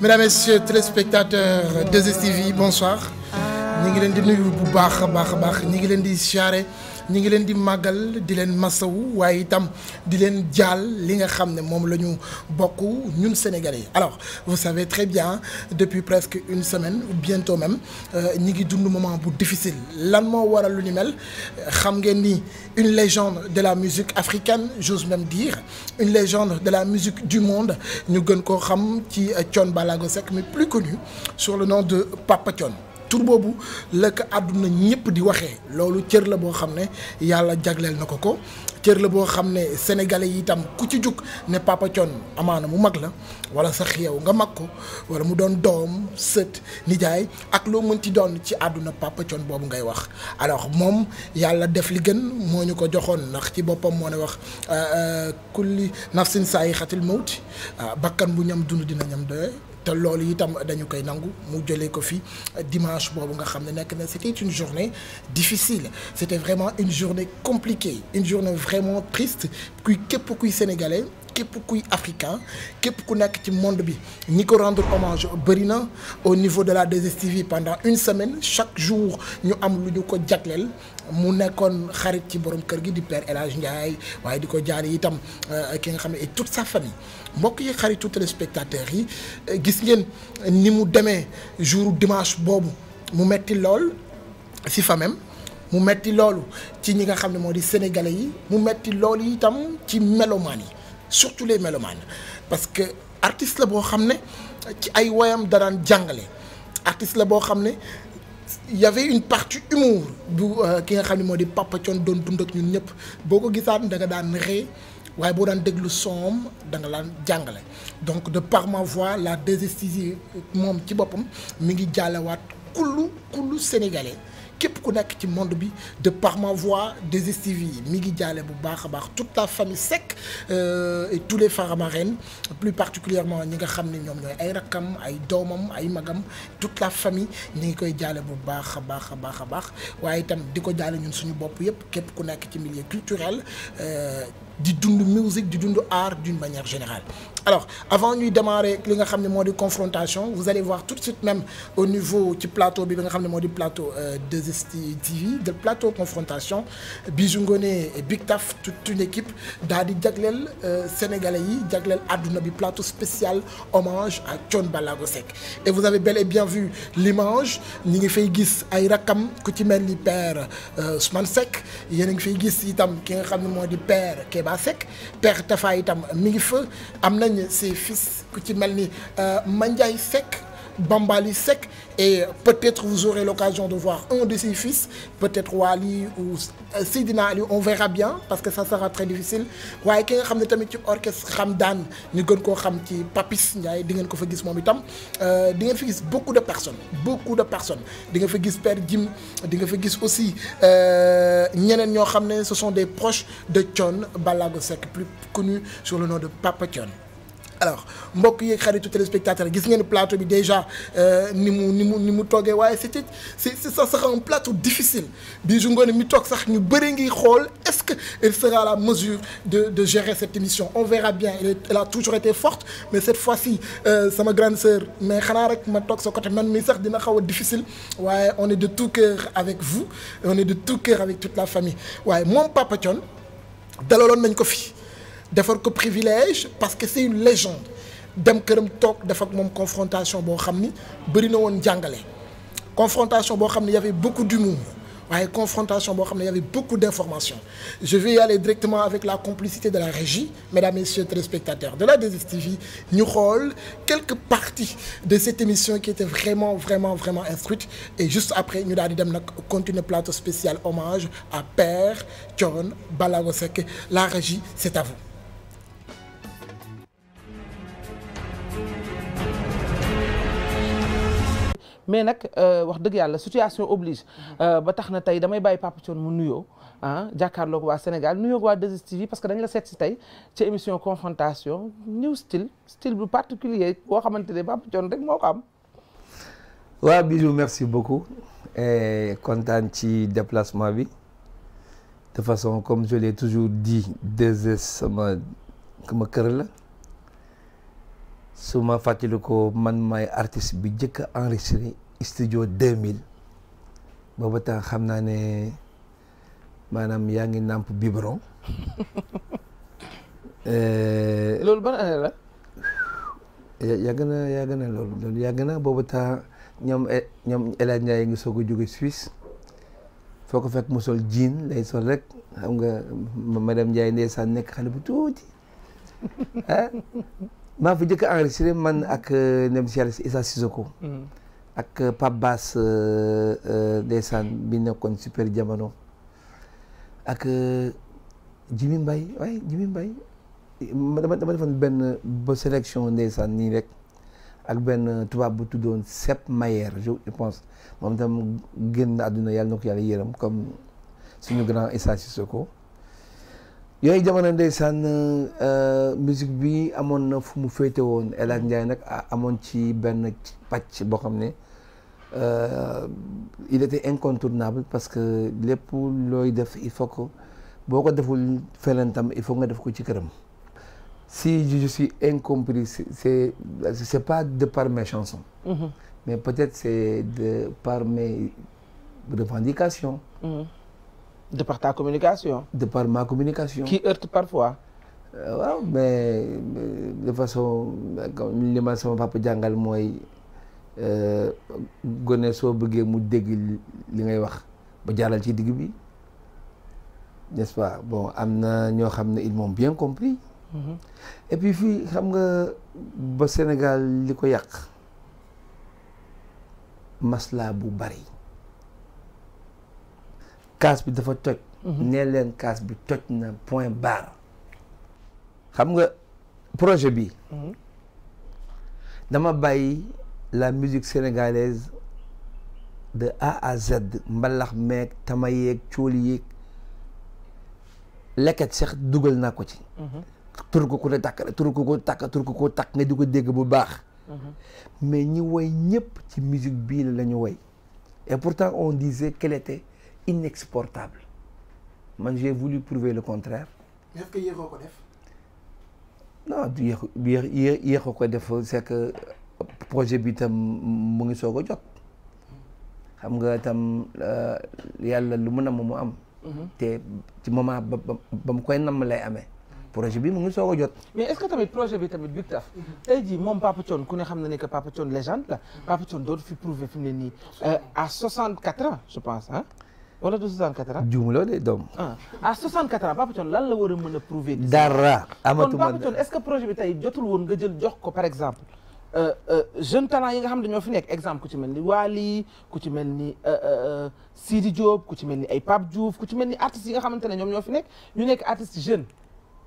mesdames et messieurs téléspectateurs 2STV bonsoir ñu ngi leen di nuyu bu baax a baax a baax ñu ngi leen di siyaare ñi ngi leen di màggal di leen masawu waaye itam di leen jaal li nga xam ne moom la ñu bokk ñun sénégal yi alors vous savez très bien depuis presque une semaine ou bientôt même euh, ñi ngi dund moment bu difficile lan moo waral lu ni mel xam ngeen ni une légende de la musique africaine j'ose même dire une légende de la musique du monde ñu gën koo xam ci euh, Thione Ballago sec mais plus connu sur le nom de Papa Thione tur boobu la ko àdduna ñëpp di waxee loolu cër la boo xam ne yàlla jagleel na ko ko cër la boo xam ne sénégalais yi itam ku ci jug ne Papa amaana mu mag la wala sax yow nga mag ko wala mu doon doom sët nijaay ak loo mën ci doon ci àdduna Papa boobu ngay wax. alors moom yàlla def li gën moo ñu ko joxoon ndax ci boppam moo ne wax euh, euh, kulli nafsin saa yi xatil mawti ah, bakkan bu ñam dund dina ñam doye te loolu itam dañu koy nangu mu jëlee ko fi dimanche boobu nga xam ne nekk na c'était une journée difficile c'était vraiment une journée compliquée une journée vraiment triste kuy képp kuy sénégalais képp kuy africain képp ku nekk ci monde bi ñi ko rendre hommage bëri na au niveau de la 2STV pendant une semaine chaque jour ñu am lu ñu ko jagleel mu nekkoon xarit ci borom kër gi di père El Hadj Ndiaye waaye di ko jaale itam euh, ki nga xam ne et toute sa famille mbokk yi xaritu téléspectateurs yi gis ngeen ni mu demee jour dimanche boobu mu metti lool si fa mu metti loolu ci ñi nga xam ne moo di sénégalais yi mu metti loolu itam ci melomaan yi surtout les melomaan parce que artiste la boo xam ne ci ay woyam daraan jàngale artiste la boo xam ne y avait une partie humour bu euh, ki nga xam ne moo di Papa Thione doon dund ak ñun ñëpp boo ko gisaan da nga daan ree waaye boo daan déglu soom danga nga laan jàngale donc de par ma voix la 2STV moom ci boppam mi ngi jàllewaat kullu kullu sénégalais képp ku nekk ci monde bi de par ma voix 2STV yi mi ngi jaale bu baax a baax tout la famille Seck euh, et tous les Faramareen plus particulièrement ñi nga xam ne ñoom ñooy ay rakkam ay doomam ay magam toute la famille ñi ngi koy jaale bu baax a baax a baax a baax waaye itam di ko jaale ñun suñu bopp yëpp képp ku nekk ci milieu culturel euh, di dund musique di dund art d'une manière générale alors avant ñuy démarrer li nga xam ne moo di confrontation vous allez voir tout de suite même au niveau ci plateau bi nga xam ne moo di plateau 2STV euh, de plateau confrontation Bijou Ngoné et Big Taf toute une équipe daal di jagleel euh, sénégalais yi jagleel àdduna bi plateau spécial hommage à Thione Ballago Seck et vous avez bel et bien vu l'image ñi ngi fay gis ay rakam ku ci mel ni père euh, Ousmane Seck yéen a ngi fay gis itam ki nga xam ne moo di père Kéba itam mi ngi fa accompagner ses fils ku ci mel ni euh, Mandiaye Seck Bambali Seck et peut-être vous aurez l'occasion de voir un de ses fils peut-être Wali ou euh, Sidina Ali on verra bien parce que ça sera très difficile waaye ki nga xam ne tamit ci orchestre Ramdan ñu gën koo xam ci Papis Ndiaye di ngeen ko fa gis moom itam euh, di ngeen fa gis beaucoup de personnes beaucoup de personnes di nga fa gis Père Jim di nga fa gis aussi ñeneen ñoo xam ne ce sont des proches de Thione Ballago Seck plus connu sous le alors mbokk yeeg xaritu téléspectateur gis ngeen plateau bi déjà euh, ni mu ni mu ni mu toogee waaye c'était c'est ça sera un plateau difficile Bijou Ngoné mi toog sax ñu bëri ngiy xool est-ce que elle sera la mesure de de gérer cette émission on verra bien elle, est, elle a toujours été forte mais cette fois-ci euh, sama euh, grande sœur mais xanaa rek ma toog sa côté nan mi sax dina xaw a difficile waaye on est de tout cœur avec vous on est de tout cœur avec toute la famille waaye moom Papa Thione dalaloon nañ ko fi defar ko privilège parce que c'est une légende dem këram toog def ak moom confrontation boo xam ni bëri na woon jàngale confrontation boo xam ne y avait beaucoup d'humour waaye confrontation boo xam ne y avait beaucoup d'informations je vais aller directement avec la complicité de la régie mesdames et messieurs téléspectateurs de la 2STV ñu xool quelques parties de cette émission qui était vraiment vraiment vraiment instruite et juste après ñu daal di dem nag continuer plateau spécial hommage à Père Thione Balago Seck la régie c'est à mais nag euh, wax dëgg yàlla situation oblige mhm. euh, ba tax na tey damay bàyyi Papa Thione mu nuyoo ah ko waa Sénégal nuyoo waa 2STV parce que dañ la seet tey ci émission confrontation new style style bu particulier boo xamante ne Papa Thione rek moo ko am. waaw Bijou merci beaucoup kontaan ci déplacement bi de façon comme je l'ai toujours di 2S sama ma kër la. su ma fàttalikoo man may artist bi njëkk a enregistré studio 2000 booba temps xam naa ne maanaam yaa ngi nàmp biberon. Eh, loolu ban année la. yàgg na yàgg na loolu loolu yàgg na booba temps ñoom eh, ñoom El Hadj ngi soog a jóge Suisse foo ko fekk mu sol jean lay sol rek xam nga madame Ndiaye ndeysaan nekk xale bu tuuti ah. maa fa jëkk enregistré man ak ndem si yàlla si Issa Sissoko mm. ak euh, Pape Bass euh, euh, ndeysaan bi nekkoon super jamono ak Jimi Mbaye waaye Jimi Mbaye dama dama defoon benn ba sélection ndeysaan nii rek ak benn tubaab bu tuddoon Sepp Mayer je pense moom itam génn àdduna yàlla na ko yàlla yërëm comme suñu grand Issa Sissoko yooyu jamono ndeysaan euh, musique bi amoon na fu mu féete woon El Hadj Ndiaye nag amoon ci benn pacc boo xam ne euh, il était incontournable parce que lépp looy def il faut que boo ko deful felentam il faut nga def ko ci këram si je suis incompris c'est c'est pas de par mes chansons mm-hmm. mais peut-être c'est de par mes revendications mm-hmm. de par ta communication. de par ma communication. qui heurte parfois. Euh, waaw mais de façon li sama papa jàngal mooy euh, gone soo bëggee mu dégg li ngay wax ba jàllal ci digg bi n'est-ce pas bon am na ñoo xam ne ils m'ont bien compris. Mm-hmm. et puis fii xam nga ba Sénégal li ko yàq maslaa bu bari. kaas bi dafa toj mhm. nee leen kaas bi toj na point barre xam nga projet bi mhm. dama bàyyi la musique sénégalaise de A à Z mbalax meeg tama yeeg cooli yeeg leket sax dugal naa ko ci mhm. tur ko ko tàkk tur ko ko tàkk nga di ko dégg bu baax mais ñi woy ñëpp ci musique bii la la ñu et pourtant on disait qu'elle inexportable man j'ai voulu prouver le contraire. est-ce que ko def. non du yéex ko def c'est projet bi tam mu ngi soog a jot. xam nga tam euh, yàlla lu mu na mu mu am. Mhm. te ci moment ba ba mu koy namm lay amee. projet bi mu ngi soog a jot. mais est-ce tamit projet bi tamit Big Taf. tey moom Papa Thione ku ne xam na ne que Papa Thione légende la. Papa Thione dootu fi prouver fi mu ne nii euh, à 64 ans wala du 64 ans. juumuloo de doom. ah ah 64 lan la war mën a prouver. dara amatuma kon Papa Thione ce que projet bi tey jotul woon nga jël jox ko par exemple. Euh, euh, jeune talent yi nga xam ne ñoo fi nekk exemple ku ci mel ni Wally ku ci mel ni euh, Sidi Diop ku ci mel ni ay Pape Diouf ku ci mel ni artistes yi nga xamante ne ñoom ñoo fi nekk ñu nekk artiste jeune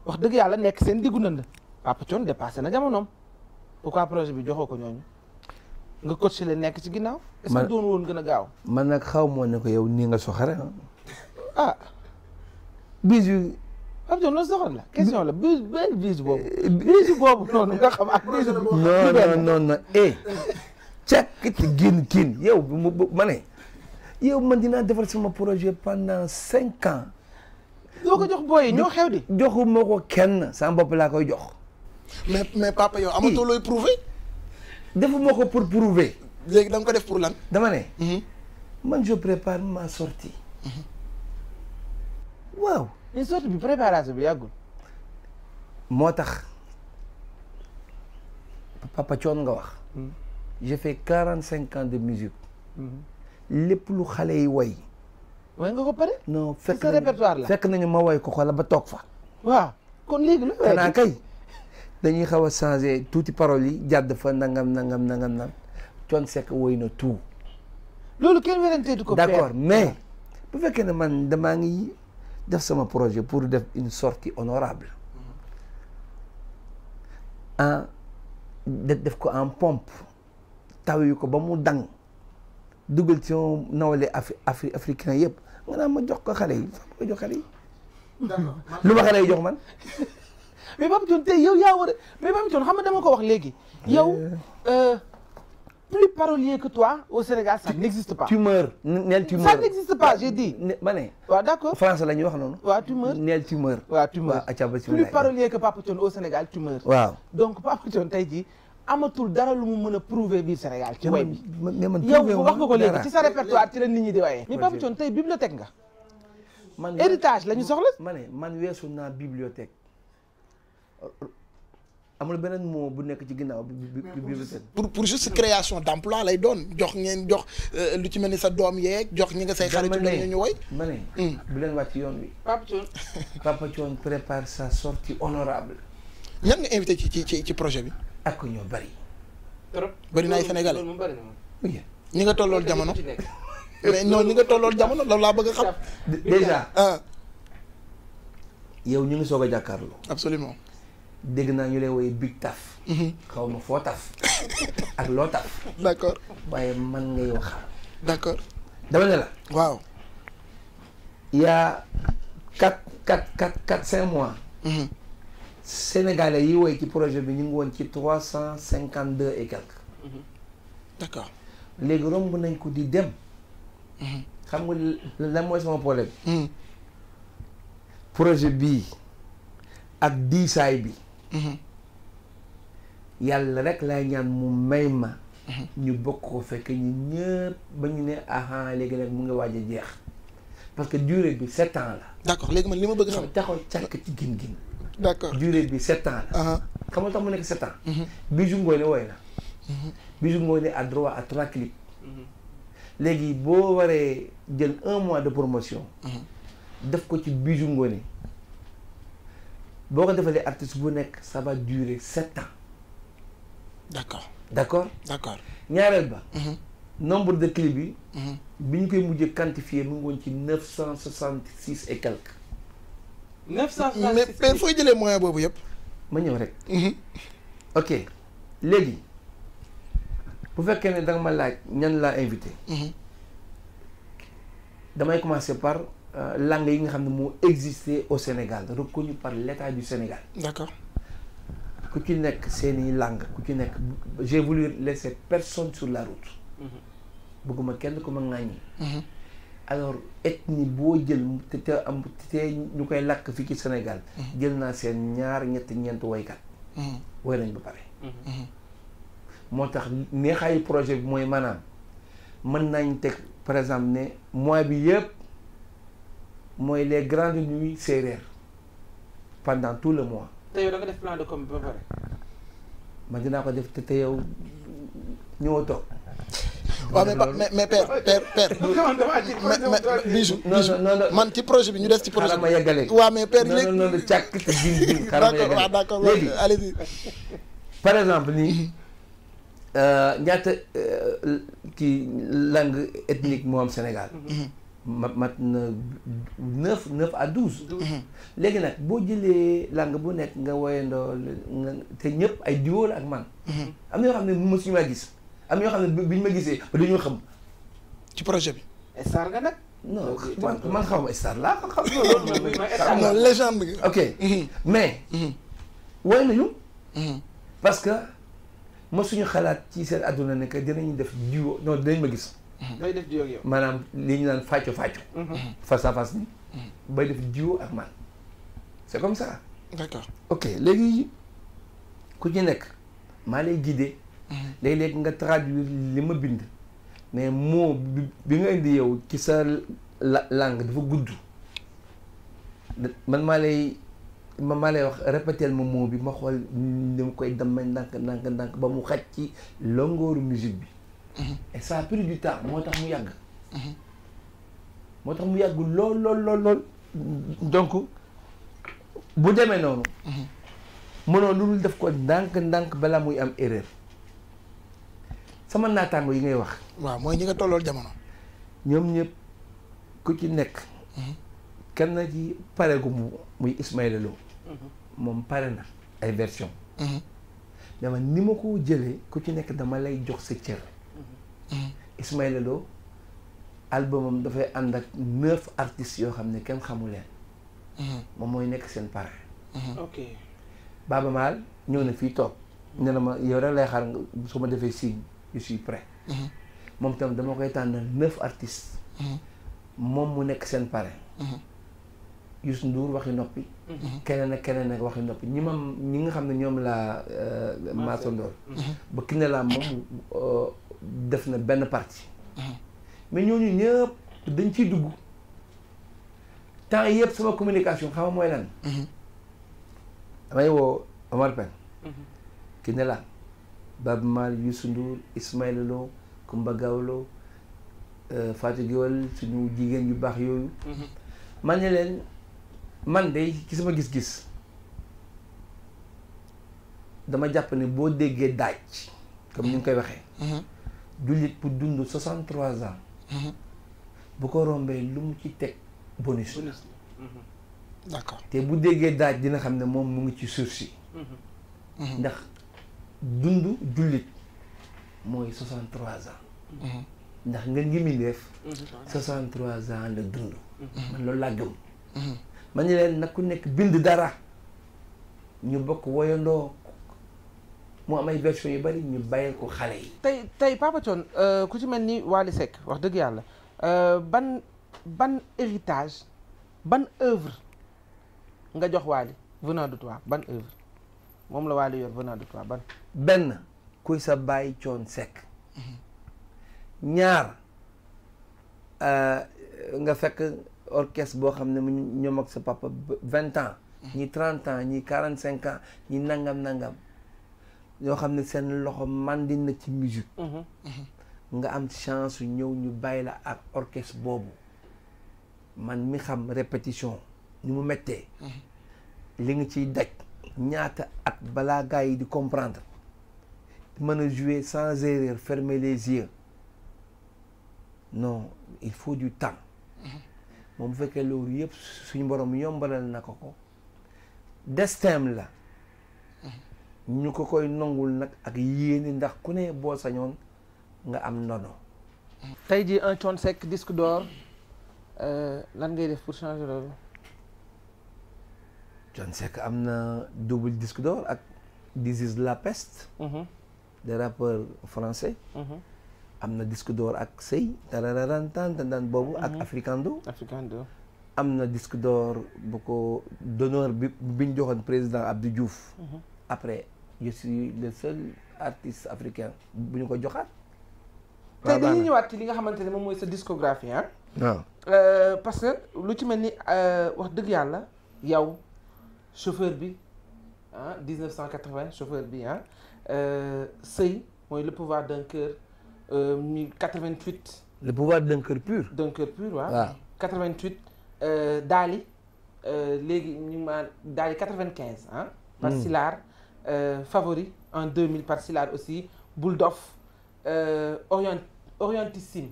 wax dëgg yàlla nekk seen diggu nand Papa Thione dépassé na jamonoom a projet bi joxoo ko ñooñu. nga coach leen nekk ci ginnaaw. est woon gën a gaaw. man na xaw ma ne ko yow nii nga soxare ah. ah. bisu. Pape Diop loolu soxal la question la bisu benn bisu boobu. bisu boobu noonu nga xam ak bisu. non non non non eh. càkkati génn génn yow ma ne. yow man dinaa defar sama projet pendant cinq an doo ko jox booy ñoo xew di. joxuma ko kenn sama bopp laa koy jox. mais papa yow amatoo looy prouver. defuma ko pour prouver. léegi da nga ko def pour lan. dama ne. Mhm. man je prépare ma sortie. Mhm. waaw. une sortie bi préparation bi yàggul. moo tax papa coon nga wax. Mhm. j'ai fait quarante cinq ans de musique. lépp lu xale yi way. way nga ko pare. fekk nañu répertoire la fekk nañu ma way ko xoolal ba toog fa. kon léegi lu. xanaa kay. dañuy xaw a changé tuuti paroles yi jàdd fa nangam nangam nangam nangam Thione Seck woy na tout. loolu kenn werante du ko. d'accord mais ah. bu fekkee ne man damaa ngi def sama projet pour def une sortie honorable ah, en def ko en pompe taw yu ko ba mu dang dugal ci nawle Afri Afri africain yëpp nga naan ma jox ko xale yi ma lu ma xale yi jox man. mais Pape Thion tey yow yaa war a mais Pape Thion xam nga dama ko wax léegi. yow euh. Euh, plus parolier que toi au Sénégal ça n'existe pas. tumeur a tumeur ça n'existe pas j'ai dit. ma ne waaw d'accord France la ñuy wax noonu. waaw tumeur neel tumeur. waaw tumeur plus parolier que Pape Thion au Sénégal tumeur. waaw donc Pape Thion tey jii. amatul dara lu mu mën a prouver biir Sénégal ci way bi yow wax nga ko léegi ci sa répertoire ci la nit ñi di waaye mais Pape Thion tey bibliothèque nga man héritage la ñu soxla ma ne man weesu naa bibliothèque amul beneen mot bu nekk ci ginnaaw bi bi pour pour juste création d' emploi lay doon jox ngeen jox euh, lu ci mel ni sa doom yeeg jox ñi nga say xarit dañu ñu woy ma ne hmm. bu leen wàcc yoon wi Papa Thione Papa Thione prépare sa sortie honorable ñan nga invité ci ci ci ci projet bi ak ñoo bëri trop bëri na ay sénégalais ñi nga tollool jamono mais non ñi nga tollool jamono loolu laa bëgg a xam déjà ah. yow ñu ngi soog a jàkkaarloo absolument dégg naa ñu lay woowee big taf. Mhm. xaw ma foo taf ak loo taf. d' accord man ngay wax. d' accord dama la. waaw. y' a quatre quatre quatre quatre cinq mois. Mhm. Sénégalais yi woy ci projet bi ñu ngi woon ci trois cent cinquante deux et quelque. Mhm. d' accord léegi romb nañ ko di dem. xam nga lan mooy sama problème. projet bii ak diisaay bi. Mhm. yàlla rek laay ñaan mu may ma. Mhm. ñu bokk ko fekk ñu ñëpp ba ñu ne ah léegi nag mu nga waaj a jeex parce que durée bi sept la. d' accord léegi man li ma bëgg xam taxaw càkk ci gin gin. d' durée bi sept ans la. xam nga tax mu nekk sept ans. Mhm. Bijou Ngoné woy na. Bijou Ngoné a droit à trois clips. léegi boo waree jël un mois de promotion. def ko ci bu Bijou Ngoné. boo ko defalee artiste bu nekk ça va durer sept ans. d' accord d' accord. ñaareel ba. Mhm. nombre de clip yi. Mhm. bi ñu koy mujjee quantifié mu ngi woon ci neuf cent soixante six et quelque. neuf mais mais fooy jëlee moyen boobu yëpp. ma ñëw rek. Mhm. ok léegi bu fekkee ne danga ma laaj ñan laa invité. damay commencer par. Euh, langue yi nga xam ne moo existé au Sénégal reconnu par l'État du Sénégal. ku ci nekk seeni langue ku ci nekk j'ai voulu laisser personne sur la route. Mhm. bëgguma kenn ko ma ŋàññi. Mhm. alors ethnie boo jël te am te ñu koy lakk fii ci Sénégal. Mhm. jël naa seen ñaar ñetti ñeent woykat. woy nañ ba pare. moo tax neexaayu projet bi mooy maanaam mën nañ teg par exemple ne mois bi yëpp. mooy les grandes nuits séeréer pendant tout le mois. te yow da nga def plan de com ba pare. man dinaa ko def te te yow ñëwoo toog. waaw mais mais père père père. bisu bisu man ci projet bi ñu def ci projet bi. ma yeggale waaw mais père léegi noonu noonu càkk te jiw jiw. xaaral ma yeggale d'accord léegi allez-y par exemple nii euh, ñaata euh, kii langue ethnique moo am Sénégal. Mhm. mat mat na neuf neuf léegi nag boo jëlee langue bu nekk nga woyandoo te ñëpp ay diwoo la ak man am na yoo xam ne mosuñu maa gis am na yoo xam ne bi biñu ma gisee ba ñu xam ci projet bi star nga nag non man xaw ma star laa xam loolu non ok mais woy nañu parce que mosuñu xalaat ci seen àdduna ne que dinañu def diwoo non dinañ ma gis Mhm. day def jiw maanaam li ñu daan fàccu fàccu. Mhm. Mhm. face à face bay def jiw ak man c'est comme ça. ok léegi ku ci nekk maa lay guider. léeg-léeg nga traduire li ma bind. mais mot bi nga indi yow ci sa la langue dafa gudd. man maa lay man maa lay wax répéteel ma moo bi ma xool ni ma koy demee ndànk ndànk ndànk ba mu xaj ci longooru musique bi. et ça a pris du temps moo tax mu yàgg. Mhm. moo tax mu yàgg lool lool lool lool. bu demee noonu. Mhm. mënoo lu dul def ko ndànk ndànk balaa muy am erreur. sama naataango yi ngay wax. waaw mooy ñi nga tollool jamono. ñoom ñëpp ku ci nekk. Mhm. kenn ci pare gu mu muy Ismaïla moom pare na ay version mais man ni ma ko jële ku ci nekk dama lay jox sa cër. Mm. Ismaïla Lo albumam dafay ànd ak neuf artistes yoo xam ne kenn xamu leen mm. moom mooy nekk seen parrain mm. ok Baaba Maal ñëw na fii toog ne na ma yow rek lay xar su ma defee signe je suis prêt moom itam dama koy tànnal neuf artistes moom mu nekk seen parrain Youssou Ndour waxi noppi keneen ak keneen ak waxi noppi ñi ma ñi nga xam ne ñoom laa euh, maasandoor ba ki laa moom euh, def na benn parti mhm. mais ñooñu ñëpp dañ ciy dugg temps yëpp sama communication xam nga mooy lan. Mhm. damay woo Omar Pène. Mhm. Kiné Lam Baaba Maal Youssou Ndour Ismaël Lo euh, suñu jigéen yu baax yooyu. man ne leen man de ci sama gis-gis dama jàpp ne boo déggee daaj. comme ni nga koy waxee. jullit bu dund 63 ans. Mhm. bu ko rombee lu mu ci teg bonus la. Mhm. te bu déggee daaj dina xam ne moom mu ngi ci suuf si. Mhm. ndax dund jullit mooy 63 ans. ndax ngeen ngi mi def. 63 ans la dund. man loolu laa gëm. ma leen nag ku nekk bind dara ñu bokk woyandoo. mu am ay version yu bari ñu bàyyil ko xale yi. tey tey Papa Thione euh, ku ci mel ni Wally Seck wax dëgg yàlla euh, ban ban héritage ban œuvre nga jox Wally venant de toit ban œuvre moom la Wally yor venant de toi benn kuy sa bàyyi Thione Seck ñaar euh, nga fekk orchestre boo xam ne mu ñoom ak sa papa vingt ans ñi trente ans ñi quarante cinq ans ñi nangam nangam. ñoo xam ne seen loxo màndi na ci musique mm-hmm. Mm-hmm. nga am chance ñëw ñu bàyyi la ak orchestre boobu man mi xam répétition ni mu méttee mm-hmm. li nga ciy daj ñaata ak balaa gars yi di comprendre mën a jouer sans erreur fermer les yeux non il faut du temps moom bu fekkee loolu yëpp suñu borom yombalal na ko ko destin la ñu ko koy nongul nag ak yéene ndax ku ne boo sañoon nga am ndono. tey jii un Thione Seck disque d'or euh, lan ngay def pour changer loolu. Thione am na double disque d'or ak This is la peste. Mhm. des mhm. na disque d'or ak Sey. tararaan tan tan boobu ak mhm. Africando. am na disque d'or bu ko d'honneur biñ joxoon président Abdou Diouf. je suis le seul artiste africain bu ñu ko joxaat. tey dañuy ñëwaat ci li nga xamante ne moom mooy sa discographie ah. waaw euh, parce que lu ci mel ni euh, wax dëgg yàlla yow chauffeur bi ah 1980 chauffeur bi ah euh, sëy mooy le pouvoir d'un cœur mi 88. le pouvoir d'un cœur pur. d'un cœur pur waaw. waaw 88 daali léegi ñu ma daali 95 ah. Hmm. Basilar. euh, favori en mille par Syllard aussi bul euh, orient orientissime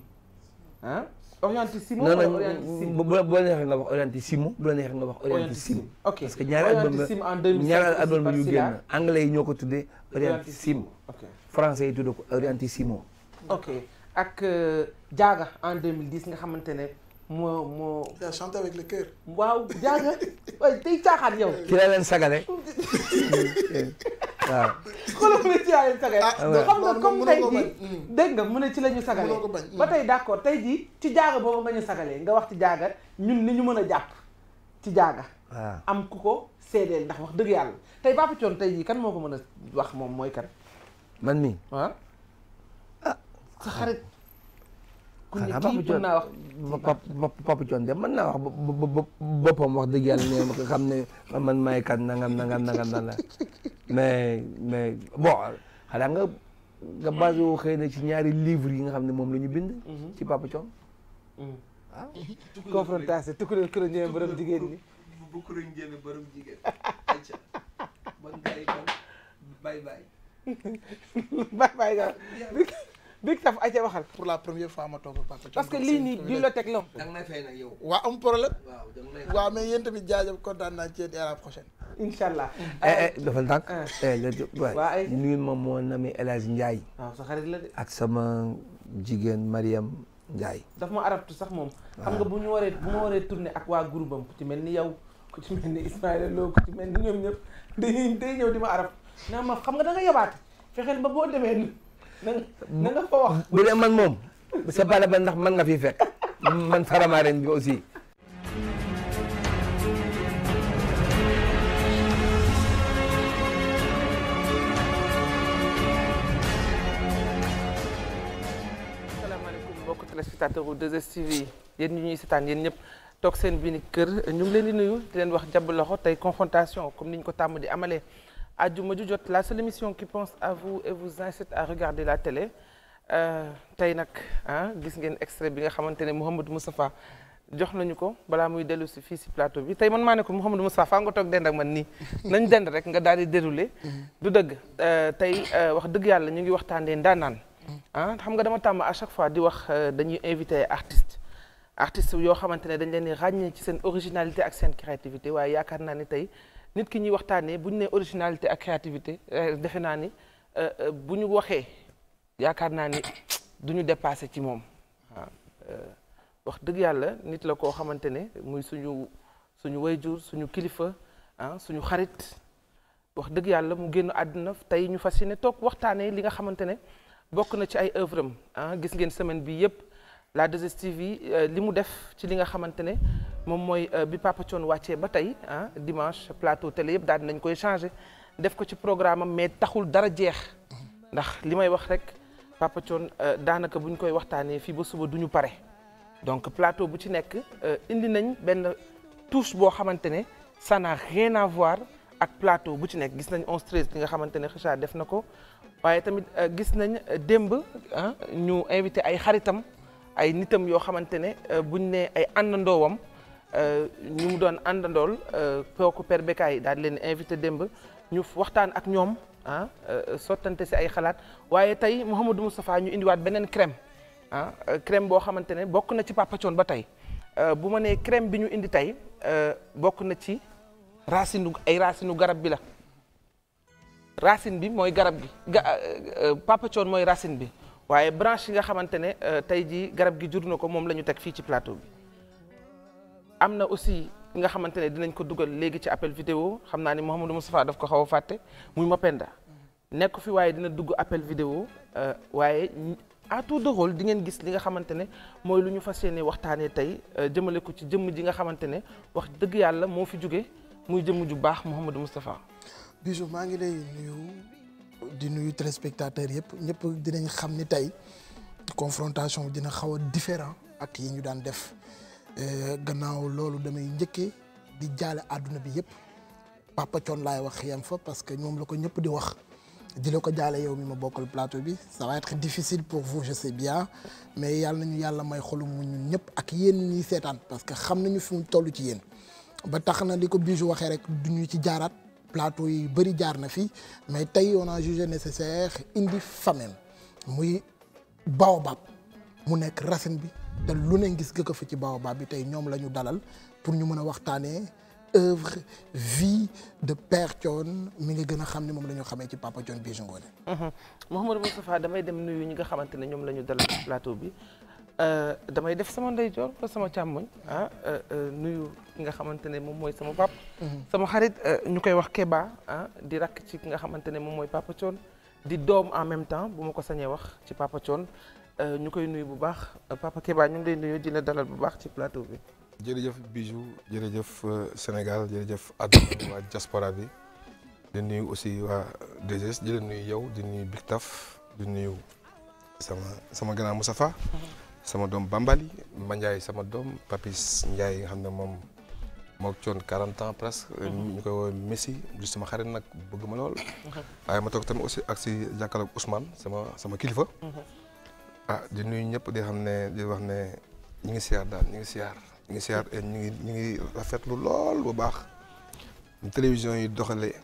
ah. orientissimo wala orientissime non non bu la neexee nga wax orientissimo bu la neexee nga wax orientissime. ok parce que ñaari album ñaari album yu génn anglais yi ñoo ko tuddee orientissimo. ok français yi tuddee ko orientissimo. ok ak Jaaga en 2010 nga xamante ne. moo moo. yaa chanté avec le waaw jaaga waaye tey caaxaan yow. ki la leen sagale. waaw. xoolal ah, mm. mu ne ci laa leen ci la ñu sagale. ba tey d' accord tey jii ci jaaga boobu nga ñu sagalee nga wax ci jaaga ñun ni ñu mën a jàpp ci jaaga. Ah. am ku ko seedeel ndax wax dëgg yàlla tey Papa coon tey jii kan moo ko mën a wax moom mooy kan. man mii. Ah. ah sa xarit. xanaa papa Thione papa Thione de mën naa wax boppam wax dëgg yàlla ne ma ko xam ne man may kat nangam nangam nangam nangam mais mais bon xanaa nga nga basé wu xëy na ci ñaari livres yi nga xam ne moom la ñu bind. Mhm. ci papa Thione. Mhm. ah confrontation tukulóor kuro ñeent borom jigéen ñi. bu kuro ñeent borom jigéen ayca man gars yi man bye bye. bye bye Big Taf ay ca waxal. pour la première fois ma toog ak papa. parce que lii nii bibliothèque la. da nga may fay nag yow. waaw am problème. waaw allah. Eh, eh, dafa ndànk. Ah. Eh, waaw ay nuyu ma mon ami El la ak sama jigéen Mariam Ndiaye. dafa ma arabtu sax moom. xam nga bu ñu waree bu ma waree ak waa groupe am ku ci mel ni yow ku ci mel ni Ismaïla Lo ku ci mel ni ñoom ñëpp day ñëw di ma arab naa ma xam nga da nga yabaate fexeel ba boo demee. na nga man moom. c'est pas la ndax man nga fi fekk. man faramaaren bi aussi. asalaamaaleykum mbokki téléspectateur u 2STV yi ñu ñuy seetaan yéen ñëpp. toog seen biir kër ñu ngi leen di nuyu di leen wax jàpp loxo tey confrontation comme ni ko tàmm di amale àjjuma ju jot la seule émission qui pense à vous et vous incite à regarder la télé euh, tey nag ah gis ngeen extrait bi nga xamante ne Mouhamadou Moustapha jox nañu ko balaa muy dellu si fii si plateau bi tey man maa ne ko Mouhamadou Moustapha faa nga toog dend ak man nii nañ dend rek nga daal di déroulé. Mm-hmm. du dëgg euh, tey euh, wax dëgg yàlla ñu ngi waxtaanee ndaanaan. Mm-hmm. ah xam nga dama tàmm à chaque fois di wax dañuy invité artiste artiste yoo xamante ne dañ leen di ràññee ci seen originalité ak seen créativité waaye naa ni tey. nit ki ñuy waxtaanee bu ñu nee originalité ak créativité euh, defe naa ni euh, euh, bu ñu waxee yaakaar naa ni du ñu dépassé ci moom waaw wax dëgg yàlla nit la koo xamante ne muy suñu suñu wayjur suñu kilifa ah suñu xarit wax dëgg yàlla mu génn àdduna tey ñu fas yéene toog waxtaanee li nga xamante ne bokk na ci ay œuvre am ah, gis ngeen semaine bi yépp la 2STV euh, li mu def ci li nga xamante ne moom mooy euh, bi Papa wàccee ba tey ah dimanche plateau télé yëpp daal koy changé def ko ci programme am mais taxul dara jeex ndax li may wax rek Papa euh, daanaka bu ñu koy waxtaanee fii ba suba du ñu pare donc plateau bu ci nekk indi nañ benn touche boo xamante ne ça n'a rien ak plateau bu ci nekk gis nañ 11 13 li nga xamante ne Kheucha def na ko waaye tamit gis nañ démb ñu invité ay xaritam. ay nitam yoo xamante ne euh, buñ ne ay àndandoowam euh, ñu mu doon àndandool euh, kooku Père Bécaye daal di leen invité démb ñu waxtaan ak ñoom ah sottante si ay xalaat waaye tey Mouhamadou Moustapha ñu indiwaat beneen crème ah crème boo xamante ne bokk na ci Papa ba tey bu ma nee crème bi ñu indi tey bokk na ci racine ay racine garab bi la racine bi mooy garab gi Papa mooy racine bi. waaye branche yi nga xamante ne euh, tey jii garab gi jur na ko moom la ñu teg fii ci plateau bi am na aussi nga xamante ne dinañ ko dugal léegi ci appel vidéo xam naa ni Mouhamadou Moustapha daf ko xaw a fàtte muy Mapenda nekk fi waaye dina dugg appel vidéo euh, waaye à tour de rôle di ngeen gis li nga xamante ne mooy lu ñu fas yéene waxtaanee tey euh, jëmale ko ci jëmm ji nga xamante ne wax dëgg yàlla moo fi jóge muy jëmm ju baax Mouhamadou Moustapha. Bijou maa ngi lay nuyu. di nuyu téléspectateurs yëpp ñëpp dinañ xam ni tey confrontation dina xaw a différent ak yi ñu daan def euh, gannaaw loolu damay njëkkee di jaale àdduna bi yëpp Papa Thione laay wax yem fa parce que ñoom la ko ñëpp di wax di ko jaale yow mi ma bokkal plateau bi ça va être difficile pour vous je bien mais yàlla nañu yàlla may xolu mu ñun ñëpp ak yéen ñuy seetaan parce que xam nañu fi mu toll ci yéen ba tax na li ko Bijou waxee rek duñu ci jaaraat plateau yu bëri jaar na fi mais tey on a jugé nécessaire indi famem muy baobab mu nekk racine bi te lu ne gis nga fi ci baobab bi tey ñoom la ñu dalal pour ñu mën a waxtaanee œuvre vie de Père Thione mi nga gën a xam ni moom la ñu xamee ci Papa Thione Bijou Ngoné. Mhm. Mouhamadou Moustapha damay dem nuyu ñi nga xamante ne ñoom la ñu dalal plateau bi euh, damay def sama ndeyjoor ba sama càmmoñ ah, euh, euh, nuyu. ki nga xamante ne moom mooy sama pap mhm. sama xarit euh, ñu koy wax Keba ah di rakk ci ki nga xamante ne moom mooy Papa Thione di doom en même temps bu ma ko sañee wax ci Papa Thione euh, ñu koy nuyu bu baax euh, Papa Keba ñu ngi lay nuyu di la dalal bu baax ci plateau bi. jërëjëf Bijou jërëjëf Sénégal jërëjëf àdduna waa diaspora bi di nuyu aussi waa 2S di nuyu yow di nuyu Big Taf di nuyu sama sama grand mhm. sama doom Bambali Mandiaye sama doom Papis Ndiaye nga xam ne moom moo coon 40 ans presque. Mhm. ñu koy woowee Messi di sama xarit nag bëgg ma lool. Mhm. waaye ma toog tamit aussi ak si jàkkaarloog Ousmane sama sama kilifa. Mhm. ah di nuyu ñëpp di xam ne di wax ne ñu ngi siyaar daal ñu ngi siyaar. ñu ngi siyaar ñu ngi ñu ngi rafetlu lool bu baax. télévision yi doxalee.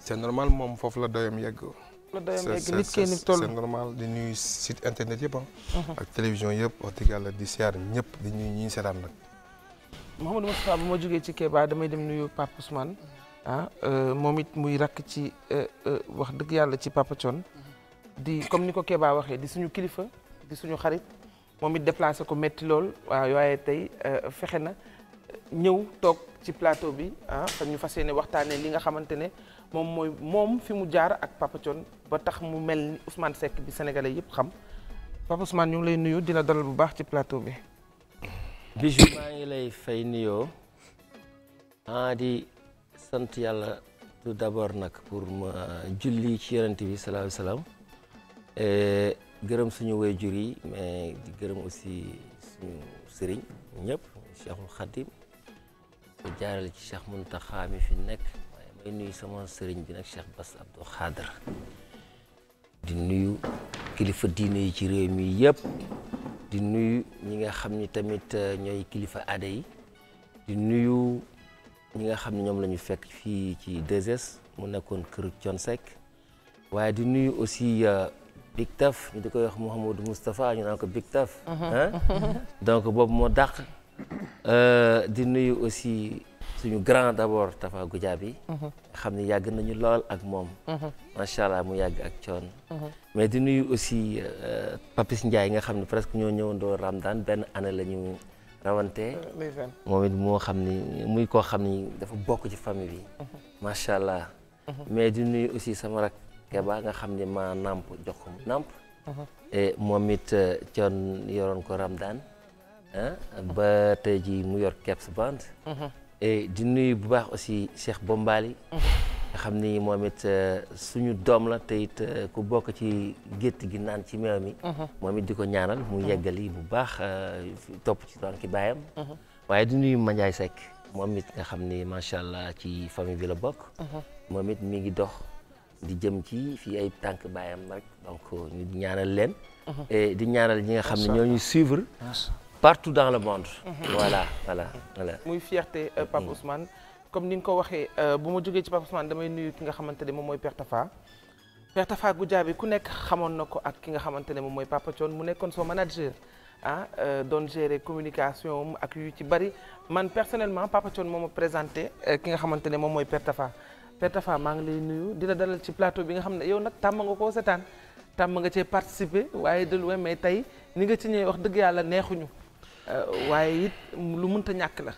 c'est normal moom foofu la doyam yegg. la doyam yegg nit kee c'est normal di nuyu site internet yëpp ah. ak télévision yëpp wax dëgg yàlla di siyaar ñëpp di nuyu ñu seetaan nag. Mouhamadou Moustapha bu ma jógee ci keebaa damay dem nuyu Pape Ousmane ah euh, moom it muy rakk ci euh, euh, wax dëgg yàlla ci Papa Thion di comme ni ko Kéba waxee di suñu kilifa di suñu xarit moom it déplacé ko métti lool waaye tey fexe na ñëw toog ci plateau bi ah fan ñu fas ne waxtaanee li nga xamante ne moom mooy moom fi mu jaar ak Papa Thion ba tax mu mel ni Ousmane Seck bi sénégalais yëpp xam Papa Ousmane ñu ngi lay nuyu dina la bu baax ci plateau bi. Bijou maa ngi lay fay nuyoo ah di sant yàlla tout d'abord nag pour ma julli ci yonent bi salaahu salaam eh, gërëm suñu waajur yi mais di gërëm aussi suñu sëriñ ñëpp Cheikhul Khadim ko jaarale ci Cheikh Mountakha mi fi nekk waaye may nuyu sama sëriñ bi nag Cheikh Bass Abdou Khadre di nuyu kilifa diine yi ci réew mi yëpp di nuyu ñi nga xam ni tamit euh, ñooy kilifa aada yi di nuyu ñi nga xam ne ñoom la ñu fekk fii ci 2 mu nekkoon kër Thione Seck waaye di nuyu aussi euh, Big ñu di koy wax Mouhamadou Moustapha ñu naan ko Big donc boobu moo dàq euh, di nuyu aussi suñu grand d'abord Tafa Goudiaby mhm. xam ni yàgg nañu lool ak moom mhm. macha allah mu yàgg ak coon mhm. mais di nuyu aussi euh, Papis Ndiaye nga xam ne presque ñoo ñëwandoo Ramadan benn année la ñu rawante euh, moom it moo xam ni muy koo xam dafa bokk ci famille bi macha allah mais di nuyu aussi sama rak Keba xam ni maa nàmp jox ko nàmp euh, yoroon ko Ramadan ba tey ji mu yor Keps Band di nuyu bu baax aussi Cheikh Bombali. nga xam ni moom it euh, suñu doom la te it euh, ku bokk ci gétt gi naan ci meew mi. Mhm. moom it di ko ñaanal mu mhm. yeggali bu baax euh, topp ci doon ki baayam. Mhm. waaye di nuyu Mandiaye Seck moom it nga xam ni macha allah ci famille bi la bokk. moom it mi ngi dox di jëm ci fii ay tànk baayam rek donc ñu ñaanal leen. di ñaanal ñi nga xam ne ñoo ñuy suivre. partout dans le monde. Mhm. voilà voilà voilà. muy fierté euh, Pape mhm. Ousmane comme ni nga ko waxee euh, bu ma jógee ci Pape Ousmane damay nuyu ki nga xamante ne moom mooy Père Tafa. Père Tafa ku nekk xamoon na ko ak ki nga xamante ne moom mooy Papa mu nekkoon son manager ah euh, doon gérer communication ak yu ci bari man personnellement Papa Thion présenté ki nga xamante ne moom mooy Père Tafa. Père maa ngi lay nuyu dina la dalal ci plateau bi nga xam ne yow nag tàmm nga koo setaan tàmm nga cee participer waaye de loin mais tey ni nga ci ñëwee wax dëgg yàlla neexuñu. Euh, waaye it lu mënta ñàkk la.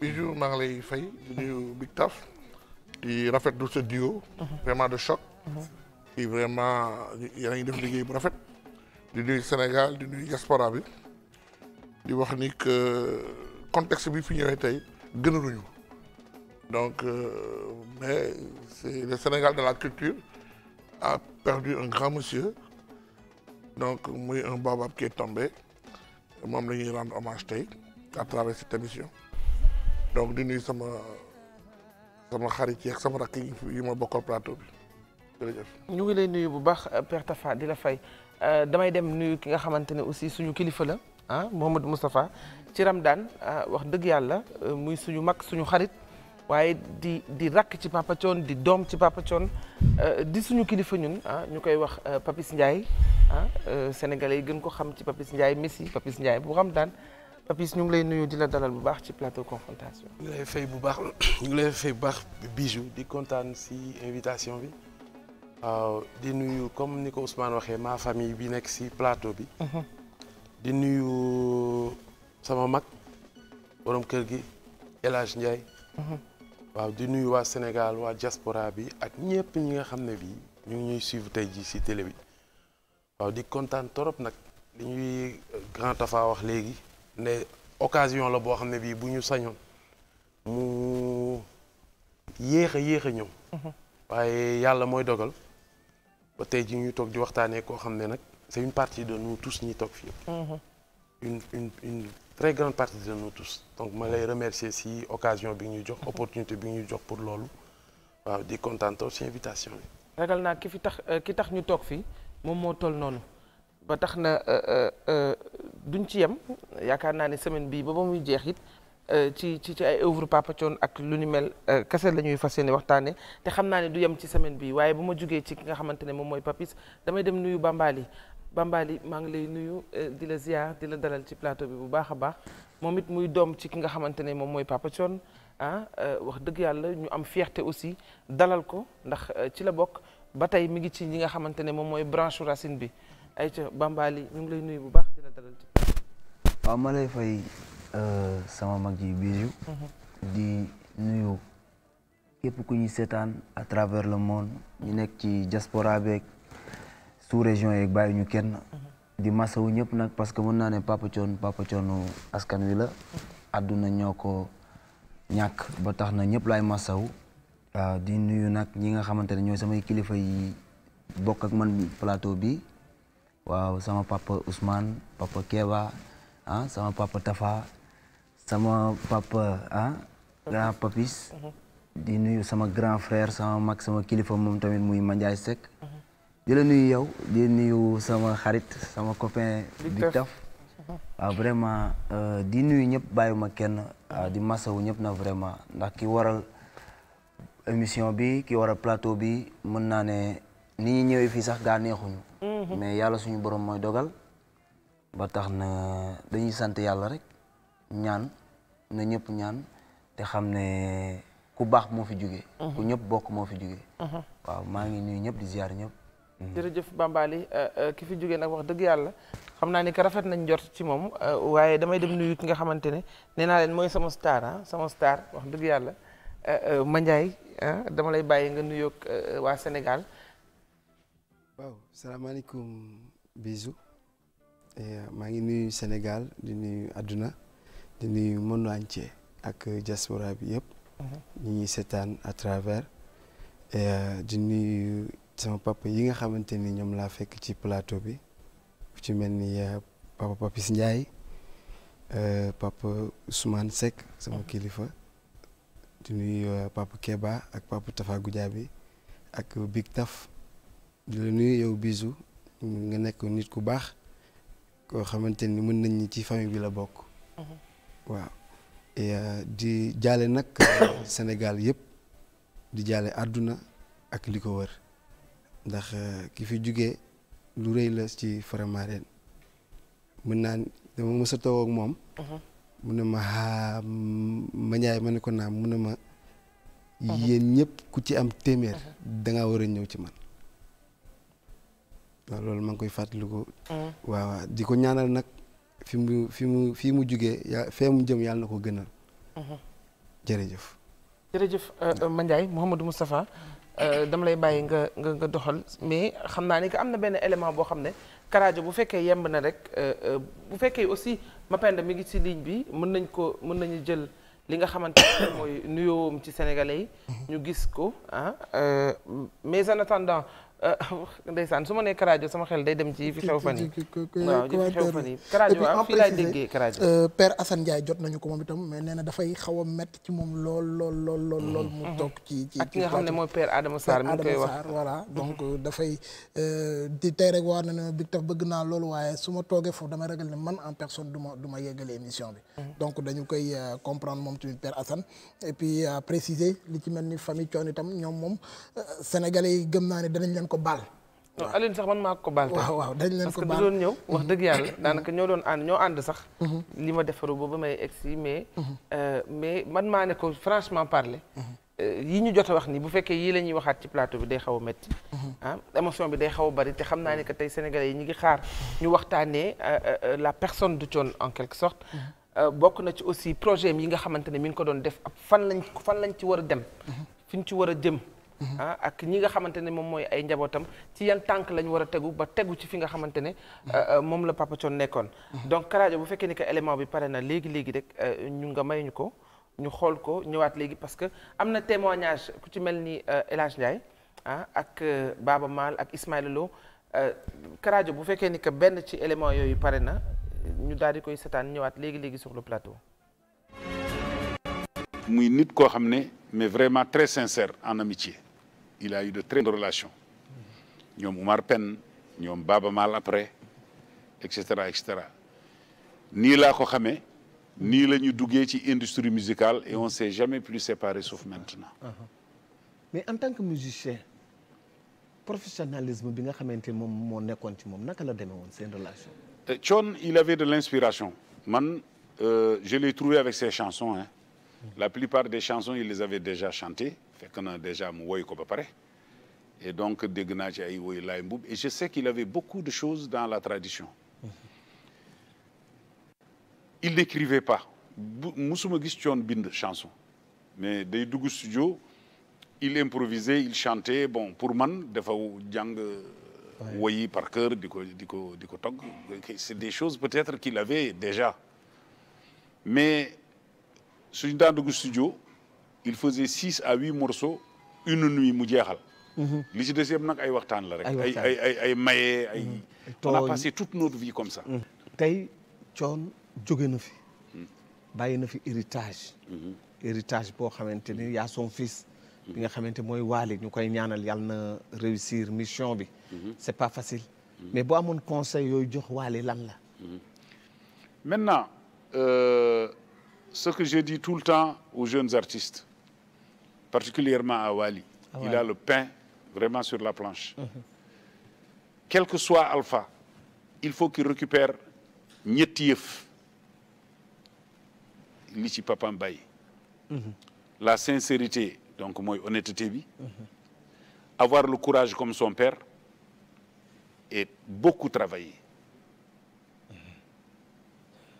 Bijou maa ngi fay di nuyu Big Taf di rafetlu sa duo. Mhm. vraiment de choc. Mhm. di vraiment yéen ngi def liggéey bu rafet. di nuyu Sénégal di nuyu diaspora bi di wax ni que contexte bi fi ñëwee tey gënaluñu donc euh, mais c'est le Sénégal de la culture a perdu un grand monsieur donc muy un baobab qui est moom la ñuy rendre hommage tey à donc di nuyu sama sama xarit yeeg sama rakk yi ma bokkal plateau bi ñu ngi lay nuyu bu baax euh, Père Tafa di la fay euh, damay dem nuyu ki nga xamante ne aussi suñu kilifa la ah Mouhamadou Moustapha ci Ramadan euh, wax dëgg yàlla muy suñu mag suñu xarit. waaye di di rakk ci Papa di doom ci Papa euh, di suñu kilifa ñun ah ñu koy wax euh, Papis Ndiaye ah euh, sénégalais yi gën ko xam ci Papis Ndiaye Messi Papis Ndiaye bu xam daan Papis ñu ngi lay nuyu di la dalal bu baax ci plateau confrontation. ñu lay fay bu baax ñu ngi lay fay bu baax bijou di kontaan si invitation bi di nuyu comme ni ko Ousmane waxee ma famille bi nekk si plateau bi. Mhm. di nuyu sama mag borom kër gi El Hadj waaw di nuyu waa Sénégal waa diaspora bi ak ñëpp ñi nga xam ne bii ñu ngi ñuy suivre tey jii si télé bi waaw di kontaan trop nag li ñuy euh, grand tafa wax léegi ne occasion la boo xam ne bii bu ñu sañoon mu yéex a yéex a ñëw. Mhm. waaye yàlla mooy dogal ba tey jii ñu toog di waxtaanee koo xam ne nag c'est une partie de nous tous ñi toog fii. très grande partie de nous tous donc ma lay remercier si occasion bi ñuy jox opportunité bi ñuy jox pour loolu waaw di kontaan trop si invitation bi. naa ki fi tax euh, ki tax ñu toog fii moom moo toll noonu ba tax na euh, euh, duñ ci yem yaakaar naa ne semaine bii ba ba muy jeex it ci ci ci ay œuvre Papa ak lu ni mel kese la ñuy fas yéene waxtaanee te xam naa ne du yem ci semaine bi waaye bu ma jógee ci ki nga xamante ne moom mooy Papis damay dem nuyu Bambali. Bambaly maa ngi lay nuyu eh, di la ziar di la dalal ci plateau bi bu baax a baax moom it muy doom ci ki nga xamante ne moom mooy Papa Thione ah, eh, wax dëgg yàlla ñu am fierté aussi dalal ko ndax eh, ci la bokk ba tey mi ngi ci ñi nga xamante ne moom mooy branche racine bi ayca Bambaly ñu ngi lay nuyu bu baax di la dalal ci. waaw ma lay fay euh, sama mag ji Bijou. Mm-hmm. di nuyu képp ku ñuy seetaan à travers le monde ñu nekk ci diaspora beeg. sous région yeeg bàyyi ñu kenn. Mhm. di masawu ñëpp nag parce que mën naa ne papa coon papa coonu askan wi la. àdduna ñoo ko ñàkk ba tax na ñëpp laay masawu. waaw di nuyu nag ñi nga xamante ne ñooy samay kilifa yi bokk ak man plateau bi waaw sama papa Ousmane papa Keba ah, sama papa Tafa sama papa ah, grand papis. Mhm. di nuyu sama grand frère sama mag sama kilifa moom tamit muy Mandiaye Seck. Mhm. di nuyu yow di nuyu sama xarit sama copain Big Taf waaw vraiment euh, di nuyu ñëpp ma kenn ah, di masawu ñëpp na vraiment ndax ki waral émission bi ki waral plateau bi mën naa ne nit ñi ñëwee fii sax gaa neexuñu mhm. mais yàlla suñu borom mooy dogal ba tax na dañuy sant yàlla rek ñaan na ñëpp ñaan te xam ne ku baax moo fi jóge mhm. ku ñëpp bokk moo fi jóge mhm. waaw maa ngi nuyu ñëpp di ziar ñëpp Mm-hmm. jërëjëf Bambali euh, euh, ki fi jógee nag wax dëgg yàlla xam naa ni que rafet nañ njort ci moom euh, waaye damay dem nuyu ki nga xamante ne nee naa leen mooy sama star ah sama star wax dëgg yàlla Mandiaye ah, dama lay bàyyi nga nuyoog waa Sénégal. waaw salaamaaleykum bisou maa ngi nuyu Sénégal di nuyu àdduna di nuyu monde ci ak diaspora bi yëpp. Mm-hmm. ñi ñuy seetaan à travers. di nuyu sama papa yi nga xamante ni ñoom laa fekk ci plateau bi ku ci mel ni euh, papa Papis Ndiaye euh, papa Ousmane Seck sama mm-hmm. kilifa di nuyu euh, papa Keba ak papa Tafa Goudiaby ak Big Taf di la nuyu yow bisu nga nekk nit ku baax koo xamante ni mën nañ ci famille bi la bokk. Mm-hmm. waaw di jaale nag senegal yëpp di jaale àdduna ak li ko wër. ndax euh, ki fi jugee lu rëy la ci Faramareen mën naa dama mës a toog ak moom. Uh-huh. mu ne ma xaa ma ma ne ko naam mu na ma. Uh-huh. yéen ñépp ku ci am téeméer. Uh-huh. da ngaa war a ñëw ci man. waaw loolu maa ngi koy fàttaliku. waaw waaw di ko ñaanal nag fi mu fi mu fii mu jugee yaa fee mu jëm yàlla na ko gënal. jërëjëf. jërëjëf euh, euh, Mandiaye Mouhamadou Moustapha. Euh, dama lay bàyyi nga nga nga doxal mais xam naa ni que am na benn élément boo xam ne Karajo bu fekkee yemb na rek euh, euh, bu fekkee aussi Mapenda mi ngi ci ligne bi mën nañ ko mën nañu jël li nga xamante mooy nuyoowam ci sénégalais mhm. ñu gis ko ah mais en attendant. Euh, ndeysaan su ma nee Karajo sama xel day dem ci fi xew fan yi waaw fi xew fan yi Karajo waaw fii laay euh, jot nañu ko moom itam mais nee na dafay xaw a métti ci moom lool lool lool lool lool mu mhm. toog ci ci ak ki nga xam ne mooy Père Adama Sarr mi koy wax mhm. euh, di tey rek na ne bi tax bëgg naa loolu waaye su ma toogee foofu damay ragal ne man en personne du ma du ma émission bi mhm. donc dañu koy comprendre moom tamit Père Assane et puis préciser li ci mel ni famille Thione itam ñoom moom sénégalais yi naa ne danañ leen ko baal. waaw Alioune sax man maa ko baal. waaw waaw ko baal parce que doon ñëw wax mm-hmm. dëgg yàlla daanaka ñoo doon ànd ñoo ànd sax. Mm-hmm. li ma defaru boobu may egsi mais. Mm-hmm. Euh, mais man maa ne ko franchement parler. Euh, yi ñu jot a wax nii bu fekkee yii la ñuy waxaat ci plateau bi day xaw a métti. ah émotion bi day xaw a bari te xam naa ne que tey sénégalais yi ñu ngi xaar ñu waxtaanee euh, la personne du Thione en quelque sorte. bokk na ci aussi projet yi nga xamante ne mi ngi ko doon def ab fan lañ fan lañ ci war a dem. Mm-hmm. ah ak ñi nga xamante ne moom mooy ay njabootam ci yan tànk lañ war a tegu ba tegu ci fi nga xamante ne mm-hmm. euh, euh, moom la Papa Thione nekkoon mm-hmm. donc Karajo bu fekkee ni que élément bi pare na léegi léegi rek euh, ñu nga may ñu ko ñu xool ko ñëwaat léegi parce que am na témoignage ku ci mel ni El Hadj ah ak Baba Maal ak Ismaïla Lo Karajo bu fekkee ni que benn ci élément yooyu pare na ñu daal di koy setaan ñëwaat léegi léegi sur le plateau. muy nit koo xam ne mais vraiment très sincère en amitié. il a eu de très bonnes relations ñoom Oumar Penn ñoom Baba Maal après et cetera et cetera nii laa ko xamee nii la ñu duggee ci industrie musicale et on s'est jamais plus séparé sauf maintenant. Uh-huh. mais en tant que musicien professionnalisme bi nga xamante ni moom moo nekkoon ci moom naka la demee woon seen relation. Eh, Thione il avait de l'inspiration man euh, je l'ai trouvé avec ses chansons hein. Mm. la plupart des chansons il les avait déjà chantées. fekk na déjà mu woy ko ba pare et donc dégg ay woy laay mbub et je sais qu'il avait beaucoup de choses dans la tradition mm-hmm. il n'écrivait pas musuma gis coon bind chanson mais day dugg studio il improvisait il chantait bon pour man dafa jàng woyi par cœur di ko di ko di ko togg c'est des choses peut-être qu'il avait déjà mais suñu daan dugg studio il faisait six à huit morceaux une nuit mu jeexal. Mhm. li ci des yëpp nag ay waxtaan la rek. ay ay ay ay maye mhm. ay. on a passé toute notre vie comme ça. Mhm. tey coon jóge na fi. bàyyi na fi héritage. héritage boo xamante ni yaa son fils. bi nga xamante mooy waali ñu koy ñaanal yàlla na réussir mission bi. c'est pas facile. mais boo amoon conseil yooyu jox waali lan la. maintenant euh, ce que je dis tout le temps aux jeunes artistes. particulièrement à Wali. Ah ouais. Il a le pain vraiment sur la planche. Mmh. Quel que soit Alpha, il faut qu'il récupère ñetti yëf li ci papam bàyyi. Mhm. La sincérité donc mooy honnêteté bi. Mmh. Avoir le courage comme son père et beaucoup travailler. Mhm.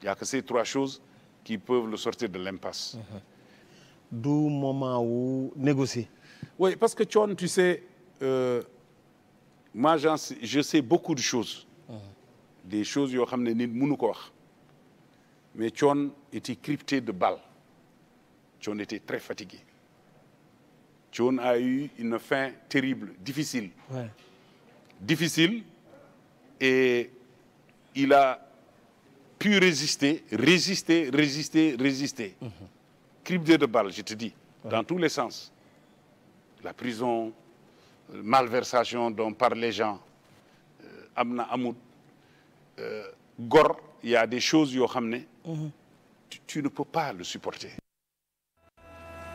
Il n'y a que ces trois choses qui peuvent le sortir de l'impasse. Mmh. du moment wu négocier. oui parce que Thione tu sais euh, moi j'en sais, je sais beaucoup de choses. Mmh. des choses yoo xam ne nit mënu ko wax. mais Thione était criblé de balles Thione était très fatigué Thione a eu une fin terrible difficile. difficile et il a pu résister résister résister résister. Mmh. criblé de balles, je te dis, ouais. dans tous les sens. La prison, euh, malversation dont parlent les gens, euh, am na amut euh, gor, il y des choses yoo xam ne. Mhm. tu ne peux pas le supporter.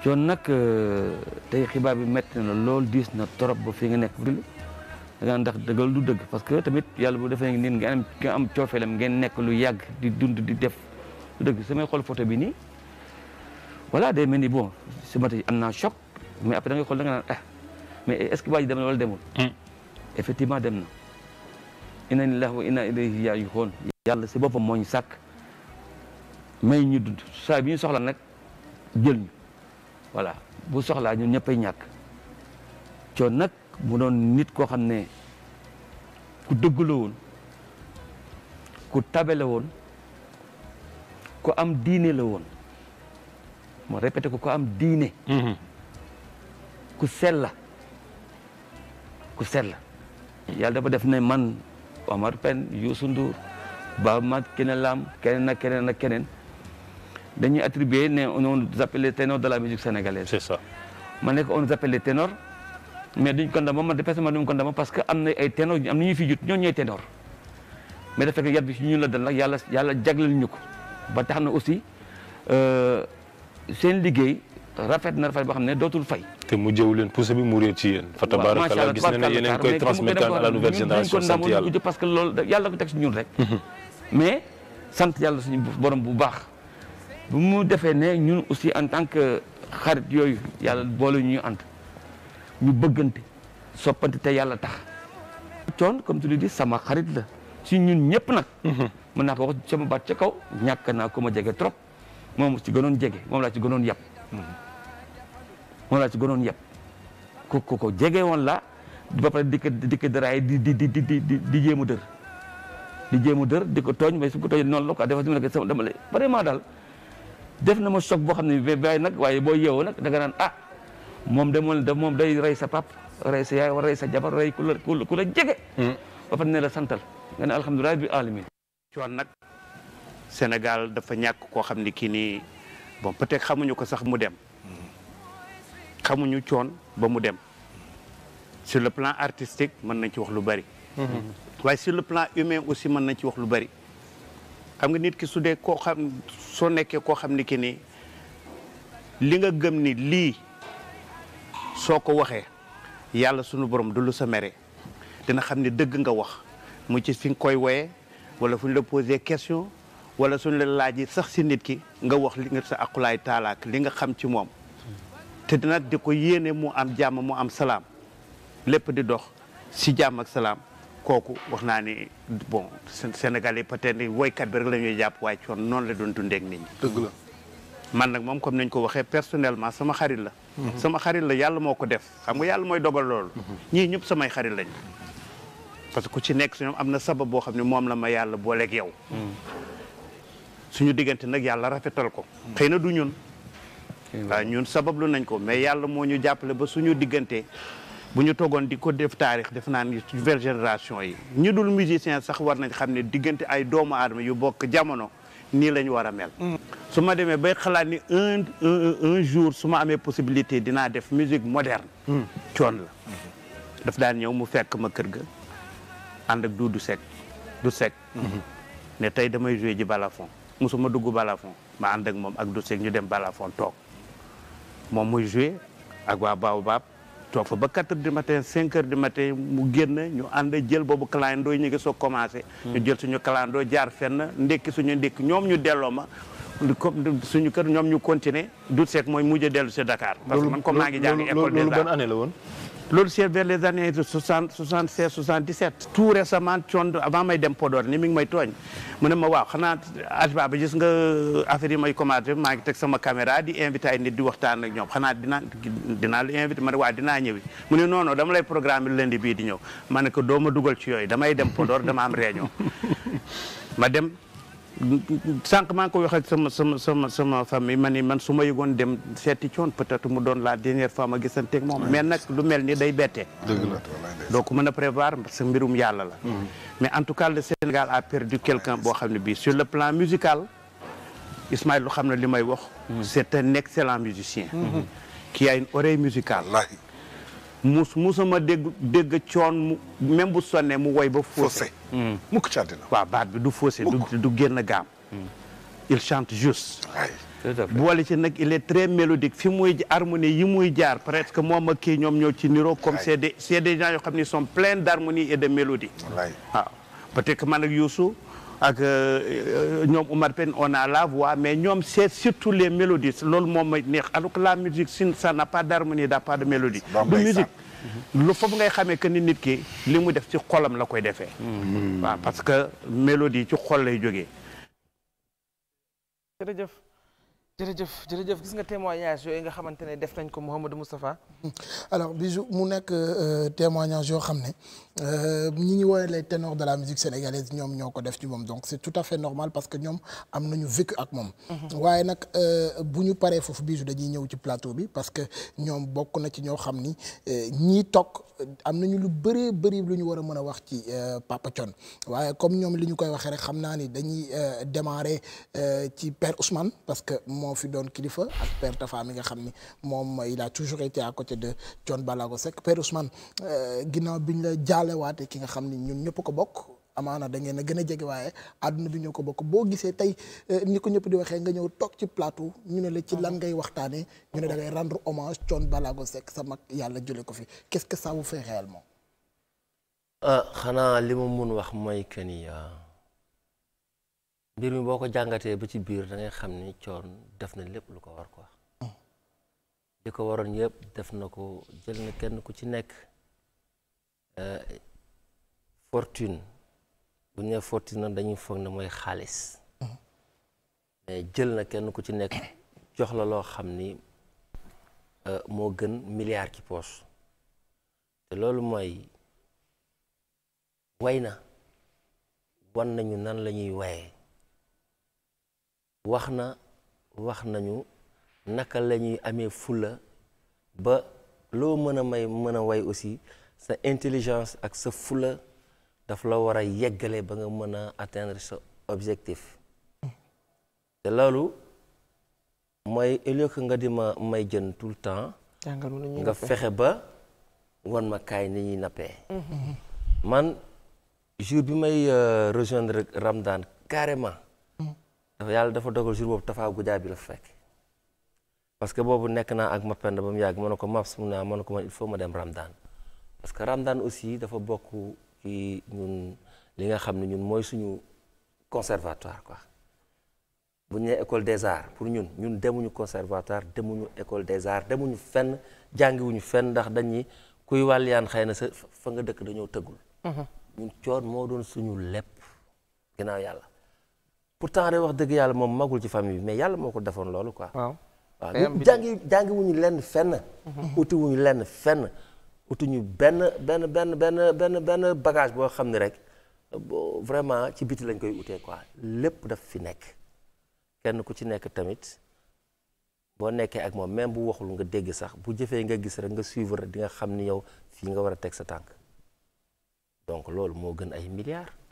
coon nag tey xibaar bi métti na lool diis na trop ba fi nga nekk fii da ngaa ndax dëggal du dëgg parce que tamit yàlla bu defee nit nga am nga am coofeelam ngeen nekk lu yàgg di dund di def du dëgg samay xool photo bi nii. voilà day mel ni boo si matin am naa mais après da ngay xool nga naan ah mais est ce que waa ji dem na wala demul. Hmm. effectivement dem na. inna lillahi wa inna ilayhi raaji'uun yàlla si boppam moo ñu sàkk may ñu dund saa bi soxla nag jël ñu voilà bu soxlaa ñun ñëppay ñàkk coon nag mu doon nit koo xam ne ku dëgg la woon ku tabe woon ku am diine la woon. moo répété ko ku am diine mm-hmm. ku sell ku sell yàlla dafa def ne man Omar Pène Youssou Ndour Ba Mat keneen laam keneen na keneen ak keneen dañuy attribué ne on nous appelle les ténors de la musique sénégalaise. c'est ça ma nekk on nous appelle les ténors mais duñ condamné man de personnellement duñ condamné parce que am na ay ténors am na ñuy fi jut ñoo ñooy ténors mais dafa fekk yat bi si ñun la dal nag yàlla yàlla jagleel ñu ko ba tax na aussi euh, seen liggéey rafet na rafet boo xam ne dootul fay. te mu jëw leen pousse bi mu réer ci yéen. fa tabaarakalla gis nañ ne yéen a ngi koy transmettre à la nouvelle génération sant yàlla parce yàlla ko teg si ñun mhm. bu baax. bu mu defee ne ñun aussi en tant que xarit yooyu yàlla boole ñu ànd ñu bëggante soppante te yàlla tax. coon comme tu le sama xarit la si ñun ñëpp nag. Mhm. mën naa ko wax sama baat ca kaw ñàkk naa ko ma jege trop. moom ci gënoon jege moom laa ci gënoon yab. moom laa ci gënoon yab ku ku ko jege woon la ba pare di ko di ko daraay di di di di di jéem a dër. di jéem a dër di ko tooñ mais su ko tooñee noonu la quoi dafa dama la dama la vraiment daal def na ma choc boo xam ne bii waaye nag waaye boo yeewoo nag da nga naan ah moom de moom daf moom day rey sa pap rey sa yaay rey sa jabar rey ku la ku la jege. Hmm. ba pare ne la santal nga ne alhamdulilah bi alamin. ci wàll nag. Sénégal dafa ñàkk koo xam ni kii nii bon peut xamuñu ko sax mu dem xamuñu coon ba mu dem su le plan artistique mën nañ ci wax lu bari. waaye sur le plan humain aussi mën nañ ci wax lu bari. xam nga nit ki su dee koo xam soo nekkee koo xam ni ki nii li nga gëm ni lii soo ko waxee yàlla sunu borom du sa mere dana xam ni dëgg nga wax mu ci fi nga koy woyee wala fu ñu la posé question. wala suñ la laajee sax si nit ki nga wax li nga sa akulaay taalaak li nga xam ci moom te dina di ko yéene mu am jàmm mu am salaam lépp di dox si jàmm ak salaam kooku wax naa ni bon Sénégal yi peut-être ni woykat bi rek la ñuy jàpp waaye coon noonu la doon dundeek nit ñi dëgg la man nag moom comme nañ ko waxee personnellement sama xarit la mhm. sama xarit la yàlla moo ko def xam nga yàlla mooy dogal loolu mhm. ñii ñëpp samay xarit lañ parce que ci nekk si ñoom am na sabab boo xam ne moom la ma yàlla booleeg yow mhm. suñu diggante nag yàlla rafetal ko xëy na du ñun waaw ñun sabablu nañ ko mais yàlla moo ñu jàppale ba suñu diggante bu ñu toogoon di ko def taarix def naa ni nouvelle génération yi ñu dul musicien sax war nañ xam ne diggante ay doomu aadama yu bokk jamono nii lañ war a mel mm. su ma demee bay xalaat ni un jour su ma amee possibilité dinaa def musique moderne mm. coon la mm-hmm. daf daal ñëw mu fekk ma kër ga ànd ak Doudou du Seck mm-hmm. ne tey damay joué ji bala balafon musuma dugg balafon ma ànd ak moom ak dossier ñu dem balafon toog moom muy joué ak waa baab toog fa ba 4 di du matin 5 heures du matin mu génn ñu ànd jël boobu clando yi ñu ngi soo commencé. ñu jël suñu clando jaar fenn ndekki suñu ndékki ñoom ñu delloo ma. comme suñu kër ñoom ñu continuer. du seek mooy mujj a dellu si Dakar. parce que man comme maa ngi jàng école des arts la woon. loolu c'est vers les années de 60 76 77 tout récemment coono avant may dem Podor ni mi ngi may tooñ mu ne ma waaw xanaa aj ba gis nga affaire yi may commenté maa ngi teg sama caméra di invité ay nit di waxtaan ak ñoom xanaa dinaa dinaa la invité ma ne waaw dinaa ñëwi mu ne non dama lay programme lundi bii di ñëw ma ne ko doo ma dugal ci damay dem Podor dama am réunion ma dem sànq maa ngi koy wax sama sama sama famille ma ni man su ma yëgoon dem seeti coon peut-être mu doon la dernière fois ma gisanteeg moom mais nag lu mel ni day bette donc mën a prévoir parce mbirum yàlla la mm-hmm. mais en tout cas le Sénégal a perdu quelqu'un boo xam ne bii sur le plan musical Ismaël lu xam ne li may wax mm-hmm. c'est un excellent musicien mm-hmm. qui a une oreille musicale mus musuma dégg dégg coon mu même bu sonnee mu woy ba faussé hmm. mukk ci àddina waaw baat bi du faussé du du génn gaam hmm. il chante juste boole ci nag il est très mélodique fi muy harmonie yi muy jaar presque moom ak kii ñoom ñoo ci niroo comme c'est des c'est des gens yoo xam ne sont pleins d'harmonie et de mélodie waaw peut-être man ak Youssou ak euh, euh, ñoom Omar Pène on a la voix mais ñoom c'est surtout les mélodies lool moom mooy neex alors que la musique si ça n'a pas d'harmonie n'a pas de mélodie du musique lu foofu ngay xamee que ni nit ki li mu def ci xolam la koy defee mm-hmm. waaw parce que mélodie ci xol lay jógee jërëjëf jërëjëf jërëjëf gis nga témoignage yooyu nga xamante ne def nañ ko Mouhamadou Moustapha alors Bijou mu nekk euh, témoignage yoo xam ne Euh, ñi ñu woowee les ténors de la musique sénégalaise ñoom ñoo ko def ci moom donc c'est tout à fait normal parce que ñoom am nañu vécu ak moom. Mhm. waaye nag euh, bu ñu paree foofu bisu dañuy ñëw ci plateau bi parce que ñoom bokk na ci ñoo xam ni euh, ñi toog am nañu lu bëree bëri lu ñu war mën a wax ci Papa Thione waaye comme ñoom li ñu koy waxee rek xam naa ni dañuy démarrer ci per Ousmane parce que moo fi doon kilifa ak père Tafa mi nga xam ni moom il la toujours été à côté de Thione Ballago Seck père Ousmane faalewaate ki nga xam ni ñun ñëpp ko bokk amaana da ngeen gën a jege waaye àdduna bi ñoo ko bokk boo gisee tey eh, ni ko ñëpp di waxee nga ñëw toog ci plateau ñu ne la ci lan ngay waxtaanee ñu ne da ngay rendre hommage Thione Ballago Seck sa mag yàlla jële ko fi qu'est-ce que ça vous fait réellement. Ah, xanaa li ma mun wax mooy que ni ah, mbir mi boo ko jàngatee ba ci biir da xam ni Thione def na lépp lu ko war ko wax. Mm. li ko waroon yëpp def na ko jël na kenn ku ci nekk. Euh, fortune bu ñu nee fortune nag dañuy foog ne mooy xaalis mais jël na kenn ku ci nekk jox la loo xam ni euh, moo gën milliard ci poos te loolu mooy way na wan nañu nan la ñuy waye wax na wax nañu naka la ñuy amee fulla ba loo mën a may mën a way aussi sa intelligence ak sa fula daf la war a yeggale ba nga mën a atteindre sa objectif te loolu mooy au nga di ma may jën tout le temps nga fexe ba wan ma kaay ni ñuy nappee mm-hmm. man jour bi may euh, rejoindre Ramadan carrément dafa yàlla dafa dogal jour boobu tafaa gujaa bi la fekk parce que boobu nekk naa ak Mapenda ba mu yàgg ma ne ko maps mu ne ma ko man il faut ma dem Ramadan parce que Ramadan aussi dafa bokk ci ñun li nga xam ne ñun mooy suñu conservatoire quoi bu ñu nee école des arts pour ñun ñun demuñu conservatoire demuñu école des arts demuñu fenn jàngiwuñu fenn ndax dañuy kuy wàlliyaan xëy na sa fa nga dëkk dañoo tëggul. Mhm. ñun coon moo doon suñu lépp ginnaaw yàlla pourtant day wax dëgg yàlla moom magul ci famille bi mais yàlla moo ko defoon loolu quoi. waaw jàngiwuñu lenn fenn. Mhm. utiwuñu lenn fenn. utuñu benn benn benn benn benn benn bagage boo xam ne rek vraiment ci biti lañ koy utee quoi lépp daf fi nekk kenn ku ci nekk tamit boo nekkee ak moom même bu waxul nga dégg sax bu jëfee nga gis rek nga suivre di nga xam ni yow fii nga war a teg sa tànk donc loolu moo gën ay milliards.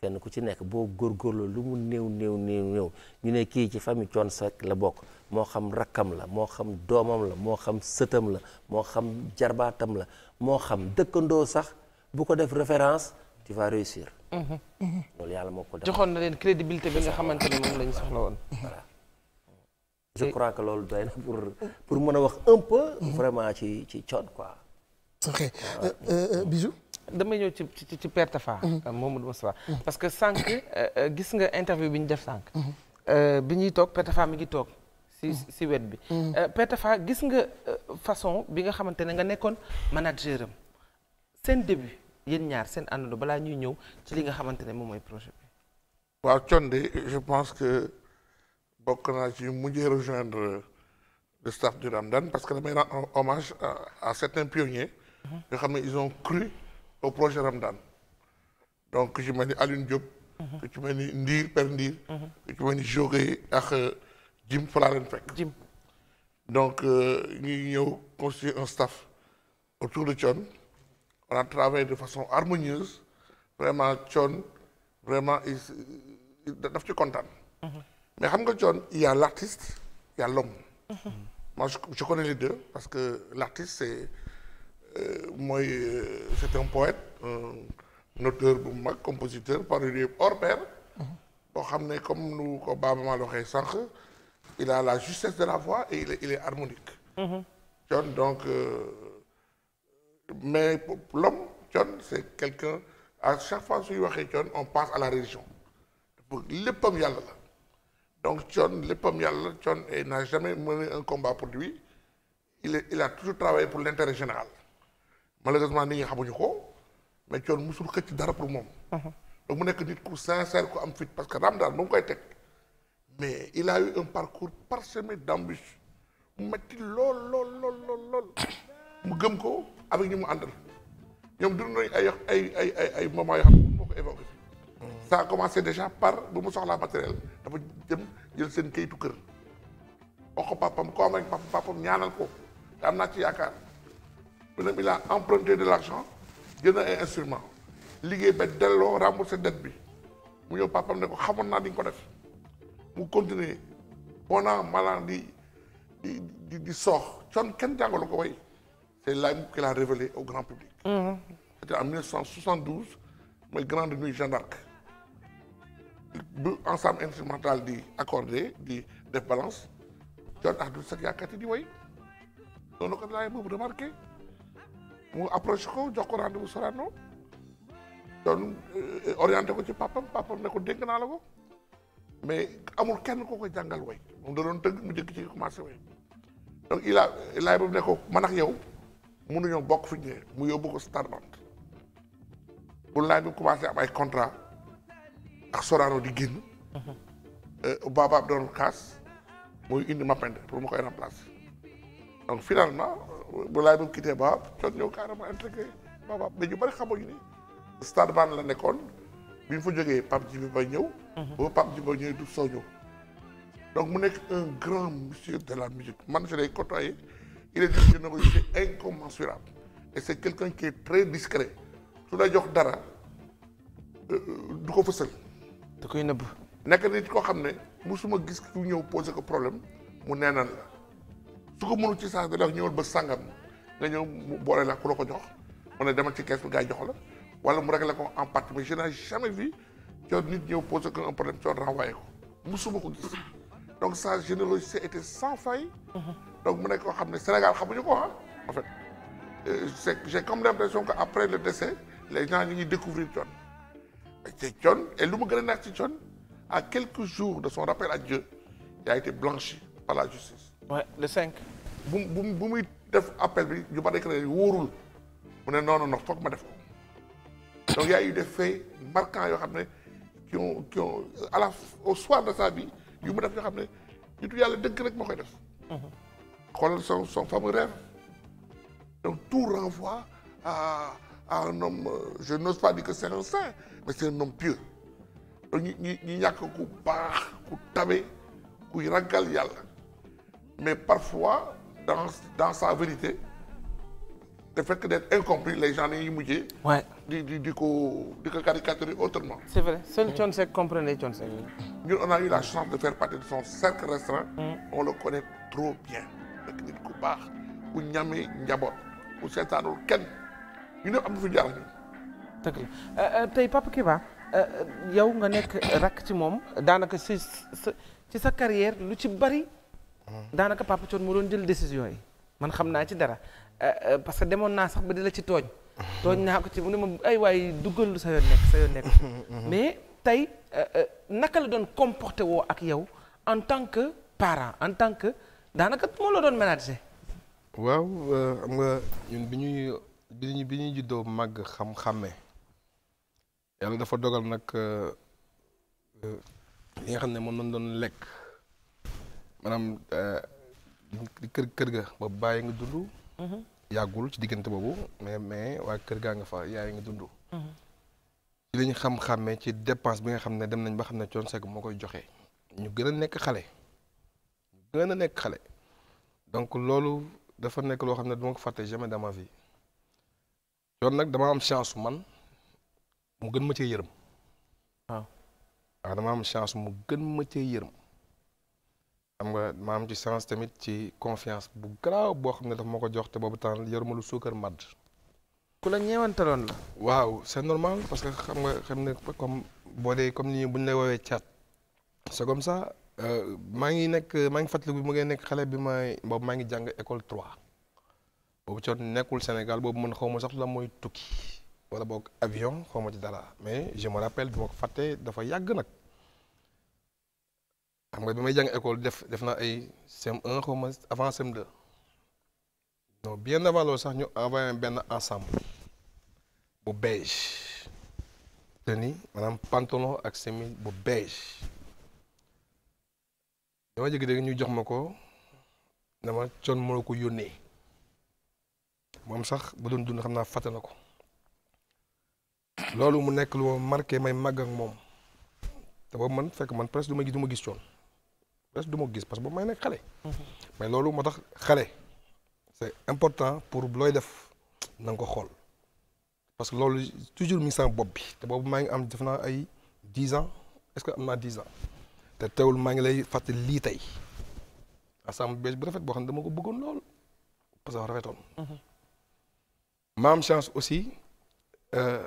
kenn ku ci nekk boo góor góorgóorloo lu mu néew néew néew néew ñu ne kii ci famille Thione Seck la bokk moo xam rakkam la moo xam doomam la moo xam sëtam la moo xam jarbaatam la moo xam dëkkandoo sax bu ko def référence tu vas réussir. Mhm. loolu yàlla moo ko def joxoon na leen crédibilité bi nga xamante ne moom la ñu soxla woon. voilà je crois que loolu doy pour mën a wax un peu. vraiment ci ci Thione quoi. damay ñëw ci ci ci moom Tafa. Mamadou mhm. euh, Moustapha mhm. parce que sànq euh, euh, gis nga interview bi ñu def sànq. Mhm. bi ñuy toog Père Tafa mi ngi toog. si si wet bi. Père Tafa gis nga façon bi nga xamante ne nga nekkoon manager am seen début yéen ñaar seen àndandoo balaa ñuy ñëw ci li nga xamante ne moom mooy projet bi. waaw Conde je pense que bokk naa ci mujjee rejoindre le staff du Ramadan parce que damay rendre hommage à certains pionniers. yoo xam ne ils ont cru. au projet Ramadan donc ku ci mel ni Ndiir Père Ndiir. ku ci ak euh, Jim Fala fekk. Jim donc euh, ñu ñëw constituer un staff autour de Thione on a travaillé de façon harmonieuse vraiment Thione vraiment daf ci kontaan. mais xam nga Thione il y a l'artiste il y a mhm. connais les deux parce que l'artiste Euh, mooy euh, c'est un poète un auteur bu mag compositeur parolier hors pair mm-hmm. boo xam comme nu ko Baaba Maal waxee sànq il a la justesse de la voix et il est, harmonique Thione mm-hmm. donc euh, mais l'homme Thione c'est quelqu'un à chaque fois suy waxee Thione on passe à la religion pour léppam yàlla la donc Thione léppam yàlla Thione n'a jamais mené un combat pour lui il a toujours travaillé pour l'intérêt général malheureusement nit ñi xamuñu ko mais coon musul xëcc dara pour moom. Uh-huh. donc mu nekk nit ku sincère ko am fit parce que Ramdaan ba mu koy teg mais il a eu un parcours parsemé d'embûches metti lool lool lool lool mu gëm ko avec ñi mu àndal ñoom dund nañ ay ay ay ay ay moments yoo xam ne moo ko évoqué fii. Uh-huh. ça a déjà par bu mu soxlaa matériel dafa jëm jël seen kayitu kër wax ko papam ko am rek papam ñaanal ko te am naa ci yaakaar. madame il a emprunté de l'argent jënd ay instrument liggéey ba delloo remboursé dette bi mu ñëw papam ne ko xamoon naa di nga ko def mu continuer bon an di di di di soox coon kenn jàngalu ko way c'est là qu'il a révélé au grand public mm-hmm. c'était en 1972 mooy grande nuit Jeanne d'Arc bu ensemble instrumental di accordé di def balance coon ah du sax yaakaar di way loolu ko laay boobu remarqué mu approché ko jox ko rendez bu Sorano doon eh, orienté ko ci papam papam ne ko dégg naa la ko mais amul kenn ko ko jàngal way moom da doon tëgg mu jëkk ci commencé way donc il a laay boobu ne ko man ak yow mënuñoo bokk fu ñu mu yóbbu ko Starband bu laay bi commencé am ay contrat ak Sorano di génn eh, baabaab doon kaas muy indi Mapende pour mu koy remplacer donc finalement bu laay moom quitté ba coon ñëw carrément intégré Baobab mais ñu bëri xamuñu ni stade baan la nekkoon bi ñu fa jógee Pape Djibi Ba ñëw mhm. ba Pape Djibi Ba ñëw du Sow ñëw donc mu nekk un grand monsieur de la musique man je l'ai côtoyé il est juste une réussite incommensurable et c'est quelqu'un su la jox dara euh, euh, du ko fësal da koy nëbb nekk nit koo xam ne mu suma gis ku ñëw posé ko problème mu neenaan la su ko mënul ci saa da wax ñëwal ba sangam nga ñëw mu la ku la ko jox mu ne demal ci kees bi gaa jox la wala mu réglé ko en partie mais je n'ai jamais vu coon nit ñëw posé ko un problème coon renvoyé ko musuma ko gis donc sa générosité était sans faille mm-hmm. donc mu nekk koo xam ne Sénégal xamuñu ko ah en fait euh, c'est j'ai après le décès les gens ñu ngi découvrir coon te coon et lu mu gën a neex ci coon à quelques jours de son rappel à Dieu il été blanchi par la justice ouais le 5. bu bu muy def appel bi ñu bari que ne wóorul mu ne non non non ma def ko donc y a eu des faits yoo xam ne qui ont qui la au soir de sa vie yu mu def yoo xam ne nitu yàlla dëgg rek moo koy def. Mm-hmm. xoolal son son fameux donc tout renvoie à un homme je n'ose pas dire que c'est un saint mais c'est un homme pieux donc ñi ñi ku baax ku tabe kuy ragal yàlla. mais parfois dans dans sa vérité le fait que d'être incompris les gens dañuy mujjee. waay di di di ko di ko caricaturer autrement. c'est vrai seul Thione Seck comprenait Thione Seck. on a eu la chance de faire partie de son cercle restreint. Mm. on le connaît trop bien. nekk nit ku baax ku ñamee njaboot ku seetaanul kenn ñu ne am na fi jaar ñu. dëgg la euh, euh, tey Papa Kiba euh, yow nga nekk rakk ci moom daanaka ci sa ci sa carrière lu ci bari. daanaka papa Thione moo doon jël décision yi man xam naa ci dara euh, euh, parce que demoon naa sax ba di la ci tooñ. tooñ naa ko ci mu ne ma ay waaye duggal lu sa yoon nekk sa yoon nekk. mais tey euh, naka la doon comporté woo ak yow en tant que parent en tant que daanaka moo la doon ménager. waaw xam nga ñun bi ñuy bi ñuy bi ñuy juddoo màgg xam-xàmme yàlla dafa dogal nag li nga xam ne moom lañ doon lekk. maanaam euh, kër kër ga ba bàyyi nga dund. Mhm. yàggul ci diggante boobu mais mais waa kër gaa nga fa yaay nga dund. Mhm. ci lañu xam-xàmmee ci dépense bi nga xam ne dem nañ ba xam ne coon sek moo koy joxe. ñu gën a nekk xale. ñu gën a nekk xale. donc loolu dafa nekk loo xam ne duma ko fàtte jamais dans ma vie. nag dama am chance man mu gën ma cee yërëm. waaw ah, dama am chance mu gën ma cee yërëm. xam nga ma am ci chance tamit ci confiance bu garaaw boo xam ne daf moo ko jox te boobu temps yoruma lu suukar màdd. ku la ñeewantaloon la. waaw c'est normal parce que xam nga xam ne comme boo dee comme ni buñ la woowee caat c'est comme ça euh, maa ngi nekk maa ngi fàttaliku bi mu ngi nekk xale bi may boobu maa ngi jàng école 3 boobu coon nekkul Sénégal boobu mën xaw ma sax la mooy tukki wala boog avion xaw ma ci dara mais je me rappelle bi ma ko fàttee dafa yàgg nag. xam nga bi may jàng école def def naa ay CM1 xaw avant sem 2 non bien avant loolu sax ñu envoyé benn ensemble bu beige te ni maanaam pantalon ak chemise bu beige dama jékki-jékki ñu jox ma ko dama con moo ko yónnee moom sax bu doon dund xam naa fàtte ko loolu mu nekk lu ma marqué may màgg ak moom te boobu man fekk man presque du ma gis du ma gis coon presque du ma gis parce que boobu may nekk xale. Mhm. mais loolu moo tax xale. c'est important pour looy def na ko xool parce que loolu toujours mi ngi bopp bi te boobu maa ngi am def naa ay dix ans est-ce que am naa dix ans te tewul maa ngi lay fàttali lii tey ensemble bees bu rafet boo xam ne dama ko bëggoon loolu parce que rafetoon. Mhm. ma am chance aussi euh,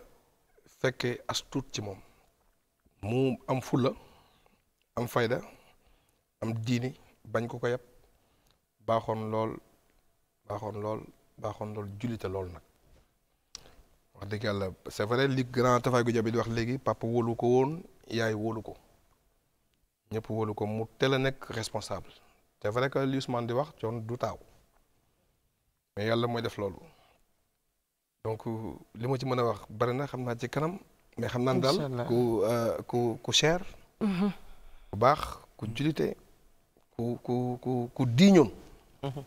fekkee as ci moom mu am fulla am fayda. am diini bañ ko ko yab baaxoon lool baaxoon lool baaxoon lool jullite lool nag wax dëgg yàlla c'est vrai li grand Tafa Guèye bi di wax léegi papa wóolu ko woon yaay wóolu ko ñëpp wóolu ko mu teel a nekk responsable c'est vrai que li di wax coon du taaw mais yàlla mooy def loolu donc li ma ci mën a wax bari na xam naa ci kanam. mais xam naa daal ku euh, ku ku cher. Mm-hmm. ku baax ku jullite ku ku ku ku diiñoon. Mhm.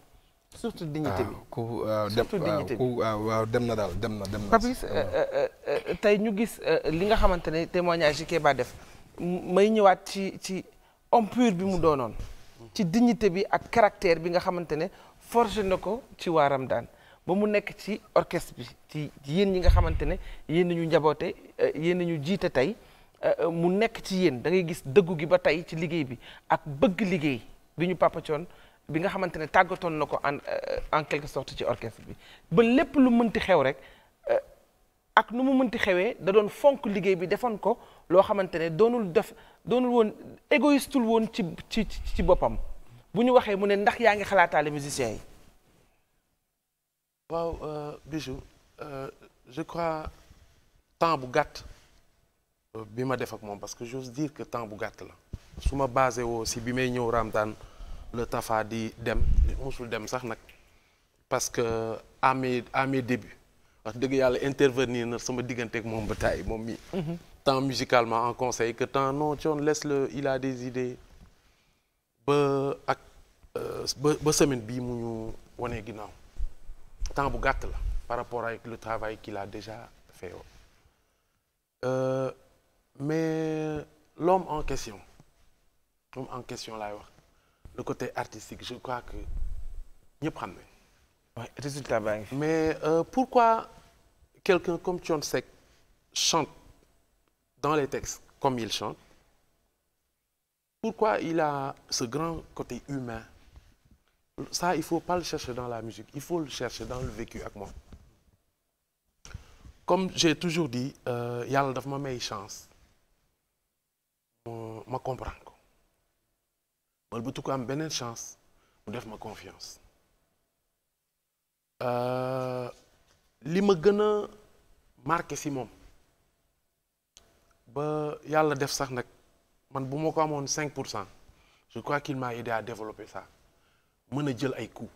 surtout dignité bi surtout dignité bi dem na daal dem na dem na. Papis euh, euh, euh, tey ñu gis li nga xamante ne témoignage yi Keba def may ñëwaat ci ci homme bi mu doonoon. ci dignité bi ak caractère bi nga xamante ne forgé na ko ci waaram daan ba mu nekk ci orchestre bi ci yéen ñi nga xamante ne yéen ñu njaboote yéen ñu jiite tey mu nekk ci yéen dangay gis dëggu gi ba tey ci liggéey bi ak bëgg liggéey. bi ñu Papa bi nga xamante ne tàggatoon na ko en euh, en quelque sorte ci orchestre bi ba lépp lu mënti xew rek euh, ak nu mu mënti xewee da doon fonk liggéey bi defoon ko loo xamante ne doonul def doonul woon égoïstul woon ci ci ci boppam bu ñu waxee mu ne ndax yaa ngi xalaataale musiciens yi. waaw euh, Bijou je crois temps bu gàtt bi ma def moom parce que j'ose dire que temps bu gàtt la. su ma basé woo si bi may ñëw Ramdaan le Tafa di dem musul dem sax nag parce que à mes à mes débuts dëgg yàlla intervenir na sama digganteeg moom ba tàyyi moom mi mhm. tant musicalement en conseil que tant non Thione le il a des idées ba ak euh, ba semaine bii mu ñu wanee ginnaaw temps bu gàtt la par rapport avec le travail qu'il a déjà fait euh, mais l'homme en question comme en question laay wax le côté artistique je crois que ñëpp xam nañ. résultat baa ngi mais euh, pourquoi quelqu'un comme Thione Seck chante dans les textes comme il chante pourquoi il a ce grand côté humain ça il faut pas le chercher dans la musique il faut le chercher dans le vécu ak moom comme j'ai toujours dit euh, yàlla daf ma may chance ma comprendre wëlbatu ko am beneen chance mu def ma confiance euh, li ma gën a marqué si moom ba yàlla def sax nag man bu ma ko amoon cinq pour cent je crois qu'il m'a aidé à développer mën a jël ay coups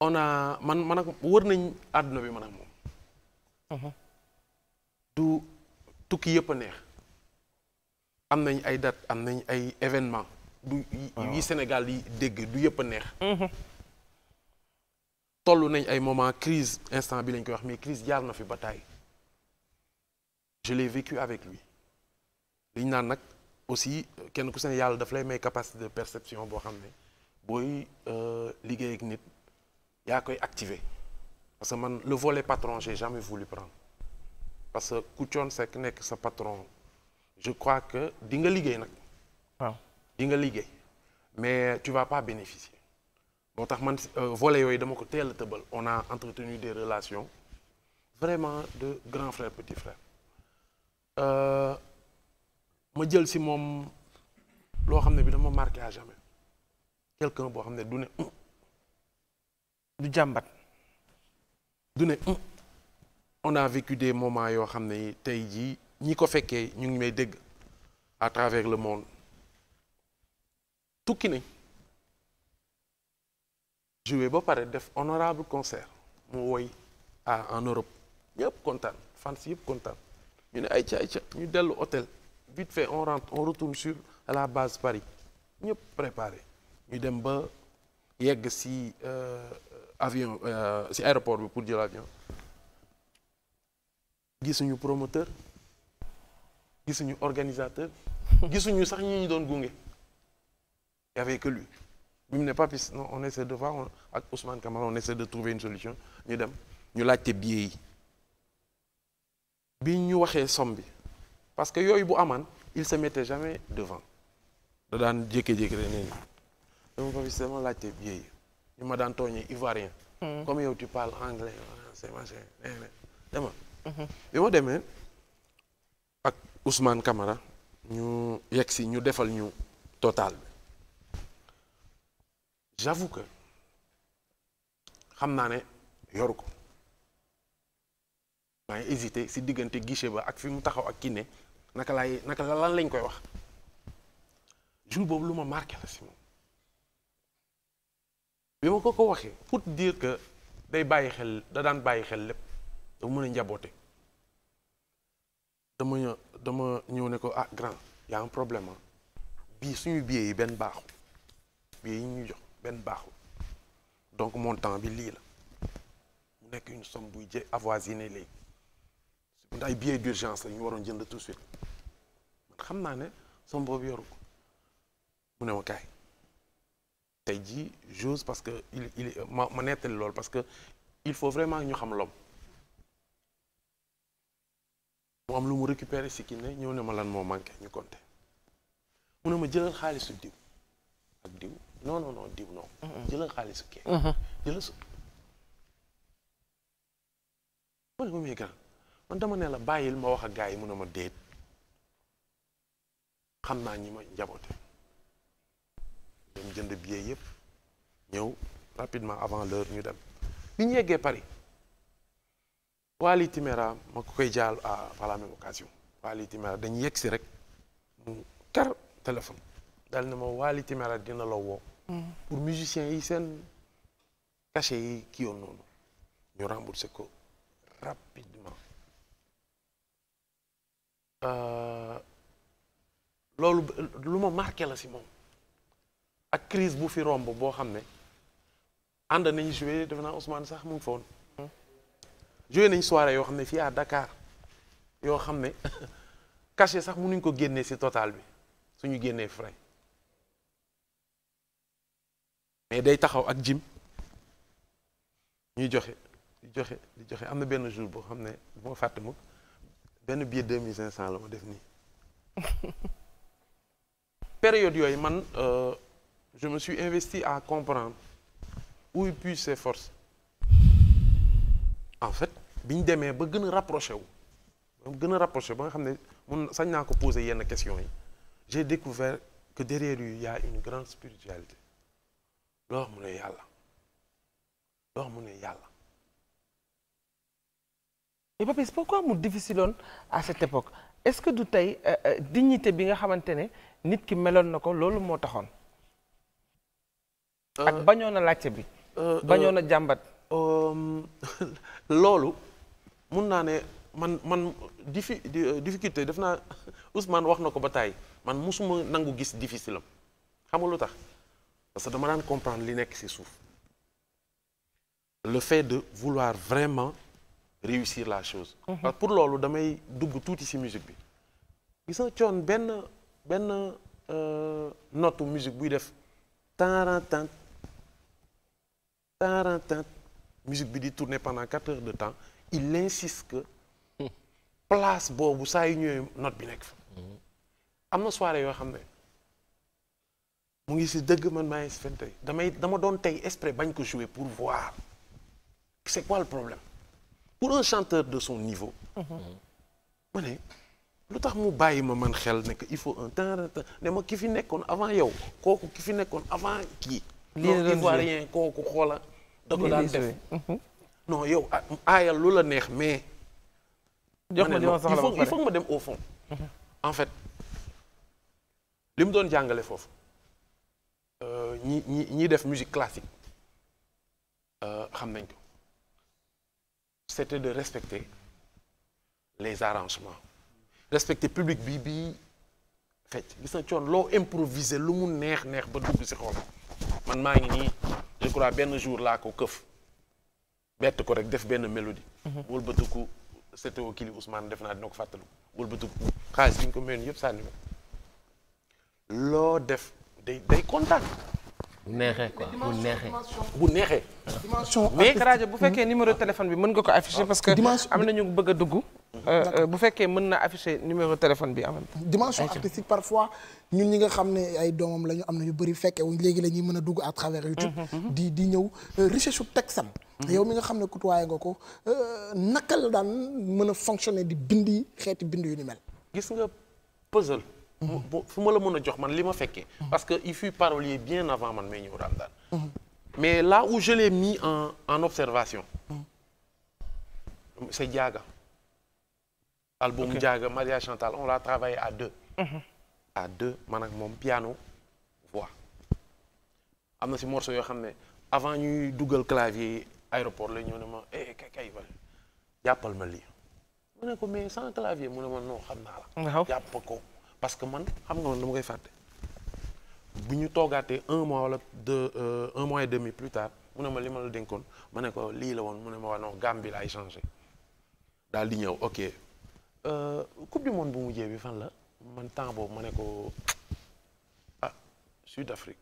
ona man man ak wër nañ àdduna bi man ak moom mhm. du tukki yëpp a neex am nañ ay date am nañ ay événement du yi ah, Sénégal yi dégg du yëpp neex mhm. toll nañ ay moment crise instant bi lañ koy wax mais crise jaar na fi bataille je l'ai vécu avec lui liñ naan nag aussi kenn ku seen yàlla daf lay may capacité de perception boo xam ne booy euh, liggéey ak nit yaa koy activer parce que man le vole patron j'ai jamais voulu prendre parce que ku coon sekk nekk sa patron je crois que di nga liggéey nag. waaw di nga liggéey mais tu vas pas bénéficier moo tax man euh, vole yooyu dama ko teel a tëbal on a entretenu des relations vraiment de grand frère petit frère euh, ma jël si moom loo xam ne bi dama marqué à jamais quelqu'un boo xam ne du ne du jàmbat du ne on a vécu des moments yoo xam ne tey jii ñi ko fekkee ñu ngi may dégg à travers le monde tukki nañ joué ba pare def honorable concert mu woy ah en Europe ñëpp kontaan fans yëpp kontaan ñu ne ay ca ay ca ñu dellu hôtel vite fait on rentre on retourne sur la base Paris ñëpp préparé ñu dem ba yegg ci euh, avion ci euh, aéroport bi pour jël avion gisuñu promoteur gisuñu organisateur gisuñu sax ñu ñu doon gunge y lui bi mu ne papis non on essaie de voir ak Ousmane Camara on essaie de trouver une solution ñu dem ñu laajte billet bi ñu waxee somme bi parce que yooyu bu amaan il se mettait jamais devant da daan jékki-jékki rek nee dama papis dama laajte billet yi ñu ma daan tooñee ivoirien hmm. comme yow tu parles anglais c'est machin dama hmm. bi ma demee Ousmane Camara ñu yegg si ñu defal ñu total bi j'avoue xam naa ne yoru ko maa ngi hésité si diggante guichet ba ak fi mu taxaw ak Kiné naka lay naka la lan lañ koy wax jour boobu lu ma marqué la si moom bi ma ko ko waxee pour dire que day bàyyi xel da daan bàyyi xel lépp dafa mën a njaboote dama dama ñëw ne ko ah grand y a problème ah bii suñu billet yi benn baaxu billet yi ñu jox benn baaxu donc montant bi lii la mu nekk une somme buy jé avoisiné léegi ndax ay billet d'urgence la ñu waroon jënd tout de suite man xam naa ne somme boobu yoru ko mu ne ma kaay tey jii j'ose parce que il ma ma nettali loolu parce que il faut vraiment ñu xam l'homme mu am lu mu récupéré si ki ñëw ne ma lan moo manqué ñu compté mu ne ma jëlal xaalisu diw ak diw non non diw non. jëlal xaalisu kee. Mm-hmm. jëlal su ma ne ko muy grand man dama ne la bàyyil ma wax a gaa yi mu ne ma déet xam naa ñi ma njaboote dem jënd billet yëpp ñëw rapidement avant l'heure ñu dem bi ñu yeggee Paris. Waly Timéra ma ko koy jaal par la même occasion Waly Timéra dañu yegg si rek mu kar téléphone dal na ma Waly Timéra dina la woo mm. pour musiciens yi seen cachet yi kii yoon noonu ñu remboursé ko rapidement euh, loolu lu ma marqué la si moom ak crise bu fi romb boo xam ne ànd nañu joué defe naa Ousmane sax mu ngi joué nañ soirée yoo xam ne fii à Dakar yoo xam ne cachet sax mu nuñ ko génnee si total bi suñu génnee frais mais day taxaw ak jim ñuy joxe di joxe di joxe am na benn jour boo xam ne moo fàtte ma benn billet deux mille cinq cent la ma def nii période yooyu man euh, je me suis investi à comprendre où puissent ses forces en fait bi ñu demee ba gën a rapproché wu ba gën a rapproché ba nga xam ne mun sañ naa ko poser yenn question yi j'ai découvert que derrière yu yaa y a une grande spiritualité loo mu ne yàlla loo xam ne yàlla et Papis pourquoi mu difficile woon à cette époque est-ce que du tey euh, euh, dignité bi nga xamante ne nit ki meloon na ko loolu moo taxoon euh, ak bañoon a laajte bi bañoon a jàmbat loolu mun naa ne man man difi euh, difficulté def naa Ousmane wax na ko ba tàyyi man musuma nangu gis difficile am xam nga lu tax parce que dama daan comprendre li nekk ci suuf le fait de vouloir vraiment réussir la chose mhm. pour loolu damay dugg tuuti ci musique bi gisa nga coon benn benn euh, notu musique buy def tarantant tarantant musique bi di tourner pendant quatre heures de temps il insiste que place boobu saa yu ñëwee not bi nekk fa. Mm-hmm. am na soirée yoo xam ne mu ngi si dëgg man maa ngi si fen damay dama doon tey exprès bañ ko jouer pour voir c'est quoi problème pour un chanteur de son niveau. Mm-hmm. ma ne lu tax mu bàyyi ma man xel ne il faut un temps ne ma ki fi nekkoon avant yow kooku ki fi nekkoon avant kii. lii la doon joué kooku xoola da ko daan def. no yow ah, aayal lu la neex mais. jox ma il faut ma dem au fond. Mhm. en fait li mu doon jàngale foofu euh, ñi ñi ñi def musique classique euh, xam nañ ko c'était de respecter les arrangements respecter public bi bi fecc gis na coon loo improviser lu mu neex neex ba dugg ci xol man maa ngi nii je benn jour laa ko këf. bett ko rek def benn mélodie. Mhm. wëlbatiku setoo kili Ousmane def naa dina ko fàttaliku wëlbatiku xaalis bi ñu ko mayoon yëpp sànni loo def day day kontaan. bu neexee quoi bu neexee bu neexee. dimension mais rajo bu fekkee numéro ah. téléphone bi mën nga ko afficher parce que am na ñu bëgg dugg. Euh, euh, bu fekkee mën na afficher numéro téléphone bi am dimension artistique parfois ñun ñi nga xam ne ay doomam lañu am na ñu bëri fekkee wuñ léegi la mën a dugg à travers YouTube mm-hmm, mm-hmm. di di ñëw euh, recherche su texam mm-hmm. yow mi nga xam ne côtoyé nga ko naka la daan mën a fonctionner di bindi xeeti bind yu ni mel gis nga puzzle fu ma la mën a jox man li ma fekkee parce que il fut parolier bien avant man may ñëw daan daan mais là où je mis en en observation c'est Diaga album okay. Diaga Maria Chantal on l'a travaillé à deux. Mhm. à deux man ak moom piano voix. am na si morso yoo xam ne avant ñuy dugal clavier yi aéroport la ñëw ne ma eh kay kay wala jàppal ma lii. mu ne ko mais sans clavier mu ne ma non xam naa la. jàpp ko parce que man xam nga man dama koy fàtte. bu ñu toogaatee un mois wala deux euh, un mois et demi plus tard mu ne ma li ma la dénkoon ma ne ko lii la woon mu ne ma waa non gàmm bi laay changé di ñëw ok. Euh, coupe du monde bu mujjee bi fan la man temps boobu ma ne ko ah Sud Afrique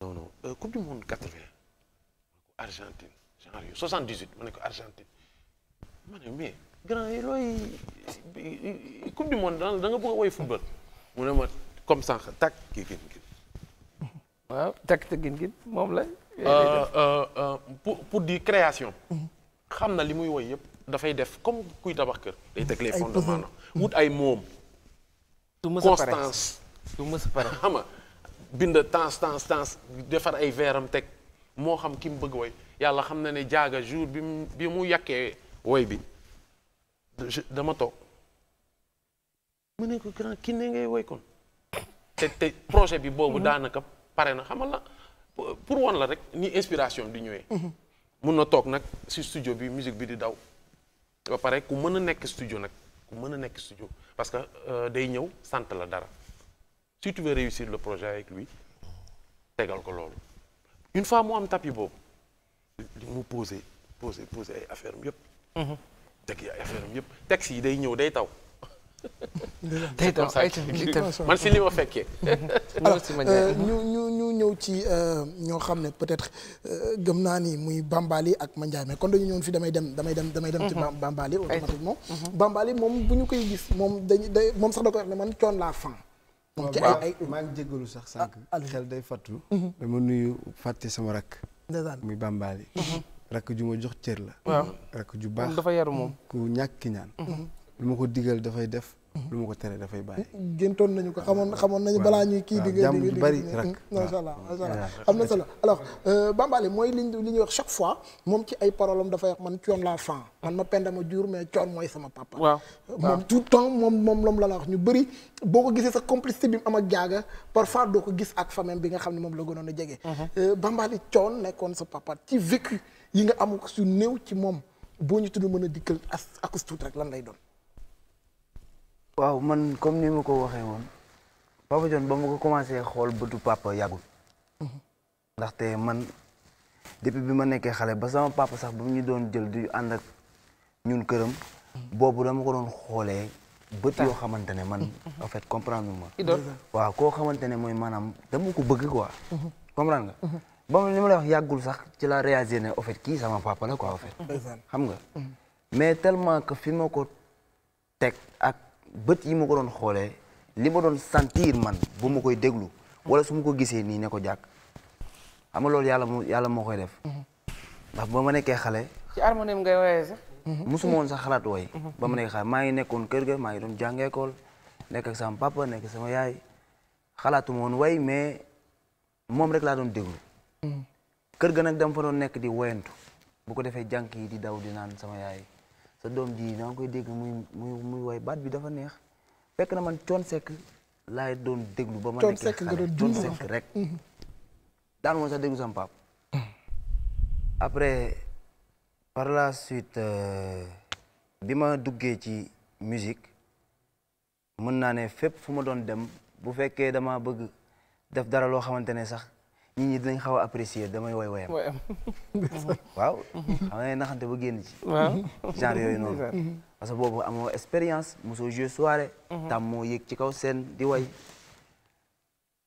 non non euh, coupe du monde 80 ma ne ko Argentine genre yooyu 78 ma ne ko Argentine ma ne mais grand yi looy coupe du monde da nga bëgg woy football mu ne ma comme sànq takk kii gin waaw takk te gin moom la euh, euh, pour pour di création xam na li muy woy yëpp dafay def comme kuy tabax kër. day teg les fondements wut ay moom. du mës a pare constance. du mës xam nga bind tans tans tans defar ay veeram teg moo xam ki mu bëgg woy yàlla xam na ne jaaga jour bi mu bi mu yàkkee woy bi dama toog mu ne ko grand kii ne ngay woy kon te te projet bi boobu mhm. daanaka pare na xamal la pour woon la rek ni inspiration di ñëwee. Mhm. mun na toog nag si studio bi musique bi di daw ba pare ku mën a nekk studio nag ku mën a nekk studio parce que euh, day ñëw sant la dara si tu réussir le projet avec lui tegal ko loolu une fois mu am tapis boobu li mu posé posé posé ay affaire am yëpp mhm. teg yi ay affaire am yëpp texte yi day ñëw day taw tey tam ay man si li ma fekkee. alors euh, ñu ñu ñu ñëw ci euh, ñoo xam ne peut-être euh, gëm naa ni muy Bambali ak Mandiamé kon dañu ñëwoon fi damay dem damay dem damay dem. ci mhm. Bambali automatiquement. Mhm. moom bu ñu koy gis moom dañu day moom sax da ko wax ne man coon laa fan. moom ci ay ay maa ngi jégalu sax ah, sànq. xel day fàttu. Mhm. dama nuyu fàtte sama rakk. muy Bambali. rakk ju jox cër la. waaw rakk ju baax dafa yaru moom ku ñàkk ñaan. lu ma ko digal dafay def. Mhm. lu ma ko tere dafay bàyyi. Mhm. géntoon nañu ko xamoon xamoon nañu balaa ñuy. kii di jàmm bari rek mm, macha allah macha am na solo alors euh, Bambaly mooy li ñu li ñuy wax chaque fois moom ci ay paroles am man coon laa fan man ma penda ma jur mais coon mooy sama papa. waaw euh, moom tout temps moom moom loom la la wax ñu bëri boo ko gisee sa complicité bi mu am ak jaaga parfois doo ko gis ak famille bi nga xam ne moom la gënoon a jege. Mhm. Euh, Bambaly coon nekkoon sa papa ci vécu yi nga am su néew ci moom boo ñu tudd mën a dikkal as akus rek lan lay doon. waaw man comme ni ma ko waxee woon Papa John ba ma ko commencé xool bëtu papa yàggul. ndaxte man depuis bi ma nekkee xale ba sama papa sax bu ñu doon jël di ànd ak ñun këram. boobu dama ko doon xoolee. bët yoo xamante ne man en fait comprendre ma. waaw koo xamante ne mooy maanaam dama ko bëgg quoi. Mhm. comprendre nga. Mhm. ba ma li ma lay wax yàggul sax ci la réaliser ne en fait kii sama papa la quoi en xam nga mhm. mais tellement que fi ma ko teg bët yi ma ko doon xoolee li ma doon sentir man bu ma koy déglu wala su ma ko gisee nii ne ko jàkk xam nga loolu yàlla moo yàlla moo koy def ndax ba ma nekkee xale ci harmonie ngay woyee sax musuma woon sax xalaat wooy ma nekkee xale maa ngi nekkoon kër ga maa ngi doon jàng école nekk ak sama papa nekk sama yaay xalaatuma woon way mais moom rek laa doon déglu mm-hmm. kër ga nag dama fa doon nekk di woyantu bu ko defee jànk yi di daw di naan sama yaay sa doom ji da nga koy dégg muy muy muy way baat bi dafa neex fekk na man Thione Seck laay doon déglu ba ma nekkee xale nga doon rek mhm. daan woon sax déglu sama après par la suite euh, bi ma duggee ci musique mën naa ne fépp fu ma doon dem bu fekkee dama bëgg def dara loo xamante ne sax nit ñi dinañ xaw a apprécier damay woy woyam. waaw. xam nga naxante ba génn ci. waaw genre yooyu noonu. parce que boobu amoo expérience mosoo joué soirée. Mhm. tam moo yëg ci kaw seen di woy.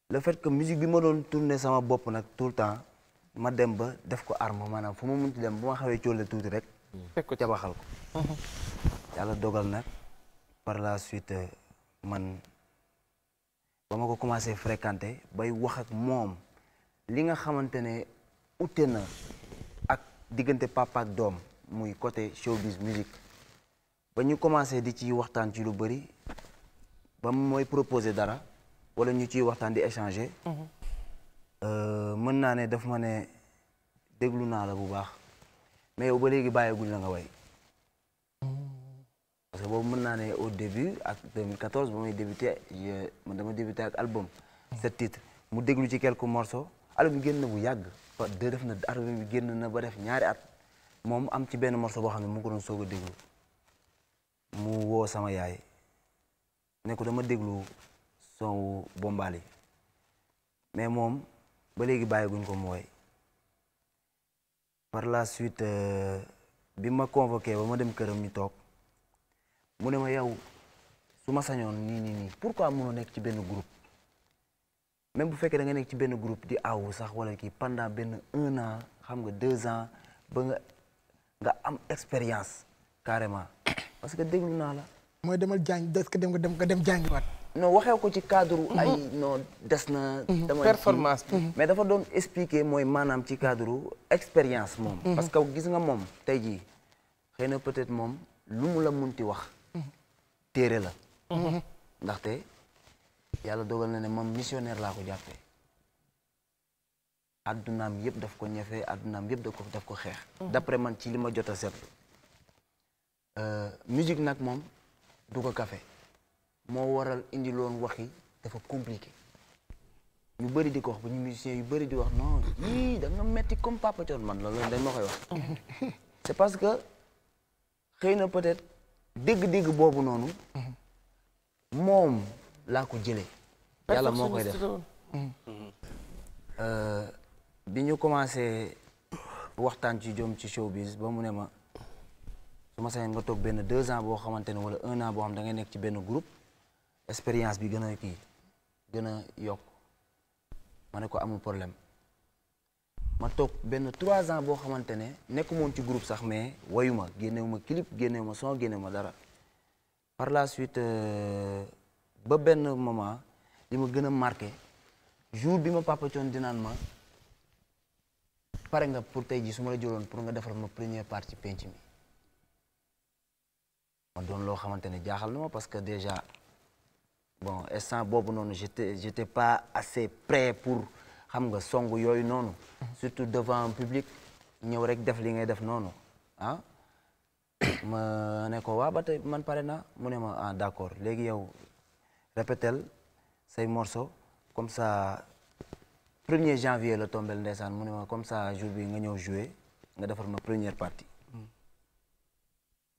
le fait que musique bi ma doon tourné sama bopp nag tout le temps ma dem ba def ko arme maanaam fu ma munti dem bu ma xawee cóole tuuti rek. fekk ko jabaxal ko. Mhm. yàlla dogal nag par la suite man ba ma ko commencé fréquenter bay wax moom. li nga xamante ne ute na ak diggante papa ak doom muy côté showbiz musique ba ñu commencé di ci waxtaan ci lu bëri ba mooy proposer dara wala ñu ciy waxtaan di échanger. Mhm. Euh, mën naa ne daf ma ne déglu naa la bu baax mais yow ba léegi bàyyeegul la nga way parce que boobu mën naa ne au début ak 2014 ba may débuté je dama débuté ak album. sept titres mu déglu ci quelques morso album bi génn bu yàgg ba na album bi génn na ba def ñaari at moom am ci benn morceau boo xam ne mu ngi ko doon soog a déglu mu woo sama yaay ne ko dama déglu sonwu Bombali mais moom ba léegi bàyyi guñ ko mooy par la suite euh, bi ma convoqué ba ma dem këram ñu toog mu ne ma yow su ma sañoon nii nii nii pourquoi mënoo nekk ci benn groupe même bu fekkee da nga nekk ci benn group di awu sax wala kii pendant benn un an xam nga deux ans ba nga nga am expérience carrément parce que déglu naa la. mooy demal jàng des que dem nga dem nga dem jàngiwaat. non waxee ko ci cadre. Mhm. ay non des na. Mhm. performance mais dafa doon expliquer mooy maanaam ci cadre expérience moom. Mhm. parce que gis nga moom tey jii xëy na peut-être moom lu mu la ti wax. téere la. ndaxte. yàlla dogal na ne man missionaire laa ko jàppee addunaam yëpp daf ko ñafe addunaam yëpp daf ko daf ko xeex mm-hmm. d'après man ci li ma jot a seetlu euh, musique nag moom du ko kafe moo waral indi loon yi dafa compliqué ñu bëri di ko wax ba ñu musiciens yu bëri di wax non yii metti comme Papa Thione man loolu dañ ma koy wax c'est parce que xëy na peut-être dégg-dégg boobu noonu mm-hmm. moom laa ko jëlee. yàlla moo koy def euh, bi ñu commencé waxtaan ci jom ci showbiz ba mu ne ma su ma sañoon nga toog benn deux ans boo xamante ne wala un an boo xam da ngay nekk ci benn groupe expérience bi gën a kii gën a yokk ma ne ko amul problème ma toog benn trois ans boo xamante ne nekku moon ci groupe sax mais wayuma ma clip génnewuma son génnewuma dara par la suite. Euh, ba benn moment li ma gën a marqué jour bi ma papa coon ma pare nga pour tey jii su ma la jëloon pour nga defar ma première partie penc mi ma doon loo xamante ne jaaxal na ma parce que déjà bon instant boobu noonu j'étais j'étais pas assez prêt pour xam nga song yooyu noonu mhm. surtout devant un public ñëw rek def li ngay def noonu ah ma ne ko waa ba tey man pare na mu ne ma ah d'accord léegi yow répétel say morso comme ça premier janvier la tombel ndeysaan mu ne ma comme ça jour bi nga ñëw jouer nga defar ma première partie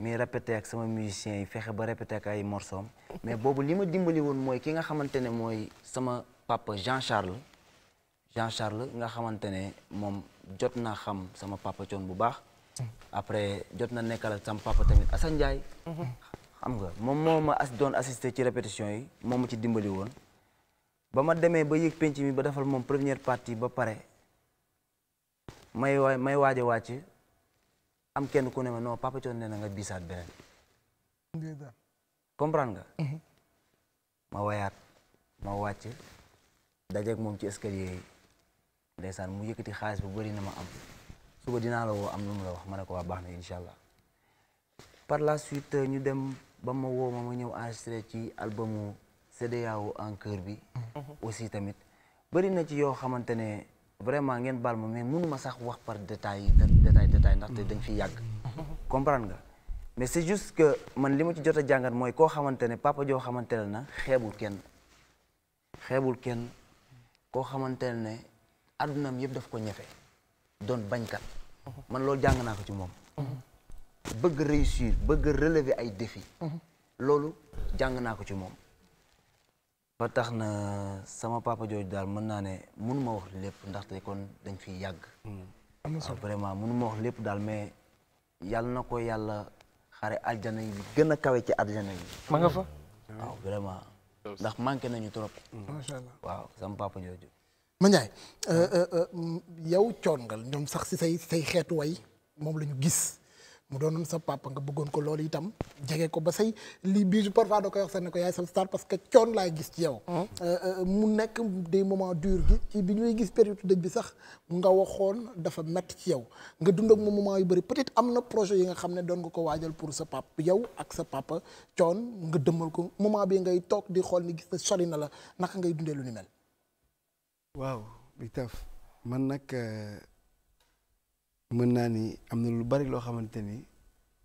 mais répété ak sama musiciens yi fexe ba répété ak ay morceaux mais boobu li ma dimbali woon mooy ki nga xamante ne mooy sama papa Jean Charles Jean Charles nga xamante ne moom jot naa xam sama papa coon bu baax après jot na nekkal ak sama papa tamit Assane Ndiaye xam nga moom moo ma as doon assisté ci répétition yi moom ma ci dimbali woon ba ma demee ba yëg penc mi ba defal moom première partie ba pare may waay may waaje a wàcc am kenn ku ne ma non Papa Thione nee na nga biisaat beneen comprendre nga mhm. ma wayaat ma wàcc dajeeg moom ci escalier yi ndeysaan mu yëkkati xaalis bu bëri na ma am suba dinaa la woo am lu mu la wax ma ne ko waa baax na incha allah par la suite ñu dem ba ma woo ma ma ñëw enregistré ci albumu CEDEAO en cœur bi. Mhm. aussi tamit bëri na ci yoo xamante ne vraiment ngeen baal ma mais mënuma sax wax par détail détail détail ndaxte mhm. dañ fi yàgg. Mhm. comprendre nga mais c'est juste que man li ma ci jot a jàngat mooy koo xamante ne papa joo xamante ne na xeebul kenn xeebul kenn koo xamante ne addunaam yëpp daf ko ñefe doon bañkat man loolu jàng naa ko ci moom. bëgg réussir bëgg relever ay défis loolu jàng naa ko ci moom ba tax na sama papa jooju daal mën naa ne mënuma wax lépp ndaxte kon dañ fiy yàgg hmm. ah, vraiment mënuma wax lépp daal mais yàlla na ko yàlla xare aljana yi gën a kawe ci aljana yi ma nga fa hmm. waaw ndax manqué nañu trop hmm. macha allah waaw sama papa jooju ma Ndiaye euh, euh, euh, yow coon nga ñoom sax si say say xeetu way moom lañu gis mu doonoon sa papa nga bëggoon ko loolu itam jege ko ba say lii bii parfois da koy wax sax ne ko yaay sam star parce que coon laay gis ci yow. Hmm. Euh, euh, mu nekk des moments durs gi bi ñuy gis période dëj bi sax nga waxoon dafa metti ci yow nga dund ak moom moment yu bëri peut-être am na projet yi xam ne doon nga ko waajal pour sa papa yow ak sa papa coon nga dëmmal ko moment bi ngay toog di xool ni gis na solina la naka ngay dundee lu ni mel. waaw bi taf mën naa ni am na lu bari loo xamante ni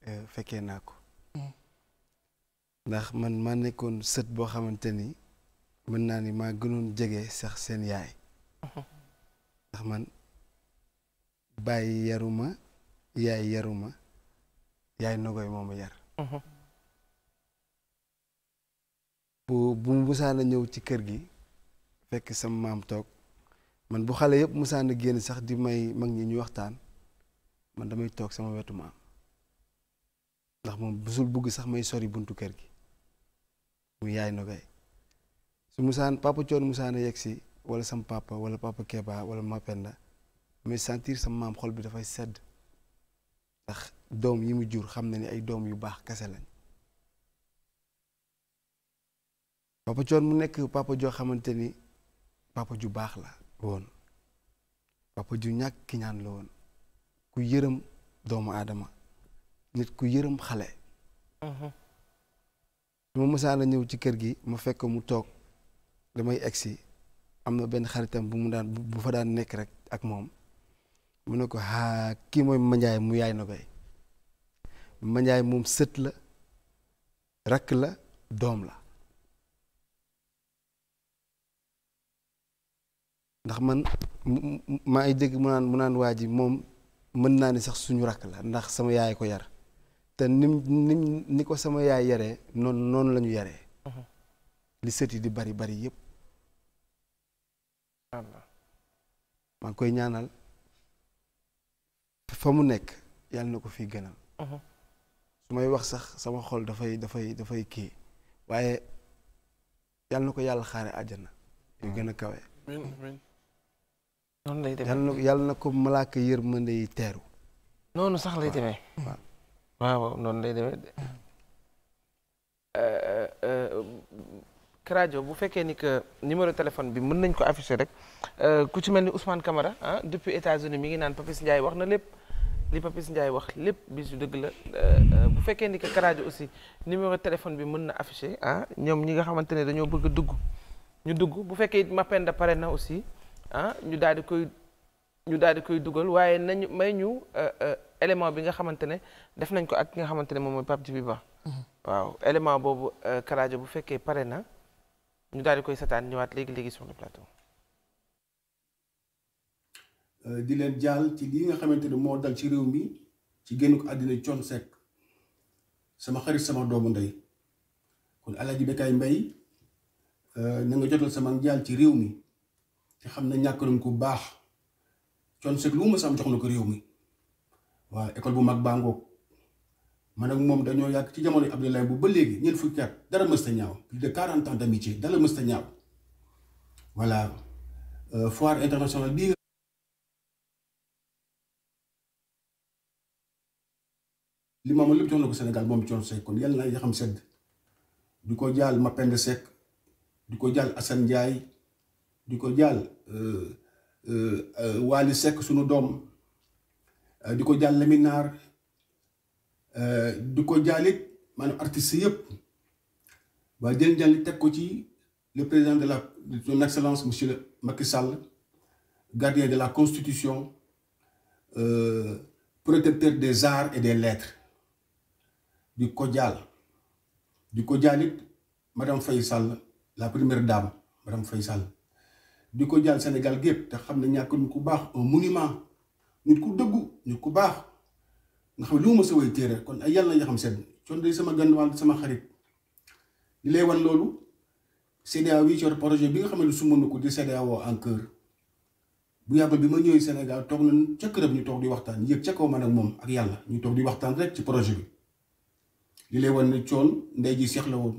eh, fekkee naa ko mm. ndax man ma nekkoon sët boo xamante ni mën naa ni maa gënoon jege sax seen yaay mm-hmm. ndax man bàyyi yaruma yaay yaruma yaay nogoy moomu yar mm-hmm. bu bu musaana ñëw ci kër gi fekk sama maam toog man bu xale yëpp musaana génn sax di may mag ñi ñu waxtaan man damay toog sama wetu maam ndax moom bésul bugg sax may sori buntu kër gi mu yaay nogay su musaan papa coon musaana yegg si wala sam papa wala papa Keba wala Mapenda mais sentir sama maam xol bi dafay sedd ndax doom yi mu jur xam na ni ay doom yu baax kese lañ papa coon mu nekk papa joo xamante ni papa ju baax la woon papa ju ñàkk ki ñaan la woon ku yërëm doomu aadama nit ku yërëm xale su mhm. ma mësaan a ñëw ci kër gi ma fekk mu toog damay egsi am na benn xaritam bu mu daan bu fa daan nekk rek ak moom mu ne ko haa kii mooy manjaay mu yaay nogay manjaay moom sët la rakk la doom la ndax man maa ngi dégg mu mu naan waa ji moom mën naa ni sax suñu rakk la ndax sama yaay ko yar te nim ni ko sama yaay yare noonu noonu la ñu mhm. li sët yi di bari bari yépp maa ngi koy ñaanal fa mu nekk yàlla na ko fi gënal mhm. su may wax sax sama xol dafay dafay dafay kii waaye yàlla na ko yàlla xaare àjjana yu mhm. gën kawe noonu lay demee yàlla na ko na ko malaaka yërmande yi teeru. noonu sax lay demee. waaw waaw noonu lay demee. Eh, eh, eh, Karajo bu fekkee ni que numéro téléphone bi mën nañ ko afficher rek ku ci mel ni Ousmane Camara ah depuis États-Unis mi ngi naan Papis Ndiaye wax na lépp li Papis Ndiaye wax lépp bisu dëgg la bu fekkee ni que aussi numéro téléphone bi mën na afficher ah ñoom ñi nga xamante ne dañoo bëgg a dugg ñu dugg bu fekkee Mapenda pare na aussi. ah ñu daal di koy ñu daal di koy dugal waaye nañu may ñu euh, euh, élément bi nga xamante ne def nañ ko ak ki nga xamante ne moom mooy Pape Djibi Ba mhm. waaw élément boobu euh, Karajo bu fekkee pare na ñu daal di koy setaan ñëwaat léegi léegi sur le plateau. di leen jàll ci lii nga xamante ne moo dal ci réew mi ci génn ko àddina Thione Seck sama xarit sama doomu ndey kon El Hadj Bécaye Mbaye na nga jotal sama njaal ci réew mi. te xam na ñàkk nañ ko baax con sëg lu ma sam jox na ko réew mi waaw école bu mag baa man ak moom dañoo yàgg ci jamono Abdoulaye bu ba léegi ñeent fukki at dara mësta ñaaw plus de quarante ans d'amitié dara voilà euh, foire internationale bii li ma lépp jox na ko Sénégal moom Thione Seck kon yàlla na xam sedd di ko jaal Mapenda Seck di ko jaal Assane njaay di ko jàll euh, euh, euh, Waly Seck sunu doom di ko jàll Laminaar di ko jàllit maanaam artistes yëpp waa jël jàllit teg ko ci le président de la de son excellence monsieur Macky Sall gardien de la constitution protecteur des arts et des lettres di ko jàll di ko jàllit madame fay Sall la première dame madame Faye Sall di ko jàll Sénégal gépp te xam ne ñàkk nit ku baax un monument nit ku dëggu ñu ku baax nga xam ne lu ma sa téere kon ay yàlla na xam sedd coon day sama gànduwaan sama xarit li lay wan loolu CEDEAO yi yor projet bi nga xam ne sumb na ko di CEDEAO en bu yàggal bi ma ñëwee Sénégal toog nañ ca këram ñu toog di waxtaan yëg ca kaw man ak moom ak yàlla ñu toog di waxtaan rek ci projet bi li lay wan ne coon ndey ji seex la woon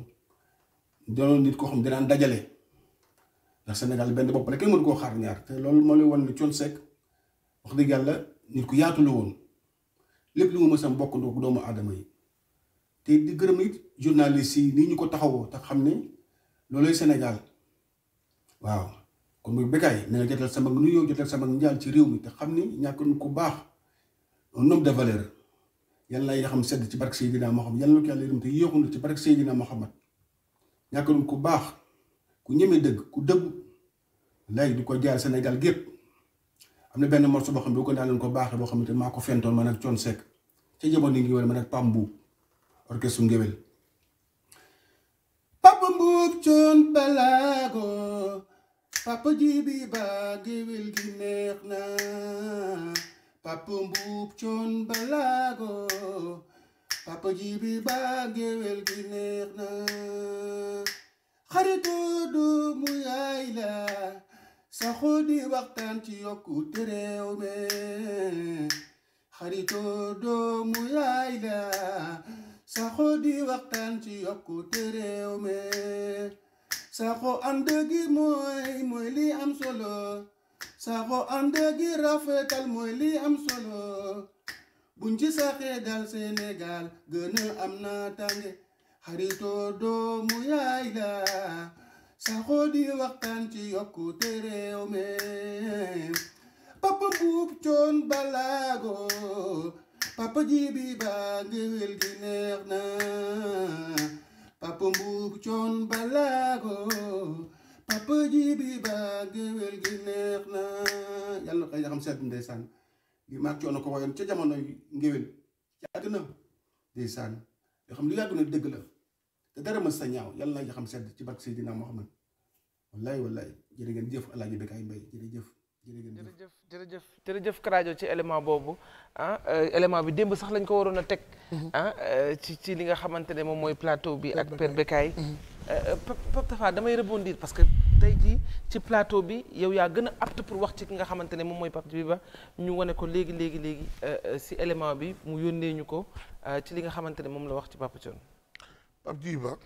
danoon nit koo xam danaan dajale ndax Sénégal benn bopp rek kenn mënu koo xaar ñaar te loolu moo lay wan ne Thione Seck wax dëgg yàlla nit ku yaatu woon lépp lu mu mës bokk ndoog doomu aadama yi te di gërëm it journaliste yi nii ñu ko taxawoo te xam ne loolooy Sénégal waaw kon muy Bécaye na nga sama nuyoo jotal sama njaal ci réew mi te xam ne ñàkk na ku baax un homme de valeur yàlla na xam sedd ci barke Seydina Mohamed yàlla na ko yàlla yërëm te yéexu na ci barke Seydina Mohamed ku baax. ku ñemee dëgg ku dëggu léegi di ko jaar Sénégal gépp am na benn morceau boo xam ne ko daan leen ko baaxee boo xam ne maa ko fentoon man ak Thione Seck ca jamono yi ngi wala man ak Pape Mboup orchestre ngéwél Pape Mboup Thione Ballago Papa Djibi Ba géwél gi neex na xaritoo doomu yaay la saxoo di waxtaan ci yokkute réew mi xaritoo doomu yaay la saxoo di waxtaan ci yokkute réew mi saxoo ànd gi mooy mooy li am solo saxoo ànd gi rafetal mooy li am solo buñ ci saxee dal Sénégal am na tànge xaritoo doomu yaay la saxoo di waxtaan ci yokkute réew mi papa mbuub coon balaago papa jibi baa ngéwél gi neex na papa mbuub coon balaago papa jibi baa ngéwél gi neex na yàlla na koy xam seet ndeysaan li maag coono ko woyoon ca jamono ngéwél ca àdduna ndeysaan yoo xam lu yàgg na dëgg la te dara ma sa ñaaw yàlla na nga xam sedd ci barke Seydina Muhammad wallaay wallaay jërë ngeen jëf El Hadj Bécaye Mbaye jërëjëf. jërëjëf jërëjëf jërëjëf Karajo ci élément boobu ah euh, élément bi sax lañ ko waroon a teg. Mhm. ah euh, ci ci li nga xamante ne moom mooy plateau bi. ak Père Bécaye mhm. euh, Papa damay rebondir parce que. tey jii ci plateau bi yow yaa gën a apte pour wax ci ki nga xamante ne moom mooy Pape Djiby Ba ñu wane ko léegi léegi léegi euh, euh, si élément bi mu yónnee ñu ko euh, ci li nga xamante ne moom la wax ci Pape Thion. Pape Djiby Ba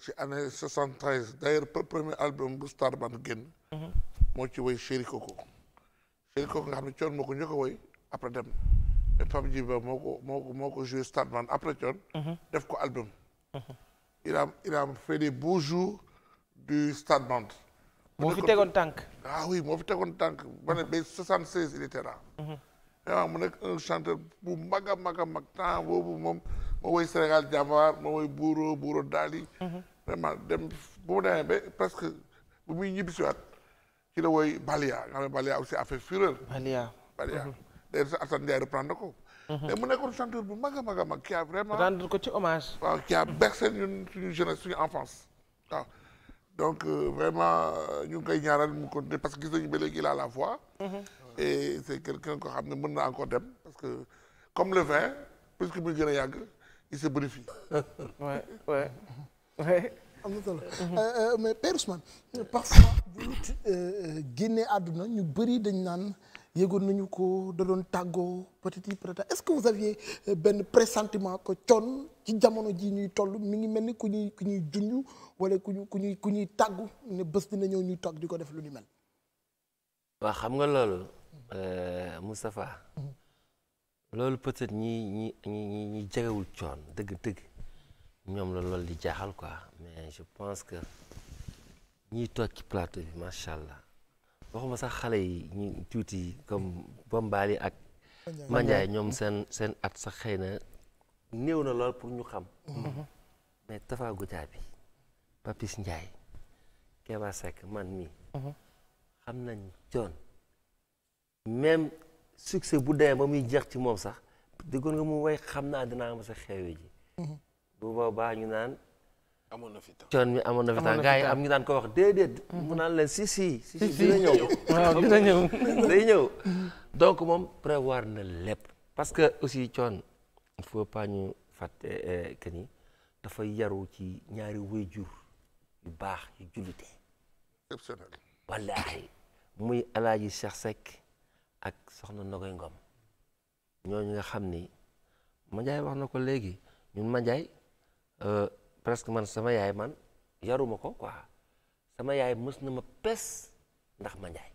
ci année 73 d'ailleurs premier album bu Star Band génn. Mhm. moo ci woy Chéri Coco. nga xam ne Thion moo ko njëkk a woy après dem mais Pape Djiby Ba moo ko moo ko moo ko joué Star Band après Thion. Mhm. def ko album. Mhm. il a il a fait des du Stade Nantes. moo fi tegoon tànk ah oui moo fi tegoon tànk ba ne ba 76 il était là. waaw mhm. ah, mu nekk un chanteur bu mag a mag a mag temps boobu moom moo woy Sénégal Jambar moo woy Buuro Buuro Daali. Mhm. vraiment dem bu mu demee ba presque bu muy ñibbisiwaat ci la woy Balia nga xam ne Balia aussi a fait fureur. Balia Balia mhm. d'ailleurs sax Assane Ndiaye reprendre ko. mais mu nekkoon chanteur bu mag a mag a a vraiment. rendre ko ci hommage. waaw qui a bercé ñun suñu jeunesse suñu enfance donc euh, vraiment ñu ngi koy ñaaral mu continuer parce que gis nañu ba la il a la foi. Mhm. et c' est quelqu'un ko xam ne mën na encore dem parce que comme le vin plus que muy gën a yàgg il se bonifie. ouais ouais mhm. euh, euh, parfois bu génnee àdduna ñu bëri dañ naan yëgoon nañu ko da doon tàggoo peut-être peut-être est-ce que vous aviez benn pressentiment que coon ci jamono ji ñuy toll mi ngi mel ni ku ñuy ku ñuy junj wala ku ñu ku ñuy ku ñuy tàggu ne bës dina ñëw ñuy toog di ko def lu ni mel. waa xam nga loolu. Mm-hmm. Euh, Moustapha. Mm-hmm. loolu peut-être ñi ñi ñi ñi jegewul coon dëgg-dëgg ñoom la lool di jaaxal quoi mais je pense que ñiy toog ci plateau yi macha allah waxuma sax xale yi ñu tuuti comme Bombali ak. Mandiaye ñoom seen seen at sax xëy na. néew na lool pour ñu xam. Mhm. mais Tafa Goudia bi Papis Ndiaye Kéba Seck man mi mhm. xam nañ coon même succès bu dee ba muy jeex ci moom sax déggoon nga mu way xam naa dinaa am sa xewe ji. Mhm. bu boobaa ñu naan. amoon na fi temps mi amoon na fi temps gars am ñu daan ko wax déedéet. mu naan leen si si dina ñëw. dina ñëw day moom prévoir na lépp. parce que aussi coon. il faut ñu fàtte euh, que ni dafa yaru ci ñaari wayjur yu baax yu jullite. exceptionnel. wallaahi muy alaaji Cheikh Seck ak soxna Nogoy Ngom ñooñu nga xam ni Mandiaye wax na ko léegi ñun Mandiaye euh, presque man sama yaay man yaruma ko quoi sama yaay mës na ma pes ndax Mandiaye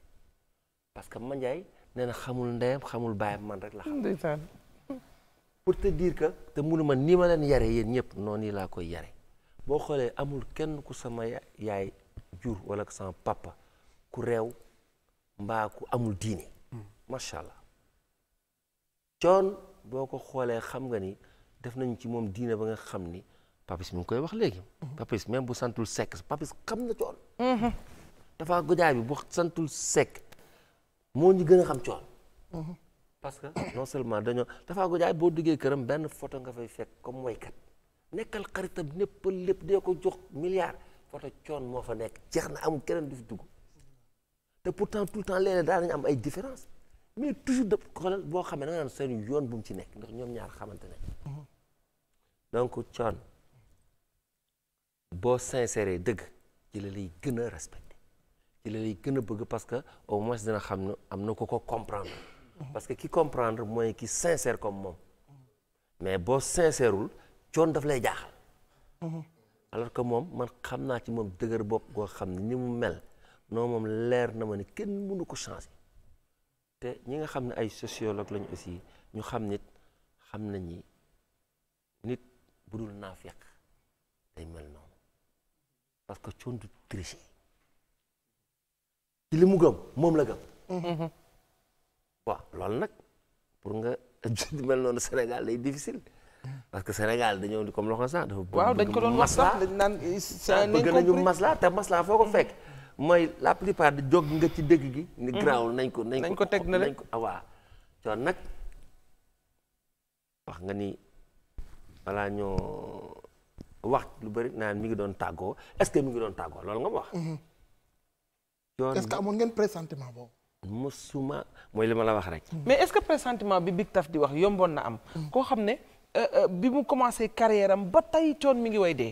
parce que Mandiaye nee na xamul ndeyam xamul baayam man rek la xam. pour te dire que te munuma nii ma leen yare yéen ñëpp noonu laa koy yare boo xoolee amul kenn ku sama yaay jur wala sama papa ku réew mbaa ku amul diine macha allah coon boo ko xoolee xam nga ni def nañ ci moom diine ba nga xam ni papis mi ngi koy wax léegi papis même bu santul sekk papis xam na coon mm-hmm. dafa gojaay bi bu santul sekk moo ñu gën a xam coon parce que non seulement dañoo Tafa Gueye boo duggee këram benn photo nga fay fekk comme waykat nekkal xaritam népp lépp dee ko jox milliard photo coon moo fa nekk jeex na am keneen du fi dugg te pourtant tout le temps léeg-léeg am ay différence mais toujours de xoolal boo xam da nga naan seen yoon bu mu ci nekk ndax ñoom ñaar xamante ne mhm. donc coon boo sincère dëgg ci la lay gën a la lay gën a bëgg parce que au moins dina xam ne am na ko ko comprendre parce que ki comprendre mooy ki sincère comme moom mais boo sincèreul coon daf lay jaaxal alors que moom man xam naa ci moom dëgër bopp goo xam ne ni mu mel non moom leer na ma ne kenn mënu ko changer te ñi nga xam ne ay sociologue lañu aussi ñu xam nit xam na ñi nit bu dul naafeq day mel noonu parce que coon du tricher ci li mu gëm moom la gëm mm-hmm. waa lool nag pour nga mel noonu Sénégal day difficile parce que Sénégal dañoo di comme loxo sax. waaw dañ ko doon wax sax dañ naan eh, ah, bëgg nañu maslaa te maslaa foo ko mm. fekk. mooy la plupart di jog nga ci dëgg gi. ni mm. grawul nañ ko nañ ko ko teg na ko ah, waaw. coon nag wax nga ni balaa ñoo lu bari naan mi ngi doon tàggoo est-ce ngi doon tàggoo loolu nga ma mm-hmm. ngeen pressentiment boobu. mësuma mooy li ma la wax rek. mais est-ce que pressentiment bi Big Taf di wax yomboon na am. koo xam ne euh, euh, bi mu commencé carrière am ba tey coon mi ngi way de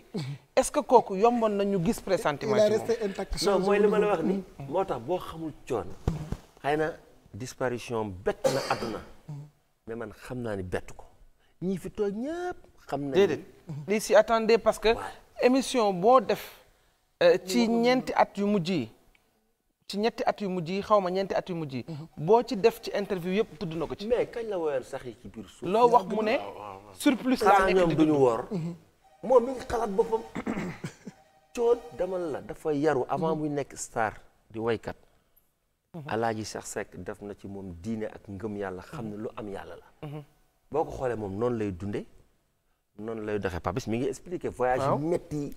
est-ce que kooku yomboon na ñu gis pressentiment. il a resté intact non mooy li wax ni moo tax boo xamul coon. xëy na disparition bett na àdduna. mais man xam naa ni bett ko ñii fi toog ñëpp. xam nañu si attendez parce que émission boo def. Euh, ci ñeenti at yu mujj yi. ci ñetti at yu mujj yi xaw ma ñeenti at yu mujj yi. Mhm. boo ci def ci interview yëpp tudd na ko ci. mais kañ la woyoon sax yi ci biir suuf. loo wax mu ne surplus laa nekk di duñu woor mhm. moom mi ngi xalaat boppam. coon dama la dafa yaru avant mhm. muy nekk star di waykat. alaaji sax Sekk def na ci moom diine ak ngëm yàlla xam ne lu am yàlla la. boo ko xoolee moom noonu lay dundee noonu lay doxee Papis mi ngi expliqué. voyage yu métti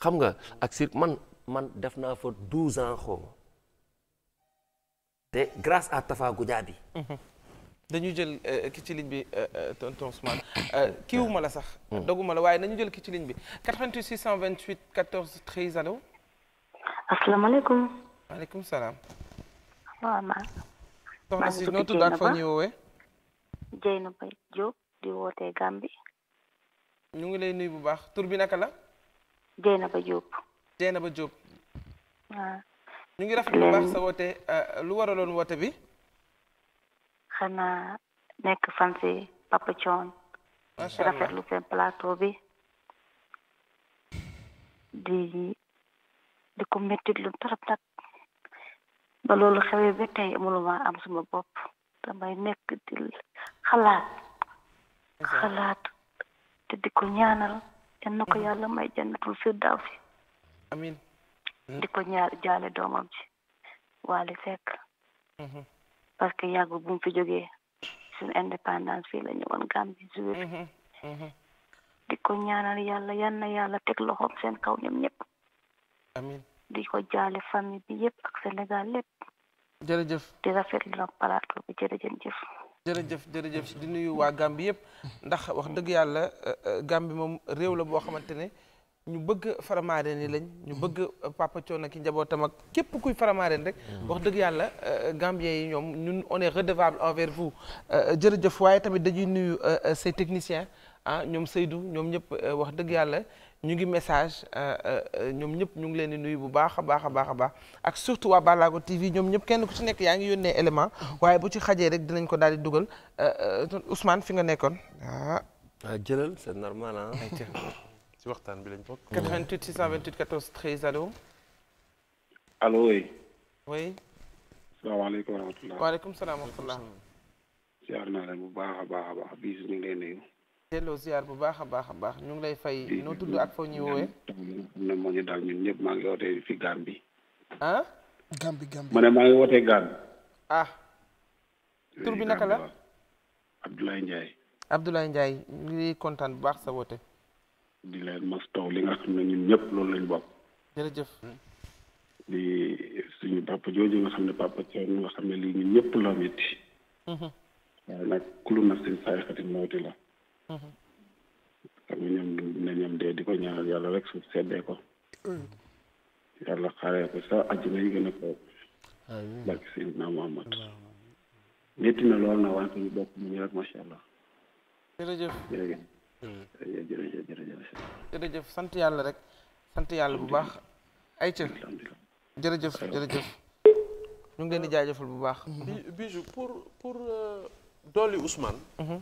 xam nga ak sir man man def naa fa douze ans xaw te grâce à Tafa Goudiaby mhm. dañu jël euh, ki ci ligne bi tonton euh, euh, Ousmane kiiwuma la sax mm. doguma la waaye nañu jël ki ci ligne bi 88 628 14 13 allo asalaamaaleykum maaleykum salaam waaw ma soxna si noo tudd ak ñuy woowee Dieynaba Diop di wootee Gambi ñu ngi lay nuyu bu baax tur bi naka la Dieynaba Diop Dieynaba Diop waaw ñu ngi rafetlu bu baax sa woote euh, lu waraloon woote bi. xanaa nekk fan si Papa Thione. macha allah rafetlu seen plateau bi. di di ko méttit lu trop nag. ba loolu xewee ba tey mënuma am suma bopp damay nekk di xalaat. xalaat te di ko ñaanal. yal na ko mm-hmm. yàlla may jannatul firdawsi. amiin. di ko ñaar jaale doomam ci Wally Seck mm-hmm. parce que yàgg bu mu fi jógee suñu indépendance fii la ñëwoon Gambie joué fi mm-hmm. mm-hmm. di ko ñaanal yàlla yan na yàlla teg loxoom seen kaw ñoom ñëpp amiin di ko jaale famille bi yëpp ak Sénégal lépp jërëjëf di rafetlu nag plateau bi jërëjëf jërëjëf jërëjëf di nuyu waa Gambie yëpp ndax wax dëgg yàlla euh, euh, Gambie moom réew la boo xamante ne ñu bëgg faramaareen yi lañ ñu mm-hmm. bëgg euh, Papa Thione ki njabootam ak képp kuy faramaareen rek mm-hmm. wax dëgg yàlla euh, Gambien yi ñoom ñun on est redevable envers vous euh, jërëjëf waaye tamit dañuy nuyu ces technicien ah ñoom Seydou ñoom ñëpp wax dëgg yàlla ñu ngi message ñoom ñëpp ñu ngi leen di nuyu bu baax a baax a baax a baax ak surtout waa Balago TV ñoom ñëpp kenn ku ci nekk yaa ngi yónnee élément mm-hmm. waaye bu ci xajee rek dinañ ko daal di dugal Ousmane fi nga nekkoon ah jëlal c'est waxtaan bi lañ bokk. 88 628 14 13 allo. allo oui. oui. salaamaaleykum wa rahmatulah. waaleykum salaam wa bu baax a baax a baax biis ñu bu baax a baax baax ñu ngi lay fay. noo tudd ak foo ñuy woowee. ne ñu daal fi Gambie. ah. ma ne maa ngi ah. bi naka la. Abdoulaye Ndiaye. kontaan bu baax sa woote. di leen mastaw li nga xam ne ñun ñëpp loolu lañ bokk. jërëjëf. di suñu papa jooju nga xam ne papa Thion nga xam ne lii ñun ñëpp la metti. Mm-hmm. waaye nag kulu nafsin saayixatin mawti mm-hmm. di ko ñaanal yàlla rek suuf seddee ko. Mm-hmm. metti na lool na wante ñu bokk mu ñu rek macha allah. jërëjëf jërëjëf. sant yàlla rek sant yàlla bu baax. ay ca jërëjëf jërëjëf. ñu ngi leen di jaajëfal bu baax. bi Bijou pour pour euh, dolli Ousmane. Mhm.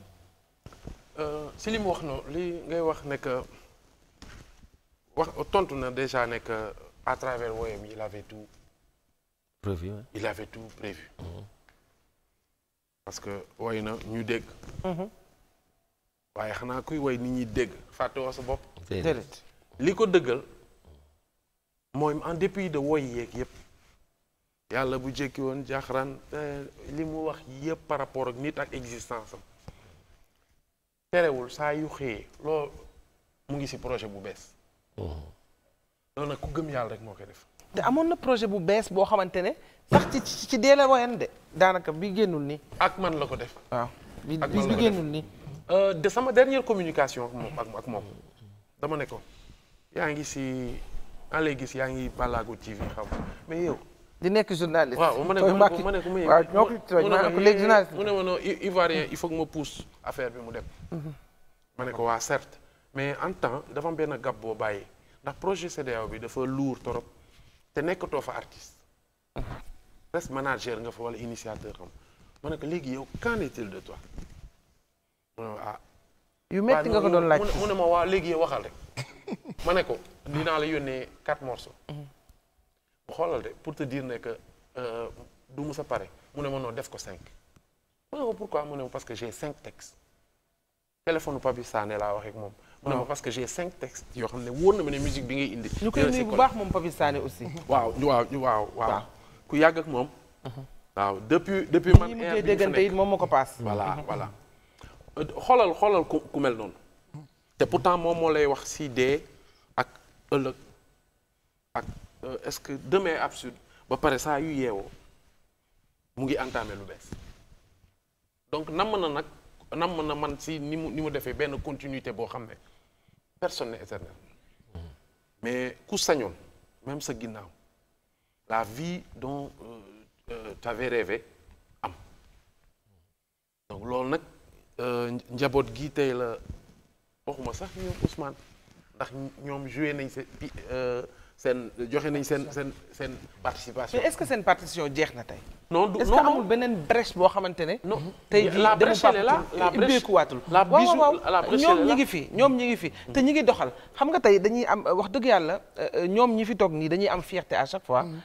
Euh, si li mu wax noonu li ngay wax ne que wax tontu na déjà ne que à travers woyam il tout. prévu ouais. il avait tout prévu. Mhm. parce que woy ñu dégg. Mhm. waaye xanaa kuy woy nit ñi dégg fàtte woo sa bopp. déedéet li ko dëggal mooy en dépit de woy yeeg yépp yàlla bu jékki woon jaaxaraan li mu wax yépp par rapport ak nit ak existence am terewul saa yu xëyee loolu mu ngi si projet bu bees. Mm-hmm. loolu nag ku gëm yàlla rek moo koy def. te amoon na projet bu bees boo xamante ne sax ci ci ci dee la woyan de daanaka bi génnul nii. ak man la ko def. waaw bi bi génnul nii. Euh, de sama dernière communication ak moom ak moom dama ne ko yaa ngi si maa lay yaa ngi Ballago TV xam mais yow. di nekk journaliste. waaw ma ne ma ma ne ko léegi journaliste mu ne ma non Ivoirien il ma pousse affaire bi mu dem. Mhm. ne ko waa certes mais en temps dafa benn gab bàyyi ndax projet CEDEAO bi dafa lourd trop te nekkatoo fa artiste. Mhm. nga fa wala initiateur xam ma ne ko léegi yow qu'en est de toi. Ah. yu metti nga ko doon laaj mu ne ma waa léegi waxal rek ma ne ko dinaa la yónnee quatre morceaux mm-hmm. xoolal de pour te diir ne que euh, du mu sa pare mu ne ma non def ko cinq mu ne ko pourquoi mu ne ma parce que j'ai cinq textes téléphone Papi Sané laa wax moom mu ne ma parce que j'ai cinq textes yoo xam ne wóor na ma ne musique bi ngay indi ñu koy nuyu bu baax moom Papi Sané aussi waaw waaw waaw waaw ku yàgg ak moom mm-hmm. waaw depuis depuis man mujjee moom ma ko paas voilà mm-hmm. voilà xoolal xoolal ku ku mel noonu te pourtant moom moo lay wax si dee ak ëllëg ak euh, est-ce que demain absurde ba pare saa yu yeewoo mu ngi entamé lu bees donc namm na nag namm na man si ni mu ni mu defee benn continuité boo xam ne personne n'est éternel mais ku sañoon même sa ginnaaw la vie dont euh, euh am loolu nag Euh, njaboot gi tey la waxuma sax ñoom Ousmane ndax ñoom joué nañ seen euh, seen joxe nañ seen seen seen participation. mais est-ce que seen participation jeex na tey. non du non est-ce que amul beneen brèche boo xamante ne. non tey jii la brèche la la brèche la brèche ñoom ñi ngi fi ñoom ñi ngi fi. Mm. te ñi ngi doxal xam nga tey dañuy am wax dëgg yàlla euh, ñoom ñi fi toog nii dañuy am fierté à chaque fois. Mm.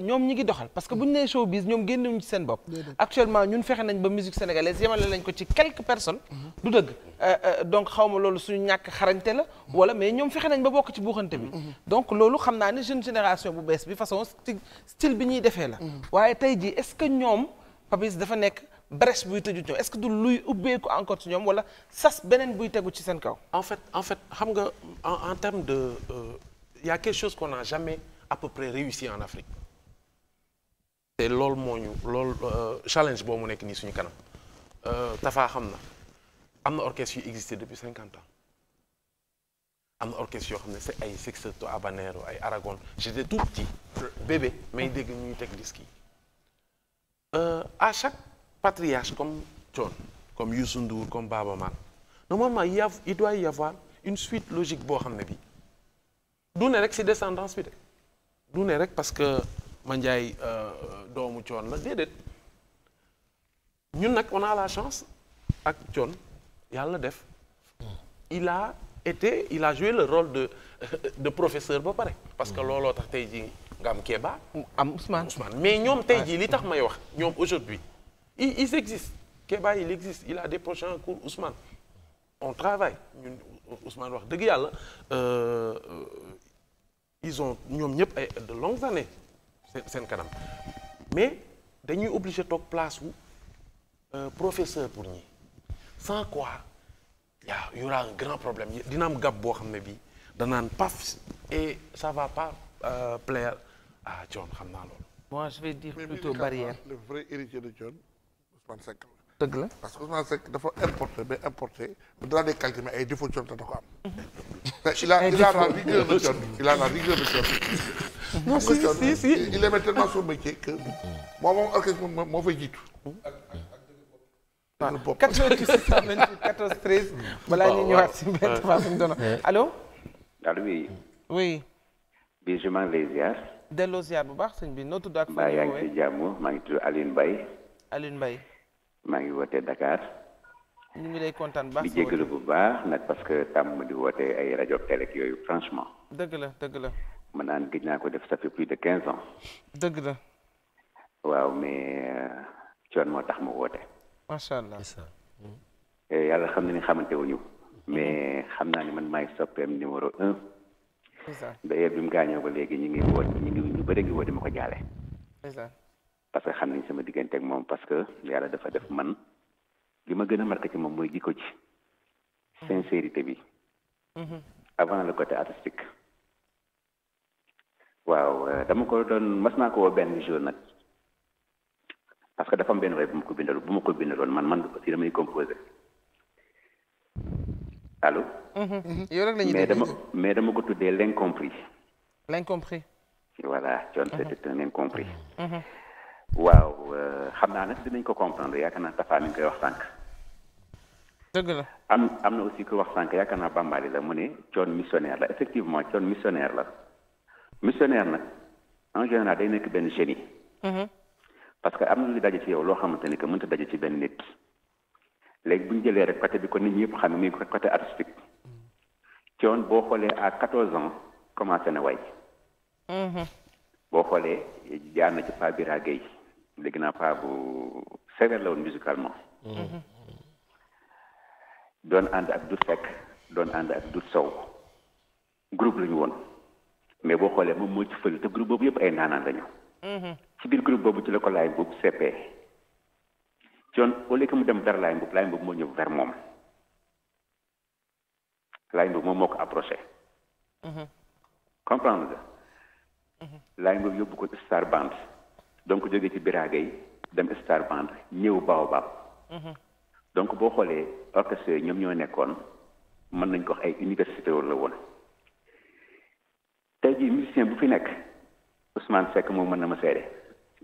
ñoom ñi ngi doxal parce que bu ñu nee showbiz ñoom génnuñu ci seen bopp. actuellement ñun fexe nañ ba musique sénégalaise yemale lañ ko ci quelques personnes. Mhm. du dëgg euh, euh, donc xaw ma loolu suñu ñàkk xarañte la. Mhm. wala mais ñoom fexe nañ ba bokk ci buuxante bi. Mhm. donc loolu xam naa ne jeune génération bu bees bi façon style bi ñuy defee la. waaye tey jii est-ce que ñoom Papis dafa nekk. brèche buy tëju ñoom est-ce que du luy ubbeeku encore ñoom walla sas beneen buy tegu ci seen kaw. en fait en fait xam nga en en termes de euh, y a quelque chose qu'on près réussi Afrique. te loolu moo ñu lool euh, challenge boo mu nekk nii suñu kanam euh, Tafa xam na am na orchestre yu existé depuis cinquante ans am na orchestre yoo xam ne c'est ay Sexteto Habanero ay Aragon j'étais tout petit bébé may dégg ñuy teg disque yi euh, à chaque patriarche comme Thione comme Youssou Ndour comme Baaba Maal normalement il y a avoir une suite logique boo xam ne bi du ne rek ci descendance bi de du ne rek parce que ma njaay euh, doomu coon la déedéet ñun nag on a la chance ak coon yàlla def il a été il a joué le rôle de de professeur ba pare parce que looloo tax tey jii nga am Kéba am Ousmane Ousmane mais ñoom tey jii li tax may wax ñoom aujourd'hui il ils existent Kéba il existe il a des projets en cours Ousmane on travaille ñun Ousmane wax dëgg yàlla euh, euh, ils ont ñoom ñëpp ay de longues années seen kanam mais dañuy obligé toog place wu euh, professeur pour ñi sans quoi yaa y aura un grand problème dina am gab boo xam ne bii danaan paf et ça va pas euh, plaire à xam naa loolu. moi je vais dire plutôt barrière le vrai héritier de Thione Ousmane Seck. dëgg la parce que Ousmane Seck dafa importé ba importé ba dara des qualités ay défauts Thione da ko am. Mhm. non si si si il aimait tellement son métier que moom moom orchestre moom moo fay jiitu. ak ak 88 14 13. balaa ñuy ñëwaat si benn phase mu doon allo. allo oui. oui. bi je m'en lay ziar. delloo ziar bu baax sëñ bi noo tudd ak. mbaa yaa ngi si jàmm maa ngi tudd Alioune Mbaye. Alioune Mbaye. maa ngi wootee Dakar. ñu ngi lay kontaan bu baax di jégalu bu baax nag parce que tàmm di wootee ay rajo télé ak yooyu franchement. dëgg la dëgg la. man naan gëj naa ko def sa fait plus de quinze ans. dëgg la. waaw mais coon euh, moo tax ma woote. macha allah yàlla xam na ni xamante wuñu mais mm-hmm. xam naa ni man maay soppeem numéro un. d'ailleurs bi mu gaañoo ba léegi ñu ngi woote ñu ngi ñu bëri ngi woote ma ko jaale. parce que xam nañ sama diggante ak moom parce que yàlla dafa def man li ma gën a marqué ci moom mooy jikko ci mm-hmm. sincérité bi. Mm-hmm. avant le côté artistique. waaw eh, dama ko doon mas naa ko benn jour nag parce que dafa am benn way bu ma ko bindal bu ma ko bindaloon man man aussi damay composé allo. Mhm. Mhm. yow rek la ñuy mais dama mais dama ko tuddee l'incompris. l'incompris. voilà Thione mhm. c'était un incompris. waaw eh, xam naa nag dinañ ko comprendre yaakaar naa Tafa mi koy wax sànq. dëgg la am am na aussi ku wax sànq yaakaar naa Bambali la mu ne Thione missionnaire la effectivement Thione missionnaire la. missionnaire nag en général day nekk benn génie. Mhm. parce que am na daje ci yow loo xamante ni que mënut a daje ci benn nit. léegi bu jëlee rek côté bi ko nit ñi yëpp xam ne muy côté artistique. coon boo xoolee à 14 ans commencé na way. Mhm. boo xoolee jaar na ci Pa Bira Gueye léegi naa pa bu sévère la woon musicalement. Mhm. doon ànd ak Doudou Seck doon ànd ak Doudou Sow groupe la woon. mais boo xoolee moom moo ci fële te groupe boobu yëpp ay naanaan lañu. Mm-hmm. ci biir groupe boobu ci la ko laay mbub CP. coon au lieu que mu dem vers laay mbub laay mbub moo ñëw vers moom laay mbub moom moo ko approché. Mm-hmm. comprendre nga. Mm-hmm. laay mbub yóbbu ko Star Band donc jógee ci Biraage yi dem Star Band ñëw Baobab. donc boo xoolee orchestre ñoom ñoo nekkoon mën nañ ko wax ay université la woon. tey jii musicien bu fi nekk Ousmane fekk moom mën na ma seede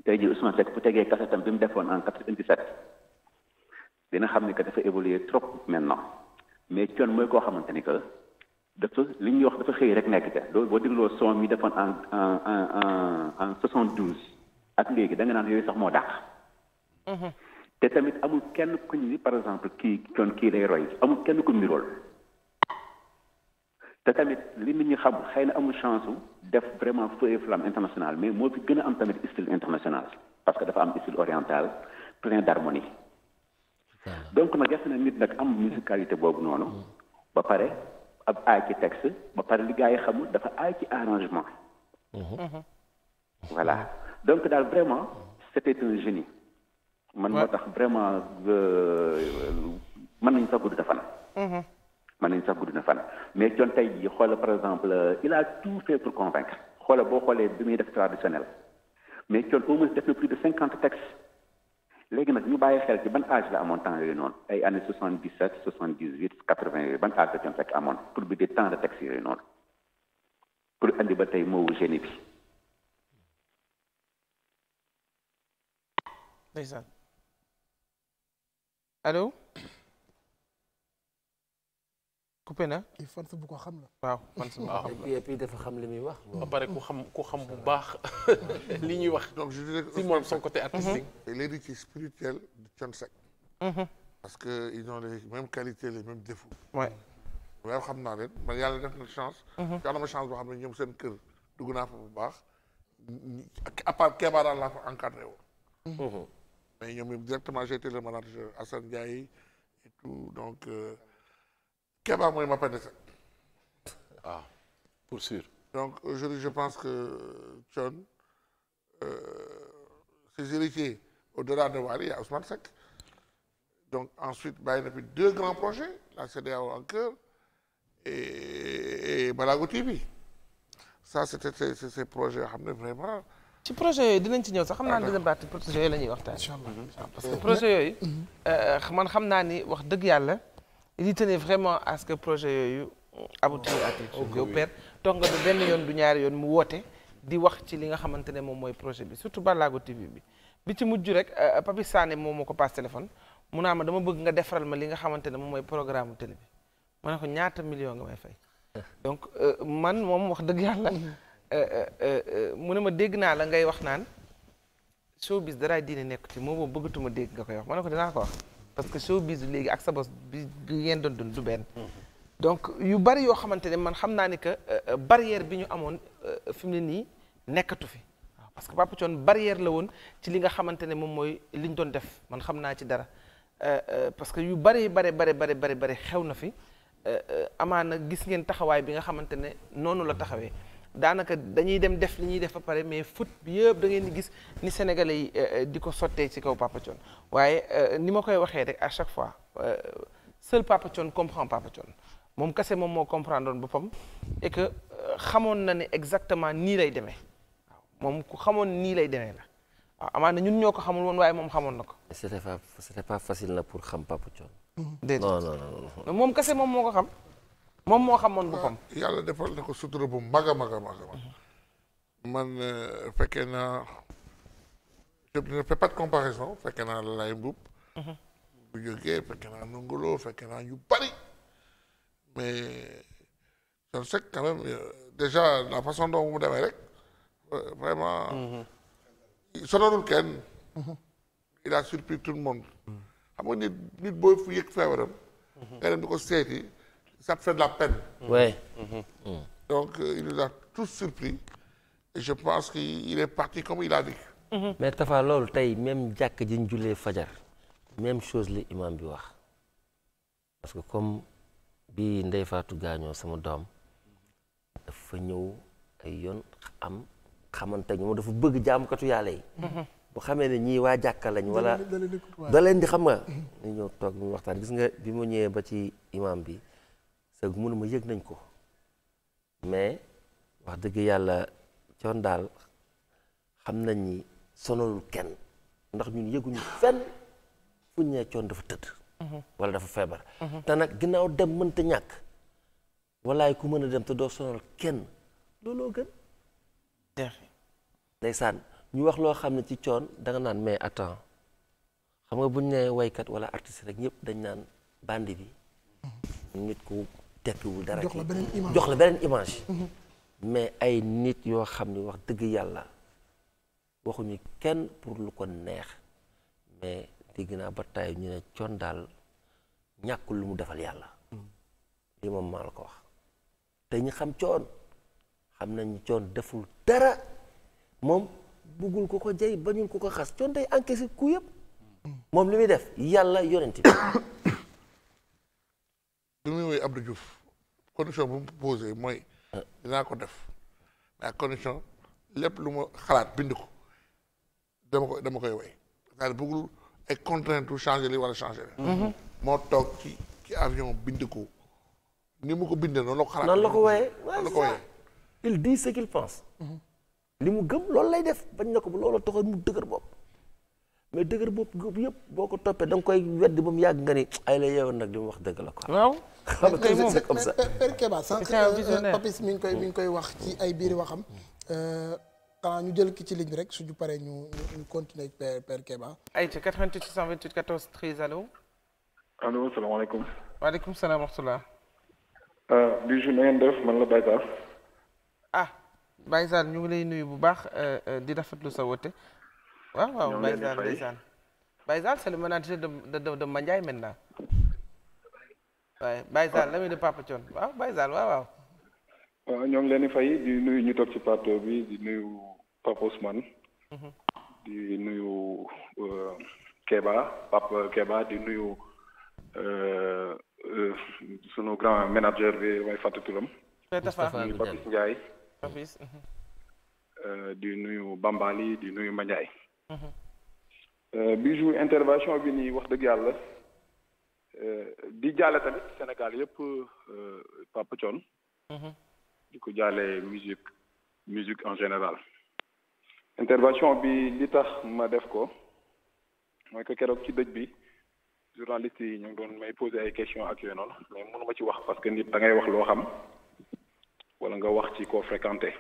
tey jii Ousmane Seck bu tegee kasetam bi mu defoon en quatre vingt dix dina xam ne que dafa évoluer trop na mais con mooy koo xamante ni que dafa li ñuy wax dafa xëy rek nekk ca loolu boo dégloo son mi defoon en en en soixante-douze ak léegi da nga naan yooyu sax moo dàq. Mhm. te tamit amul kenn ku ñu par exemple kii con kii lay roy amul kenn ku nirool. te tamit li nit ñi xamul xëy na amul chance def vraiment feu et flamme international mais moo fi gën a am tamit style international parce que dafa am style oriental plein d'harmonie donc nag yàq na nit nag am musicalité boobu noonu mm-hmm. ba pare ab aay ci texte ba pare li gars yi xamul dafa aay ci arrangement mm-hmm. Mm-hmm. voilà donc daal vraiment c'était un génie man moo tax vraiment euh, mën nañu sax gudd dafa na man nañ sax gudd na fan mais coon tey jii xoola par exemple euh, il a tout fait pour convaincre xoola boo xoolee bi muy def traditionnel mais coon au moins def na plus de cinquante léegi nag ñu bàyyi xel ci ban âge la amoon temps yooyu noonu ay années soixante dix sept soixante dix huit quatre vingt yooyu ban âge la coon fekk amoon pour bi de temps de textes yooyu noonu pour andi ba tey moowu génie bi coupé na. kii fan bu ko xam la. waaw fan bu ko xam la et puis dafa xam li muy wax. ba pare ku xam ku xam bu baax li ñuy wax. donc je dirais si moom son côté artistique. Mm-hmm. et l'héritier spirituel de Thione Seck. Mm-hmm. parce que ils ont les mêmes qualités les mêmes défauts. ouais. waaw xam naa leen man yàlla def na chance. Mm-hmm. yàlla ma chance boo xam ne ñoom seen kër dugg naa fa bu baax. à part Kéba daal laa fa encadré woon. mais ñoom directement j' étais le manager Assane Ndiaye et tout donc. Euh, Keba mooy Mappa Ndessé. waaw ah, pour sûr. donc aujourd'hui je pense que Thione euh, ses héritiers au-delà de Wally il y a Ousmane Seck donc ensuite bàyyi na fi deux grands projets la CEDEAO en cœur et et Balago TV ça c'était ces ces projets yoo xam ne vraiment. ci projet yooyu dinañ ci ñëw sax xam naa ne ah, deuxième partie projet yooyu waxtaan. parce que projet yooyu. Mm-hmm. Euh, man xam naa ni wax dëgg yàlla. di tenir vraiment à ce que projet yooyu aboutir à quelque chose yow père toog nga du benn yoon du ñaari yoon mu woote di wax ci li nga xamante ne moom mooy projet bi surtout Ballago TV bi bi ci mujj rek euh, Papi Sané moom moo ko passe téléphone mu naa ma dama bëgg nga defaral ma li nga xamante ne moom mooy programme télé bi ma ñaata million nga may fay donc euh, man moom wax dëgg yàlla mm-hmm. euh, mu ne ma dégg naa la ngay wax naan showbiz daraay diine nekk ci moom bëggatuma dégg nga koy wax ma ne ko dinaa ko wax parce que showbiz léegi ak sa bos bi ngeen doon dund du benn. Mhm. donc yu bari yoo xamante ne man xam naa ni que euh, euh, barrière bi ñu amoon euh, fi mu ne nii nekkatu fi. parce que Papa Thione barrière la woon ci li nga xamante ne moom mooy li ñu doon def man xam naa ci dara parce que yu bari bari bari bari bari bari xew na fi amaana gis ngeen taxawaay bi nga xamante ne noonu la taxawee. daanaka dañuy dem def li ñuy def ba pare mais foot bi yëpp da ngeen di gis ni sénégalais yi euh, euh, di ko sottee ci kaw Papa waaye euh, ni ma koy waxee rek à chaque fois seul Papa Thione comprend Papa moom kese moom moo comprendre woon boppam et que xamoon na ne exactement nii lay demee waaw moom ku xamoon nii lay demee la waaw amaana ñun ñoo ko xamul woon waaye moom xamoon na ko. c'était na pour xam Papa Thione. moom moo ko xam. moom moo xamoon boppam. yàlla defal na ko sutura bu mag a mag a mag man euh, fekkee naa je ne fais pas de comparaison fekkee naa Laye Mboup. Mhm. bu jógee fekkee naa Nongolo fekkee naa ñu bari mais je sais quand même euh, déjà la façon dont mu demee rek euh, vraiment. Mhm. sonalul kenn. Mhm. il a surpris tout le monde. xam nga nit nit boo yëg feebaram. nga dem di ko seeti. ça te fait de la peine. Mm-hmm. Euh, pense qu'il est parti mm-hmm. mais Tafa loolu tey même jàkk ji ñu jullee fajar même chose li imam bi wax parce que comme bi Ndeye Fatou gaañoo sama doom dafa ñëw ay yoon am xamante ñu moom dafa bëgg jaamukatu yàlla yi. Mm-hmm. bu xamee ne ñii waa jàkka lañ. wala da di xam nga. ñu ñëw toog ñu waxtaan gis nga bi mu ñëwee ba ci imam bi. sëg mënu ma yëg nañ ko mais wax dëgg yàlla coon daal xam nañ ni sonalul kenn ndax ñun yëguñu fenn fu ñu nee coon dafa tëdd mhm. wala dafa feebar mhm. te nag ginnaaw dem mënta ñàkk walaay ku mën a dem te doo sonal kenn looloo gën ndeysaan ñu wax loo xam ne ci coon da naan mais attends xam nga buñ nee waykat wala artiste rek ñëpp dañ naan bandi bi mhm. nit ku tekkiwul dara jox la beneen image jox la mhm. mais ay nit yoo xam ni wax dëgg yàlla waxuñu kenn pour lu ko neex mais dégg naa ba tey ñu ne coon daal ñàkkul lu mu defal yàlla. Mhm. li moom maa ko wax te ñu xam coon xam nañ coon deful dara moom buggul ko ko jey bañul ko ko xas coon day encaissé ku yëpp. Mhm. moom li muy def yàlla yonent bi du muy woy Abdou Diouf condition bu mu posé mooy dinaa ko def mais condition lépp lu ma xalaat bind ko dama koy woy c'est-à-dire ay contrainte changer li wala changer la mhm. moo toog ci ci avion bind ko ni mu ko bindee noonu la ko xalaat noonu la ko woyee la ko woyee il dit ce qu'il mhm. li mu gëm loolu lay def bañ na ko bu loolu taxoon mu dëgër bopp mais dëgër bopp googu yëpp boo ko toppee da nga koy weddi ba mu yàgg nga ni ay la yeewoon nag li mu wax dëgg la ko waaw xam nga c'est comme euh, ngi koy mi ngi koy wax ci ay biir waxam. xanaa euh, ñu jël ki ci ligne rek rek suñu paree ñu ñu continuer per Père Père Keba. ayca 88 628 14 13 allo. allo salaamaaleykum. waaleykum salaam wa rahmatulah. Euh, bijou na ngeen def man la Baye Sall. ah Baye Sall ñu ngi lay nuyu bu baax di rafetlu sa wote. waaw waaw Baye Zane ndeysaan Baye Zane c'est le manager de de de de Mandiaye maintenant waaye Papa Thion waaw Baye Zane waaw waaw. ñoo ngi leen di fay di nuyu ñu toog ci plateau bi di nuyu Papa mhm. di nuyu euh, Keba Papa Keba di nuyu euh, euh, sunu grand manager bi may fàtte turam. Moustapha Ndiaye Papis mhm. di nuyu Bambali di nuyu Mandiaye. Euh, bi jour intervention bi nii wax dëgg yàlla euh, di jaale tamit Sénégal yëpp euh, Papa Thione mhm. di ko jaale musique musique en général intervention bi li tax ma def ko mooy que keroog ci dëj bi journaliste yi ñu ngi doon may poser ay questions ak yooyu noonu mais mënuma ci wax parce que nit da ngay wax loo xam wala nga wax ci ko fréquenté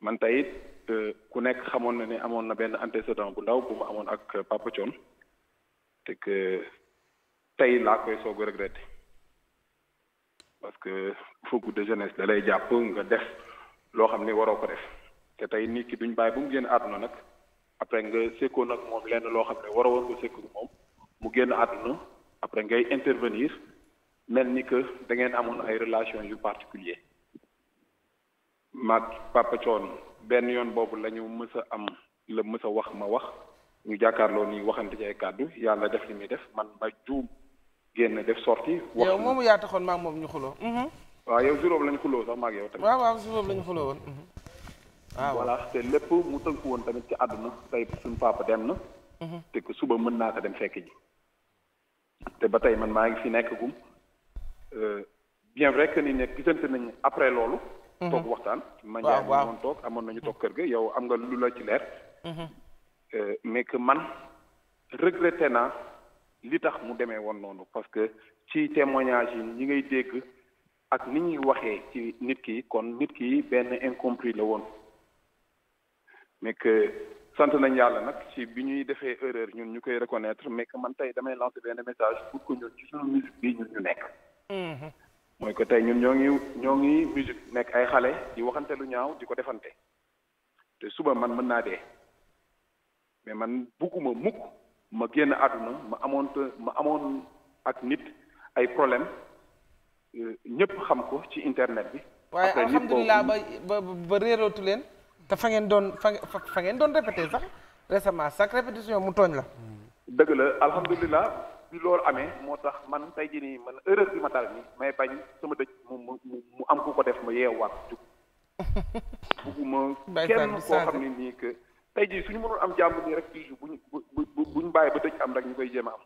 man tey it euh, ku nekk xamoon na ni amoon na benn antécédent bu ndaw bu mu amoon ak euh, Papa Thione te que tey laa koy soog a regretter parce que fougue de jeunesse da lay jàpp nga def loo xam ne waroo ko def te tey nit ki duñ bàyyi bu mu génn àdduna nag après nga sekkoon nag moom lenn loo xam ne waroo woon ko sekkoon moom mu génn àdduna après ngay intervenir mel ni que da ngeen amoon ay relation yu particulier maag Papa Thion benn yoon boobu la ñu mës a am la mës a wax ma wax ñu jàkkaarloo ni waxante ci kàddu yàlla def li muy def man ma juum génn def sorti wax yow yaa taxoon maag moom ñu xuloo. Mhm. waaw yow juróom lañ xuloo sax maag yow tamit. waaw waaw juróom lañ xuloo mhm. waaw voilà te lépp mu tënku woon tamit ci àdduna tey suñu papa dem na. Mhm. te que suba mën naa ko dem fekk ji. te ba tey man maa ngi fi nekk gum euh, bien vrai que ni ne gisante nañ après loolu. Mm-hmm. toog waxtaan man jaay moon toog amoon nañu toog kër gi yow am nga lu la ci leer mm-hmm. euh, mais que man regretté naa li tax mu demee woon noonu parce que ci témoignage yi ñi ngay dégg ak ni ñuy waxee ci nit ki kon nit ki benn incompris la woon mais que sant nañ yàlla nag ci bi ñuy defee erreur ñun ñu koy reconnaître mais que man tey damay lancer benn message pour que ñun ci suñu musique bi ñun ñu nekk mm-hmm. mooy que tey ñun ñoo ngi ñoo ngi musique nekk ay xale di waxante lu ñaaw di ko defante te suba man mën naa dee mais man bugguma mukk ma génn àdduna ma amoon ma amoon ak nit ay problème euh, ñëpp xam ko ci internet bi. waaye alhamdulilah ba ba ba réerootu leen. te fa ngeen doon fa fa ngeen doon répété sax récemment chaque répétition mu tooñ la. dëgg la alhamdulilah. loolu amee moo tax man tey jii nii man erreur bi ma dal nii may bañ sama dëj mu mu mu am ku ko def ma yeewaat jug. bugguma kenn koo xam ne nii que tey jii suñu mënul am jàmm nii rek toujours buñ bu buñ bàyyi ba dëj am rek ñu koy jéem a am.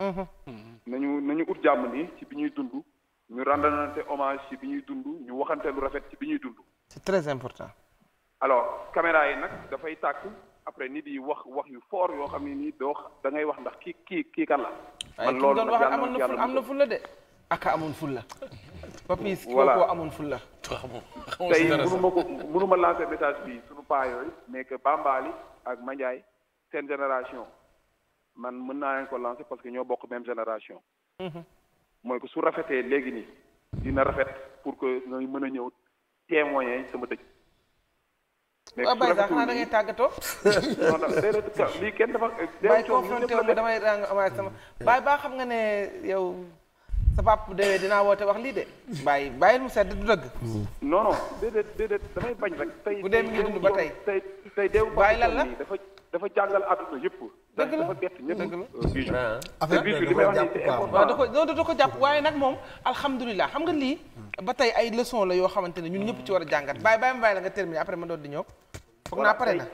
Mm-hmm. Mm-hmm. nañu nañu ut jàmm nii ci bi ñuy dund ñu rendante hommage ci bi ñuy dund ñu waxante lu rafet ci bi ñuy dund. c'est très important. alors caméra yi nag dafay tàkk après nit yi wax wax yu fort yoo xam ne nii doo da ngay wax ndax kii kii kii kan la. man loolu doon wax amoon na am na fulla de aka amoon fulla papis voilà kooku amoon fulla tey mënu ko mënu ma message bi suñu paa yooyu nekk Bambali ak Mandiaye seen génération man mën naa leen ko lancer parce que ñoo bokk même génération mhm. mooy que su rafetee léegi nii dina rafet pour que ñooy mën a ñëw témoigner sama dëj waaw Baye sax xanaa da ngay tàggatoo. non non déedéet lii kenn dafa. déedéet coono ñun ñëpp la de Baye confronté wu ma damay sama Baye ba xam nga ne yow. sa pap bu deewee dinaa woote wax lii de bàyyi bàyyi mu sedd du dëgg. non damay bañ rek. tey bu dee mi ngi ba tey tey tey lan la dafa dafa jàngal àdduna yëpp. dëgg la dëgg la euh, ah. affaire bi li may wax nii waaw da ko non da ko jàpp waaye nag moom alhamdulilah xam nga lii. ba tey ay leçon la yoo xamante ne ñun ñëpp ci war a jàngat bàyyi bàyyi ma bàyyi la nga terminer après ma doon di ñëw. foog naa pare na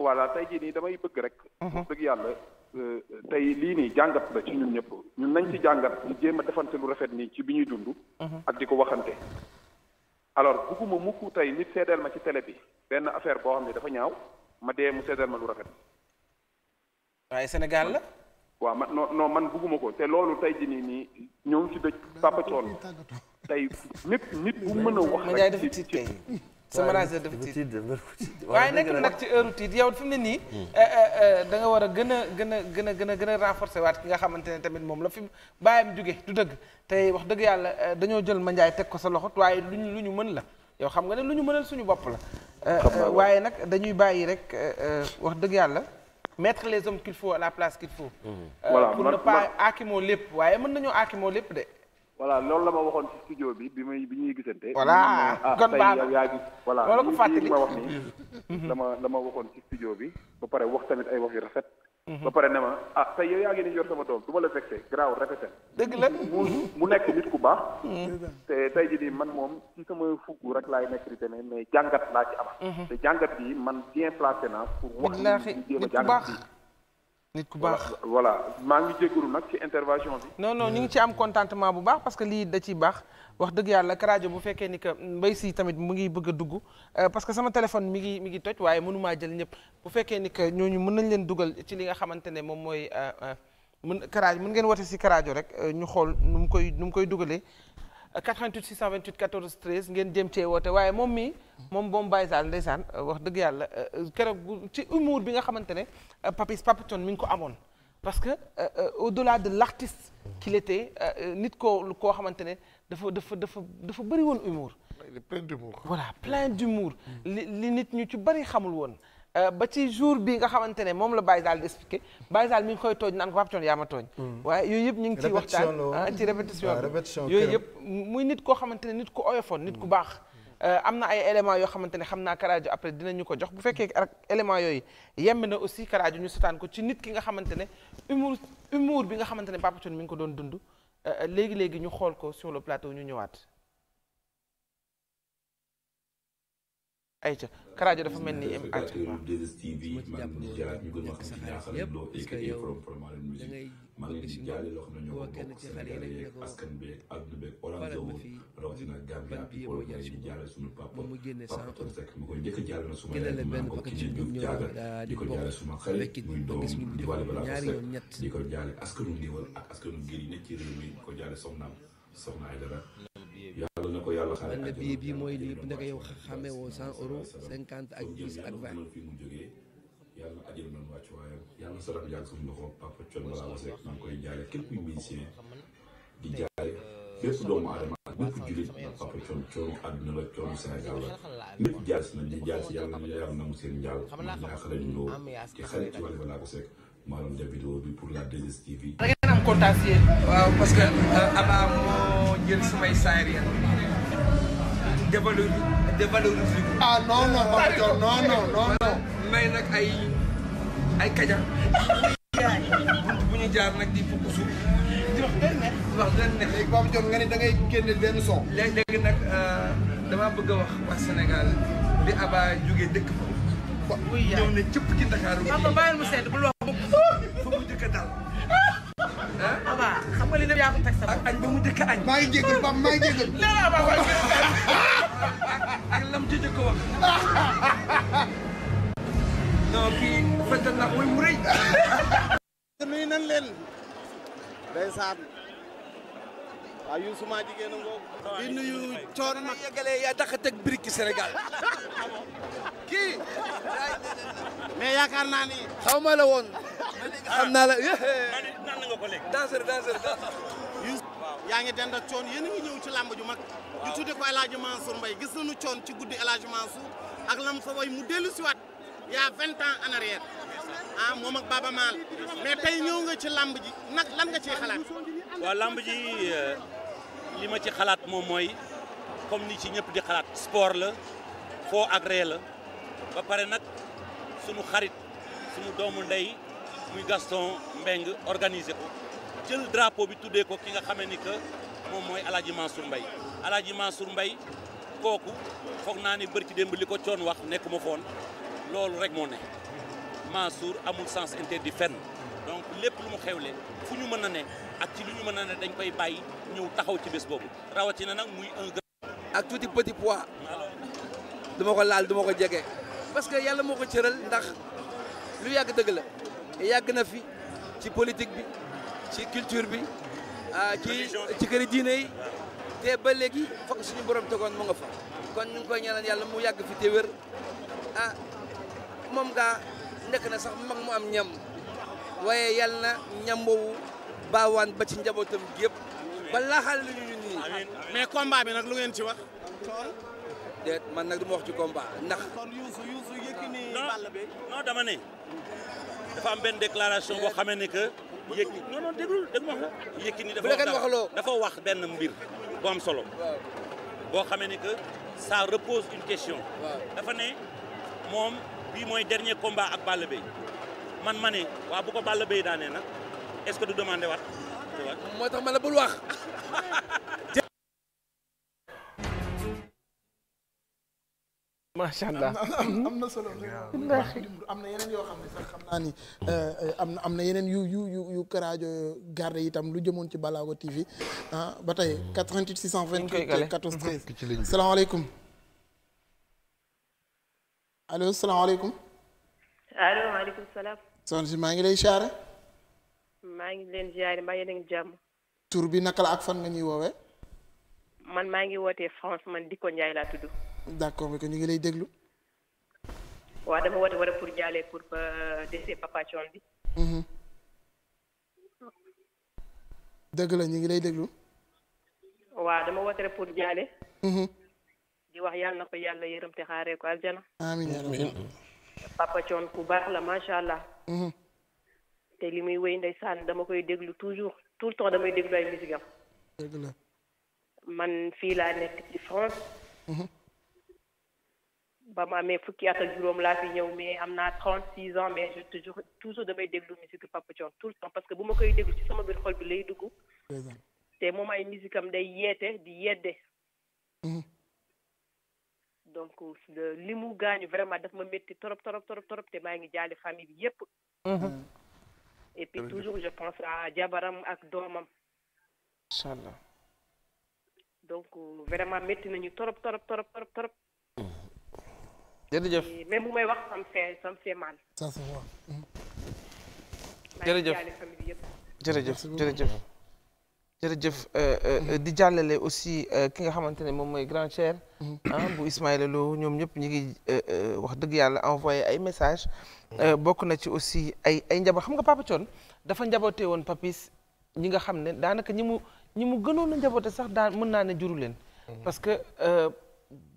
voilà tey jii nii damay bëgg rek. Mhm. dëgg yàlla Euh, tey lii nii jàngat la ci ñun ñëpp ñun nañ ci jàngat di jéem a defante lu rafet nii ci bi ñuy dund. Mhm. ak di ko waxante. alors bugguma mukk tey nit seedeel ma ci télé bi benn affaire boo xam ne dafa ñaaw ma dee mu seedeel ma lu rafet. waaye Sénégal la. waa man non non man bugguma ko te loolu tey ji nii nii ñoo ngi dëj Papa Thione tey nit nit bu mën a wax rek ci ci sa rajo dafa tiit waaye nekk nag ci heure tiit yow fi ne nii. Hmm. Eh, eh, eh, da war a gën a gën a gën a gën a gën a renforcer waat ki nga xamante ne tamit moom la fi bàyyam jóge du dëgg tey wax dëgg yàlla dañoo jël ma njaay teg ko sa loxo waaye luñ lu ñu mën la yow xam nga ne lu ñu mënal suñu bopp la. waaye nag dañuy bàyyi rek wax dëgg yàlla. mettre les hommes qu'il faut à la place qu'il faut. Hmm. voilà pour ne pas aakimoo lépp waaye mën nañoo aakimoo lépp voilà loolu la ma waxoon ci studio bi bi may bi ñuy gisante. voilà ah, kon baax na yaa ngi voilà loolu ko fàttali ma wax nii. dama dama waxoon ci studio bi. ba pare wax tamit ay wax yu rafet. Mhm. ba pare ne ma ah tey yow yaa ngi ni yor sama doom du ma la vexee garaaw répété. dëgg la mu nekk nit ku baax. Mhm. te tey jii nii man moom ci sama fukk rek laay nekk di demee mais jàngat laa ci amal. Mhm. te jàngat bi man bien placé naa. pour wax ni jéem a jàngat bi nit ku baax voilà maa ngi jégalu nag ci intervention bi. non non ñu ngi ci am contentement bu baax parce que lii da ciy baax wax dëgg yàlla Karajo bu fekkee ni que mbay si tamit mu ngi bëgg a dugg euh, parce que sama téléphone mi ngi mi ngi toj waaye mënumaa jël ñëpp bu fekkee ni que ñooñu mën nañ leen dugal ci li nga xamante ne moom mooy euh, euh, mën Karajo mën ngeen woote si Karajo rek ñu xool nu koy nu mu koy dugalee. 88 628 14 13 ngeen jëm cee woote waaye moom mi moom moom Baye Sall ndeysaan euh, wax dëgg yàlla euh, euh, keroog ci humour bi nga xamante ne Papis Papitoon mi ngi ko amoon parce que au-delà de l'artiste qu'il était nit koo koo xamante ne dafa dafa dafa dafa bëri woon humour plein d'humour voilà plein d'humour mm. li nit ñu ci bëri xamul woon Euh, ba ci jour bi nga xamante ne moom la Baye Sall di expliqué Baye Sall mi ngi koy tooñ naan ko Pape Thione yaa tooñ hmm. yooyu yëpp ñu ngi ciy waxtaan ah, ci répétition ah, yooyu yëpp muy nit koo xamante ne nit ku oyofoon nit ku hmm. baax euh, am na ay éléments yoo xamante ne xam naa Karajo après dinañu ko jox bu fekkee ak éléments yooyu yemb na aussi Karajo ñu setaan ko ci nit ki nga xamante ne humour humour bi nga xamante ne Pape Thione mi ngi ko doon dund euh, léegi-léegi ñu xool ko sur le ñu ñëwaat ayca karaajo dafa mel ni am ayca waaw. maa ngi leen di jaale loo xam ne ñoo ko bokk Sénégal yeeg askan beeg àdduna beeg Orange wu rawatina Gambia ak Polo maa ngi jaale suñu papa Papa Thione Seck mi ko a di ko jaale suma xarit yi nekk ci réew mi di yàlla na ko yàlla xaare benn billet bi mooy lii bu nekk yow xamee woo cent euros cinquante ak dix ak vingt fi mu jógee yàlla ajal nañu wàcc waayam yàlla na saram yàgg suñu loxo papa con balaa wasek maa ngi koy jaale képp kuy médecin di jaale euh, bépp doomu aadama bépp jullit na papa con coono àdduna la coono Sénégal la lépp jaal si nañ di jaal si yàlla na yàlla nangu seen njaal ndax ñaa xalañu loo ci xarit ci wàllu balaa wasek maanaam da vidéo bi pour la 2STV contentieux. waaw parce que euh, Abba moo jël sumay saayir ya dévalori dévalorisé ko. may nag ay kaja. bu ñu jaar nag di fukk suuf. wax dëgg ne. wax dëgg ne. léegi Pape nga ne da ngay génne benn son. léegi nag euh, damaa bëgg a wax Sénégal bi Abba jógee dëkk ba. waaw ñëw na cëpp ci Dakar. waaw ba bàyyil mu sedd bul wax. mu njëkk dal. Baba xam nga li lépp yaa ko teg sa bopp. ak añ ba mu dëkk añ. maa ngi jégal ba maa ngi jégal. léegi ba waay ak lam ci jëkk wax. non kii fëttal na muy mu rëy. nuyu nañ leen. ndeysaan. waaw Youssou jigéen a ngoog. di nuyu coor mag yëgalee yaa tax a teg brique Sénégal kii. mais yaakaar naa ni. xaw la woon. xam naa la. nan nga ko yaa ngi dend ak coon yéen a ngi ci làmb ju mag. waaw ñu tuddee ko El Hadj Mansour Mbaye gis nañu coon ci guddi El Hadj Mansour ak lam fa way mu dellu si waat y a vingt ans en arrière ah moom ak Maal mais tey ñëw nga ci làmb ji nag lan nga ciy xalaat. waaw làmb ji. Euh, li ma ci xalaat moom mooy comme ni ci ñëpp di xalaat sport la foo agré la ba pare nag sunu xarit sunu doomu ndey muy Gaston Mbengue organiser ko jël drapeau bi tuddee ko ki nga xamee ni que moom mooy El Hadj Mansour Mbaye El Hadj Mansour Mbaye kooku foog naa ni ci démb li ko coon wax nekkuma foon loolu rek moo ne Mansour amul sens interdit fenn. lépp lu mu xewle fu ñu mën a ne ak ci lu mën a ne dañ koy bàyyi ñëw taxaw ci bés boobu rawatina nag muy un grand. ak tuuti petit poids. du ma ko laal du ma ko jege. parce que yàlla moo ko cëral ndax lu yàgg dëgg la yàgg na fi ci politique bi ci culture bi ah, ci ci këri diine yi te ba léegi foog suñu borom tegoon mu nga fa kon ñu ngi koy ñaanal yàlla mu yàgg fi te wér ah moom gaa nekk na sax mag mu am ñam. waaye yal na ñambowu baawaan ba ci njabootam gépp ba laaxal lu ñu nii. mais combat bi nag lu ngeen ci wax. déet man nag du wax ci combat ndax. kon Youssou Youssou Yékini dama ne. dafa am benn déclaration boo xamee ne que. Yékini non non déglu wax la. dafa wax dafa wax benn mbir bu am solo. boo xamee ni que ça repose une question. dafa ne moom bii mooy dernier combat ak Balla Gaye man ma ne waaw bu ko Balla est-ce que du demandé waat moo tax ma la bul wax. am na solo na yeneen yoo xam ne sax xam naa ni euh, am na am na yeneen yu yu yu yu garde itam lu jëmoon ci Balago TV ah ba tey 88 628 14 13 salaamaaleykum allo salaamaaleykum allo maaleykum salaam soxna si maa ngi lay siyaare. maa ngi leen siyaare mbaa yéen ngi jàmm. tur bi naka la ak fan nga ñuy woowee. man maa ngi wootee France man Dikko njaay laa tudd. d'accord mais ngi lay déglu. waaw dama woote pour jaalee pour ba euh, bi. Mhm. dëgg la ñu ngi lay déglu. waa dama woote rek pour jaale. Mhm. di wax yàlla ko yàlla yërëm te xaaree ko aljana. amiin Papa Thione ku baax la macha allah. Mm-hmm. te li muy ndey ndeysaan dama koy déglu toujours tout le temps damay déglu ay musique am. man fii laa nekk ci France. Mm-hmm. ba ma amee fukki at ak juróom laa fi ñëw mais am naa trente six ans mais toujours toujours damay déglu musique Papa Thione tout le temps parce que bu ma koy déglu ci sama biir xol bi lay dugg. te moom ay musique am day yeete di yedde donc li mu gaañu vraiment daf ma métti trop torop torop torop te maa ngi jaale famille bi yépp mhm. et puis toujours je pense à jabaram ak doomam incha allah donc vraiment metti nañu torop torop torop trop torop jërëjëf mais bu may wax sam fee sam fee mal ça se voit jërëjëf jërëjëf jërëjëf euh, euh, mm-hmm. di jàllale aussi euh, ki nga xamante ne moom mooy grand cher mm-hmm. ah, bu Ismaïla Lo ñoom ñëpp ñi ngi wax dëgg yàlla envoyé ay message mm-hmm. bokk na ci aussi ay ay njaboot xam nga Papa dafa njabootee woon papis ñi nga xam ne daanaka ñi mu ñi mu gënoon a njaboote sax daan mën naa ne juru leen parce que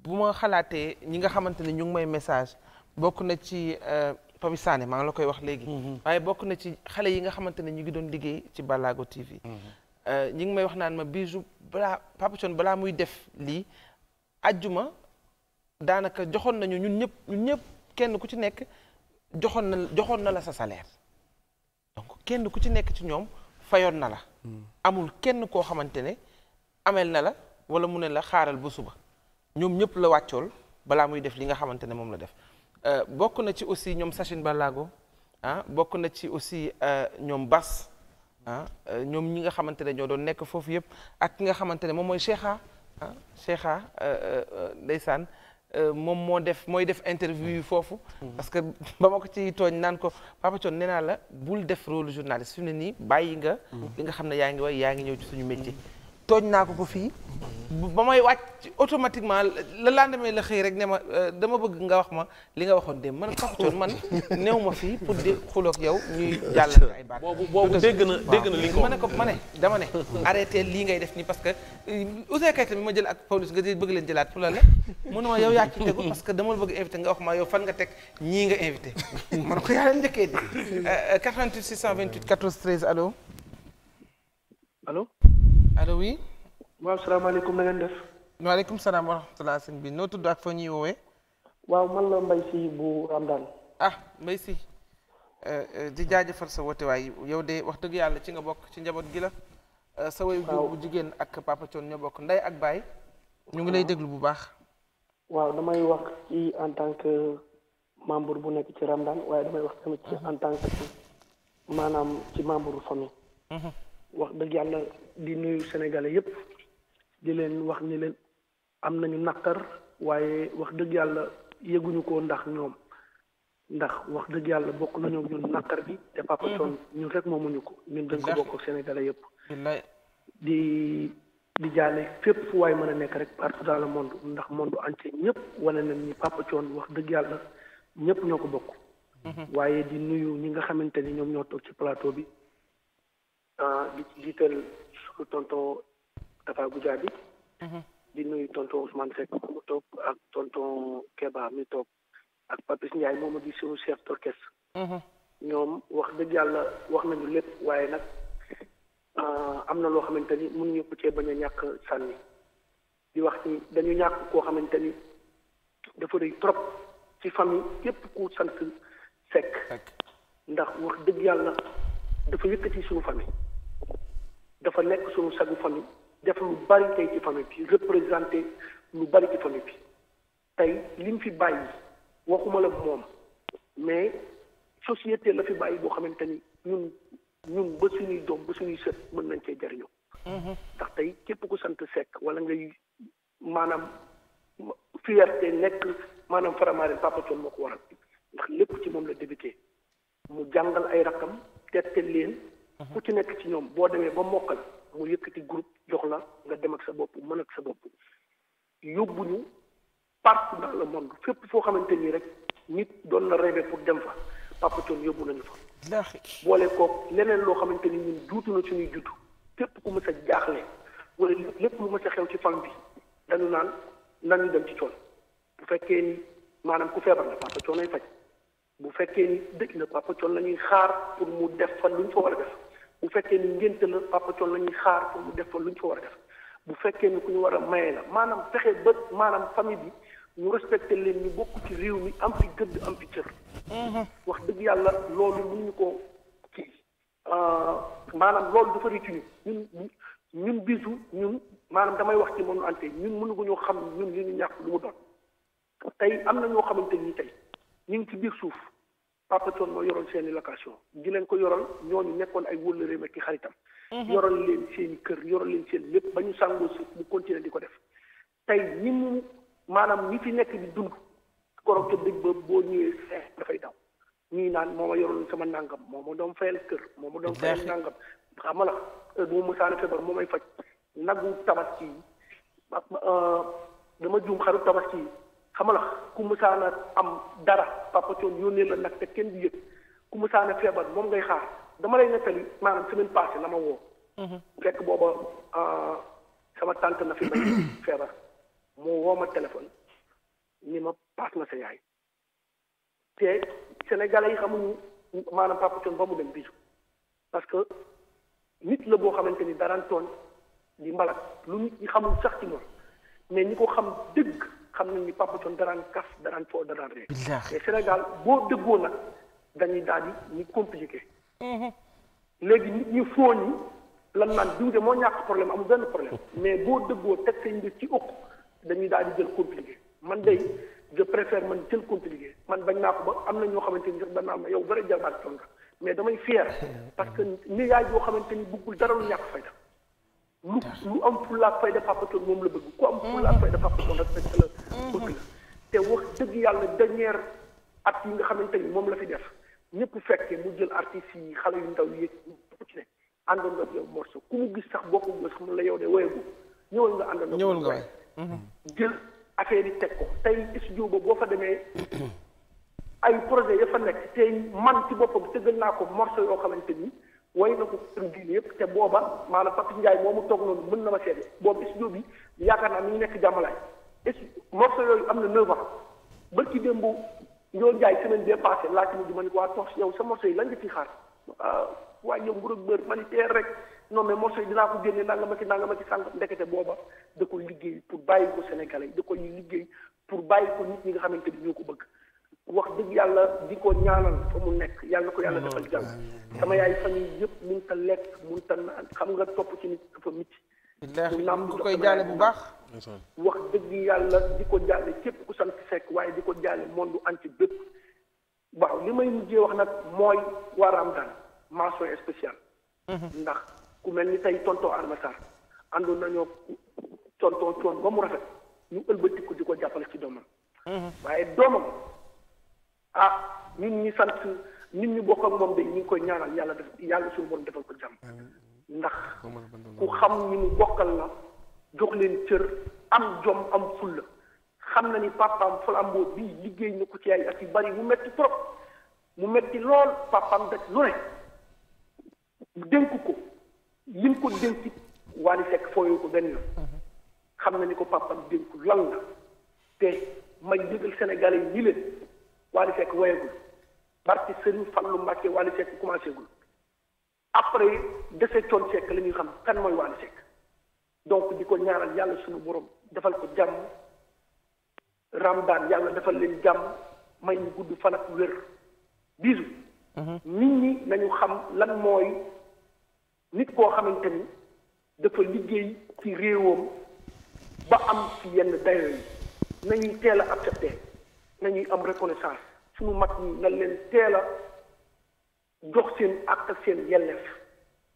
bu ma xalaatee ñi nga xamante ne ñu ngi may message bokk na ci Papi Sané maa ngi la koy wax léegi waaye bokk na ci xale yi nga xamante ne ñu ngi doon liggéey ci Balago TV Euh, ñi ngi may wax naan ma Bijou balaa Papa Thione balaa muy def lii ajjuma daanaka joxoon nañu ñun ñëpp ñun ñëpp kenn ku ci nekk joxoon na joxoon na la sa salaire donc kenn ku ci nekk ci ñoom fayoon na la. Hmm. amul kenn koo xamante ne ameel na la wala mu ne la xaaral ba suba ñoom ñëpp la wàccool balaa muy def li nga xamante ne moom la def euh, bokk na ci aussi ñoom Sachin Balago ah bokk na ci aussi euh, ñoom Bas. ah euh, ñoom ñi nga xamante ne ñoo doon nekk foofu yëpp ak ki nga xamante ne moom mooy Cheikha ah Cheikha euh, euh, ndeysaan moom moo def mooy def interview yi foofu. Mm-hmm. parce que ba ma ko ci tooñ naan ko Papa Thione nee naa la bul def rôle journaliste fi ne nii bàyyi nga. Mm-hmm. li nga xam ne yaa ngi way yaa ngi ñëw ci suñu métier. tooñ naa ko ko fii ba may wàcc automatiquement le lendemain la xëy rek ne ma euh, dama bëgg nga wax ma li nga waxoon démb man Pape Thione man néew ma fii pour di xuloog yow ñuy jàllale ay baat. boobu boobu dégg na dégg na ko ma ne ko ma ne dama ne. arrêté lii ngay def nii parce que euh, Ouzin Keita bi ma jël ak Pawlish nga bëgg leen jëlaat pour la lekk mu ne ma yow yaa ci parce que dama bëgg invité nga wax ma yow fan nga teg ñii nga invité ma ne ko yaa leen njëkkee di. 88 628 14 13 allo. allo. allo oui. waaw salaamaaleykum na ngeen def. waaleykum salaam wa rahmatulah sëñ bi noo tudd ak foo ñuy woowee. waaw man la Mbaye si bu Ramadane. ah Mbaye si euh, euh, di jaajëfal sa woote waay yow de wax dëgg yàlla ci nga bokk ci njaboot gi la. Euh, sa woy jigéen ak Papa Thione ñoo bokk nday ak baay. ñu ngi lay déglu bu baax. waaw damay wax ci en tant que membre bu nekk ci Ramadane waaye damay wax tamit ci mhm. en membre famille. Mhm. wax dëgg yàlla di nuyu sénégalais yépp di leen wax ni leen am nañu naqar waaye wax dëgg yàlla yëguñu ko ndax ñoom ndax wax dëgg yàlla bokk nañoo ñu naqar bi te Papa mhm. Thione ñu rek moomuñu ko ñun dañ ko bokk sénégalais yépp di di jaale fépp fu waay mën a nekk rek partout dans le ndax monde entier ñëpp wane nañ ñu Papa Thione wax dëgg yàlla ñëpp ñoo ko bokk mhm. waaye di nuyu ñi nga xamante ñoom ñoo toog ci plateau bi Ah, di ci jiital suñu tonton Tafa Goudia bi mhm. di nuyu tonton Ousmane Seck mu toog ak tonton Keba mi toog ak Papis Ndiaye a di suñu chef d'orchestre mhm. ñoom wax dëgg yàlla wax nañu lépp waaye nag ah, am na loo xamante ni mënuñu ko cee bañ a ñàkk sànni di wax ni dañu ñàkk koo xamante ni dafa rëy trop ci famille yépp ku sant Seck ndax wax dëgg yàlla dafa yëkkati suñu famille dafa nekk suñu sagu famille def lu bari tey ci famille bi représenté lu bari ci famille bi tey li mu fi bàyyi waxuma la moom mais société la fi bàyyi boo xamante ni ñun ñun ba suñuy doom ba suñuy sët mën nañ cee jariñoo mm-hmm. ndax tey képp ku sant sekk wala ngay maanaam fierté nekk maanaam faramaare papa Thione moo ko waral ndax lépp ci moom la débuté mu jàngal ay raqam tegtal leen. ku ci nekk ci ñoom boo demee ba mokkal mu yëkkati group jox la nga dem ak sa bopp mën ak sa bopp yóbbu ñu partout dans le monde fépp foo xamante nii rek nit doon na rêvé pour dem fa Papa Thione yóbbu nañu fa. boole kook leneen loo xamante ni ñun juutu na suñuy judd képp ku mës a jaaxle wala lépp mu ma a xew ci fan bi dañu naan nañu dem ci Thione bu fekkee ni maanaam ku feebar la Papa Thione ay faj. bu fekkee ni dëj na Papa Thione la ñuy xaar pour mu def fa lu ñu fa war a def bu fekkee ni ngénte la Papa Thione la xaar pour mu def fa lu ñu fa war a def bu fekkee ni ku ñu war a maye la maanaam fexe ba maanaam famille bi ñu respecté leen ñu bokk ci réew mi am fi gëdd am fi cër. Mm-hmm. wax dëgg yàlla loolu ñu ko kii euh, maanaam loolu dafa rëcc ñu ñun ñun bisu ñun maanaam damay wax ci mënu ante ñun ñoo xam ñun li ñu ñàkk lu mu doon tey am na ñoo xamante ni tey ñu Papa Thione moo yoroon seen i location di leen ko yoral ñooñu nekkoon ay wëllëreem ak ki xaritam. Mhm. yoral leen seeni i kër yoral leen seen lépp ba ñu sàngoo si mu continuer di ko def tey ñi mu maanaam ñi fi nekk di dund korog dëgg ba boo ñëwee seet dafay daw ñii naan moom ma yoroon sama nangam moo ma doon fayal kër. moom ma doon fayal nàngam xam nga la heure bu ma mësaan feebar moo may faj nagu tabaski euh, dama juum xaru tabaski xam la ku musaana am dara papa coon yónnee la nag te kenn du yëg ku musaana feebar moom ngay xaar dama lay nettali maanaam semaine passée la ma woo. Mhm. fekk booba ah, sama tante na fi may feebar moo woo ma téléphone ni ma paas ma sa yaay te sénégalais yi xamuñu maanaam papa ba mu dem bisu parce que nit la boo xamante ni daraan di mbalak lu nit ñi xamul sax ci moom mais ñi ko xam dëgg. xam nañ ni Papa dara daraan kas daraan foo daraan ree mais Sénégal boo dëggoo nag dañuy daal di ñu compliqué mm-hmm. léegi nit ñi foo ñi lan naan diw de moo ñàkk problème amul benn problème mm-hmm. mais boo dëggoo teg say di ci ëpp dañuy daal di jël compliqué man day je préfère man jël compliqué man bañ naa ko ba am na ñoo xamante ni sax am na yow bëri jarbaat Thione nga mais damay fier parce que ni yaay yoo xamante ni buggul dara lu ñàkk lu mu am fulla fay da Papa moom la bëgg ku am fulla mhm. fay da Papa Thione respecté la bëgg la mhm. te wax dëgg yàlla dernier at yi nga xamante ni moom la fi def ñëpp fekkee mu jël artistes yi xale yu ndaw yi yëpp ci ne àndoon nga yow morceau ku mu gis sax boo ko gis mu la yow de woyagu ñëwal nga àndoon ñëwal nga way mhm. jël affaire yi teg ko tey studio ba boo fa demee ay projet ya fa nekk tey man ci boppam tëggal naa ko morceau yoo xamante ni way na ko kër diine yëpp te booba maanaam Fatick Ndiaye moomu toog noonu mën na ma seede boobu studio bi yaakaar naa mi ngi nekk jàmmalaay morceau yooyu am na neuf ans bërki démb Ndiol Ndiaye semaine bee passé laajte mu di ma ni waa toog yow sa morceau yi lan di ciy xaar ah, waaye yow nguur ak bër ma ni teer rek non mais morceau yi dinaa ko génne nangama ci ma ci sànq ndekete booba da ko liggéey pour bàyyi ko Sénégalais da ko liggéey pour bàyyi ko nit ñi nga xamante ni ñoo ko bëgg wax dëgg yàlla di ko ñaanal fa mu nekk yàlla na ko yàlla defal jàmm sama yaay famille yëpp mun ta lekk mun ta naan xam nga topp ci nit dafa mit mu naam lu koy jaale bu baax wax dëgg yàlla di ko jaale képp ku sant fekk waaye di ko moom jaale monde entier bépp waaw li may mujjee wax nag mooy waa Ramadan mention spéciale mhm. ndax ku mel ni tey tonton Almasar àndoon nañoo tonton coon ba mu rafet ñu ëlbatiku di ko jàppale ci doomam mhm. waaye doomam ah ñun ñi sant nit ñu bokk ak moom de ñu ngi koy ñaaral yàlla def yàlla suñu borom defal ko jàmm ndax ku xam ñu mu bokkal la jox leen cër am jom am fulla xam na ni am flambeau bii liggéey na ko ci ay at yu bari mu metti trop mu metti lool papaam daj lu ne dénk ko lim ko dénk Wally Seck fooyoo ko benn yoon xam na ni ko papaam dénk lan la te may yëgal Sénégalais yi leen Wally Seck woyagul barke Serigne lu Mbacké Wally Seck commencé gul après dese Thione Seck la ñuy xam kan mooy Wally donc di ko ñaanal yàlla suñu borom defal ko jàmm Ramadan yàlla defal leen jàmm may ñu gudd fan ak wér bisu. Mhm. nit ñi nañu xam lan mooy nit koo xamante ni dafa liggéey ci réewam ba am ci yenn dayo yi nañuy teel a accepté. nañuy am reconnaissance suñu mat ñi nañ leen teel a jox seen ak ak seen yelleef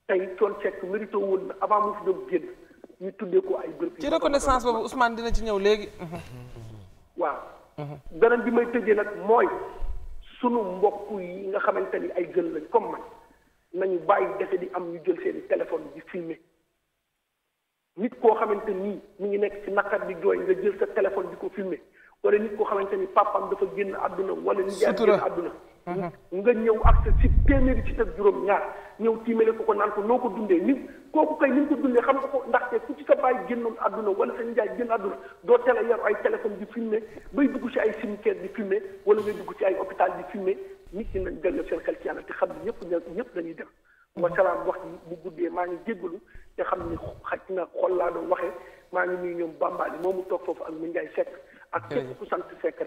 tey coon fekk mérité na avant mu fi doon génn ñu tuddee ko ay bërëb ci reconnaissance dina ci ñëw léegi waaw mhm. bi may tëjee nag mooy sunu mbokk yi nga xamante ni ay gën lañ comme man nañu bàyyi defe di am ñu jël seen téléphone di filmer nit koo xamante nii mu ngi nekk ci naqar bi jooy nga jël sa téléphone di ko filmer wala nit koo xamante ni papam dafa génn àdduna wala ni jaay génn àdduna mhm. nga ñëw ak sa si téeméeri ci ak juróom ñaar ñëw tiimale ko ko naan ko noo ko dundee nit kooku kay ni ko dundee xam nga ko ndaxte ku ci sa bàyyi génnoon àdduna wala sa njaay doo teel a yor ay téléphone di filmé bay dugg ci ay di filmé wala ngay dugg ci ay hôpital di filmé nit ñi nañ delloo seen ci yàlla te xam ne ñëpp ñëpp dañuy dem mhm. wasalaam wax ji bu guddee maa ngi jéggalu te xam ni xaj na xol laa doon waxee maa ngi nuyu ñoom bàmbaali moomu toog foofu ak mu njaay sekk ak képp ku sant fekk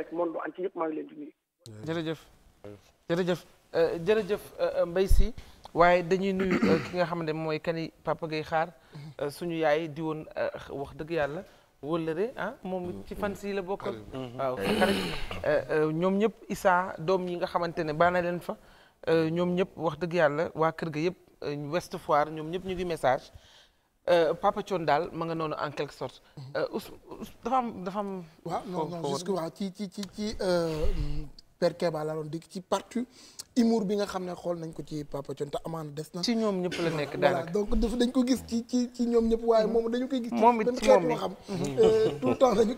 jërëjëf jërëjëf euh, jërëjëf euh, Mbaye waaye dañuy nuyu euh, ki nga xam ne mooy kani Papa Gueye Xaar suñu yaay di woon wax dëgg yàlla wóllëre ah moom ci fan si la bokkal ñoom ñëpp Issa doom yi nga xamante ne baana leen fa ñoom ñëpp wax dëgg yàlla waa kër ga yëpp West Foire ñoom ñëpp ñu ngi message Euh, Papa Thion daal ma noonu en quelque sorte. Mhm. Euh, dafa am dafa am. ci ci ci ci. Euh, Père Keba laa doon dégg ci partout humour bi nga xam ne xool nañ ko ci Papa Thione te amaana des na. ci ñoom ñëpp la nekk daanaka donc dañ ko gis ci ci ci ñoom ñëpp waaye mhm. moom dañu koy gis. moom it ci moom mi xam mhm. euh, tout le temps mi ngi mi ngi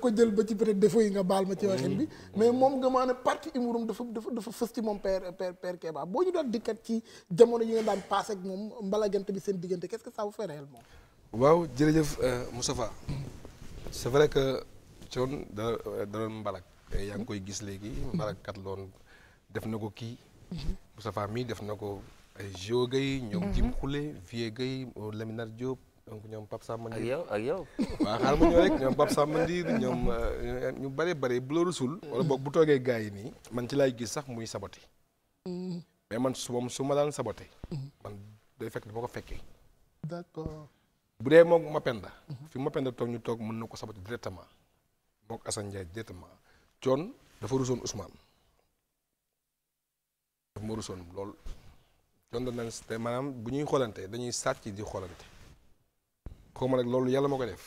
ko jël ba ci peut être défaut yi nga baal ma ci waxin moom gamaa ne partie humourum moom Père Père Père Keba boo ñu doon dikkat ci jamono yi nga daan passé ak moom mbalagante bi seen diggante qu'est-ce que ça vous fait réellement. waaw jërëjëf euh, Moustapha c'est vrai que coon da doon mbalak eh, yaa ngi koy gis léegi mbalakkat loon def na ko kii Moustapha mii def na ko ay Gio Gueye ñoom mhm. Jim Xule Vieux Gueye euh, Laminar Diop donc ñoom Pape Samba Ndiir ak yow ñoom Pape Samba Ndiir ñoom euh, ñu bare bare bu loolu sul wala boog bu toogee gars yi nii man ci laay gis sax muy saboté mhm. mais man su su ma daan saboté mhm. man day fekk dama ko fekkee d'accord bu dee moom Mapenda fi Mapenda toog ñu toog mën na ko saboté directement mook Assane Ndiaye directement coon dafa rusoon Ousmane dafa ma rusoon lool coon da nan maanaam bu ñuy xoolante dañuy sàcc di xoolante xaw ma nag loolu yàlla moo ko def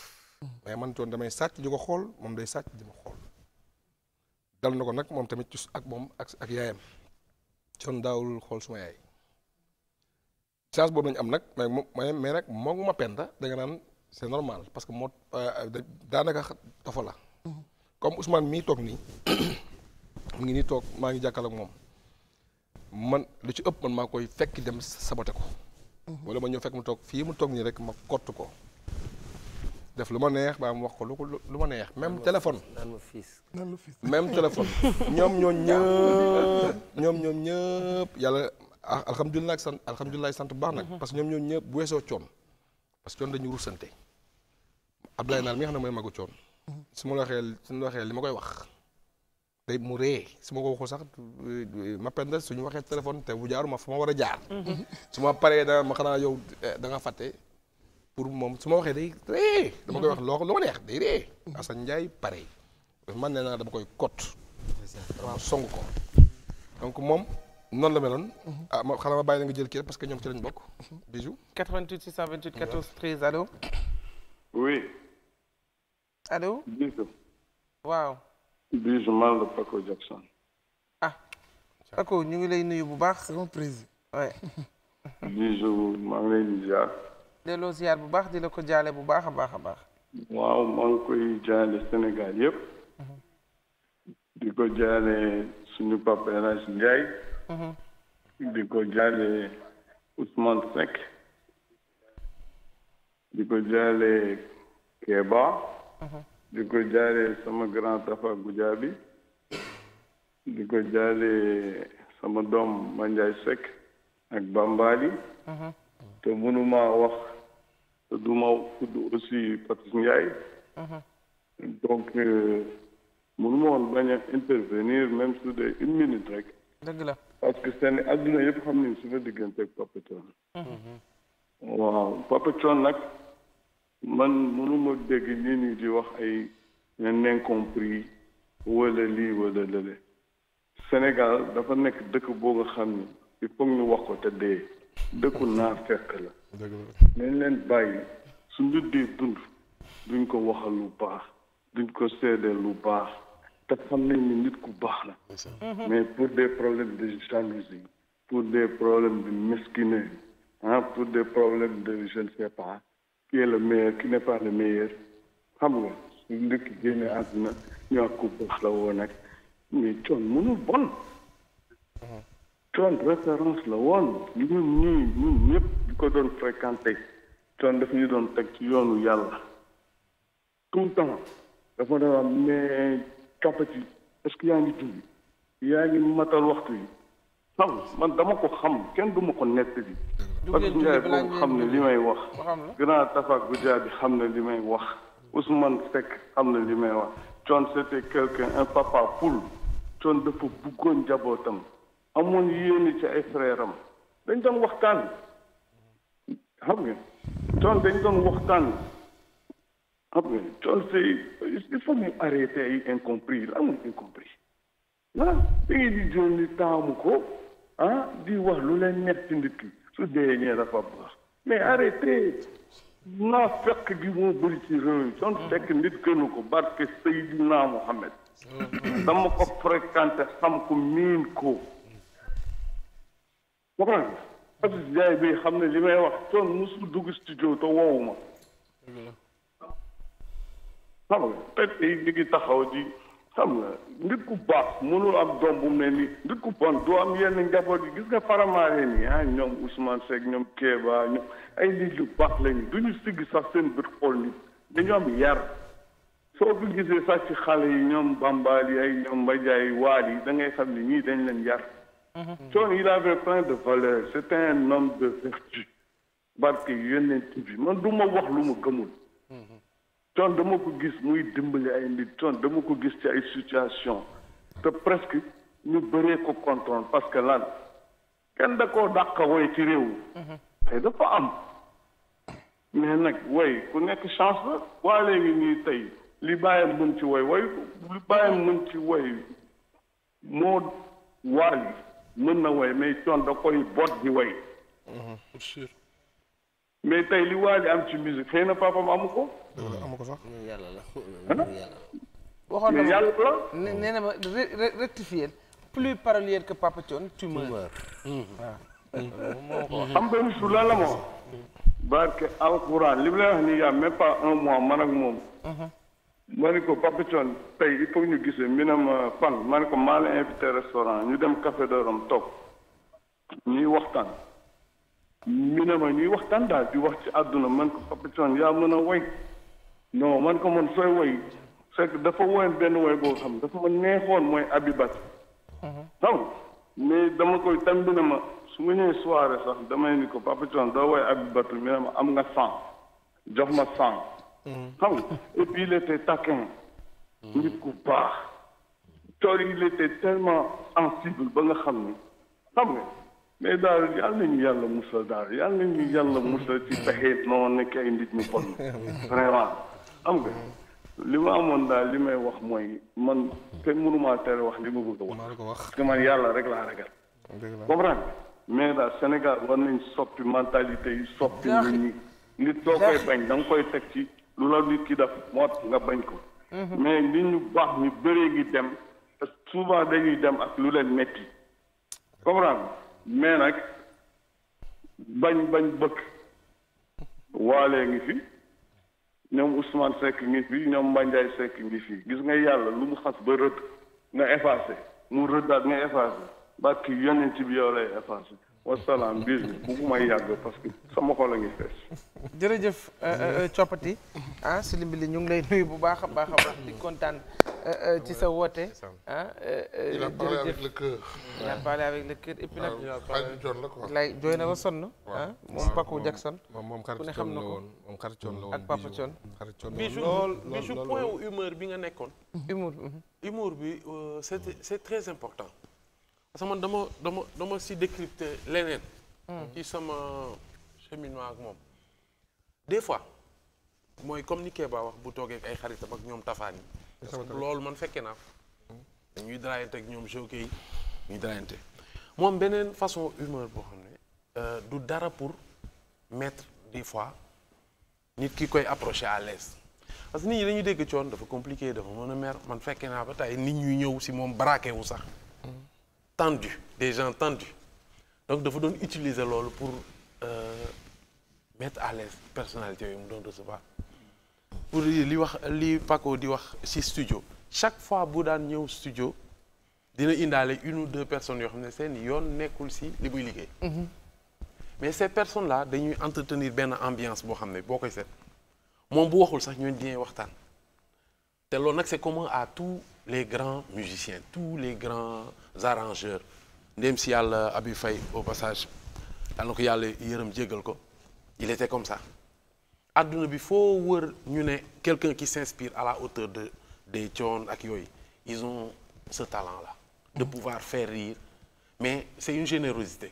mais man coon damay sàcc di xool moom day sàcc di ma na ko nag moom tamit ci moom ak ak yaayam coon daawul xool suma yaay chance boobu nañ am nag mais mais rek moo ma penda da nga naan c'est normal parce que moo euh, daanaka dafa la comme Ousmane mii toog nii mu ngi nii toog maa ngi jàkkal ak moom man lu ci ëpp man maa koy fekk dem sabote ko. wala ma ñëw fekk mu toog fii mu toog nii rek ma kott ko. def lu ma neex ba mu wax ko lu ko lu ma neex même téléphone. même téléphone. ñoom ñoo ñëpp ñoom ñoom ñëpp yàlla ah, alhamdulilah sant alhamdulilah sant bu baax nag. parce que ñoom ñoo ñëpp bu weesoo coon. parce que coon dañu rusante Abdoulaye Naar mi nga xam ne mooy magu coon. su ma la waxee su ma li ma koy wax day mu ree su ma ko waxul sax ma penda suñu waxee téléphone te bu jaaruma fa ma war a jaar. Mhm. su ma paree da ma xanaa yow eh, da nga fàtte pour moom su ma waxee day ree dama koy wax loo lu ma neex day ree. Mhm. Assane Ndiaye pare man nee naa dama koy kot. waaw song ko donc moom. noonu la meloon. Mhm. ah ma xanaa ma bàyyi la nga jël kii parce que ñoom ci lañ bokk. bisou 88 628 14 13 allo. oui. allo. Bijou. waaw. Bijou man la Paco Jackson. ah. Paco ñu ngi lay nuyu bu baax. c'est mon président. oui. Bijou maa ngi lay nuyu ziar. delloo ziar bu baax di la ko jaale bu baax a baax a baax. m maa ngi koy jaale Sénégal yëpp. Mhm. di ko jaale suñu papa El Hadj Ndiaye. Mhm. di ko jaale Ousmane Seck. di ko jaale Kéba. di ko jaaree sama grand tafa gujaabi di ko jaaree sama doom Mandiaye Seck ak Bambali te mënuma wax te duma tudd aussi Patrice Ndiaye donc euh, mënuma woon bañ a intervenir même su dee une minute rek parce que seen adduna yëpp xam ni su ma diggante ak Pape Thione mhm. waaw Pape Thione nag man mënuma dégg nit ñi di wax ay nen incompris wala lii wala lële Sénégal dafa nekk dëkk boo nga xam ne il faut ñu wax ko te dee dëkku naa fekk la nañ leen bàyyi suñu dee dund duñ ko waxa lu baax duñ ko seddee lu baax te xam nañ ni nit ku baax la mm-hmm. mais pour des problèmes de jalousie pour des problèmes de mesquinerie ah pour des problèmes de je ne pas qui la le meilleur qui n'est pas xam nga suñu ndëkk génne àdduna ñu ak ku bës la woon ak mais coon mënul bon coon référence la woon ñun ñuy ñun ñëpp di ko doon fréquenté coon daf ñu doon teg ci yoonu yàlla tout le temps dafa doon am mais capacité est-ce que yaa ngi julli yaa ngi matal waxtu yi xam man dama ko xam kenn duma ko nett bi Fatou Ndiaye boobu xam ne li may wax grand Tafa Goudia bi xam ne li may wax Ousmane Seck xam ne li may wax Thione c'était quelqu'un un papa poule Thione dafa bëggoon njabootam amoon yéene ci ay frères am dañ doon waxtaan xam nga Thione dañ doon waxtaan xam nga Thione c'est il faut ñu arrêter ay incompris la amul incompris ah da di jël ni taamu ko ah di wax lu leen neex su dee ñee dafa baax mais arrêtez naa fekk gi moo bëri ci réew mi son fekk nit gënu ko barke Seydina Mohamed dama ko fréquenté xam ko miin ko comprendre Aziz Ndiaye bi xam ne li may wax son musul dugg studio te woowu ma xam nga tey xam nga nit ku baax mënul am doom bu mu ne nii ku bon doo am yenn njaboot yi gis nga faramaare nii ah ñoom Ousmane Seck ñoom Kéba ñoom ay nit yu baax lañu du ñu sigg sax seen bët xool nit dañu am yar soo ko gisee sax ci xale yi ñoom bambal ay ñoom mbajaay waal yi da ngay xam ne ñii dañ leen yar Thione mhm. il avait de valeurs c'était un homme de vertu barke yonent bi man du ma wax lu ma gëmul ton dama ko gis muy dimbali ay nit ton dama ko gis ci ay situation te presque ñu bëree ko contrôle parce que lan kenn da koo woy ci réew mhm. tey dafa am mais nag woy ku nekk chance la waa léegi nii tey li bàyyam mën ci woy woy li bàyyam mën ci woy moo waal mën na woy mais coon da koy boot di woy mhm, mais tey li waa ji am ci musique xëy na papam amu ko. ko sax. yàlla la la nee na ma rectifier plus parolier que Papa Thione tu meurs. waaw. am benn su la la moom. barke alquran li mu lay wax nii y'a même pas un mois man ak moom. Mhm. ma ne ko Papa Thione tey il faut ñu gise mi ne ma fan ma ne ko maa la invité restaurant ñu dem café de Rome toog ñuy waxtaan. mi ne ma ñuy waxtaan di wax ci àdduna man ko Papa yaa mën a woy non man ko man sooy woy fekk dafa woyoon benn woy boo xam dafa ma neexoon mooy Abibat mhm. xam mais dama koy tam bi ne ma su ma ñëwee soirée sax damay ni ko Papa Thione doo woy Abibat mi ne ma am nga sang jox ma sang mhm. xam nga et puis il mhm. ku baax coor il était tellement sensible ba nga xam ni xam nga mais daal yàlla nañu yàlla musal daal yàlla nañu yàlla musal ci pexe noo nekk ay nit ñu bon vraiment am nga li ma amoon daal li may wax mooy man kenn mënumaa tere wax li ma bëgg a wax parce man yàlla rek laa ragal comprendre mais daal Sénégal war nañ soppi mentalité yi soppi lu ñi nit soo koy bañ da koy teg ci lu la nit ki def moo tax nga bañ ko mhm. mais nit ñu baax ñu bëree ngi dem souvent dañuy dem ak lu leen metti comprendre mais nag bañ bañ bëkk waalee ngi fi ñoom Ousmane Seck ngi fi ñoom Mbanjaay Seck ngi fi gis nga yàlla lu mu xas ba rëdd nga effacé mu rëddaat nga effacé barki yonent bi yow lay effacé wasalaam biir bi bu may yàgg parce que sama xol a ngi fees. jërëjëf euh, euh, euh, coppati ah si ñu ngi lay nuyu bu baax a baax a baax di kontaan. Euh, euh, ci sa woote. ah euh, jërëjëf il a parlé avec le et puis nag. Ah, lay jooy na ba sonn. ah moom Paco Jackson. moom xarit Thion la woon moom xarit ak Papa Thion. xarit point bi nga nekkoon. humour mhm. humour bi c'est c'est très important. parce que dama dama dama si décrypter leneen. Hmm. ci sama cheminement ak moom. des fois mooy comme ni Kéba wax bu toogee ay xaritam ak ñoom Tafaani. loolu man fekkee naa ko. dañuy draayante ak ñoom joke yi ñuy draayante moom beneen façon humeur boo xam ne euh, du dara pour mettre des fois nit ki koy approcher à l'aise parce que nit ñi dañuy dégg coon dafa compliqué dafa mën a mer man fekkee naa ba tey nit ñuy ñëw si moom braqué wu sax. tendu des gens tendus donc dafa doon utiliser loolu pour euh, mettre à l'aise personnalité yooyu mu doon recevoir. pour li wax li Paco di wax ci studio chaque fois bu daan ñëw studio dina indaale une ou deux personnes yoo xam ne seen yoon nekkul si li muy liggéey. Mhm. mais ces personnes là dañuy entretenir benn ambiance boo xam ne boo koy set moom bu waxul sax ñooñu dinañ waxtaan te loolu nag c'est commun à tous les grands musiciens tous les grands arrangeurs ndéem si yàlla Abi fay au passage yàlla na ko yàlla yërëm jéggal ko il était comme sax àdduna bi foo wër ñu ne quelqu'un qui s'inspire à la hauteur de des Thione ak yooyu ils ont ce talent là de pouvoir faire rire mais c'est une générosité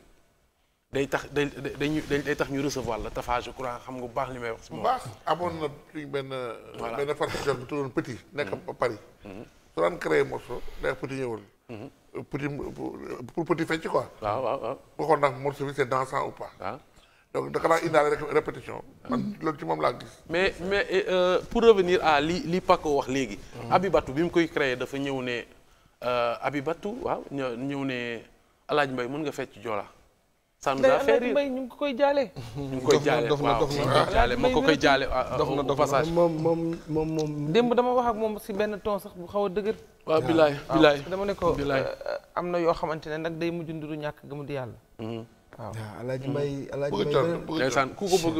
day tax day day day tax ñu recevoir la Tafa je crois xam nga bu baax li may wax. si moom baax amoon na suñ benn. voilà benn partition bu tuddoon Petit. nekk à mm-hmm. Paris. Mm-hmm. su daan créé morceau day Petit ñëwul. Mm-hmm. Petit pour Petit fecc quoi. waaw waaw waaw. waxoon donc da kanaa indaale rek répétition. loolu ci moom laa gis. mais mais euh, pour revenir à li li Paco wax léegi. Hmm. Abibatu bi mu koy créer dafa ñëw ne euh, Abibatu waaw ñëw ne El mbay Mbaye mën nga fecc Joola. ça nous a fait ñu ngi koy jaale. ñu ngi koy jaale waaw dof na ma ko koy jaale dof na euh, dof na moom moom moom moom. démb dama wax ak moom si benn ton sax bu xaw a dëgër. waaw bilaay ah. bilaay dama ne ko am na yoo xamante ne nag day mujj nduru ñàkk gëmu di yàlla. Hmm. waaw Alaaji Mbay Alaaji Mbay ndeysaan ku ko bëgg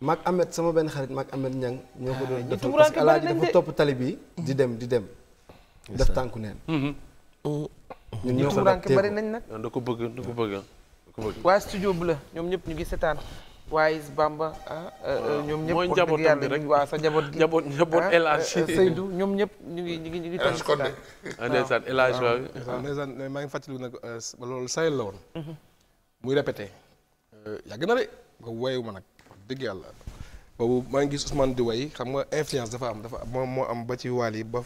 Mag Amet sama benn xarit Mag Amet Ñang ñoo ko doon def parce que Alaaji dafa topp tali bi di dem di dem def tànku neen ñun ñoo ko def bari nañ nag da ko bëgg da ko bëgg ko bëgg waaye studio bu la ñoom ñëpp ñu ngi seetaan waaye Bamba ah. ñoom ñëpp mooy njabootam bi rek waaw sa njaboot gi njaboot njaboot El Hadj ñëpp ñu ngi ñu ngi ñu ngi. El maa ngi fàttaliku nag loolu sayel la woon. muy répété euh, yàgg na de boobu wayewu ma nag dëgg yàlla boobu maa ngi gis Ousmane di way xam nga influence dafa am dafa moom moo am ba ci waal yi ba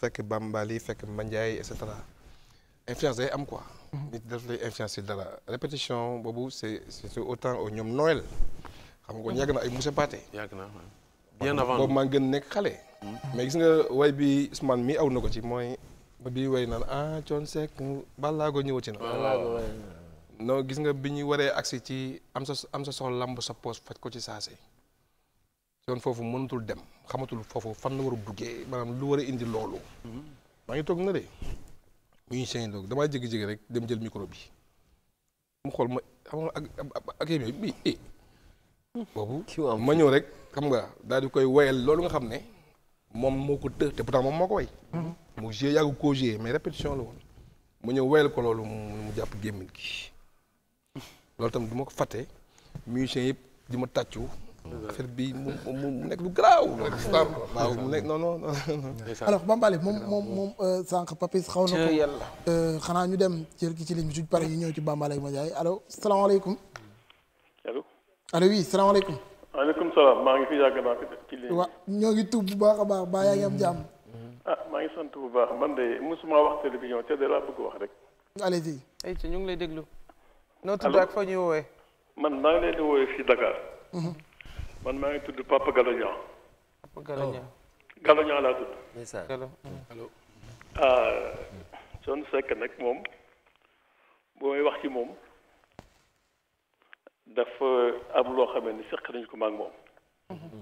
fekk Bambali fekk Mandiaye et influence day am quoi. Mhm. nit daf lay influence dara répétition boobu c'est c'est autant au ñoom Noël xam nga kon yàgg na ay Moussa Pathé. yàgg na bien avant boobu maa ngi nekk xale. Mhm. mais gis nga way bi sman mi aw na ko ci mooy bi way naan ah Thione Seck balaa ko non gis nga bi ñu waree agsi ci am sa am sa soxla lamb sa poos faj ko ci saase doon foofu mënatul dem xamatul foofu fan la war a duggee maanaam lu war a indi maa ngi toog na de muy seen doog damaa jékki-jékki rek dem jël micro bi mu xool ma xam nga ak ak bi eh. i ma ñëw rek xam nga daal di koy woyal loolu nga xam ne moom moo ko të te pourtant moom moo ko way mm-hmm. mu joué yàggu koo joué mais répétition la woon mu ñëw woyal ko loolu mu jàpp gémmiñ gi loolu tam du ma ko fàtte musiciens yëpp di ma tàccu. affaire bi mu nekk lu garaaw. waaw mu nekk non non non. alors moom moom moom euh, sànq Papis xaw na ko. Euh, xanaa ñu dem jël ki ci ligne bi suñ paree ñu ñëw ci Bambaly ak Madiaye allo salaamaaleykum. allo. bi. waaw ñoo ngi tuub bu baax a baax baa yaa ngi am jàmm. Ah, maa ngi sant bu baax man de musuma wax télévision te de laa bëgg wax rek. allez-y. ñu ngi lay déglu. noo tudd ak fa ñuy woowee. man maa ngi leen di woowee fii Dakar. Mhm. man maa ngi tudd Papa Gallo Niang. Papa oh. laa tudd. ndeysaan Gallo mhm. ah, nag moom bu wax ci moom dafa am loo xamee ni seq nañu ko maag moom. Mhm.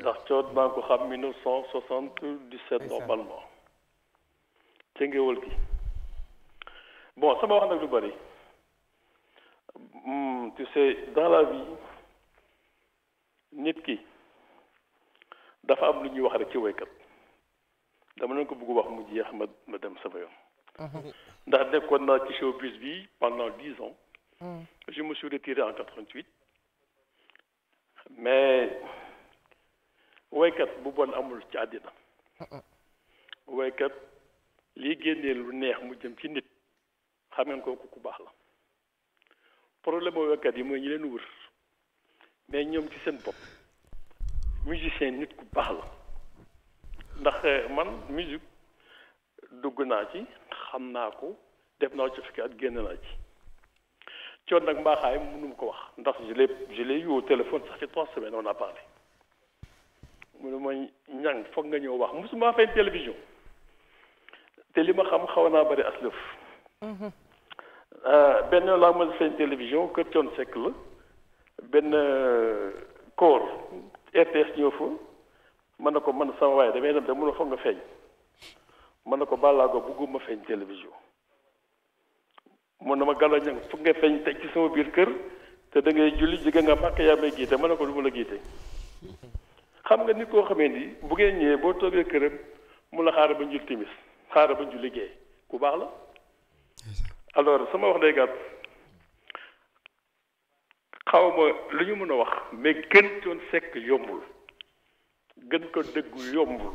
ndax Thione maa ngi ko xam 1977 normalement. ca ngéwal bon sama wax nag lu bari. Mmh, tu dans la vie nit ki dafa am lu ñuy wax rek ci woykat dama leen ko bëgg wax mu jeex ma ma dem sama yoon. Mhm. ndax nekkoon naa ci showbiz bi pendant dix ans. Mmh. je en quatre-vingt-huit mais woykat bu bon amul ci àddina. Mhm. woykat liy génnee lu neex mu jëm ci nit xam ngeen kooku ku baax la. problème mu yi mooy ñu leen wër mais ñoom ci seen bopp musicien nit ku baax la ndax eh, man musique dugg naa ci xam naa ko def naa ci fukki at génn naa ci coon nag mbaaxaay mënu ma ko wax ndax je l'ai je l'ai téléphone ça fait trois semaines on a parlé mu ne ma ñang foog nga ñëw wax musuma fay télévision te li ma xam xaw naa bari aslëf mhm. Euh, benn laa mos seen télévision Kër Thione Seck la benn euh, koor RTS ñëw fa mën na ko mën sama waaye damay dem te a foog nga feeñ mën na ko bàllaago bugguma feeñ télévision mun na ma gàllo ñang foog nga feeñ teg ci sama biir kër te da ngay julli jigéen nga màkk yaa may giite mën na ko du ma la giite xam nga nit koo xamee ni bu ngeen ñëwee boo toogee këram mu a xaaral ba njul timis xaaral ba njul liggéey ku baax la alors sama wax day gàtt xaw lu ñu mën a wax mais gën coon sekk yombul gën ko dëggu yombul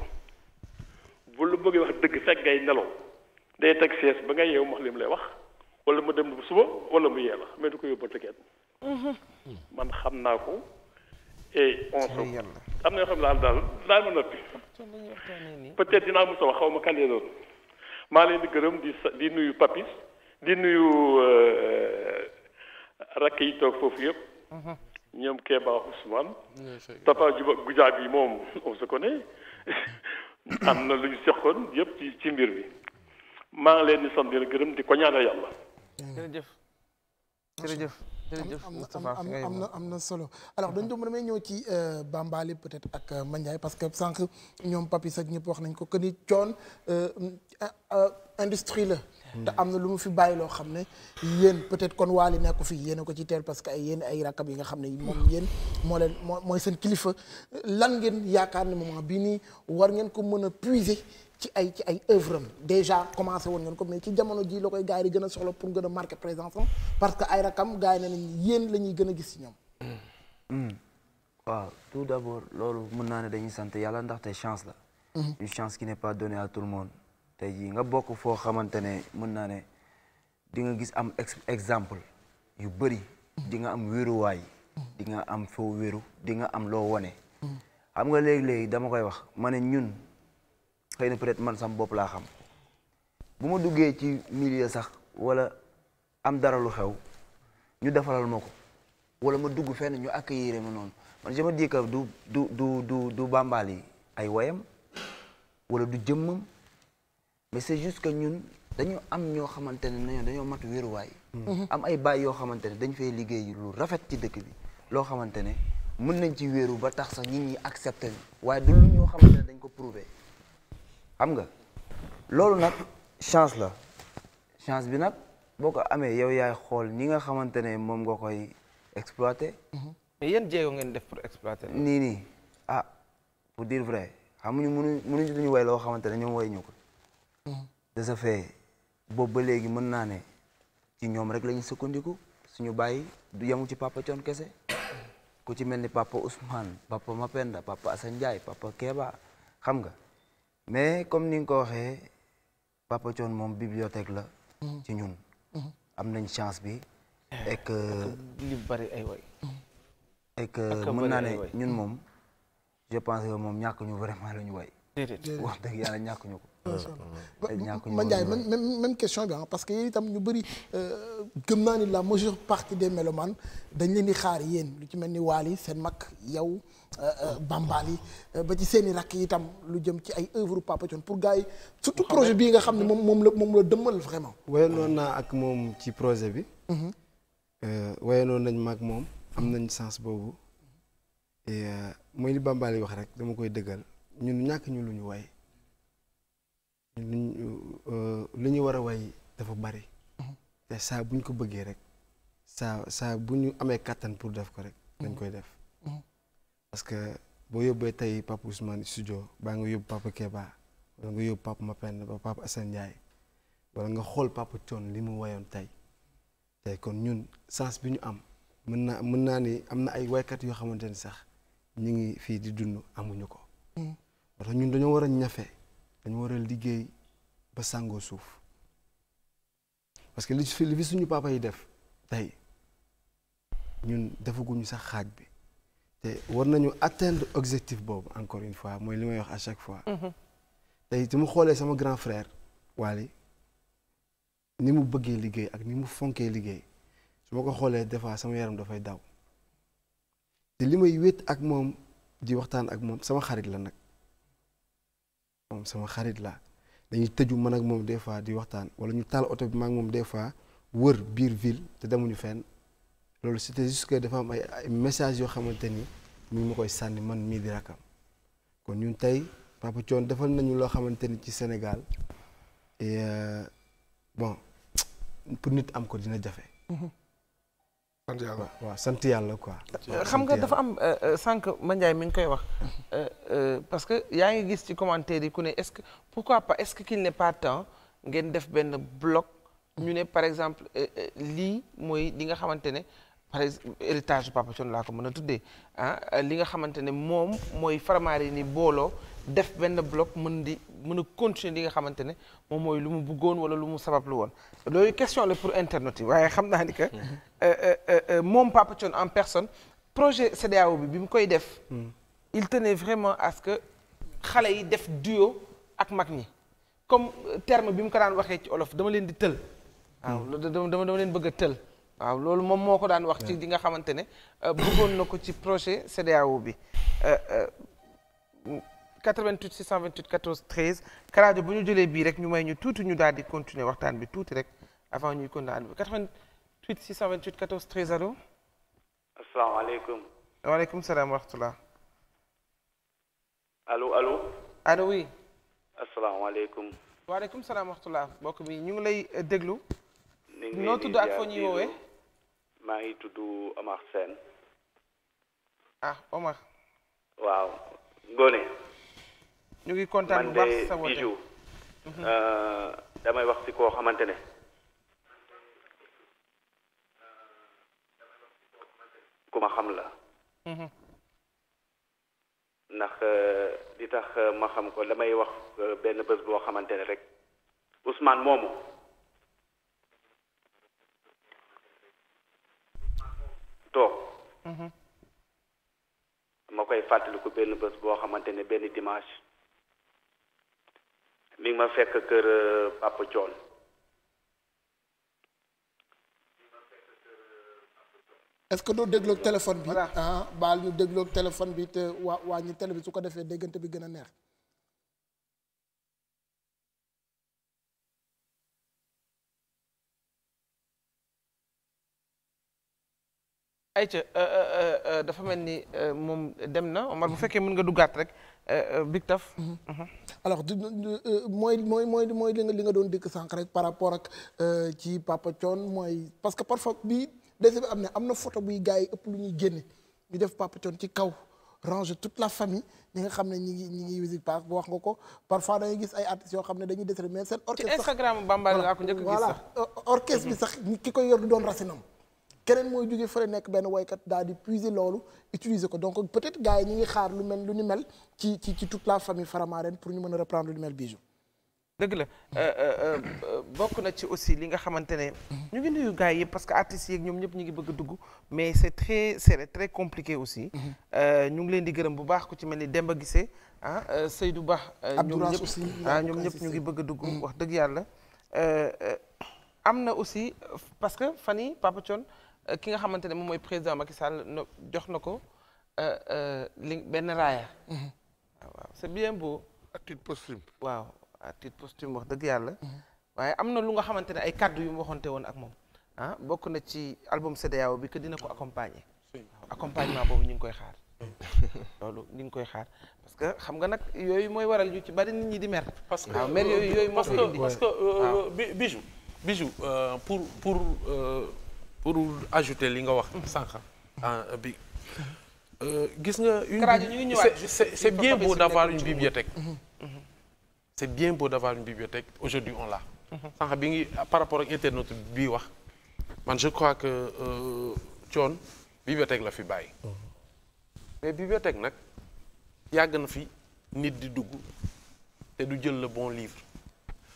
bu lu bëggee wax dëgg fekk ngay nelaw day teg sees ba ngay yeew wax li mu lay wax wala mu dem suba wala mu yee la mais du ko yóbbante kenn mhm. man xam naa ko et on am na yoo xam daal daal daa ma noppi peut-être dinaa mos a wax xaw ma kan maa leen di gërëm di di nuyu papis di nuyu euh, rakk yi toog foofu yëpp. Mhm. ñoom Kéba Ousmane. Papa Juba Gujaab yi moom on se am na lu ñu seqoon yëpp ci mbir bi maa ngi leen di sant di la gërëm di ko ñaanal yàlla. jërëjëf jërëjëf. jërëjëf Moustapha am na am na am na solo alors dañ doon damay ñëw ci euh, Bambaali peut-être ak euh, Mandiaye parce que sànq ñoom Papis sa ñëpp wax nañ ko que ni coon industrie la. te am na lu mu fi bàyyi loo xam ne yéen peut-être kon waali nekku fi yéen a ko ci teel parce que ay yéen ay rakkab yi nga xam ne moom yéen moo leen mooy seen kilifa lan ngeen yaakaar ne moment bii nii war ngeen ko mën a puiser ci ay ci ay œuvre déjà commencé woon ngeen ko mais ci jamono ji la koy gars yi di gën a soxla pour gën a marquer présence parce que ay rakam gars yi ne nañ yéen la ñuy gën a gis ci ñoom hmm. Hmm. waaw tout d'abord loolu mën naa ne dañuy sant yàlla ndaxte chance la hmm. une chance qui n'est tey jii nga bokk foo xamante ne mën naa ne di nga gis am exemple yu bëri di nga am wéeruwaay di nga am foo wéeru di nga am loo wone xam nga léegi-léegi dama koy wax ma ne ñun xëy na peut-être man sam bopp laa xam bu ma duggee ci milieu sax wala am dara lu xew ñu defalal ma ko wala ma dugg fenn ñu accueillir ma noonu man je me dis du du du du du bàmbaal yi ay woyam wala du jëmmam mais c'est juste que ñun dañu am ñoo xamante ne dañoo mat wéruwaay. Mhm. am ay baay yoo xamante ne dañ fay liggéey lu rafet ci dëkk bi loo xamante ne mën nañ ci wéeru ba tax sax ñi ñi accepté bi waaye du lu ñoo xamante ne dañ ko prouver xam nga loolu nag chance la chance bi nag boo ko amee yow yaay xool ni nga xamante ne moom nga koy exploité. Mhm. mais yéen jéego ngeen def pour exploite nii nii ah pour dire vrai xamuñu mënuñu mënuñu lu ñu way loo xamante ne ñoom way ñu ko. de ce fait boobu ba léegi mën naa ne ci ñoom rek la ñu sukkandiku suñu baay du yemu ci papa Thione kese ku ci mel ni papa Ousmane papa Mapenda papa Assane Ndiaye papa Keba xam nga mais comme ni nga ko waxee papa Thione moom bibliothèque la. ci ñun. am nañ chance bi. et que li bari ay way et mën naa ne ñun moom je pense que moom ñàkk ñu vraiment la ñu way. wax dëgg yàlla ñàkk ñu ko. man Ndiaye man même même question bi ah parce que yéen itam ñu bëri euh, gëm naa ni la majeure partie des mélomanes dañ leen di xaar yéen lu ci mel ni waali seen mag yow euh, euh, Bambali ba ci seen i rakk yi itam lu jëm ci ay œuvre Papa Thione pour gars yi surtout projet bii nga xam ne moom moom la moom la dëmmal vraiment. wéyaloon naa ak moom ci projet bi. Mhm. wéyaloon nañ mag moom am nañ sens boobu et mooy li Bambali wax rek dama koy dëggal ñun ñàkk ñu lu ñu way Euh, euh, li ñu war a way dafa bari te saa bu ñu ko bëggee rek saa saa bu ñu amee kàttan pour def ko rek dañ koy def parce que boo yóbbee tey papa Ousmane studio baa nga yóbbu papa Keba wala nga yóbbu papa Mapenda ba papa Assane Ndiaye wala nga xool papa Thion li mu wayoon tey tey kon ñun sens bi ñu am mën naa mën naa ni am na ay waykat yoo xamante ni sax ñu ngi fii di dund amuñu ko. parce mm. ñun dañoo war a ñafe. dañu war a liggéey ba sàngoo suuf parce que li fi li suñu papa yi def tey ñun defaguñu sax xaaj bi te war nañu atteindre objectif boobu encore une fois mooy li may wax à chaque fois. Mm-hmm. tey su ma xoolee sama grand frère Waly ni mu bëggee liggéey ak ni mu fonkee liggéey su ma ko xoolee des fois sama yaram dafay daw te li may wét ak moom di waxtaan ak moom sama xarit la nag. moom sama xarit la dañuy tëju man ak moom des fois di waxtaan wala ñu taal oto bi ma ak moom des fois wër biir ville te demuñu fenn loolu c'était juste que dafa am ay message yoo xamante ni mu ngi ma koy sànni man mii di rakam kon ñu tey Papa Thione defal nañu loo xamante ni ci Sénégal euh, bon pour nit am ko dina jafe. Mm-hmm. sant waaw sant yàlla quoi. xam nga dafa am euh, euh, sànq Mandiaye mi ngi koy wax euh, parce que yaa ngi gis ci commentaire yi ku ne est-ce que pourquoi pas est-ce que qu'il ne pas ngeen def benn bloc ñu ne par exemple lii mooy li nga xamante ne par exemple héritage Papa Thione laa ko mën a tuddee ah li nga xamante ne moom mooy faramaari ni booloo def benn bloc mën di mën a continuer li nga xamante ne moom mooy lu mu buggoon wala lu mu sabablu woon loolu question la pour internet yi waaye xam naa Euh, euh, euh, moom papacon en personne projet CEDEAO bi bi mu koy def. Hmm. il tenait vraiment à ce que xale yi def duo ak mag ñi comme terme bi mu ko daan waxee ci olof dama leen di tël. waaw hmm. dama dama leen bëgg a tël. waaw loolu moom moo ko daan wax ci li nga xamante ne bëggoon na ko ci projet CEDEAO bi 88 628 14 13 Karajo bu ñu jëlee bii rek ñu may ñu tuuti ñu daal di continuer waxtaan bi tuuti rek avant ñuy continuer 88. 8 628 14 13 allo. asalaamaaleykum. waaleykum salaam wa rahmatulah. allo allo. allo oui. asalaamaaleykum. waaleykum salaam wa rahmatulah mbokk mi ñu ngi lay eh, déglu. ñu ngi noo tudd ak foo ñuy woowee. maa ngi tudd Omar Sène. ah Omar. waaw Ngone. ñu ngi kontaan bu baax sa woote man de Bijou mhm. euh, damay wax ci koo xamante ne. ku ma xam la mhm. ndax di euh, tax euh, ma xam ko damay wax euh, benn bés boo xamante ne rek Ousmane moomu toog mhm. ma koy fàttaliku benn bés boo xamante ne benn dimanche mi ma fekk kër Papa Thione est-ce que doo dégloog téléphone bi ah baal ñu dégloog téléphone bi te waa waa ñu télé bi su ko defee déggante bi gën a neex ayca euh, euh, euh, dafa mel ni moom dem na Omar bu fekkee mën nga duggaat rek Big Taf mhm. Mhm. alors mooy mooy mooy mooy li mooy li nga doon dikk sànq rek par rapport ak ci Papa Thione mooy parce que parfois bi dese bi am na am na photo buy gars yi ëpp lu ñuy génne ñu def papitoon ci kaw ranger toute la famille ñi nga xam ne ñi ngi ñi ngi musique park wax nga ko parfois dañuy gis ay artistes yoo xam ne dañuy déterminer mais seen orchestre ci Instagram Bamba laa ko euh, bi sax ki koy yor du doon racinam keneen mooy jóge fële nekk benn woykat daal di puiser loolu utiliser ko donc peut-être yi ñu ngi xaar lu mel lu ni mel ci ci ci toute la famille Faramaren pour ñu mën a reprendre lu ni mel bijou dëgg la euh, euh, euh, bokk na ci aussi li nga xamante ne. ñu ngi nuyu gars yi parce que artistes yi ñoom ñëpp ñu ngi bëgg a dugg. mais c' est très c' est très compliqué aussi. Mhm. ñu ngi leen di gërëm bu baax ko ci mel ni Demba Gisee ah Seydou Ba. ñoom ñëpp ah ñoom ñëpp ñu ngi bëgg a dugg. Mhm. wax dëgg yàlla am na aussi parce que fan yii Papa ki nga xamante ne moom mooy président Macky Sall jox na ko li benn raaya. Mhm. Ah, waaw c' bien beau. à titre posthume waaw. à titre wax dëgg yàlla. waaye am na lu nga xamante ne ay kàddu yu mu waxonte woon ak moom ah bokk na ci album CEDEAO bi que dina ko accompagner. accompagnement boobu ñu ngi koy xaar. loolu ñu ngi koy xaar parce que xam nga nag yooyu mooy waral yu ci bari nit ñi di mer. parce que waaw mer yooyu yooyu moo euh, euh, bijou bijou euh, pour pour pour ajouter li nga wax. sànq ah, bi. gis nga. une c'est bien une bibliothèque. c'est bien beau d'avoir une bibliothèque aujourd'hui on l'a mhm. sànq bi ngi par rapport ak internet bii wax man je crois que coon euh, bibliothèque la fi bàyyi mhm. mais bibliothèque nag yàgg na fi nit di dugg te du jël le bon livre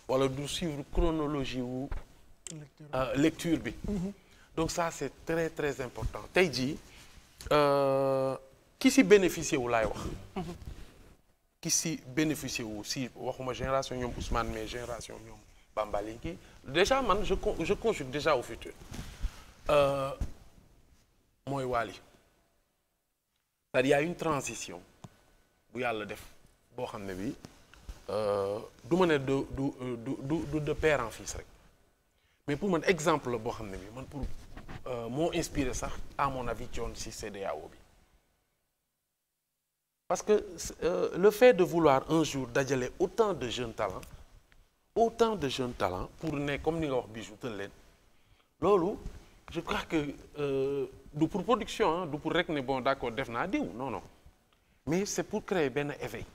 wala du suivre chronologie wu lecture euh, bi mhm. donc ça c'est très très important tey jii euh, ki si bénéficier wu laay wax ki si bénéficié wu si waxuma génération ñoom Ousmane mais génération ñoom Bambalinki déjà man je con je conjugue déjà au futur euh, mooy Wally cest à une transition bu yàlla def boo xam ne bi euh, du ma ne du du du du de père en fils rek mais pour man exemple la boo xam ne bi man pour euh, moo inspiré sax à mon avis ci woon si CEDEAO bi. parce que euh, le fait de vouloir un jour dajale autant de jeunes talents autant de jeune talents pour ne comme ni nga wax bii jutal leen loolu je crois que euh, du pour production du pour rek ne bon d'accord def naa diw non non mais c'est pour créer benn éveil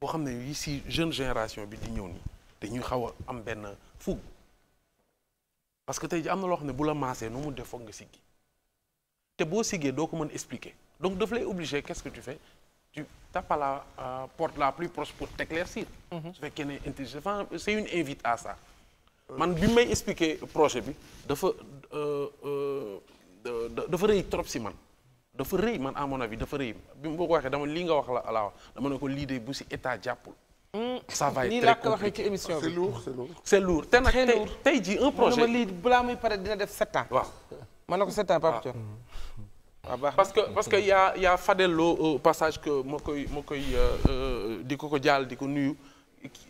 boo xam ne yi si jeune génération bi di ñëw nii ñuy xaw a am benn fougue parce que tey am na loo xam ne bu la maasee nu mu def foog nga siggi te boo siggee doo ko mën expliquer donc daf lay obligé qu'est-ce que tu fais tu tapes la euh, porte la plus proche pour t'éclaircir su mhm. fekkee ne intelligent c'est une invite à ça man bi may expliquer projet bi dafa euh, euh, dafa rëy trop si man dafa rëy man à mon avis dafa rëy bi boo ko waxee dama li nga wax la laa wax dama ne ko lii de bu si état jàppul hmm. ça va être très compliqué laa ko waxee ci émission bi c'est lourd c'est lourd. c'est lourd tey tey jii projet. balaa muy pare dina def sept ans. ne ko sept ans Pape ah. Thion. Hmm. Ah, parce que parce que yaa yaa Fadel Lo au euh, passage que ma koy ma koy euh, euh, di ko ko jàll di ko nuyu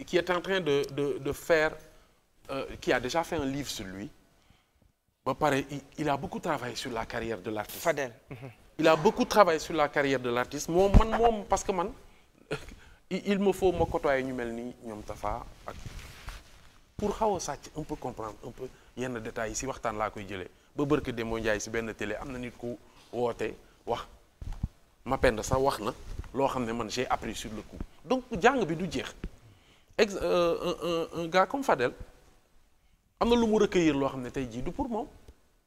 qui est en train de de de faire euh, qui a déjà fait un livre sur lui ba pare il a beaucoup travaillé sur la carrière de l'artiste Fadel il a beaucoup travaillé sur la carrière de l'artiste moom man moom parce que man il me faut ñu mel ni ñoom Tafa ak pour xaw a sàcc un peu comprendre un peu yenn détails yi si waxtaan laa koy jëlee ba bërk de moo Ndiaye si benn télé am na nit ku woote wax Mapenda sax wax na loo xam ne man j'ai appris sur le coup donc jàng bi du jeex ex euh, un gars comme Fadel am na lu mu recueillir loo xam ne tey jii du pour moom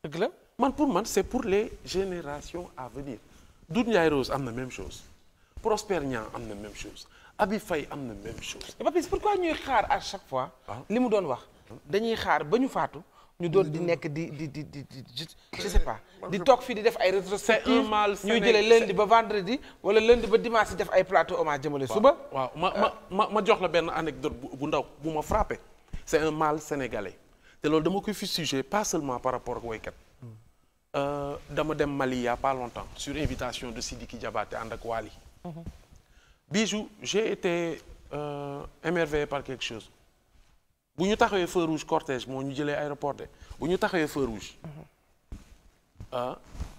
dëgg la man pour man c'est pour les générations à venir du Ndiaye Rose am na même chose Prosper Niang am na même chose Abi fay am na même chose. pourquoi ñuy xaar à chaque fois. Ah. li mu doon wax ah. dañuy xaar ba ñu faatu. ñu doon di nekk di di di di di je pas di toog fii di def ay rétrospectives ñuy jële lundi ba vendredi wala lundi ba dimanche di def ay plateau hommage jëmale suba waaw ma ma ma ma jox la benn anecdote bu ndaw bu ma frappé c'est un mal sénégalais te loolu dama koy fustiger pas seulement par rapport ak woykat euh, dama dem Mali il y a pas longtemps sur invitation de Sidiki Diabaté ànd ak Wali mhm. bijou j'ai été euh, émerveillé par quelque chose bu ñu taxawee feu cortége moo ñu jëlee aéroport de bu ñu taxawee feu rouge. Ah,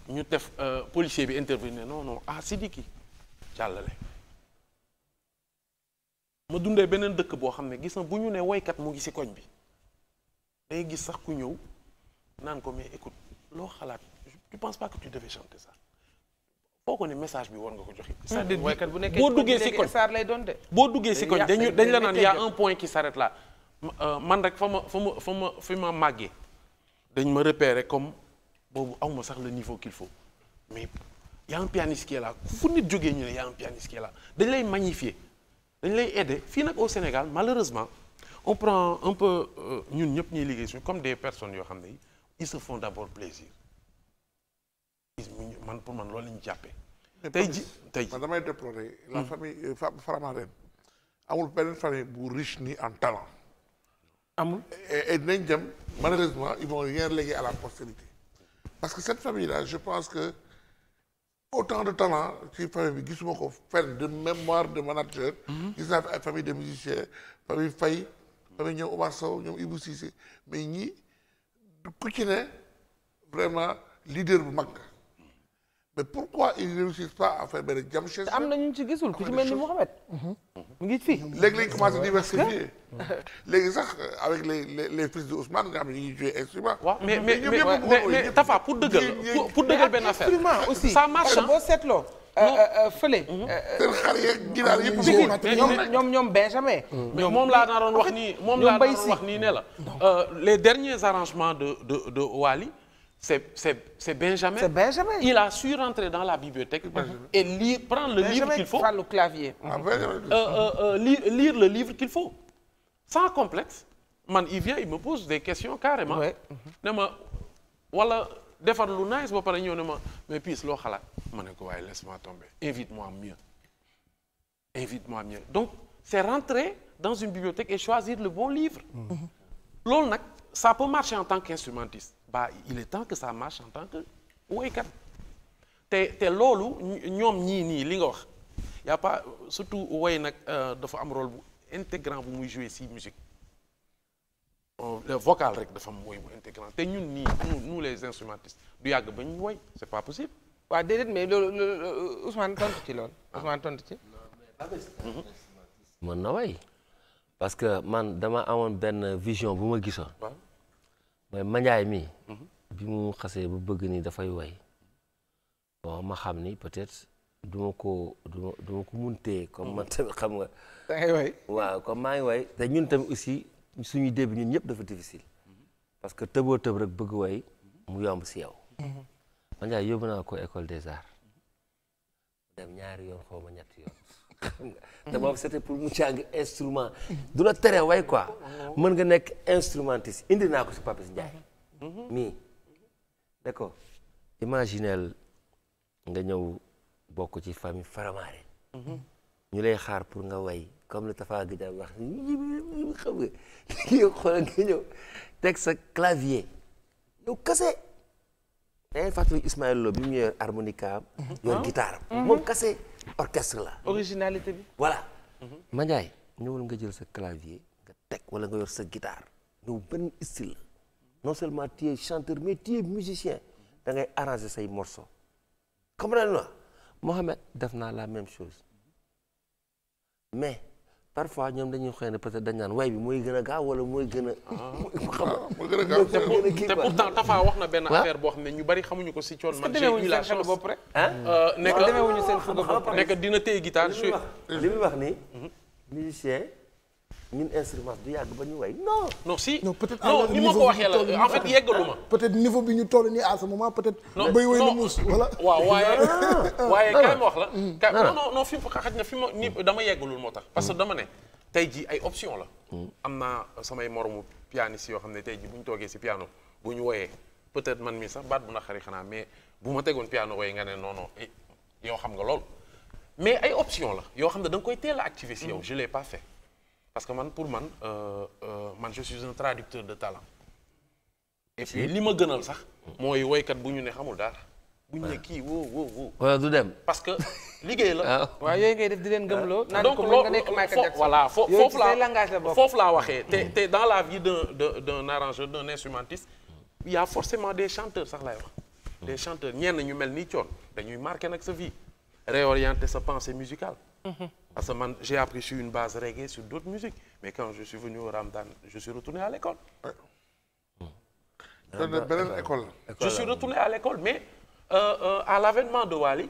ñu def euh, policier bi intervenir noonu non ah Sidiki jàllale. ma dundee beneen dëkk boo xam ne gis na bu ñu nee woykat mu ngi ci koñ bi day gis sax ku ñëw naan ko mais écoute loo xalaat je pense pas que tu devais chanter ça. foo ko ne message bi war nga ko joxe. c'est-à-dire boo duggee ci koñ boo duggee ci koñ dañu dañ la naan y a un point ki s'arrête laa Euh, man rek fa ma fa ma fa ma fi ma màggee dañ ma repérer comme boobu awma sax le niveau qu'il faut mais y a un fu nit jógee ñu ne y a un dañ lay magnifier dañ lay aider fii nag au Sénégal malheureusement on prend un peu euh, ñun ñëpp ñuy liggéey suñu comme des personnes yoo xam ne ils se font abor plaisir man pour man loolu la ñu jàppee tey ji tey man damay déplorer la hmm. euh, amul benn famille bu riche ni en talent amul et dinañ dem malheureusement ils vont rien léguer à la postérité parce que cette famille là je pense que autant de talent ci famille bi gisuma ko fenn de mémoire de manager mhm. gis naa fi famille de musiciens famille Faye famille ñoom Omar Sow ñoom Ibou Cissé mais ñi ku ci ne vraiment leader bu mag mais pourquoi ils réussissent pas à faire benn jam te am na ñu ci gisul ku ci mel ni Mohamed. mu ngi fi. léegi lañ commencé diversifier. léegi sax euh, avec les les les fils de Ousmane nga xam ne ñu ngi joué instrument. waaw mais mais mais Tafa pour dëggal. pour dëggal benn affaire aussi. ça marche boo seetloo. Euh, euh, fële. Mhm. seen xar yeeg ginaar yëpp. ñoom ñoom ñoom Benjamin. ñoom moom laa naroon wax nii moom la naroon wax nii ne la. les derniers arrangements de de de Wally c'est Benjamin. C'est Benjamin. Il a su rentrer dans la bibliothèque et lire, prendre le Benjamin livre qu'il faut. Ah, euh, euh, euh, lire, le livre qu'il faut. Sans complexe. Man, il vient, me pose des questions carrément. Ouais. Ne ma, voilà, defar lu nice ba pare ñëw ne ma mais puis loo xalaat. ma ne ko waaye laisse-moi tomber. Invite-moi mieux. Invite-moi mieux. Donc, c'est rentrer dans une bibliothèque et choisir le bon livre. Mm nag, ça peut marcher en tant qu'instrumentiste. bah il est temps que ça marche en tant que woykat te te loolu ñoom ñii nii li nga wax y pas surtout woy nag euh, dafa am rôle bu intégrant bu muy jouer si musique vocal rek dafa am woy bu intégrant te ñun nii nous les instrumentistes du yàgg ba ñu woy c'est pas possible waaw déedéet mais loolu Ousmane ci loolu Ousmane tontu ah. na way parce que man dama amoon benn vision bu ma gisoon mooy manjaay mii bi mu xasee bu bëgg ni dafay way bon ma xam ni peut-être du ko du du ma ko mun téye comme man xam nga. da ngay maa ngi way. te ñun tamit ussi suñu début ñun ñëpp dafa difficile. parce que tëboo tëb rek bëgg way mu yomb si yow. Mhm. man jaay yóbbu ko école des arts. dem ñaari yoon xaw ma ñetti yoon. xam nga du la tere way quoi. Oh. mën nga nekk instrumentiste indi naa ko si Papis Ndiaye. Mhm. d'accord imagineel nga ñëw bokk ci famille faramaare mhm. ñu lay xaar pour nga way comme le Tafa gi daan wax xam nga kii ñëw teg sa clavier yow kase da ngay fàttali Ismaël bi mu mhm. yor harmonica ah. yor guitare mhm. moom kase orchestre la originalité bi voilà Mandiaye ñëwul nga jël sa clavier nga teg wala nga yor sa guitare ñëw benn style la non seulement tu es chanteur mais tu es musicien da ngay arranger say morceaux comprendre nga Mohamed def naa la même chose mais parfois ñoom dañuy xëy ne peut-être dañ naan way bi mooy gën a gaaw wala mooy gën a. Ah. xam a gaaw te pourtant Tafa wax na benn affaire boo xam ne ñu bari xamuñu ko si coon man. j'ai eu la chance euh, bopp rek. nekk dina téye guitare. li muy wax li muy mhm. musicien. ñun instruments du yàgg ba ñu way non. non si non peut être. non ni ma ko waxee la en fait yeggaluma. peut être niveau bi ñu toll nii à ce moment peut être. non bay way na muus voilà. waaw waaye ah. waaye ma wax la. Hmm. kay ah. non non fi mu xaj na fi ma ni dama yeggalul moo tax. parce que dama ne tey ji ay option la. Hmm. am naa samay moromu pianiste yoo xam ne tey jii bu ñu toogee si piano bu ñu woyee peut être man mi sax baat bu naqari xanaa mais bu ma tegoon piano woyee nga ne non eh, yow xam nga lool mais ay option la yoo xam ne da koy teel a activé si hmm. yow parce que man pour man euh, euh, man je suis un traducteur de talent. et puis li ma gënal sax. mooy woykat bu ñu ne xamul dara. bu ñu ne kii woo woo woo. du dem parce que liggéey la. waaw ah. yooy ngay def di leen gëmloo. donc voilà foofu laa foofu laa waxee. Mm. te te dans la vie d'un d'un d'un arrangeur d'un instrumentiste. y a forcément des chanteurs sax lay wax. des mm. chanteurs ñenn ñu mel nii coon dañuy marqué nag sa vie. réorienter sa pensée musicale. parce que man j'ai appris sur une base reggae sur d'autres musiques mais quand je suis venu au Ramadan je suis retourné à l'école beneen école je suis retourné à l'école mais euh, euh, à l'avènement de Wally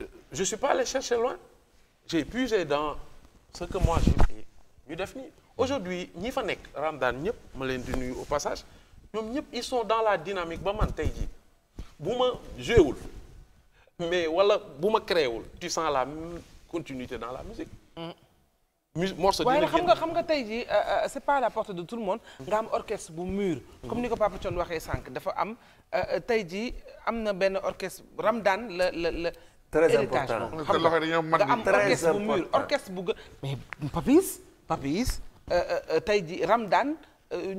euh, je suis pas allé chercher loin j'ai dans ce que moi j'ai fait ñu def nii aujourd'hui ñi fa nekk Ramadan ñëpp ma leen di nuyu au passage ñoom ñëpp ils sont dans la dynamique ba man tey jii bu ma joué wul mais wala bu ma créé wul tu sens la continuité dans la musique. Mm. mu morceau dina xam nga xam nga tey jii euh, euh, c'est pas à la porte de tout le monde. Mm. nga am orchestre bu mûr. comme ni ko Papa Thion waxee sànq dafa am euh, tey jii am na benn orchestre Ramdan la la la. très important xam nga am orchestre bu mûr orchestre bu gë. mais Papis Papis tey jii Ramdan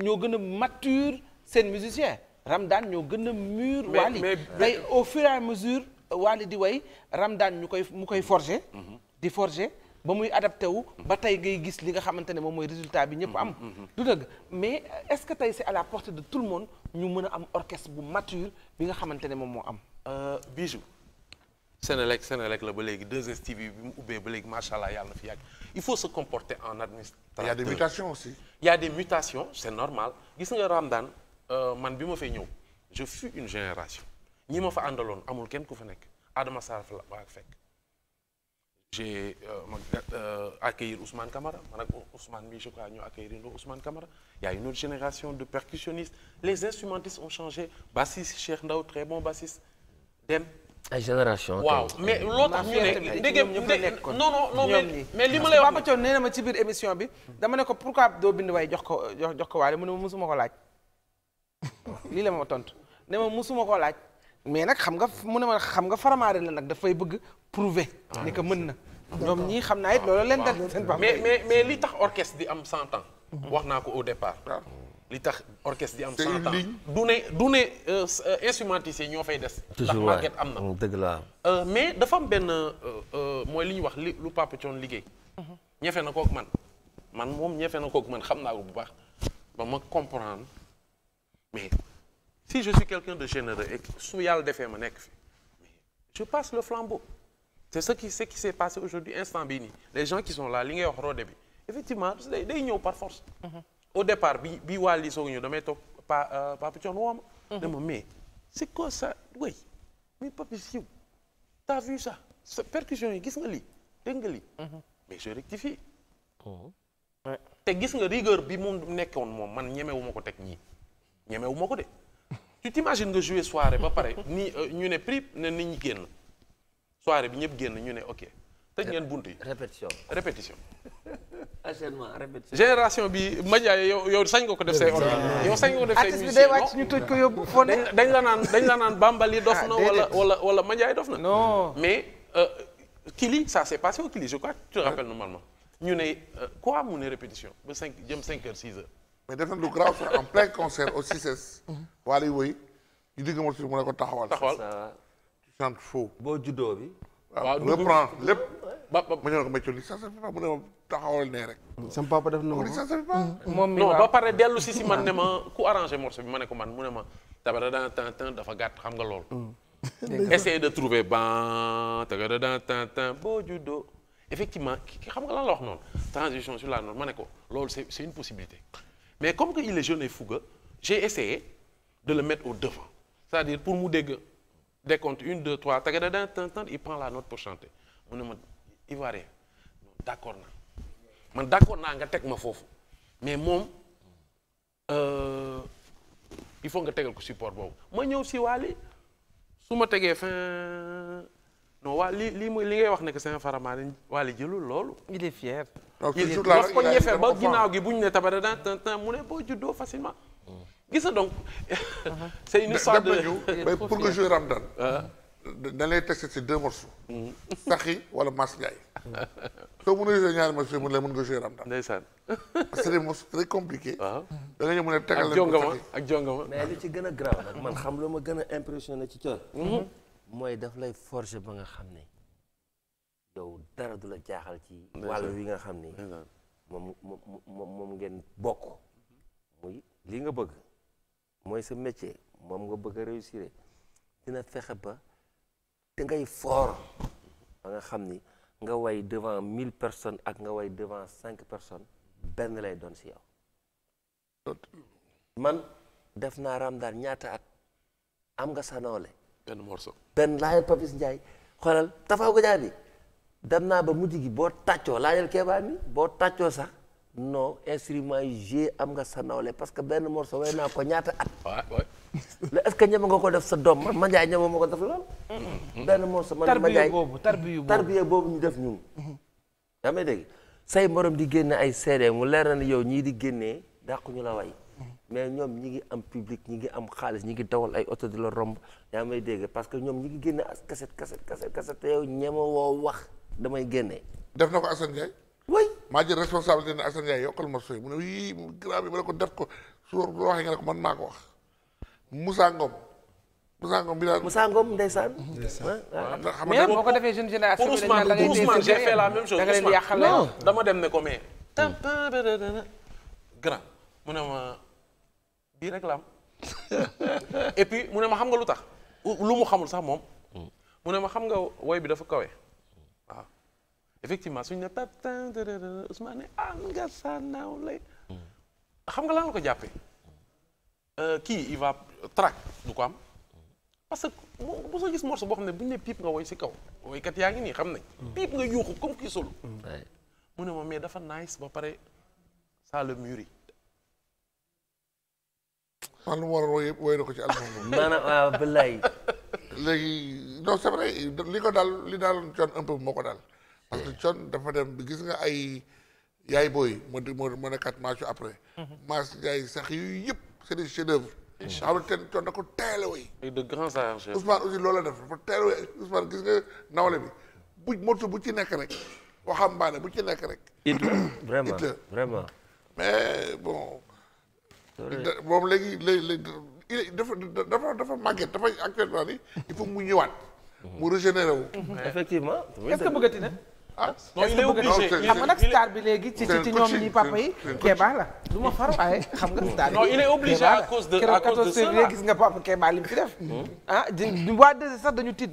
ñoo gën a mature seen musicien Ramdan ñoo gën a mûr. Wally tey au fur et à mesure Wally di way Ramdan ñu koy mu koy forger. Mm-hmm. di forger ba muy adapté wu ba tey ngay gis li nga xamante ne moom mooy résultat bi ñëpp am mm-hmm, mm-hmm. du dëgg mais est-ce que tey c'est à la portée de tout le monde ñu mën a am orchestre bu mature bi nga xamante ne moom moo am euh, bijou Sénélec Sénélec la ba léegi 2STV bi mu ubbee ba léegi macha allah yàlla na fi yàgg il faut se comporter en administrateur. il y a des mutations aussi. il y a des mutations c'est normal gis nga Ramadane euh, man bi ma fay ñëw je fus une génération ñi ma fa àndaloon amul kenn ku fa nekk Adama Sarr la fekk. j'ai euh, euh, accueillir Ousmane Camara man ak Ousmane bi je crois ñu accueillir Ousmane Camara y a une autre génération de percussionnistes les instrumentistes ont changé bassiste Cheikh Ndaw très bon bassiste dem. ay génération waaw mais loo tax ñu ne dégg non non non mais li ma lay wax Papa nee na ma ci biir émission bi dama ne ko pourquoi doo bind waaye jox ko jox ko waale mu ne ma musuma ko laaj lii la ma tontu ne ma musuma ko laaj mais nag xam nga mu ne ma xam nga faramaare la nag dafay bëgg prouver ah, ni que mën na ñoom ñii xam naa it mais mais li tax orchestre di am cent ans wax naa ko au départ ah. li tax orchestre di am cent ans du ne du ne euh, instrumentiste ñoo fay des ndax màgget am na mm, dëgg la euh, mais dafa am benn euh, mooy li ñu wax li lu Papa Thion liggéey ñefe na kook man man moom ñefe na kook man xam naa ko bu baax ba ma comprendre mais si je quelqu'un de généreux et su yàlla defee ma nekk fi je passe le flambeau c'est ce qui ce qui s'est passé aujourd'hui instant bii nii les gens qui sont là li ngay wax roode bi effectivement day day ñëw par force. Mm-hmm. au départ bi bi waa lii soog ñëw damay toog pa euh, Papa Thion woo ma. Mm-hmm. dama mais c'est quoi ça sa percussion yi gis nga lii dégg nga lii. Mm-hmm. mais je rectifie. Oh. te gis nga rigueur bi moom nekkoon moom man ñemewu ma ko teg ñii ñemewu ko de tu t'imagines nga jouer soirée ba pare nii euh, ñu ne prip ne nit ñu génn. soirée bi ñëpp génn ñu ne ok tëj ngeen bunt yi répétition répétition enchaînement génération bi Madia yow yow sañ nga ko def say organe ah. yow sañ nga ko def say artiste bi ñu tëj ko dañ la naan dañ la naan Bambali dof ah, na wala wala wala Madia dof na non mais euh, Kili ça s'est passé au Kili je crois tu te normalement ñu ne euh, quoi mu ne répétition ba cinq jëm cinq heures six heures mais def na lu grave en plein concert au CICES. Mhm. waa lay woy ñu digg moom si mu centre faux. boo juddoo bi. waaw reprend lépp. ba ba mu ne ko ma li ça se fait mu ne ma taxawal nee rek. Mm, sama papa def na ma ça se mm, mm. moom mi non ba pare dellu si si man ne ma ku arrangé morceau ma ne ko man mu ne ma. tabara dans temps temps dafa gàtt xam nga lool. essayer de trouver ban tabara dans temps temps boo juddoo. effectivement ki xam nga lan la wax noonu la ma ko loolu c'est c'est une possibilité mais comme que il est jeune et fougueux j'ai essayé de le mettre au devant cest dire pour mu dégg. décompte une deux trois tagadadan tantan il prend la note pour chanter mu ne ma Ivoirien d' accord naa man d' accord naa nga teg ma foofu mais moom euh, il faut nga tegal ko support boobu ma ñëw si waali su ma tegee fin non waa li lii mooy li ngay wax ne que seen faramaare waali jëlul loolu. il est fier. il est ko ñefe ba ginnaaw gi bu ñu ne tabadadan tantan mu ne boo juddoo facilement. gis donc. Uh-huh. sa une sorte de mais pour que joué Ramdan. dañ deux morceaux. Mm-hmm. Sakhi wala Mass Ndiaye. soo mënee joué ñaari morceaux yi mën mën nga joué Ramdan. ndeysaan. c'est des ah. nga ñu mën a tegal ak jongama ci gën a grave nag man xam lu ma gën a na ci coono. Mm-hmm. mooy daf lay forger ba nga xam ne yow dara du la jaaxal ci. wàll wi nga xam ne moom moom moom ngeen bokk. muy li nga bëgg. mooy sa métier moom nga bëgg a réussir dina fexe ba te ngay foor ba nga xam ni nga way devant mille personnes ak nga way devant cinq personnes benn lay doon si yow. man def naa Ramadane ñaata ak am nga sanoole benn morceau benn laajal Papis Ndiaye xoolal tafaaw ko jaar bi dem naa ba mujj gi boo tàccoo laajal keebaa mi boo tàccoo sax. no instrument yi joué am nga sa nawle parce que benn morceau way naa ko ñaata at. waaw est ce que ñeme nga ko def sa doom man Mandiaye ñeme ma ko def lool. Mm-hmm. benn morceau man Mandiaye tarbiya boobu tarbiya boobu boobu ñu def ñun. Mm-hmm. yaa ngi dégg say morom di génne ay CD mu leeral na yow ñii di génnee dàqu ñu la way. Mm-hmm. mais ñoom ñi ngi am public ñi ngi am xaalis ñi ngi dawal ay oto di la romb yaa may dégg parce que ñoom ñi ngi génne as kaset kaset kaset kaset te yow ñeme woo wax damay génne. def na ko Assane Ndiaye. way maa jël responsabilité ne Assane Ndiaye yokkal ma sooy mu ne yii ma ne def ko su wax Moussa Ngom Moussa Ngom bi daal Moussa Ngom ndeysaan. ndeysaan xam nga boo ko defee jeune génération bi dañ la même chose Ousmane dama dem ne ko mais. grand mu ne ma bii rek la mu ne ma xam nga lu tax lu mu xamul sax moom. Mm. mu ne ma xam nga woy bi dafa kawe. effectivement suñ ne tap tandrr Ousmane angasanaaw ah, lay xam nga lan la ko jàppee euh, kii il va track du ko am parce que bu soo gis morceau boo xam ne bu ñu ne pipe nga woy si kaw woykat yaa ngi nii xam nañ mm. pipe nga yuuxu comme kii solo mm. mu ne ma mais dafa nice ba pare ça le mûrit man lu mu waroon woy woy na ko ci album bi maanaam billaay léegi non c'est vrai li ko daal li daal coon un peu moo ko daal parce que con dafa dem gis nga ay yaay booy moo di moo moo nekkaat match après. Mm-hmm. match yaay sax yu yëpp c'est des chefs d'œuvre. incha allah xam nga con de grands arrangeurs. Ousmane aussi loolu la def dafa teel a gis nga nawle bi bu motu bu ci nekk rek waxambaane bu ci nekk rek. it vraiment vraiment. mais bon. moom léegi léegi dafa dafa dafa màgget dafa actuellement ni il faut mu ñëwaat. Mm-hmm. mu régénérer mm-hmm. effectivement. est-ce que bëggati na. ah non il est obligé xam nga nag star bi léegi ci ci ñoom ñi xam nga star bi non il est obligé à cause de à gis nga papa Kéba li mu fi def. Hmm. Ah,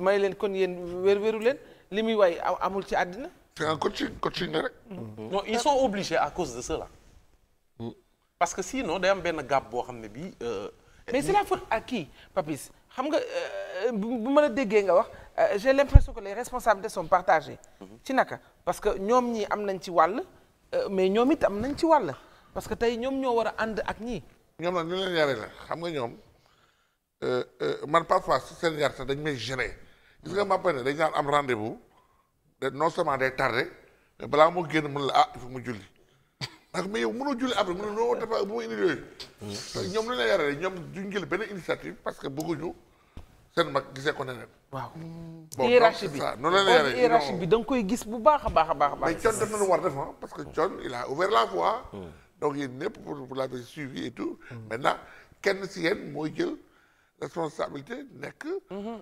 may leen kon yéen wér-wéru leen li muy way amul ci àddina. c'est un coaching coaching hmm. hmm. de cela parce que sinon day am benn gàpp boo xam ne bii. Euh, mais c'est la faute à Papis xam nga euh, bu ma la déggee nga wax. Euh, j'ai l'impression que les responsabilités son partagées. Mhm. ci naka parce que ñoom ñii am nañ ci wàll euh, mais ñoom it am nañ ci wàll parce que tey ñoom ñoo war a ànd ak ñii. ñoom nag ñu leen xam nga ñoom euh, man parfois si dañ may gêner gis nga dañ naan am rendez-vous non seulement day tardé mais balaa moo génn mën la ah il mu julli. parce que mais yow mënoo julli après mënoo oh, dafa mhm. ñoom lu ñu la yaree ñoom duñ jël benn initiative parce que bëgguñu. seen mag gisee ko neneen. waaw hiérarchie bi bon donc hiérarchie bi da nga koy gis bu baax a baax a baax. mais Thione def na lu war def parce que hmm. Thione il a ouvert la voie. Hmm. donc yéen ñëpp pour pour l'avez suivi et tout. Hmm. maintenant kenn si yéen mooy jël responsabilité nekk.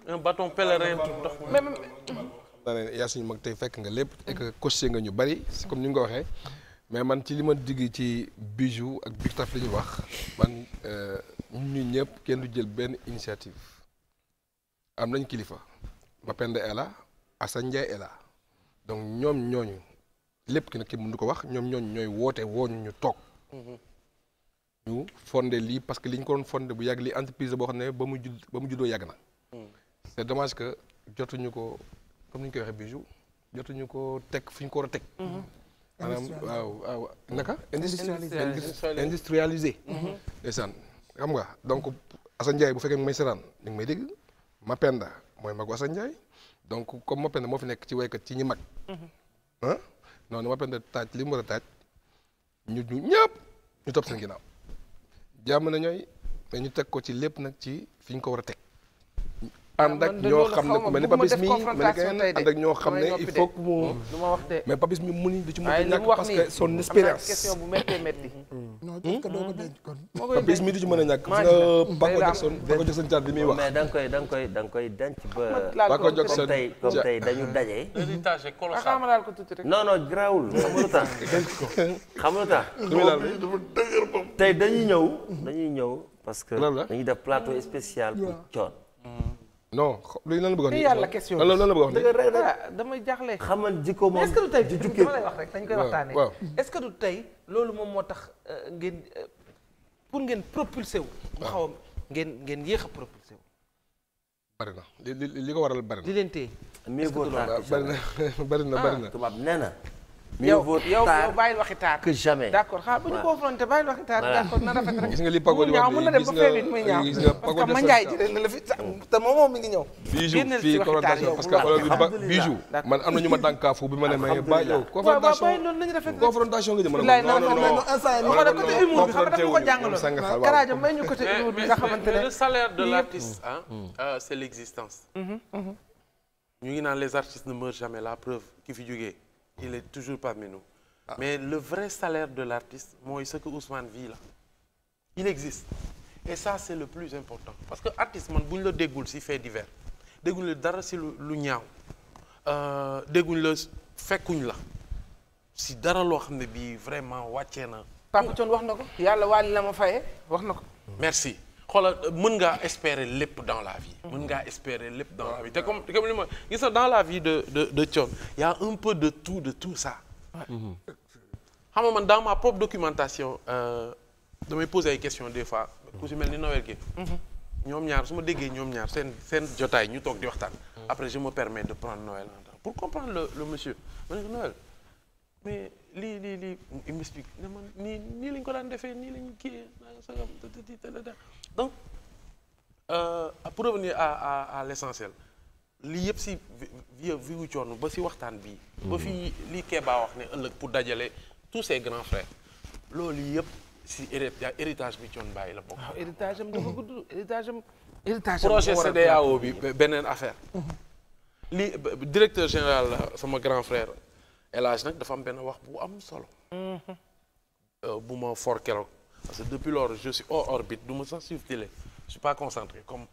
un bâton pèlerin tout dox. même. daanaka yaa suñu mag tey fekk nga lépp et que coché nga ñu bari comme ni nga ko waxee. mais man ci li ma digg ci bijou ak big taf li ñu wax man euh, ñun ñëpp kenn du jël benn initiative. am nañ kilifa Mapenda Ela Assane Ndiaye Ela donc ñoom ñooñu lépp ki nag ki mënu ko wax ñoom ñooñu ñooy woote wooñu ñu toog mm-hmm. ñu fondé lii parce que li ñu ko doon fondé bu yàgg li entreprise boo xam ne ba mu judd ba mu juddoo yàgg na mm. c'est dommage que jotuñu ko comme ni ñu koy waxee bijou jotuñu ko teg fi ñu ko war a teg mm-hmm. maanaam waaw waaw naka industrialisé mm-hmm. ndeysaan xam nga donc Assane Ndiaye bu fekkee may seraan ñu ngi may dégg Mapenda mooy mag Assane Ndiaye donc comme Mapenda moo fi nekk ci waykat ci ñi mag. ah mm-hmm. noonu Mapenda taaj li war a taaj ñu ñu ñëpp ñu topp seen ginnaaw jàmm na ñooy mais ñu teg ko ci lépp nag ci fi ñu ko war a teg. Ah, ànd ak ñoo xam ne ku mel ni Papis mi mel ni keneen ànd ak ñoo xam ne il faut que mu mais Papis mi mënuñ di ci mën a ñàkk parce que son expérience hmm. non parce hmm? que doo ko denc kon Papis mi di ci mën a ñàkk parce que Paco Jackson Paco Jackson Thiat bi muy wax mais da nga koy da nga koy da nga koy denc ba Paco Jackson tey comme tey dañu daje héritage colossal ah, non non grawul xam nga lu tax xam nga lu tax tey dañuy ñëw dañuy ñëw parce que dañuy def plateau spécial pour Thione hmm. non luy lan la bëgg a wax. yàlla question lan a wax dëgg damay jaaxle. xamal jikko moom est-ce que du tey dama lay wax rek dañ koy waxtaanee. est-ce que du tey loolu moom moo tax euh, ngeen euh, pour ngeen propulsé wu. mu xaw ngeen ngeen yéex a propulsé wu. bari na li li ko waral bari na. di leen tee est-ce que du loolu na bari na na. Ah. tubaab nee na. mieux vaut tard bàyyil waxi que jamais. d'accord xaaral bu ñu confronté bàyyil waxi tard d'accord na rafet rek. gis nga nga gis nga Pago de te moom moom ngi ñëw. génneel si waxi tard yow ma dànkaafu bi ma ne maye ba yow. confrontation waaw waaw loolu nañu rafet confrontation nga jëm. laay non non non non côté humour bi xam nga dafa ñu côté nga xamante ne. le salaire de l'artiste mm. euh, mm-hmm, mm-hmm. jamais la preuve ki fi jógee il est toujours parmi nous. Ah. mais le vrai salaire de l'artiste mooy ce que Ousmane vit là il existe et ça c'est le plus important parce que artiste man bu ñu la déggul ci fait divers dégguñ la dara si lu ñaaw euh, dégguñ la fekkuñ la si dara loo xam ne bii vraiment wàccee na. Pape Thion wax na ko yàlla wàlli la ma fayee wax na ko. merci. xoolal mën ngaa espérer lépp dans la vi mën ngaa espérer lépp dans la vie te comme comme li ma gis nga dans la vie de de de y a un peu de tout de tout ça. xam nga man dans ma propre documentation euh, damay poser ay questions des fois ku si mel ni Noël gi. ñoom ñaar su ma déggee ñoom ñaar seen seen jotaay ñu toog di waxtaan. après je me permets de prendre Noël en temps pour comprendre le le monsieur ma ne ko Noël lii lii lii il m'explique ne man nii nii lañ ko daan defee nii lañ kii sagam donc euh, pour revenir à à à l'essentiel lii yëpp si vie viu coon ba si waxtaan bii ba fii mm-hmm. lii Keba wax ne ëllëg pour dajale tous ses grands frères loolu yëpp si héritage bi coon bàyyi la bokk ah, héritage am dafa gudd héritage am héritage projet CEDEAO bi beneen affaire mm-hmm. lii directeur général sama grand frère El nag dafa am benn wax bu am solo. Mm-hmm. Euh, bu ma for keroog parce que depuis lors je suis hors du ma sax suivre télé je suis pas concentré comme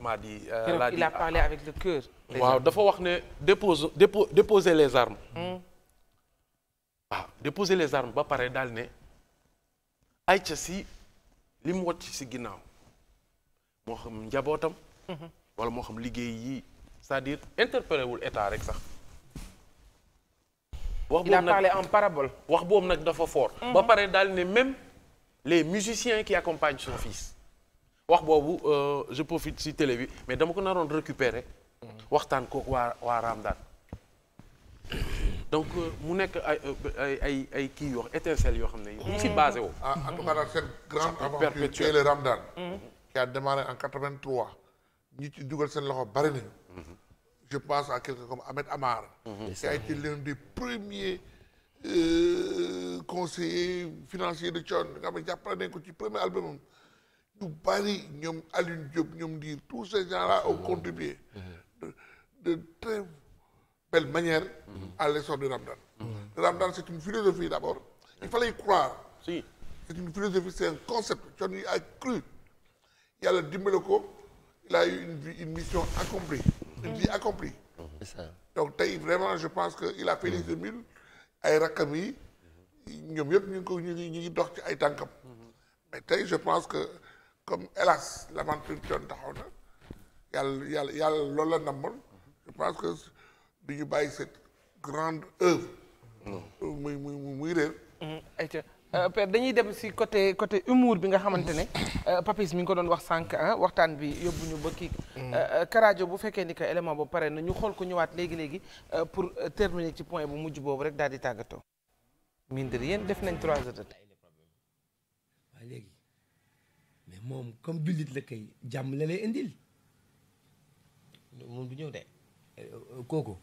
maa di. Euh, laa di a ah, parlé ah. avec le cœur. waaw dafa wax ne dépose dépo déposer les armes. waaw mm. ah, déposer les armes ba pare daal ne ayca si li mu wàcc si ginnaaw moo xam njabootam. Mm-hmm. wala moo xam liggéey yi c'est-à-dire interpellé état rek sax. wax il a parlé en wax boobu nag dafa fort. Mm-hmm. ba pare daal ne même les musiciens qui accompagnent son fils. wax boobu euh, je profite si télé bi mais dama ko naroon récupérer mm-hmm. waxtaan kook waa waa Raamdaan donc euh, mu nekk ay ay ay kii yoo étincelle yoo xam ne. ñu si mm-hmm. basé woo. Ah, en tout cas dans cette grande aventure qui est le Raamdaan. qui a démarré en 83. ñi ci dugal seen loxo bari nañu. je pense à quelqu'un comme Ahmed Amar. Mhm. qui a été l'un des premiers euh, conseillers financiers de Thione nga xam ne jàppale nañ ko ci premier album am ñu bari ñoom Diop ñoom Ndiir tous ces gens-là ont contribué mhm. de très belle manière mhm. à l'essor de Ramdan. Ramdan c'est une philosophie d'abord il fallait croire. c'est une philosophie c'est un concept Thione a cru dimbale ko il a eu une mission accomplie. vie accomplie mhm. donc tey vraiment je pense que il a fait les mhm. ay rakkam yi ñoom yëpp ñu ngi ko ñu ngi ñu ngi dox ci ay tànkam mhm. mais tey je pense que comme hélas l'aventure coon taxaw na yàlla yàlla yàlla loolu la namoon je pense que du ñu bàyyi cette grande œuvre muy muy muy Euh, Père dañuy dem si côté côté humour bi nga xamante ne euh, Papis mi ngi ko doon wax sànq waxtaan bi yóbbu ñu ba kii mm. euh, Karajo bu fekkee ni ko élément boobu pare na ñu xool ko ñëwaat léegi léegi pour terminer ci point bu mujj boobu rek daal di tàggatoo. mine de def nañ trois heures de temps. waaw léegi mais moom comme jullit la kay jàmm la lay indil. moom du ñëw de. kooku.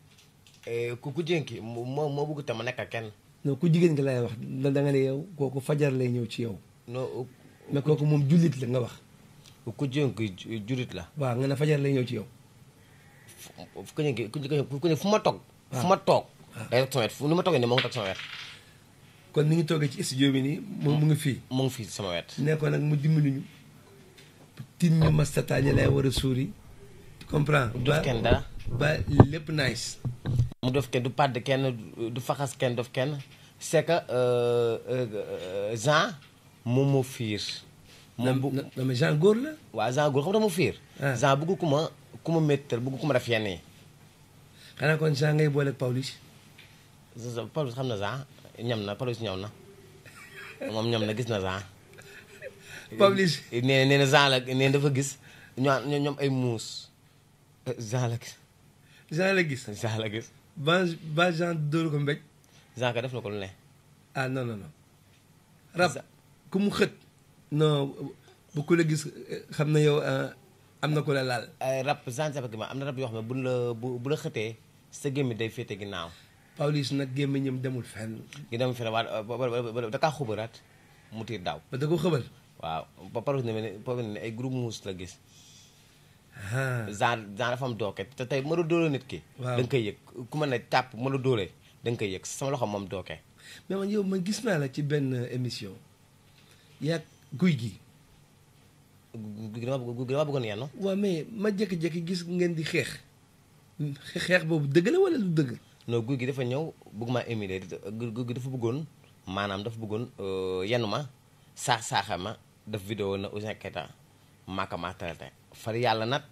kooku jénki moom moo bëgg tam nekk ak kenn. non ku jigéen nga lay wax da nga yow kooku fajar lay ñëw ci yow. non mais kooku moom jullit la nga wax. ku jigéen ki jullit la. waaw nga ne fajar lay ñëw ci yow. fu ku ne fu ma toog. fu ma toog. day toog sama wet fu ni ma toogee ne moo ngi toog sama wet. kon ni ngi toogee ci studio bi nii moom mu ngi fii. mu ngi fii sama wet. nekkoon nag mu dimbali ñu. tin war a suuri. comprendre. du kenn dara ba lépp nice. mu def kenn du pàdd kenn du faxas kenn def kenn c'est que euh, euh, Jean moom moo fiir. moom bu non mais Jean góor la. waaw Jean góor xam nga mu fiir. Ah. Jean bëgg ku ma ku ma méttal bëgg def yenn yi. xanaa kon Jean ngay boole Pawlish. Pawlish xam na Jean ñam na Pawlish ñam na moom ñam na gis na Jean. Pawlish nee na Jean la nee dafa gis ñu ñoom ay muus Jean la gis. Jean la gis. Jean la gis. ban ban Jean dóor ko mbéj. Jean ka def na ko lu ne. ah non non non. rab ku mu xët. non bu ku la gis eh, xam na yow eh, am na ku la laal. Eh, rab Jean Saba ma am na rab yoo xam ne bu la bu bu la xëtee sa gémmi day féete ginnaaw. Pawlish nag gémmiñam demul fen gi demul fenn waaw da kaa xubaraat mu tiir daaw. ba da ko xëbal. waaw ba pare ne ay groupe muus la gis. genre genre dafa am dooke te tey mën a doole nit ki. da nga koy yëg ku mën a tàpp mën a dóore da nga koy yëg sama loxo moom dooke. mais man yow man gis naa la ci benn euh, émission yaag guy gi. gu gi dama bëggoon mais ma jékki-jékki gis ngeen di xeex xeex boobu dëgg la lu dëgg. non guy gi dafa ñëw bugg maa émulé guy gi dafa bëggoon maanaam dafa bëggoon euh, yenn ma saax saaxa ma def vidéo na Ouzin Keita maa maa traité far yàlla nat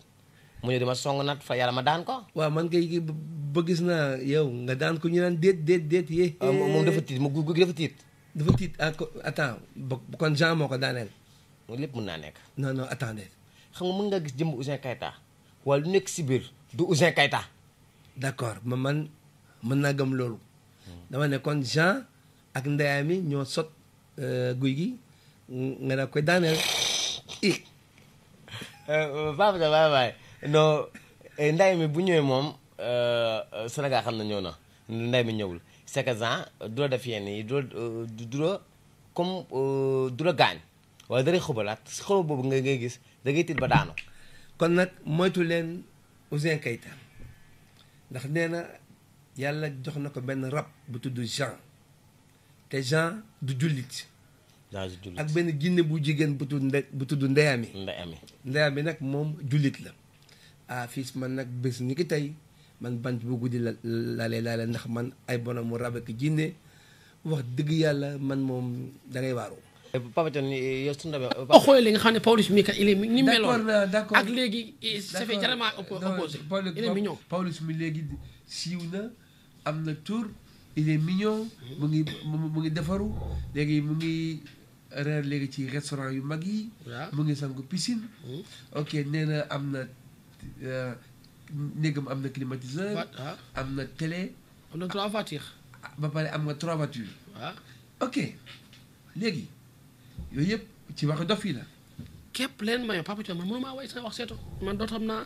mu ñëw di ma song nat far yàlla ma daan ko. waaw man kay ba gis naa yow nga daan ko ñu naan déet déet déet yee. Ah, moom dafa tiit mu guy dafa tiit. dafa tit ah attends kon Jean moo ko daaneel. lépp mën naa nekk. non non attendez. xam mën nga gis jëmb Ouzin Keita wala lu nekk si biir du Ouzin Keita. d'accord ma man mën naa gëm loolu. dama ne kon Jean ak ndeyaami ñoo sot euh, guy gi nga ne koy daaneel Eh, Pape Sa waay waay non eh, nday mi bu ñëwee moom eh, Sénégal xam na ñëw na nday mi ñëwul c'est que genre du la def yenn yi du du la comme du la gaañ waaye daray xubalaat si xobal boobu nga ngay gis da ngay tiit ba daanu. kon nag moytu leen Ouzin Keita ndax nee yàlla jox na ko benn rab bu tudd Jean te Jean du jullit. ak benn jinne bu jigéen bu tudd nde bu tudd ndeyami ndeyami nag moom jullit la ah fiis man nag bés ni ki tey man bant bu guddi la laale laale ndax man ay bonam mu rab ak jinne wax dëgg yàlla man moom da ngay waaroo eh, Papa Thione yow suñu demee. boo oh, xoolee li nga xam ne Pawlish Mika euh, eh, il est ni meloon ak léegi ça fait carrément opposé. il est mignon Pawlish mi léegi siiw na am na tur il est mignon mu ngi defaru léegi mu ngi. reer léegi ci restaurant yu mag yi. mu ngi sangu piscine. Hmm. ok nee na am na euh, néegam am na climatiseur. Ah. am na télé. am na trois voitures. Ah, ba pare am nga trois voitures. waaw ah. ok léegi yooyu yëpp ci waxi dof yi la. képp leen mayo Papa Thione man mënumaa way wax seetu man doot naa.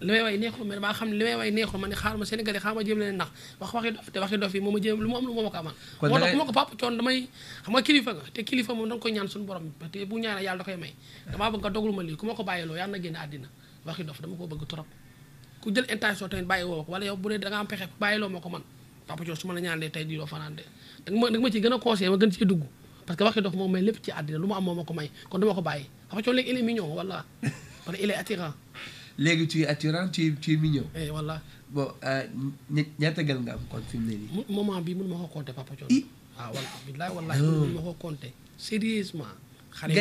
li may way neexu mais damaa xam li may way neexu ma ne xaar ma Sénégal yi xaar ma jéem leen wax waxi dof te dama ko bëgg trop ku jël intention tamit bàyyi woo ko wala yow bu dee da nga am pexe ma ko man papa su ma la ñaanlee tey di fanaan de danga ma ci gën a conseillé ma gën ci dugg parce que waxi dof moom may lépp ci àddina lu ma am moo ma ko may kon dama ko bàyyi papa coon léegi il est mignon wala kon attirant léegi tu es attirant tu es tu es mignon. eh voilà. bon euh, nga am kon fi mu ne nii. moment bii mënuma ko compter papa Thion. i ah voilà bilaay walaay ah. mënuma ko compter. sérieusement. xale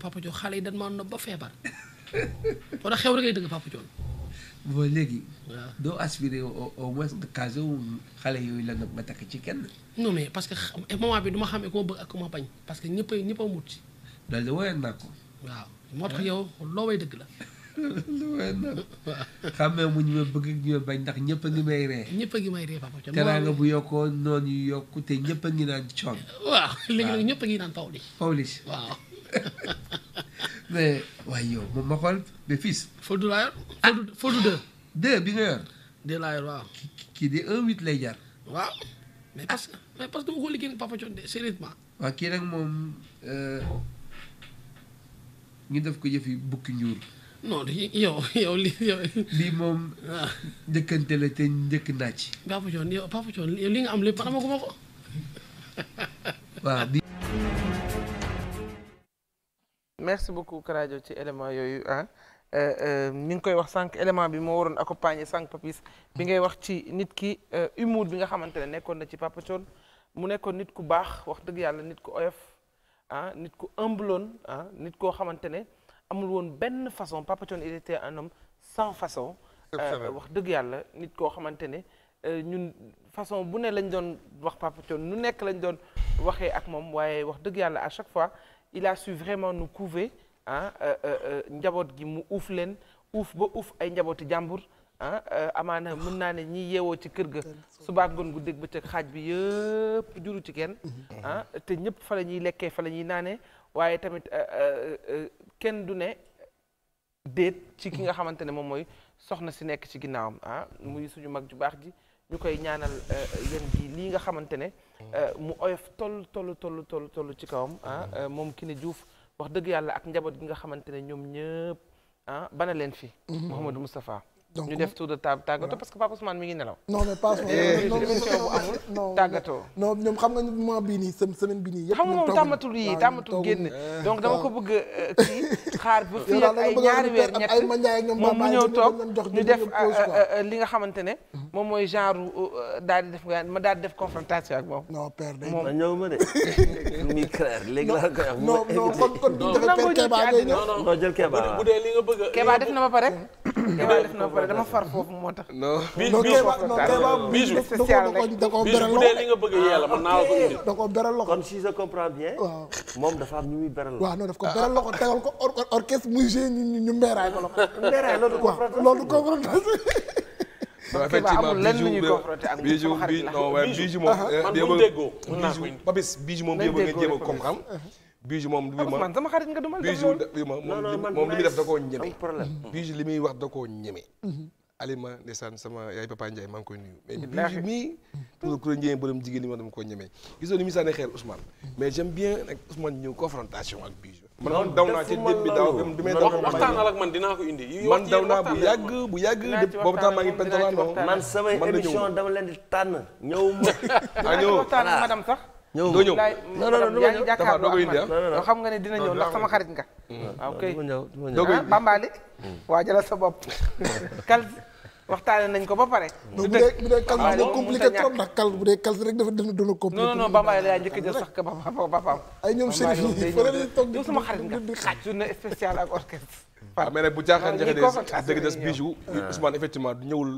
papa Thion xale yi dañ maa nopp ba feebar. wala xew rek ngay dëgg léegi. waaw doo aspiré au moins nga casé wu xale yooyu la nopp ba takk ci kenn. non mais parce que moment bi duma xamee xam ne ku ma bëgg ak ma bañ parce que ñëppay ñëpp a mut ci. loolu de naa ko. waaw moo tax yow loo way dëgg la. lu mu ñu ma bëgg ak ñu ma bañ ndax ñëpp a ngi may ree ñëpp a ngi may ree papa teraanga bu yokkoo noon yu yokku te ñëpp a ngi naan coon waaw léegi ñëpp a ngi naan Pawlish Pawlish waaw mais waaye yow moom ma xool mais fils Fodou laa yor ah. Fodou Fodou bi nga yor deux de un huit lay jar waaw parce que mais parce de kii nag moom euh, ñu def ko yëf yi bukki njuur non yow yow li lii moom. waaw ah. njëkkante la te njëkk naa ci. Papa Thione yow Papa li nga am lépp man amaguma ko. waaw bi. merci beaucoup Karajo ci élément yooyu ah euh, euh, ñu ngi koy wax sànq élément bi moo waroon accompagner sànq Papis bi ngay wax ci nit ki euh, humour bi nga xamante ne nekkoon na ci Papa Thione mu nekkoon nit ku baax wax dëgg yàlla nit ku oyof ah nit ku ëmbloon ah, nit koo xamante ne. amul woon benn façon Papa Thione il était un homme sans façon. Euh, wax dëgg yàlla nit koo xamante ne euh, ñun façon bu ne lañ doon wax Papa Thione nu nekk lañ doon waxee ak moom waaye wax dëgg yàlla à chaque fois il a su vraiment nu couver ah njaboot gi mu uuf leen uuf ba uuf ay njabooti jàmbur. ah amaana mën naa ne ñi yeewoo ci kër ga suba ngoon gu dégg bëccëg xaaj bi yëpp juru ci kenn mhm. te ñëpp fa la ñuy lekkee fa la ñuy naanee waaye tamit euh, euh, euh, kenn du ne déet ci ki nga xamante ne moom mooy soxna si nekk ci ginnaawam ah muy suñu mag ju baax ji ñu koy ñaanal yéen bi lii nga xamante ne mu oyof toll toll toll toll toll ci kawam ah moom ki ne Diouf wax dëgg yàlla ak njaboot gi nga xamante ne ñoom ñëpp ah, bana leen fi mm-hmm. Mouhamadou Moustapha donc ñu def tour de table tàggatoo parce que Pape Ousmane mi nelaw. non mais Pape tàggatoo. non ñoom xam nga mois bii nii semaine bii nii. yëpp xam nga moom tàmmatul yi tàmmatul eh, dama ko bëgg eh, kii xaar ba fii ak ay ñaari weer ñett moom mu ñëw toog ñu def euh, euh, euh, li nga xamante ne. Mm-hmm. moom mooy genre daal di def ma daal di def confrontation ak moom. non père de moom ñëw ma de. mi clair léegi laa koy wax. non jël Kéba. bu def na ba pare. Mm-hmm. Kéba def na pare dama far foofu moo tax. non non Kéba non Kéba bisu spécial rek bisu bu dee li nga bëgg yàlla mën naa la ko indi. da koo beral loxo kon si je comprends bien. waaw moom dafa am ñu muy beral loxo. waaw non daf ko beral loxo tegal ko or orchestre muy gérer ñu ñu mbeeraay ko loxo. mbeeraay loolu confrontation loolu confrontation. effectivement bijou bijou bijou moom. Uh-huh. Euh, man bu ñu déggoo. bijou papis bijou moom jéem a nga jéem a comprendre uh-huh. Bijou moom li ma man sama xarit nga du ma def loolu moom li muy def da koo ñeme mm-hmm. Bijou li muy wax da koo ñeme mm-hmm. Alima ndeysaan sama yaay papa Ndiaye maa ngi koy nuyu mm-hmm. mais Bijou mii ma dama koo ñeme gisoo ni muy sànni xeer ñëw confrontation ak Bijou man man daw naa ci bi daaw bi may daw waxtaan ak man dinaa ko indi man daw naa bu yàgg bu yàgg boobu temps maa ngi pentolaa non man samay émission dama leen di tànn ñëw ma ah, ñëw waxtaan ak madame sax ñëw doo ñëw non non non yaa ngi jàkkaarloo ak man ah. xam nga ne dina ñëw ndax sama xarit nga. waaw kay mm. ah, ah Bambali. Mm. waajalal sa bopp. Kals waxtaane nañ ko ba pare. bu dee bu dee Kals dina compliqué bu dee Kals rek dafa dina doon compliqué. non non Bambali la yaa njëkk a jël sax ka ba ba ay ñoom Chérif yi fële sama xarit nga xaaj journée spéciale ak orchestre. waaw mais nag bu jaaxaan njaxate dëgg des bijou ah. Ousmane effectivement ñëwul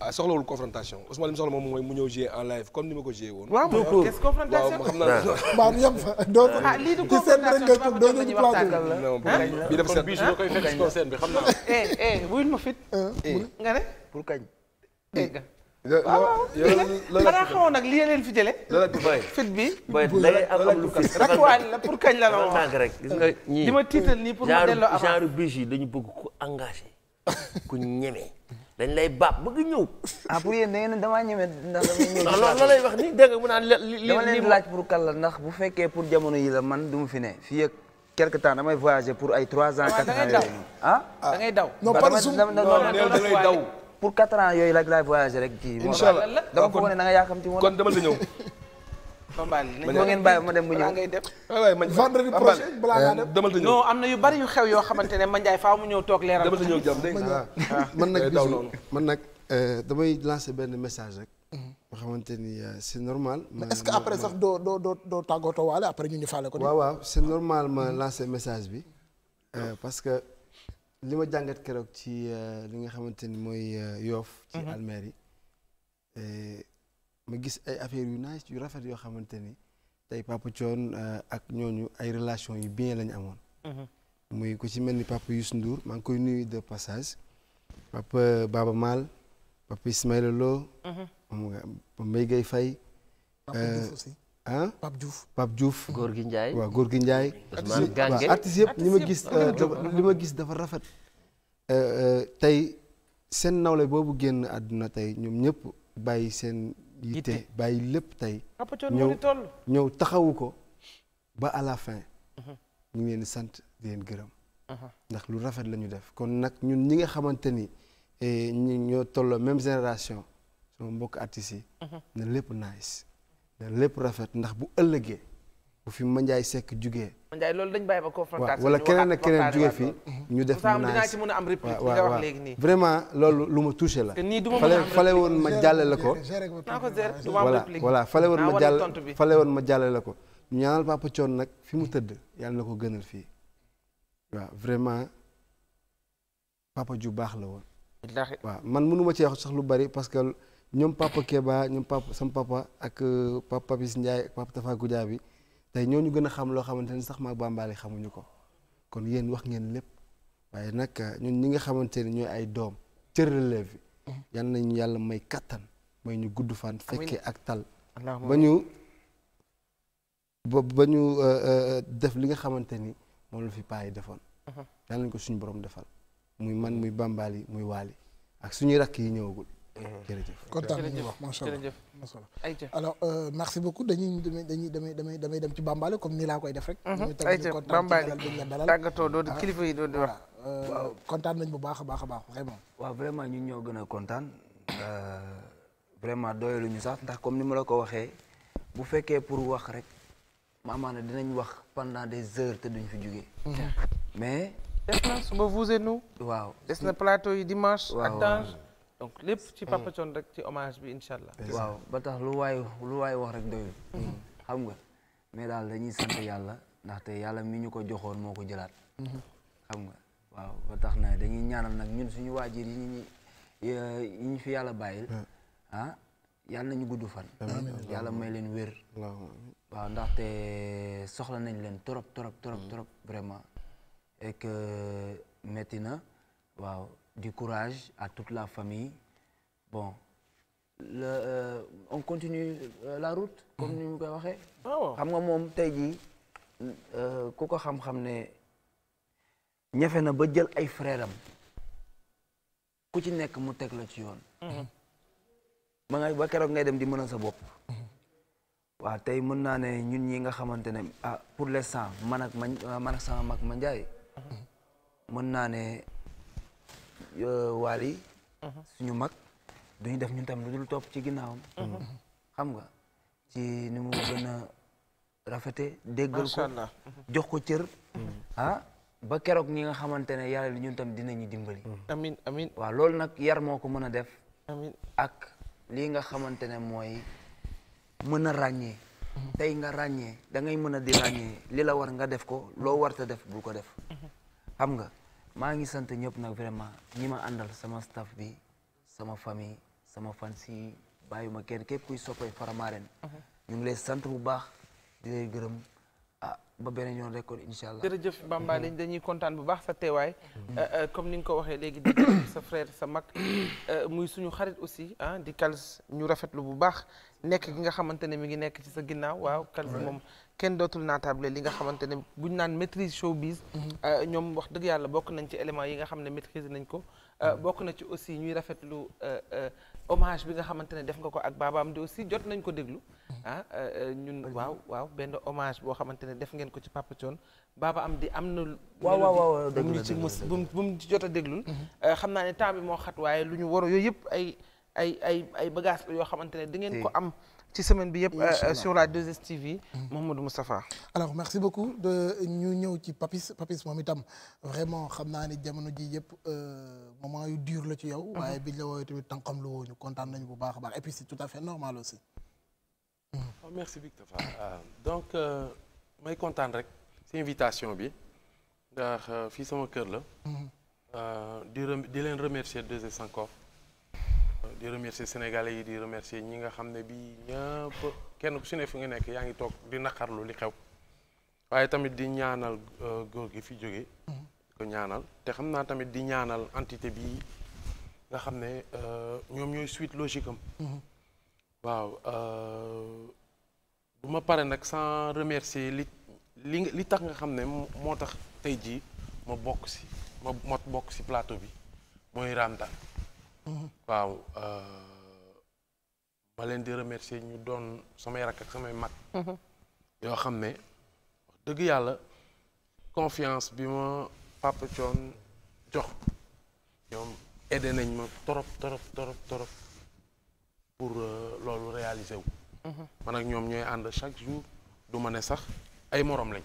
ah, soxlawul confrontation Ousmane li mu soxla moom mooy mu ñëw jouer en live comme ni ma ko jouer woon waaw confrontation xam na ah. waaw yem fa doo lii du confrontation doo ñu plateau non bi dafa seet bijou koy fekk ci scène bi xam naa eh eh wuyul ma fit eh. nga waaw xanaa xamoon nag li leen fi jële fit bi rakwaay la pour kañ la la wax rek gis nga ñii li ma tiital nii pour ma delloo avant genre bus yi dañu bëgg ku engagé ku ñeme dañ lay baab bëgg ñëw ah pour yéen da ngeen damaa ñeme ndax dama ñëw ah, loolu lay wax ni dégg nga mu naan li dama leen laaj pour kan la ndax bu fekkee pour jamono yi la man du mu fi ne fii ak quelque temps damay voyager pour ay trois ans quatre ans ah da ngay daw non ah, par exemple da ngay daw pour quatre ans yooyu laaj laay voyagé rek. kii incha allah dama foog ne na nga la dem bu ngay dem. waaw ah man vendredi prochain balaa ngaa demal te ñëw non am na yu bari yu xew yoo xamante ne ma Ndiaye faa mu ñëw toog leeral. demal te ñëw jàmm dégg nga ah. Ah. man nag euh, damay lancer benn message rek. nga xamante ni euh, c'est normal. ma est-ce que après sax doo doo doo doo tàggatoo waale après ñu ñu faale ko. waaw waaw c'est normal ma lancer message bi euh, parce que. li ma jàngat keroog ci euh, li nga xamante ni mooy euh, yoof ci mhm. almeeri yi euh, ma gis ay affaires yu nice yu rafet yoo xamante ni tey Papa Thion ak ñooñu ay relation yu bien lañu amoon mhm. muy ku ci mel ni Papa Youssou Ndour maa ngi koy nuyu de passage Papa Baba Maal Papa Ismaïla Lo Mbaye mhm. Guèye Faye Papa Diouf ah Pape Diouf Pape Diouf. góor gi Ndiaye waaw góor gi Ndiaye. Ousmane Gange artiste yëpp li ma gis euh, li ma gis dafa rafet. Euh, euh, tey seen nawle boobu génn àdduna tey ñoom ñëpp bàyyi seen. yitte bàyyi lépp tey. ñëw ñëw taxawu ko ba à la fin. Mhm. ñu ngi leen sant di leen gërëm. Mhm. ndax lu rafet la ñu def kon nag ñun ñi nga xamante ni eh, ñoo tolloo même génération sama mbokk artistes yi. Mhm. na lépp nice. da lépp rafet ndax bu ëllëgee bu fi Mandiaye Seck jugee. Mandiaye loolu dañ bàyyi ba confrontation wala keneen ak keneen jugee fii. ñu def mu dinaa ci mën a am réplique nga wax léegi nii vraiment loolu lu ma touché la. fale fale woon ma jàlle la ko. voilà voilà fale woon ma jàll fale woon ma jàlle la ko. ñu ñaanal Papa Thione nag fi mu tëdd yàlla na ko gënal fii waaw vraiment papa ju baax la woon. man mënu ci sax lu bari parce ñoom papa Keba ñoom papa sama papa ak euh, papa Papis Ndiaye ak papa Tafa Goudia bi tey ñooñu gën a xam loo xamante ni sax maag bàmbaale xamuñu ko kon yéen wax ngeen lépp waaye nag euh, ñun ñi nga xamante ni ñooy ay doom cër relève bi yàlla may kattan may ñu gudd fan fekkee ak tal ba ñu ba ñu euh, def li nga xamante ni moom la fi paa yi defoon uh-huh. yal nañ ko suñu borom defal muy man muy bàmbaali muy waali ak suñuy rakk yi ñëwagul jërëjëf kontaan nañu wax macha allah jërëjëf ayca alors euh, merci beaucoup dañuy dañuy damay damay damay dem ci bambale comme nii laa koy def rek. Mhm. ayca bambale tàggatoo doo ah, kilifa euh, nañ bu baax a baax a baax vraiment. waaw vraiment ñun ñoo euh, ñu sax ndax comme ni ma la ko waxee bu fekkee pour wax rek maamaana dinañ wax pendant des heures te duñ fi jugee. Mhm. mais. des na suba vous et nous. waaw des na plateau yi dimanche. ak donc lépp ci mm. Papa Thione rek ci hommage bi incha allah. waaw ba tax lu waay wax rek doyul. Mm. Mm. xam nga mais daal dañuy sant yàlla ndaxte yàlla mi ñu ko joxoon moo ko jëlaat. Mm-hmm. xam nga waaw ba tax na dañuy ñaanal nag ñun suñu waajur yi ñu yi ñu fi yàlla bàyyil. ah yàlla nañu gudd fan. yàlla may leen wér. waaw ndaxte soxla nañ leen trop trop trop trop vraiment. metti na waaw. du courage à tout la famille bon le euh, on continue euh, la route. comme koy waxe ah xam nga moom tey jii euh, ku ko xam-xam ne ñafe na ba jël ay frères ku ci nekk mu teg la ci yoon. Mhm. ba keroog ngay dem di mën sa bopp. Mhm. waaw tey mën naa ne ñun ñi nga xamante ne ah pour l'instant man ak man man ak mag ma Njaay mhm. mën naa ne. waal euh, Wally mhm. suñu mag duñu def ñun tam lu dul topp ci ginnaawam mhm. Mhm. xam nga ci ni mu gën a rafete déggal ko jox ko cër ah, ba keroog ñi nga xamante ne yàlla li ñun tam dinañu dimbali amin amin waaw loolu nag yar moo ko mën a def ak lii nga xamante ne mooy mën a ràññee tey nga ràññee dangay mën a di ràññee li la war nga def ko loo warta def bu ko def xam nga maa ngi sant ñëpp nag vraiment ñi ma àndal sama staff bi sama famille sama fans yi bàyyuma kenn képp kuy soppay Faramareen ñu ngi lay sant bu baax di gërëm ah ba beneen yoon rek kon incha allah. jërëjëf mhm. dañuy kontaan bu baax sa teewaay. Mhm. Euh, euh, comme ni nga ko waxee léegi di sa frère sa mag. Euh, muy suñu xarit aussi ah di Kals ñu rafetlu bu baax nekk gi nga xamante ne mi ngi nekk ci sa ginnaaw waaw Kals moom. kenn dootul naataable li nga xamante ne buñ naan maîtrise showbiz mhm. euh, ñoom wax dëgg yàlla bokk nañ ci éléments yi nga xam ne maîtrise nañ ko euh, mhm. bokk na ci aussi ñuy rafetlu euh, hommage bi nga xamante ne def nga ko ak baabaam di aussi jot nañ ko déglu mhm. ah ñun waaw waaw benn hommage boo xamante ne def ngeen ko ci Papa Thione baaba am di am na waaw waaw bu ñu ci mus bu mu ci jot a déglul xam naa ne temps moo xat waaye lu ñu waro yooyu yëpp ay ay ay ay bagage yoo xamante ne di ngeen ko am ci semaine bi yëpp euh, euh, sur la 2STV. Mouhamadou mm-hmm. Moustapha. alors merci beaucoup de ñu ñëw ci Papis Papis moom itam vraiment xam naa ni jamono ji yëpp euh, moment yu dur la ci yow. Mm-hmm. waaye bi la woowee tamit tànqam lu woo ñu kontaan nañu bu baax a baax et puis c'est tout à fait normal aussi. Mm-hmm. Oh, merci Big Tafa donc may kontaan rek ci invitation bi ndax fii sama kër la. di di leen remercier 2S di remercier Sénégalais yi di remercier ñi nga xam ne bii ñëpp kenn ku si ne fi nga nekk yaa ngi toog di naqarlu li xew waaye tamit di ñaanal euh, góor gi fi jóge ko ñaanal te xam naa tamit di ñaanal entité bi nga xam ne euh, ñoom ñooy suite logique am. waaw duma euh, pare nag sans remercier li li li tax nga xam ne moo tax tey jii ma bokk si ma ma bokk si plateau bi mooy Ramdan. waaw euh, ma leen di remercier ñu doon samay rakk ak samay mag yoo xam ne wax dëgg yàlla confiance bi ma papa coon jox ñoom ede nañ ma torop torop torop torop pour euh, loolu réaliser wu man ak ñoom ñooy ànd chaque jour du ma ne sax ay moroom lañ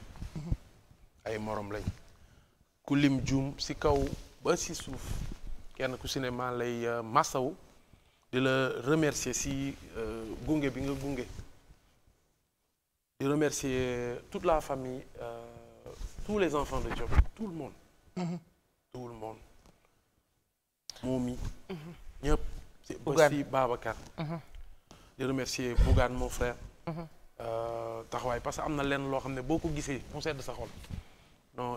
ay morom lañ ku lim juum si kaw ba si suuf kenn ku cinéma lay euh, massawu di la remercier si euh, gunge bi nga gunge di remercier euh, toute la famille tous les enfants de Diop tout le monde mm-hmm. tout le monde moom mi mm-hmm. ñëpp ba si Babacar mm-hmm. di remercier Bougane mon frère taxawaay parce que am na leen loo xam ne boo ko gisee mu sedd sa xol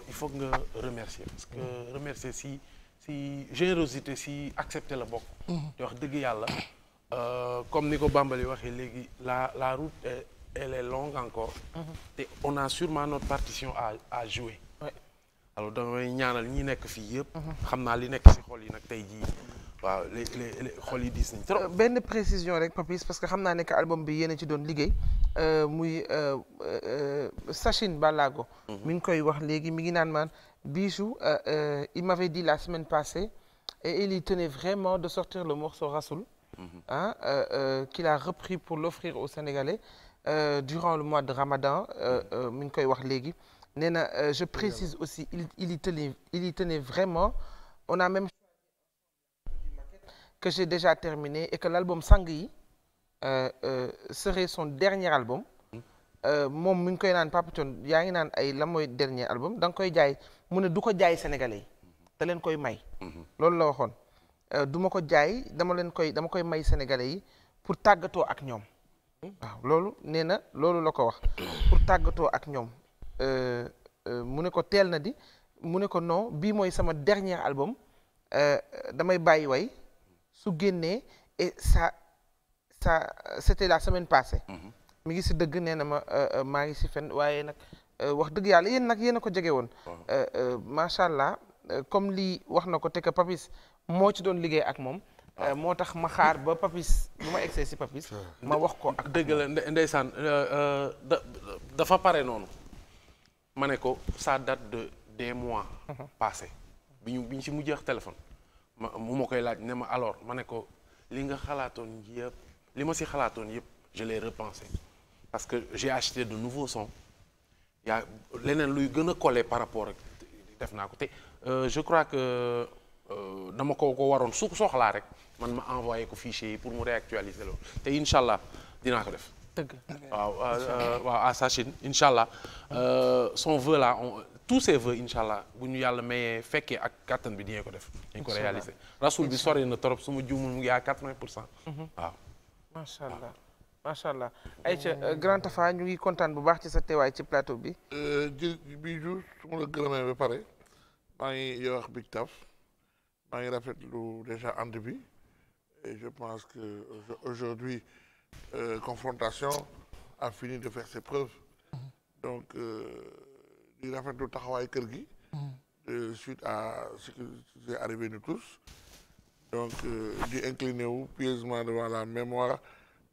il faut nga remercier parce que remercier si si générosité si accepter la bokk te mhm. wax dëgg yàlla euh, comme ni ko Bambali waxee léegi la la route est, elle est longue encore mhm. te on a sûrement notre partition à à jouer ouais. alors damay ñaanal ñi nekk fii yëpp mhm. xam naa li nekk si xol yi nag tey jii waaw les les xol yi diis nañ trop euh, benn précision rek Papis parce que xam naa ne que album bi yéen a ci doon liggéey euh, muy Sachin Balago mi ngi koy wax léegi mi ngi naan maan Bijou, euh, euh, il m'avait dit la semaine passée, et il y tenait vraiment de sortir le morceau Rasoul, mhm. hein, euh, euh, qu'il a repris pour l'offrir aux Sénégalais euh, durant le mois de Ramadan, euh, mi mhm. ngi koy wax léegi. nee na je précise aussi il il y tenait vraiment on a même que j'ai déjà terminé et que l'album Sang yi serait son dernier album. Euh, moom mi ngi koy naan Pape Thion yaa ngi naan ay la mooy dernier album da koy jaay mu ne du ko jaay sénégalais yi da leen koy may. Mhm. loolu la waxoon euh, duma ko jaay dama leen koy dama koy may sénégalais yi pour tàggatoo ak ñoom. waaw loolu nee na loolu la ko wax pour tàggatoo ak ñoom euh, mu ne ko teel na di mu ne ko non bii mooy sama dernier album damay bàyyi way su génnee sa sa ça la semaine passée. Mhm. mi ngi si dëgg nee na ma euh, euh, maa ngi si fen waaye nag euh, wax dëgg yàlla yéen nag yéen a ko jege woon. macha allah comme lii wax na ko teg que Papis moo ci doon liggéey ak moom. Ah. moo tax ma xaar ba Papis bu ma egsee si Papis. ma wax ko ak dëgg la ndeysaan da dafa pare noonu. ma ne ko ça date de des mois. Mhm. passé bi ñu bi ñu si mujjeex téléphone. ma mu ma koy laaj ne ma alors ma ne ko li nga xalaatoon yëpp li ma si xalaatoon yëpp je l'ai repensé. parce que j'ai acheté de nouveaux sons yaa leneen luy gën a collé par rapport ak def naa ko te euh, je crois que euh, dama koo ko waroon su soxlaa rek man ma envoyé ko fichier yi pour mu réactualiser loolu te incha allah dinaa ko def. dëgg waaw euh, waaw à Sachine incha allah son vœu là on tous ses vœux incha allah bu ñu yàlla mayee fekkee ak kattan bi dinañ ko def. dañ ko réaliser rasul bi sori na trop su ma juumul mu ngi à pour cent. Mhm. waaw macha allah Aïcha euh, grand Tafa ñu ngi kontaan bu baax ci sa teewaay ci plateau bi. jë bii jour su ma la gërëmee ba pare maa ngi wax Big Taf maa ngi rafetlu déjà ànd bi et je pense que aujourd'hui euh, confrontation a fini de faire ses preuves. donc euh, di rafetlu taxawaay kër gi. suite à ce qui est arrivé nous tous. donc euh, di incliné wu pieusement devant la mémoire.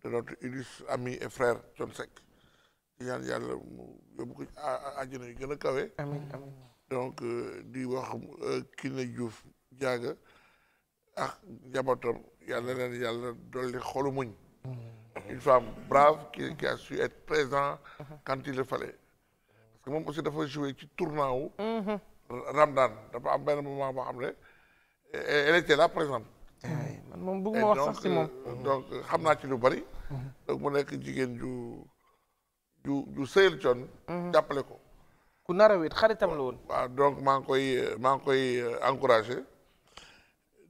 de notre illustre ami et frère Thione Seck di yàlla yóbbu ko àjjana yu gën a kawe. donc di wax Kiné Diouf Diaga ak njabootam yàlla leen yàlla dolli xolu muñ. une femme brave qui a su être présent quand il le parce que moom aussi dafa joué ci tournant wu. Ramadan dafa am benn moment boo xam ne elle là par exemple. man moom bëgguma wax sax ci moom. Euh, donc euh, xam naa ci lu bari. Mhm. donc mu nekk jigéen ju ju ju sëyal coon. Mhm. jàppale ko. ku nar a wéet xaritam la woon. waaw donc maa ngi koy euh, maa ngi koy encouragé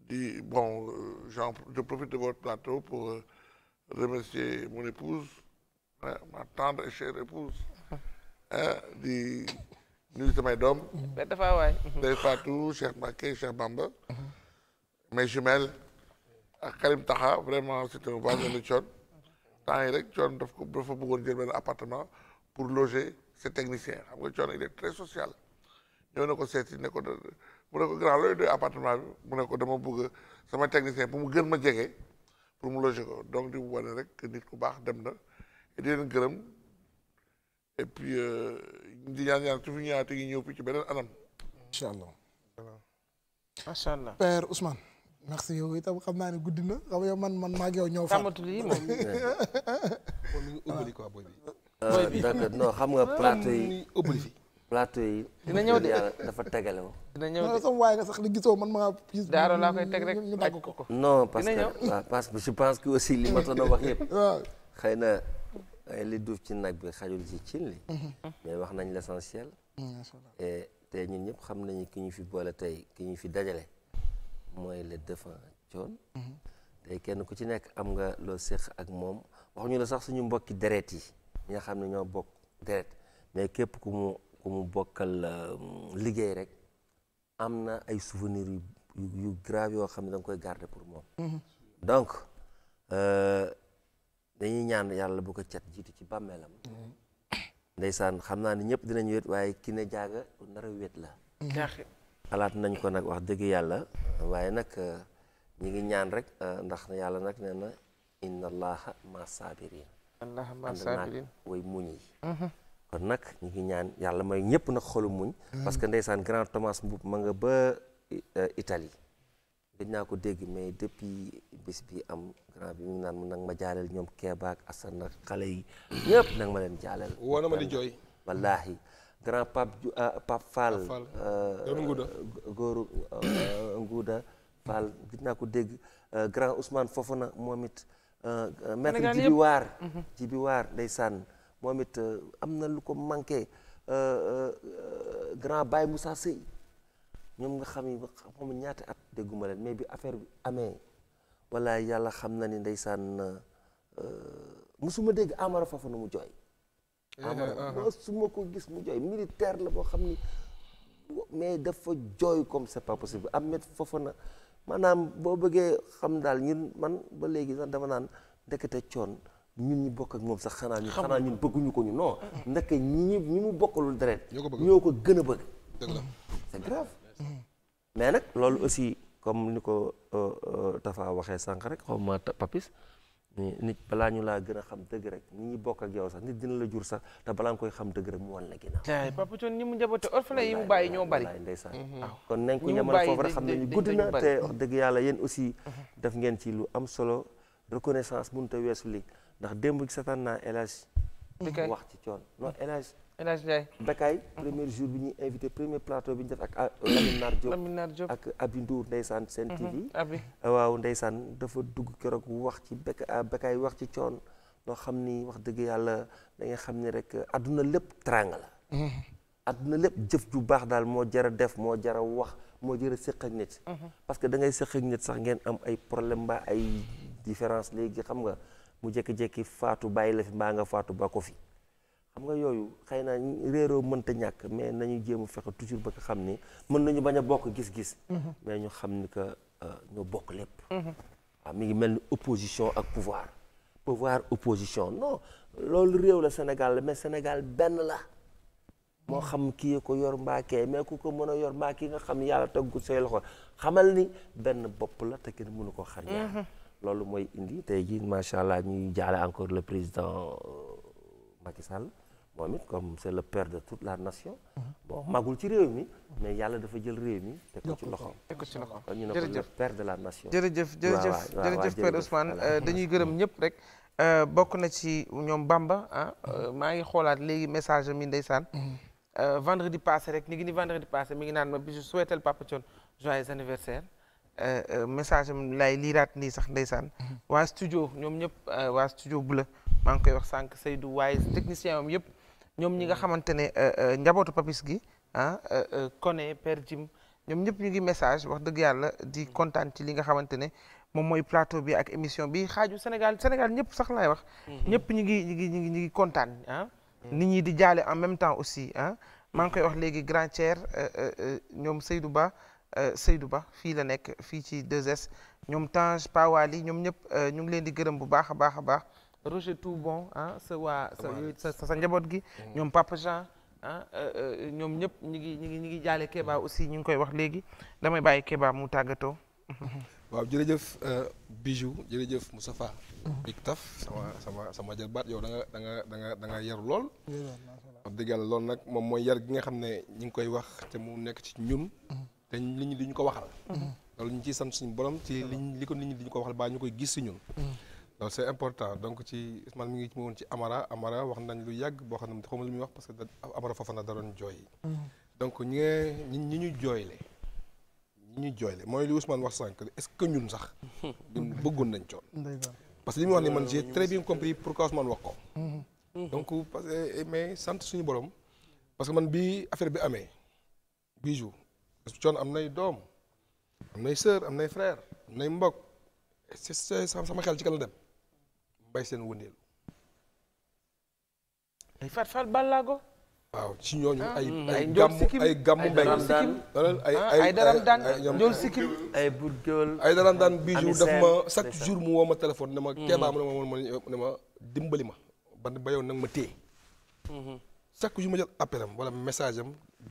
di bon j'en je profite de votre plateau pour remercier mon épouse ma tendre et chère épouse mhm. di nuyu samay doom. day Fatou Cheikh Mbacké mes jumelles ak Karim Taha vraiment c' est un vangeli coon temps yi rek coon daf ko dafa bëggoon jël benn appartement pour loger ses techniciens xam nga coon il est très social ñëw na ko seeti ne ko mu ne ko grand looy doy appartement bi mu ne dama bëgg sama technicien pour mu gën ma jege pour mu loger ko donc di wane rek que nit ku baax dem na di leen gërëm et euh, di ñaan ñaan su fi ñëwaatee ñëw fi ci beneen anam. incha allah. macha allah merci yow itam xam ne guddi na man man maag ñëw fa tàmmatul yi moom moom euh, xam nga plateau yi ubbali fi yi dina ñëw de dafa tegale wo dina ñëw de gisoo man maa gis daaro laa teg rek ñu dagg ko non parce que waaw parce que je pense que aussi li ma doon wax yëpp waaw xëy na euh, li duuf ci nag bi xajul ci cin li mhm. mais wax nañ l'essentiel mm, te ñun ñëpp xam nañu ki ñu fi boole tey ki ñu fi dajale mooy le défunt coon mhm. tey kenn ku ci nekk am nga loo séq ak moom wax ñu la sax suñu mbokki deret yi ñi nga xam ne ñoo bokk deret mais képp ku mu ku mu bokkal euh, liggéey rek am na ay souvenir yu yu grave yoo xam ne da koy garder pour moom mhm. donc euh, dañuy ñaan yàlla bu ko cat jiitu ci bàmmeelam mhm. ndeysaan xam naa ni ñëpp dinañ wet waaye ki ne jaaga nara wet la xalaat nañ ko nag wax dëgg yàlla waaye nag euh, ñi ngi ñaan rek euh, ndax yàlla nag nee na inna allaha ma sabirin naag way muñ yi mm-hmm. kon nag ñi ngi ñaan yàlla may ñëpp nag xolu muñ mm-hmm. parce que ndeysaan grand Thomas Mboup ma nga ba euh, Italie gëj naa ko dégg mais depuis bis bi am grand bi mu ngi naan mu nag ma jaaleel ñoom Keeba ak Assane nag xale yi ñëpp nag ma leen jaaleel woona ma di jooy grand Pape Pape Nguuda Fall gis ko dégg ah, grand Ousmane Fofana moom it. Ah, ah, maître Jibi Waar mhm. Jibi Waar ndeysaan moom it am na lu ko manqué grand Baye Moussa Sey ñoom nga xam ne moom ñaata at dégguma leen mais bi affaire bi amee wala yàlla xam na ni ndeysaan musuma dégg Amara Fofana mu jooy. Amara eh, eh, eh. Ba su ma ko gis mu jooy militaire la boo xam ni mais dafa jooy comme c'est pas possible Ahmed Fofana maanaam boo bëggee xam daal ñun man ba léegi sax dama naan ndekete coon ñun ñu bokk ak moom sax xanaa ñun ñun bëgguñu ko ñu non ndeke ñi ñi mu bokkalul deret ñoo ko gën a bëgg dëgg la c'est grave mais nag loolu aussi comme ni ko dafa euh, euh, waxee sànq rek xaw ma papis mais nit balaa ñu laa gën a xam dëgg rek ñi bokk ak yow sax nit dina la jur sax te balaa nga koy xam dëgg rek mu wan la ginnaaw. tey Papa Thione ñi mu njaboote mhm. ko ñamal foofu rek xam ne ñu gudd na te wax dëgg yàlla yéen aussi mhm. def ngeen ci lu am solo reconnaissance mënut a weesu li ndax démb gi seetaan naa El Hadj wax ci Thione non El Elhadj Bakaay premier jour bi ñuy invité premier plateau bi ñu def ak euh, Lamine Nar Diop ak Abi Ndour ndeysaan Sen mhm, TV waaw ndeysaan dafa dugg keroog wax ci Bakaay euh, Bakaay wax ci coon loo xam ni wax dëgg yàlla da xam ni rek euh, àdduna lépp teraanga la mhm. àdduna lépp jëf ju baax daal moo jara def moo jara wax moo jara séq ak nit mhm. parce que da ngay séq ak nit sax ngeen am ay problème ba ay différence léegi xam nga mu jékki-jékki faatu bàyyi la fi mbaa nga faatu ba ko fi xam nga yooyu xëy na réeroo mënta ñàkk mais nañu jéem a fexe toujours ba nga xam ni mën nañu bañ a bokk gis-gis. Mhm. mais ñu xam ni que euh, ñoo bokk lépp. Mhm. waaw mi ngi mel ni opposition ak pouvoir pouvoir opposition non loolu réew la Sénégal la mais Sénégal benn la. moo xam kii ko yor mbaake mais ku ko mën a yor mbaa kii nga xam ni yàlla taggu say loxo xamal ni benn bopp la te kenn mënu koo xar ñaar. Mhm. loolu mooy indi tey jii macha allah ñuy jaale encore le président euh, Macky Sall. moom comme c'est le père de toute la nation. bon magul ci réew mi. mais yàlla dafa jël réew mi. teg ko ci loxoom teg ñu ne ko le de la nation. jërëjëf jërëjëf jërëjëf père dañuy gërëm ñëpp rek. Euh, bokk na ci ñoom Bamba ah euh, mm-hmm. maa ngi xoolaat léegi message mi ndeysaan ndeysaan. Mm-hmm. Euh, vendredi passé rek ni ngi ni vendredi passé mi ngi naan ma bi je souhaite Papa Thione joyeux anniversaire. message mu lay liiraat nii sax ndeysaan. Mm-hmm. waa studio ñoom ñëpp waa studio bu la maa ngi koy wax sànq Seydou waaye technicien am yëpp. ñoom ñi nga xamante ne euh, euh, njabootu papis gi ah euh, Koné Père Jim ñoom ñëpp ñu ngi message wax dëgg yàlla di mm-hmm. kontaan ci li nga xamante ne moom mooy plateau bi ak émission bi xaaju Sénégal Sénégal ñëpp sax laay wax. Mm-hmm. ñëpp ñu ngi ñu ngi ñu ngi ñu ngi kontaan ah. Mm-hmm. nit ñi di jaale en même temps aussi ah. maa ngi koy wax léegi grand tier ñoom Seydou Ba Seydou Ba fii la nekk fii ci 2S ñoom Tange Pawali ñoom ñëpp ñu ngi leen di gërëm bu baax a baax a baax. Roger Toubon ah sa waa sa sa njaboot gi. Mm. ñoom Papa Jean ah ñoom ñëpp ñu ngi ñi ngi ñi ngi jaale Kéba mm. aussi ñu ngi koy wax léegi damay bàyyi Kéba mu tàggatoo. waaw jërëjëf euh, Bijou jërëjëf Moustapha Big Taf sama sama sama jërbaat yow da nga da da nga da yaru lool. wax loolu nag moom mooy yar gi nga xam ne ñu ngi koy wax te mu nekk ci ñun. te nit ñi duñ ko waxal. Mm. loolu ñu ciy sant suñu borom ci liñ li ko nit ñu duñ ko waxal baa ñu koy gis si ñun. loolu c'est important donc ci man mu ngi ci ci Amara Amara wax nañ lu yàgg boo xam ne xawma lu muy wax parce que Amara Fofana da doon jooy. Mm. donc ñi ñi ñu jooyle ñi ñu jooyle mooy li Ousmane wax sànq est-ce que ñun sax ñun bëggoon nañ coon parce que li muy wax ni man euh, j'ai très bien compris pourquoi Ousmane wax ko mm-hmm. donc parce eh, mais sant suñu borom parce que man bi affaire bi amee bi jour coon am nay doom am nay sœur am nay frère am nay mbokk sama xel ci kan la dem bay seen wëndeelu. ay Fat Fat Ballago. waaw ci ñooñu ah. mm. ay. ay Njool Sikim ay gàmmu ay gàmmu ah, ay daram daan Njool Sikim ma chaque jour mu woo ma téléphone ne ma. Mm-hmm. mu ne ma ne ma dimbali ma ba yow nag ma téye. Mm-hmm. chaque jour ma jot appel am wala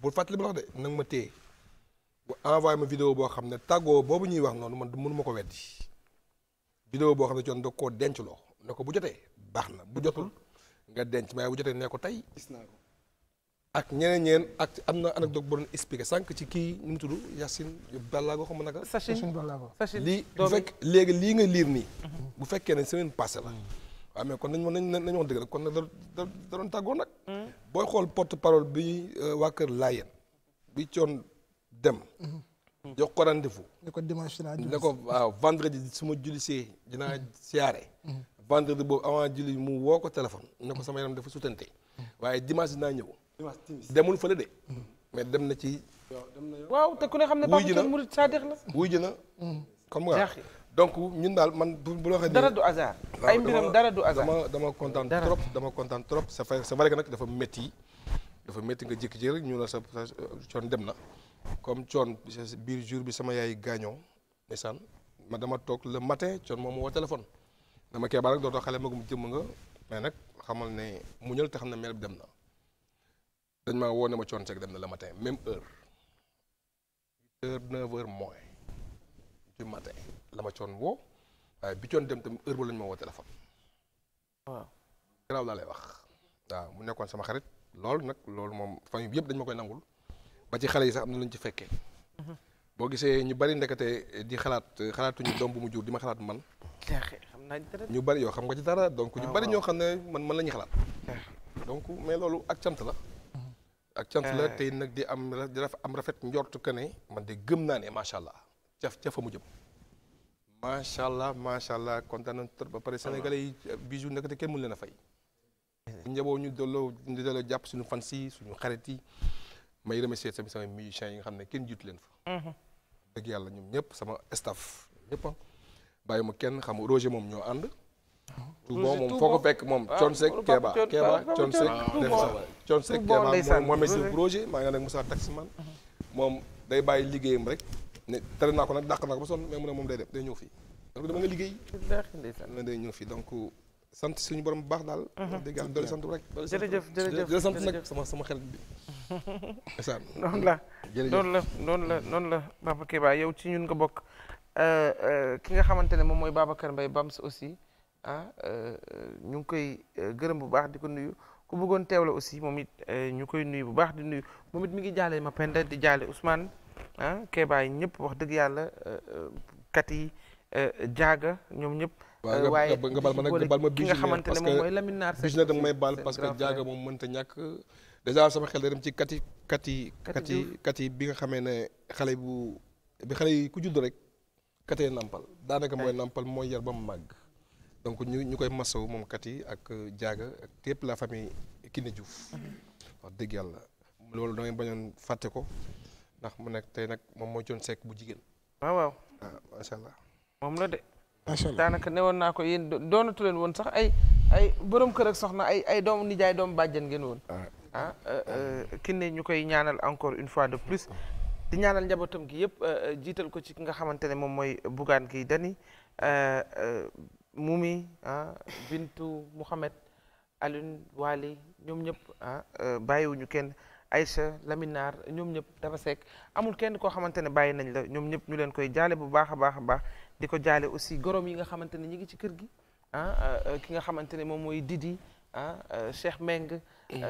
bu fàttali ma wax de nag ma téye envoyé ma vidéo boo xam ne tàggoo boobu ñuy wax noonu man du ko weddi vidéo boo xam ne coon da koo denc loo ne ko bu jotee baax na bu jotul nga denc mais bu jotee ne ko tey. gis naa ko ak ñeneen am na anecdote bu doon expliqué sànq ci kii nu mu tudd Yacine Ballago xam naka. Sachin Ballago Sachin lii bu fekk léegi lii nga liir nii. Mhm. bu fekkee ne semaine passée la. waaw mais kon nañu wax nañu wax dëgg rek kon nag da doon tàggoo nag. Mhm. booy xool porte parole bi euh, waa Kër Laayeen. bi coon dem. Mhm. jox ko rendez-vous. ne ko dimanche dinaa julli ne ko waaw vendredi su ma jullisee dinaa siyaare. vendredi boobu avant julli mu woo ko téléphone ne ko sama yaram dafa sutante waaye dimanche dinaa ñëw demul fële de mais dem na ci waaw te ku ne xam ne wuy ji na murid sadiq la wuy ji na comme nga donc ñun daal man bu la waxee dara du hasard ay mbiram dara du kontaan trop dama kontaan trop c'est vrai c'est vrai que nag dafa dafa métti nga jékki-jékki rek ñu sa coon dem na comme coon biir jour bi sama yaay gaañoo ndeysaan ma dama toog la matin coon moom moo woo téléphone dama Kéba rek dootoo xale magum jëmm nga mais nag xamal ne muñal te xam ne mel bi dem na dañ maa woo ne ma coon seeg dem na la matin même heure heure neuf du matin la ma coon woo waaye bi coon dem tamit heure ba lañ ma woo téléphone. waaw laa lay wax. waaw mu nekkoon sama xarit loolu nag loolu moom famille bi yëpp dañ ma koy nangul ba ci xale yi sax am na lu ñu ci fekkee. Mhm. boo gisee ñu bari ndekete di xalaat xalaatuñu doom bu mu jur di ma xalaat man. ñu bari yoo xam nga ci dara donc ñu ah, bari ñoo xam ne man man la ñuy xalaat ah. donc mais loolu ak cant la ah. ak cant la tey nag di am dafa am rafet njort ka ne man de gëm naa ne macha allah jaf jafa mu jëm macha allah macha kontaan nañ trop ba pare sénégalais yi euh, bijou nekk te kenn mënu leen a fay eh. njaboo ñu delloo ñu delloo jàpp suñu fans yi suñu xarit yi may remercier tamit sama musiciens yi nga xam ne kenn jiitu leen fa mm-hmm. dëgg bàyyi ma kenn xam Roger moom ñoo ànd. Touba moom foo ko fekk moom ah, Thione Seck Kéba Kéba Thione Seck def sa waay Thione Seck Kéba mooy moom si Roger maa nga nag Moussa Taximan moom day bàyyi liggéeyam rek ne tere naa ko nag dàq naa ko ba sonn mais mu ne moom day dem day ñëw fii donc dama nga liggéey na day ñëw fii donc sant suñu borom bu baax daal mhm. dégg yàlla doole sant rek jërëjëf jërëjëf sant nag sama sama xel bi noonu la noonu la noonu la Papa Kéba yow ci ñun nga bokk Euh, euh, ki nga xamante ne moom mooy Babacar Mbaye Bams aussi ah euh, ñu ngi koy gërëm bu baax di ko nuyu ku bëggoon teew la aussi moom it ñu koy nuyu bu baax di nuyu moom it mi ngi jaale ma penda di jaale Ousmane ah Kébaay ñëpp wax dëgg yàlla kat yi jaaga ñoom ñëpp. waaye nga baal ma nag nga baal ma bijou parce que bijou nag may baal parce que jaaga moom mënta ñàkk dèjà sama xel da dem ci kati yi kat yi kat yi bi nga xamee ne xale bu bi xale yi ku judd rek. katee nampal daanaka mooy nampal mooy yar ba mu màgg donc ñu ñu koy masaw moom kat yi ak jaaga euh, ak tépp la famille Kiné Diouf mhm. wax dëgg yàlla loolu da ngeen bañoon fàtte ko ndax mu nekk tey nag moom mooy coon sekk bu jigéen waaw waaw ah, macha allah moom la de macha allah daanaka naa ko yéen doonatu leen woon sax ay ay borom kër ak soxna ay ay doomu nijaay doom bàjjan ngeen woon ah, ah euh, euh, Kiné ñu koy ñaanal encore une fois de plus di ñaanal njabootam ki yëpp euh, euh, jiital ko ci ki nga xamante ne moom mooy Bougane Gueye Dany euh, Mumi ah Bintu Mouhamed Alioune ñoom ñëpp ah bàyyiwuñu kenn Aïcha Laminar ñoom ñëpp dafa sekk amul kenn koo xamante ne bàyyi nañ la ñoom ñëpp ñu leen koy jaale bu baax a baax a baax di ko jaale aussi gorom yi xamante ne ñi ngi ci kër gi ah, ki nga xamante ne moom mooy Didi ah Cheikh Meng eh.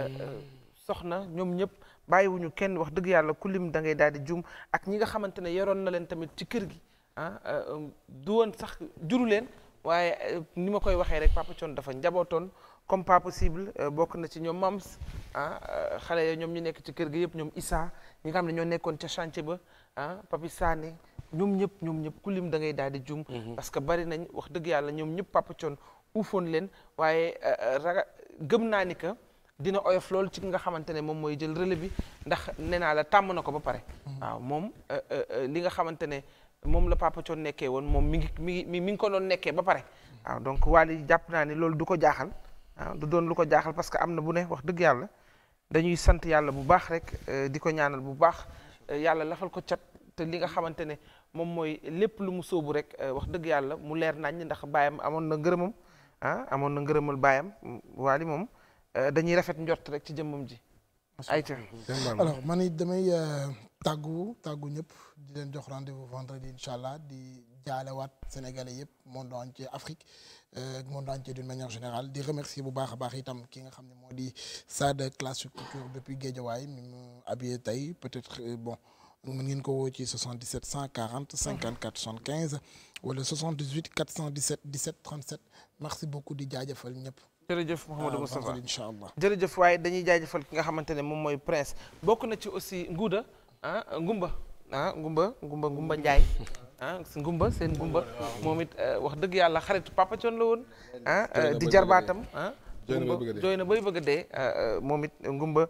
soxna ñoom ñëpp bàyyiwuñu kenn wax dëgg yàlla ku lim da ngay daal di jum ak ñi nga xamante ne yoroon na leen tamit ci kër gi ah euh, um, du woon sax juru leen waaye euh, ni ma koy waxee rek papa dafa njabootoon comme pas euh, bokk na ci ñoom mams ah xale ya ñoom ñu nekk ci kër gi yëpp ñoom Issa ñi nga xam ne ñoo nekkoon ca chantier ba ah papi Sané ñoom ñëpp ñoom ñëpp ku lim da ngay daal di jum mm-hmm. parce que bari nañ wax dëgg yàlla ñoom ñëpp papa Thione uufoon leen waaye raga gëm naa ni que dina oyof loolu ci ki nga xamante ne moom mooy jël relais bi ndax nee naa la tàmm na ko ba pare. Mm-hmm. waaw moom euh, euh, euh, li nga xamante ne moom la Papa Thione nekkee woon moom mi ngi mi ngi mi ngi ko doon nekkee ba pare. Mm-hmm. waaw donc Wally jàpp naa ne loolu du ko jaaxal waaw du doon lu ko jaaxal parce que am na bu ne wax dëgg yàlla dañuy sant yàlla bu baax rek di ko ñaanal bu baax yàlla lafal ko cat te li nga xamante ne moom mooy lépp lu mu sóobu rek wax dëgg yàlla mu leer nañ naññ ndax baayam amoon na ngërëmam ah amoon na ngërëmal baayam Wally moom. Euh, dañuy rafet njort rek ci jëmmam ji. ay alors man it damay euh, tàggu tàggu ñëpp di leen jox rendez-vous vendredi incha allah di jaalewaat Sénégalais yëpp monde entier Afrique euh, monde entier d'une manière générale di remercier bu baax a baax itam ki nga xam ne moo di Sada classe culture depuis Guédiawaye mi mu habillé tey peut-être bon mën ngeen ko woo ci 77 140 54 75 wala 78 417 17 37 merci beaucoup di jaajëfal ñëpp. jërëjëf Mouhamadou ah, Moustapha incha allah jërëjëf waaye dañuy jaajëfal ki nga xamante ne moom mooy prince bokk na ci aussi nguuda ah ngumba ah ngumba ngumba ngumba njaay ah ngumba seen ngumba moom it eh, wax dëgg yàlla xaritu papa coon la woon ah di jarbaatam ah jooy na bay eh, bëgg de dee ah, eh, moom it ngumba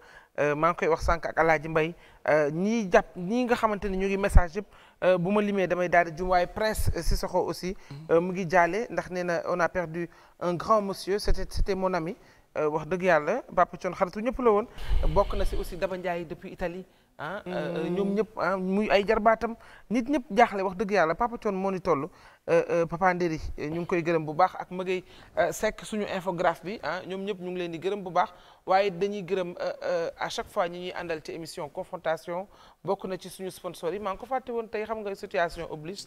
maa ngi koy wax sànq ak alaaji mbay ñii jàpp ñii nga xamante ne ñu ngi message yëpp Euh, bu ma limee damay daal di jum waaye prince euh, Sissoko aussi euh, mu ngi jaale ndax nee na on a perdu un grand monsieur c'était c'était mon ami wax dëgg yàlla Pape coon xaritu ñëpp la woon bokk na si aussi Daba Ndiaye depuis Italie ah euh, euh, hmm. ñoom ñëpp ah muy ay jarbaatam nit ñëpp jaaxle wax dëgg yàlla Papa Thione moo ni toll euh, Papa ñu ngi koy gërëm bu baax ak Maguette sekk suñu infographe bi ah ñoom ñëpp ñu ngi leen di gërëm bu baax waaye dañuy gërëm à chaque fois ñu ñuy àndal ci émission confrontation bokk na ci suñu sponsor yi maa ngi ko fàtte woon tey xam nga situation oblige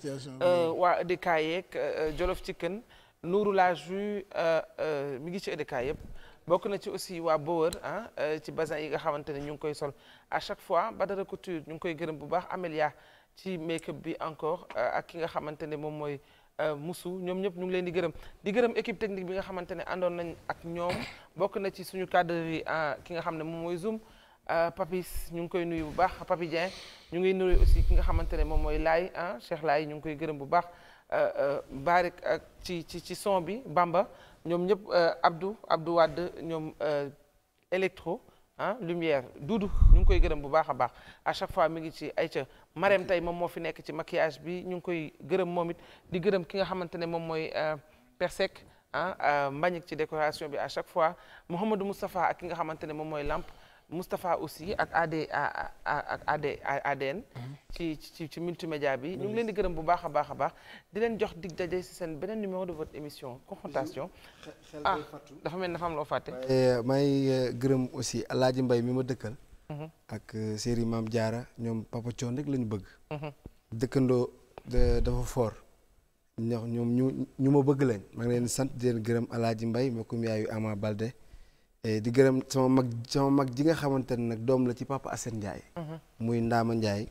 waa EDK yeeg Jolof Chicken Nourou la Ju mu ngi ci EDK yëpp bokk na ci aussi waa Bower ah ci basin yi xamante ne ñu ngi koy sol a chaque fois Badara Couture ñu ngi koy gërëm bu baax Amélia ci make bi encore euh, ak ki nga xamante ne moom mooy euh, Moussou ñoom ñëpp ñu ngi leen di gërëm di gërëm équipe technique bi nga xamante ne àndoon nañ ak ñoom bokk na ci suñu cadre yi euh, ki nga xam ne moom mooy Zoom Papis ñu ngi koy nuyu bu baax Papi Dieng ñu ngi nuyu aussi ki nga xamante ne moom mooy Laay ah Cheikh ñu ngi koy gërëm bu baax Barik ak ci ci ci son bi Bamba ñoom ñëpp Abdou Abdou Wade ñoom électro ah lumière duudu ñu ngi koy gërëm bu baax a baax à chaque fois mi ngi ci ay ca Marème tey moom moo fi nekk ci maquillage bi ñu ngi koy gërëm moom it di gërëm ki nga xamante ne moom mooy euh, persek ah euh, mbañik ci décoration bi à chaque fois Mouhamadou Moustapha a ki nga xamante ne moom mooy lampe Moustapha aussi ak AD ak AD ADN. ci ci ci multimédia bi. ñu ngi leen di gërëm bu baax a baax a baax di leen jox dig daje si seen beneen numéro de votre émission confrontation. ah dafa mel ni dafa am loo fàtte. Eh, may eh, gërëm aussi El Hadj Mbaye mi ma dëkkal. Mhm. ak eh, série Maam Jaara ñoom Papa Thion rek la ñu bëgg. Mhm. dëkkandoo dafa fort. ñoom ñu ñu ma bëgg lañ. maa ngi leen sant di leen gërëm El Hadj Mbaye mbokkum yaayu Ama Balde. Eh, di gërëm sama mag sama mag ji nga xamante ne nag doom la ci papa Assane Ndiaye. Mhm. muy Ndaama Ndiaye.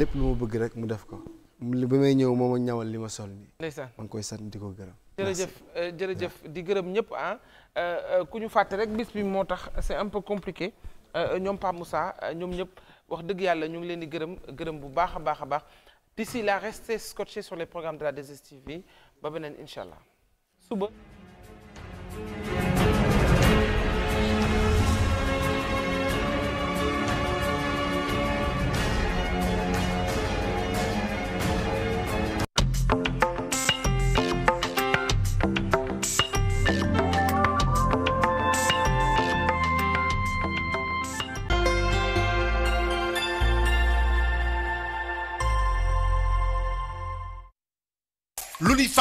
lépp lu ma bëgg rek mu def ko. ba may ñëw moom a ñawal li ma sol nii. ndeysaan maa ngi koy san di ko gërëm. jërëjëf eh, di gërëm ñëpp ah. Eh, ku ñu fàtte rek bis bi moo tax c'est un peu compliqué ñoom Pape saa ñoom ñëpp wax dëgg yàlla ñu ngi leen di gërëm gërëm bu baax a baax a baax d'ici là restez scotchés sur les programmes de la ba beneen incha allah suba.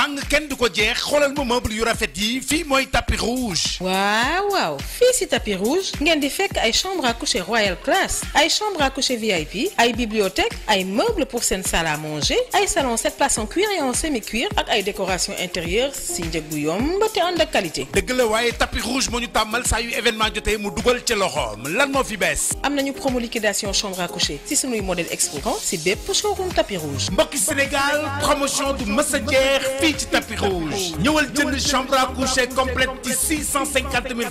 fang kenn du ko jeex xoolal ma meuble yu rafet yi fii mooy tapis rouge. waaw waaw fii si tapis rouge ngeen di fekk ay chambre à coucher royal class ay chambre à coucher VIP ay bibliothèque ay meubles pour seen salle manger ay salon 7 places en cuir et en semi-cuir ak ay décoration intérieure si njëg bu yomb te ànd ak qualité. dëgg la waaye tapis rouge moo ñu tàmmal saa yu événement jotee mu dugal ci loxoom lan mo fi bees. am nañu promo liquidation chambre à coucher si sunuy modèle exposant si a jeex fii fii ci tapis rouge ñëwal jënd chambre à coucher complète ci six cent cinquante mille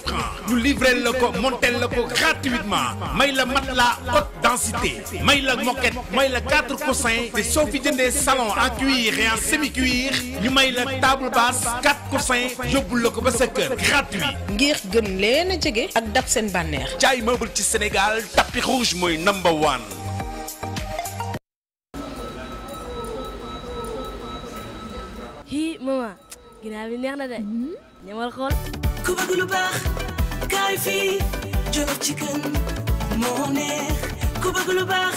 la ko montel la ko gratuitement may la matelas haute may la moquette may la quatre coussins te soo fi jëndee salon en cuir et en semi cuir ñu may la table basse quatre coussins yóbbul la ko ba sa kër gratuit. ngir gën leen a jege. ak dab seen bànneex. jaay meuble ci Sénégal tapis rouge mooy number one. hi maman ginaaw bi neex na de. Mhm. ñamal xool. ku bëgg lu baax kaay fii Jollof Chicken moo neex ku bëgg lu baax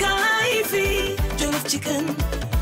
kaay fii Jollof Chicken